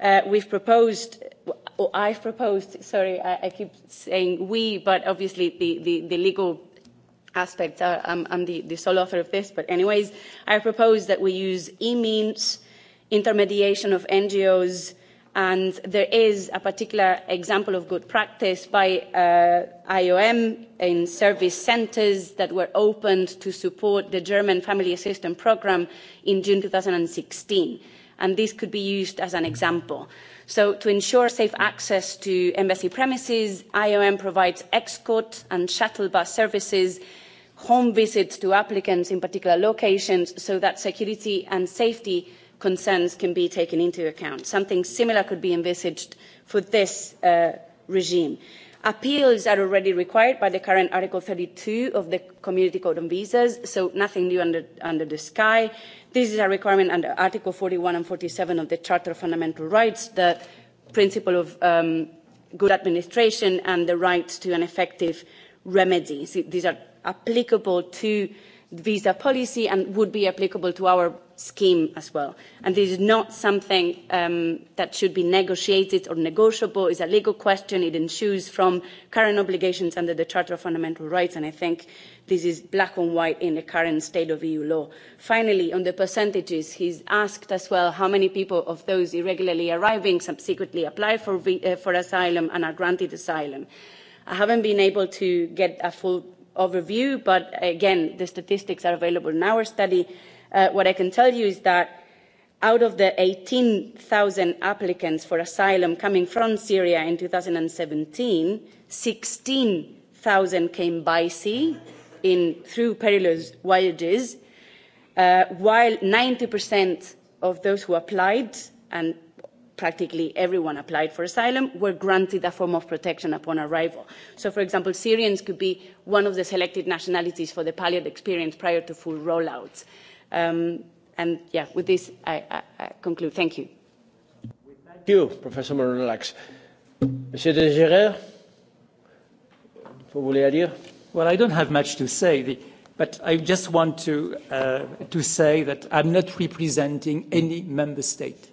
Uh, we've proposed or I've proposed, sorry, I, I keep saying we, but obviously the, the, the legal aspects are, I'm, um, I'm the, the sole author of this, but anyways, I propose that we use e-means, intermediation of NGOs, and there is a particular example of good practice by uh, IOM in service centres that were opened to support the German family assistance programme in June sixteen and this could be used as an example. So to ensure safe access to embassy premises, IOM provides escort and shuttle bus services, home visits to applicants in particular locations so that security and safety concerns can be taken into account. Something similar could be envisaged for this uh, regime appeals are already required by the current article thirty two of the community code on visas so nothing new under, under the sky. this is a requirement under article forty one and forty seven of the charter of fundamental rights the principle of um, good administration and the right to an effective remedy. So these are applicable to visa policy and would be applicable to our scheme as well. And this is not something um, that should be negotiated or negotiable. It's a legal question. It ensues from current obligations under the Charter of Fundamental Rights, and I think this is black and white in the current state of EU law. Finally, on the percentages, he's asked as well how many people of those irregularly arriving subsequently apply for, uh, for asylum and are granted asylum. I haven't been able to get a full overview, but again, the statistics are available in our study Uh, what I can tell you is that out of the eighteen 18,000 applicants for asylum coming from Syria in 2017, 16,000 came by sea in, through perilous voyages, uh, while 90% of those who applied, and practically everyone applied for asylum, were granted a form of protection upon arrival. So, for example, Syrians could be one of the selected nationalities for the palliative experience prior to full rollouts. Um, and yeah, with this, I, I, I conclude. Thank you. Thank you, Professor morin Monsieur de Gérard, vous voulez dire? Well, I don't have much to say. The, but I just want to, uh, to say that I'm not representing any member state.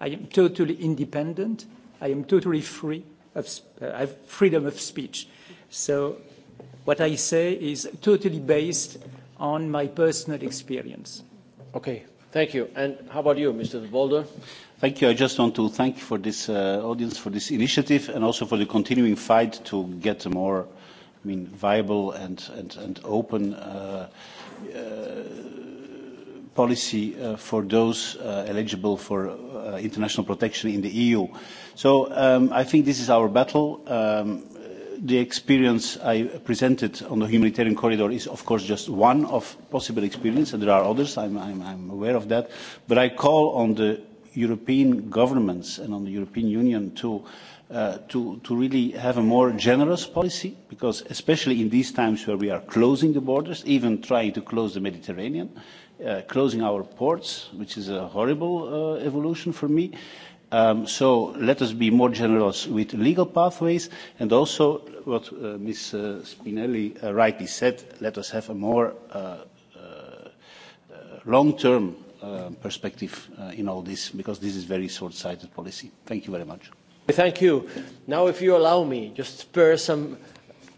I am totally independent. I am totally free of uh, I have freedom of speech. So what I say is totally based on my personal experience. Okay, thank you. And how about you, Mr. Boulder? Thank you. I just want to thank for this uh, audience for this initiative and also for the continuing fight to get a more, I mean, viable and and and open. Uh, uh, policy uh, for those uh, eligible for uh, international protection in the EU. So um, I think this is our battle. Um, the experience I presented on the humanitarian corridor is, of course, just one of possible experiences, and there are others, I'm, I'm, I'm aware of that. But I call on the European governments and on the European Union to, uh, to, to really have a more generous policy, because especially in these times where we are closing the borders, even trying to close the Mediterranean, uh, closing our ports, which is a horrible uh, evolution for me, uh, Um, so let us be more generous with legal pathways and also what uh, Ms. Uh, Spinelli uh, rightly said, let us have a more uh, uh, long-term uh, perspective uh, in all this because this is very short-sighted policy. Thank you very much. Thank you. Now if you allow me, just spare some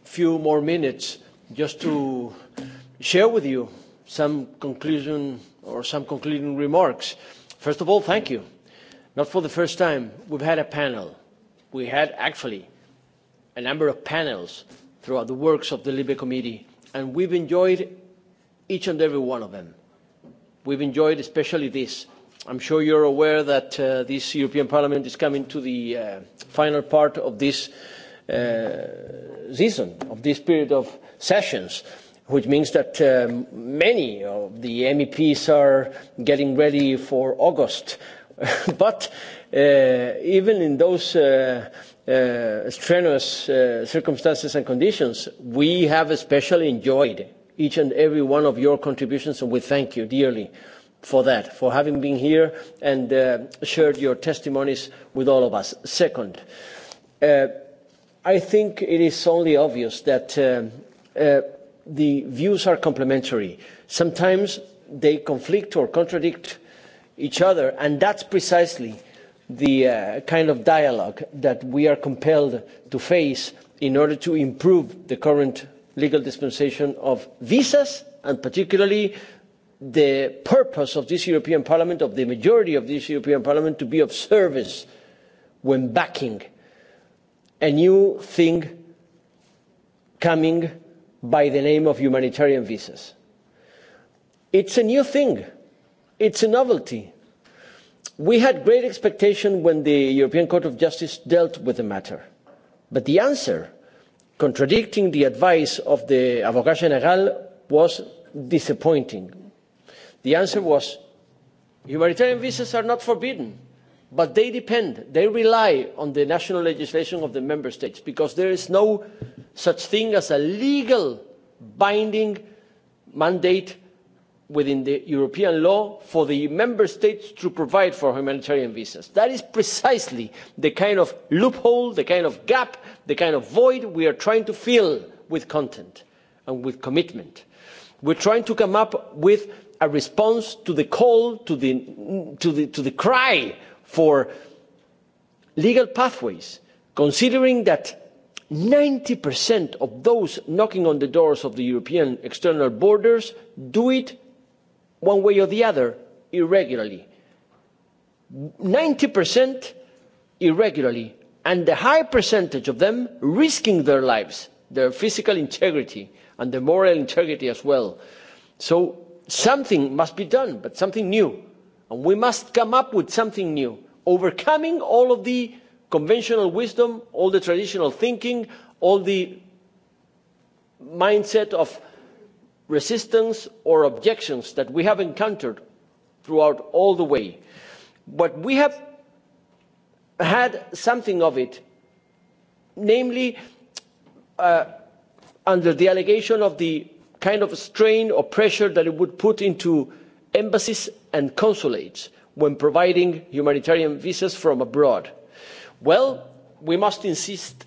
few more minutes just to share with you some conclusion or some concluding remarks. First of all, thank you Not for the first time, we've had a panel. We had actually a number of panels throughout the works of the Libe Committee, and we've enjoyed each and every one of them. We've enjoyed especially this. I'm sure you're aware that uh, this European Parliament is coming to the uh, final part of this uh, season, of this period of sessions, which means that um, many of the MEPs are getting ready for August but uh, even in those uh, uh, strenuous uh, circumstances and conditions, we have especially enjoyed each and every one of your contributions, and we thank you dearly for that, for having been here and uh, shared your testimonies with all of us. Second, uh, I think it is only obvious that uh, uh, the views are complementary. Sometimes they conflict or contradict each other. And that's precisely the uh, kind of dialogue that we are compelled to face in order to improve the current legal dispensation of visas and particularly the purpose of this European Parliament, of the majority of this European Parliament, to be of service when backing a new thing coming by the name of humanitarian visas. It's a new thing it's a novelty. We had great expectation when the European Court of Justice dealt with the matter. But the answer, contradicting the advice of the Avocat General, was disappointing. The answer was humanitarian visas are not forbidden, but they depend, they rely on the national legislation of the member states because there is no such thing as a legal binding mandate within the European law for the member states to provide for humanitarian visas. That is precisely the kind of loophole, the kind of gap, the kind of void we are trying to fill with content and with commitment. We're trying to come up with a response to the call, to the, to the, to the cry for legal pathways, considering that 90% of those knocking on the doors of the European external borders do it one way or the other, irregularly. 90% irregularly, and a high percentage of them risking their lives, their physical integrity, and their moral integrity as well. So something must be done, but something new. And we must come up with something new, overcoming all of the conventional wisdom, all the traditional thinking, all the mindset of resistance or objections that we have encountered throughout all the way. But we have had something of it, namely uh, under the allegation of the kind of strain or pressure that it would put into embassies and consulates when providing humanitarian visas from abroad. Well, we must insist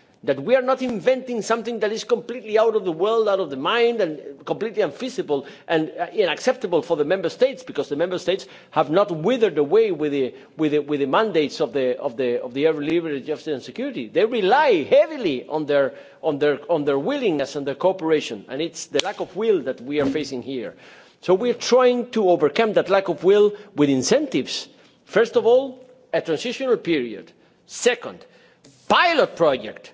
that we are not inventing something that is completely out of the world, out of the mind, and completely unfeasible and unacceptable uh, for the member states, because the member states have not withered away with the, with the, with the mandates of the, of the, of the early liberty, justice and security. They rely heavily on their, on their, on their willingness and their cooperation, and it's the lack of will that we are facing here. So we are trying to overcome that lack of will with incentives. First of all, a transitional period. Second, pilot project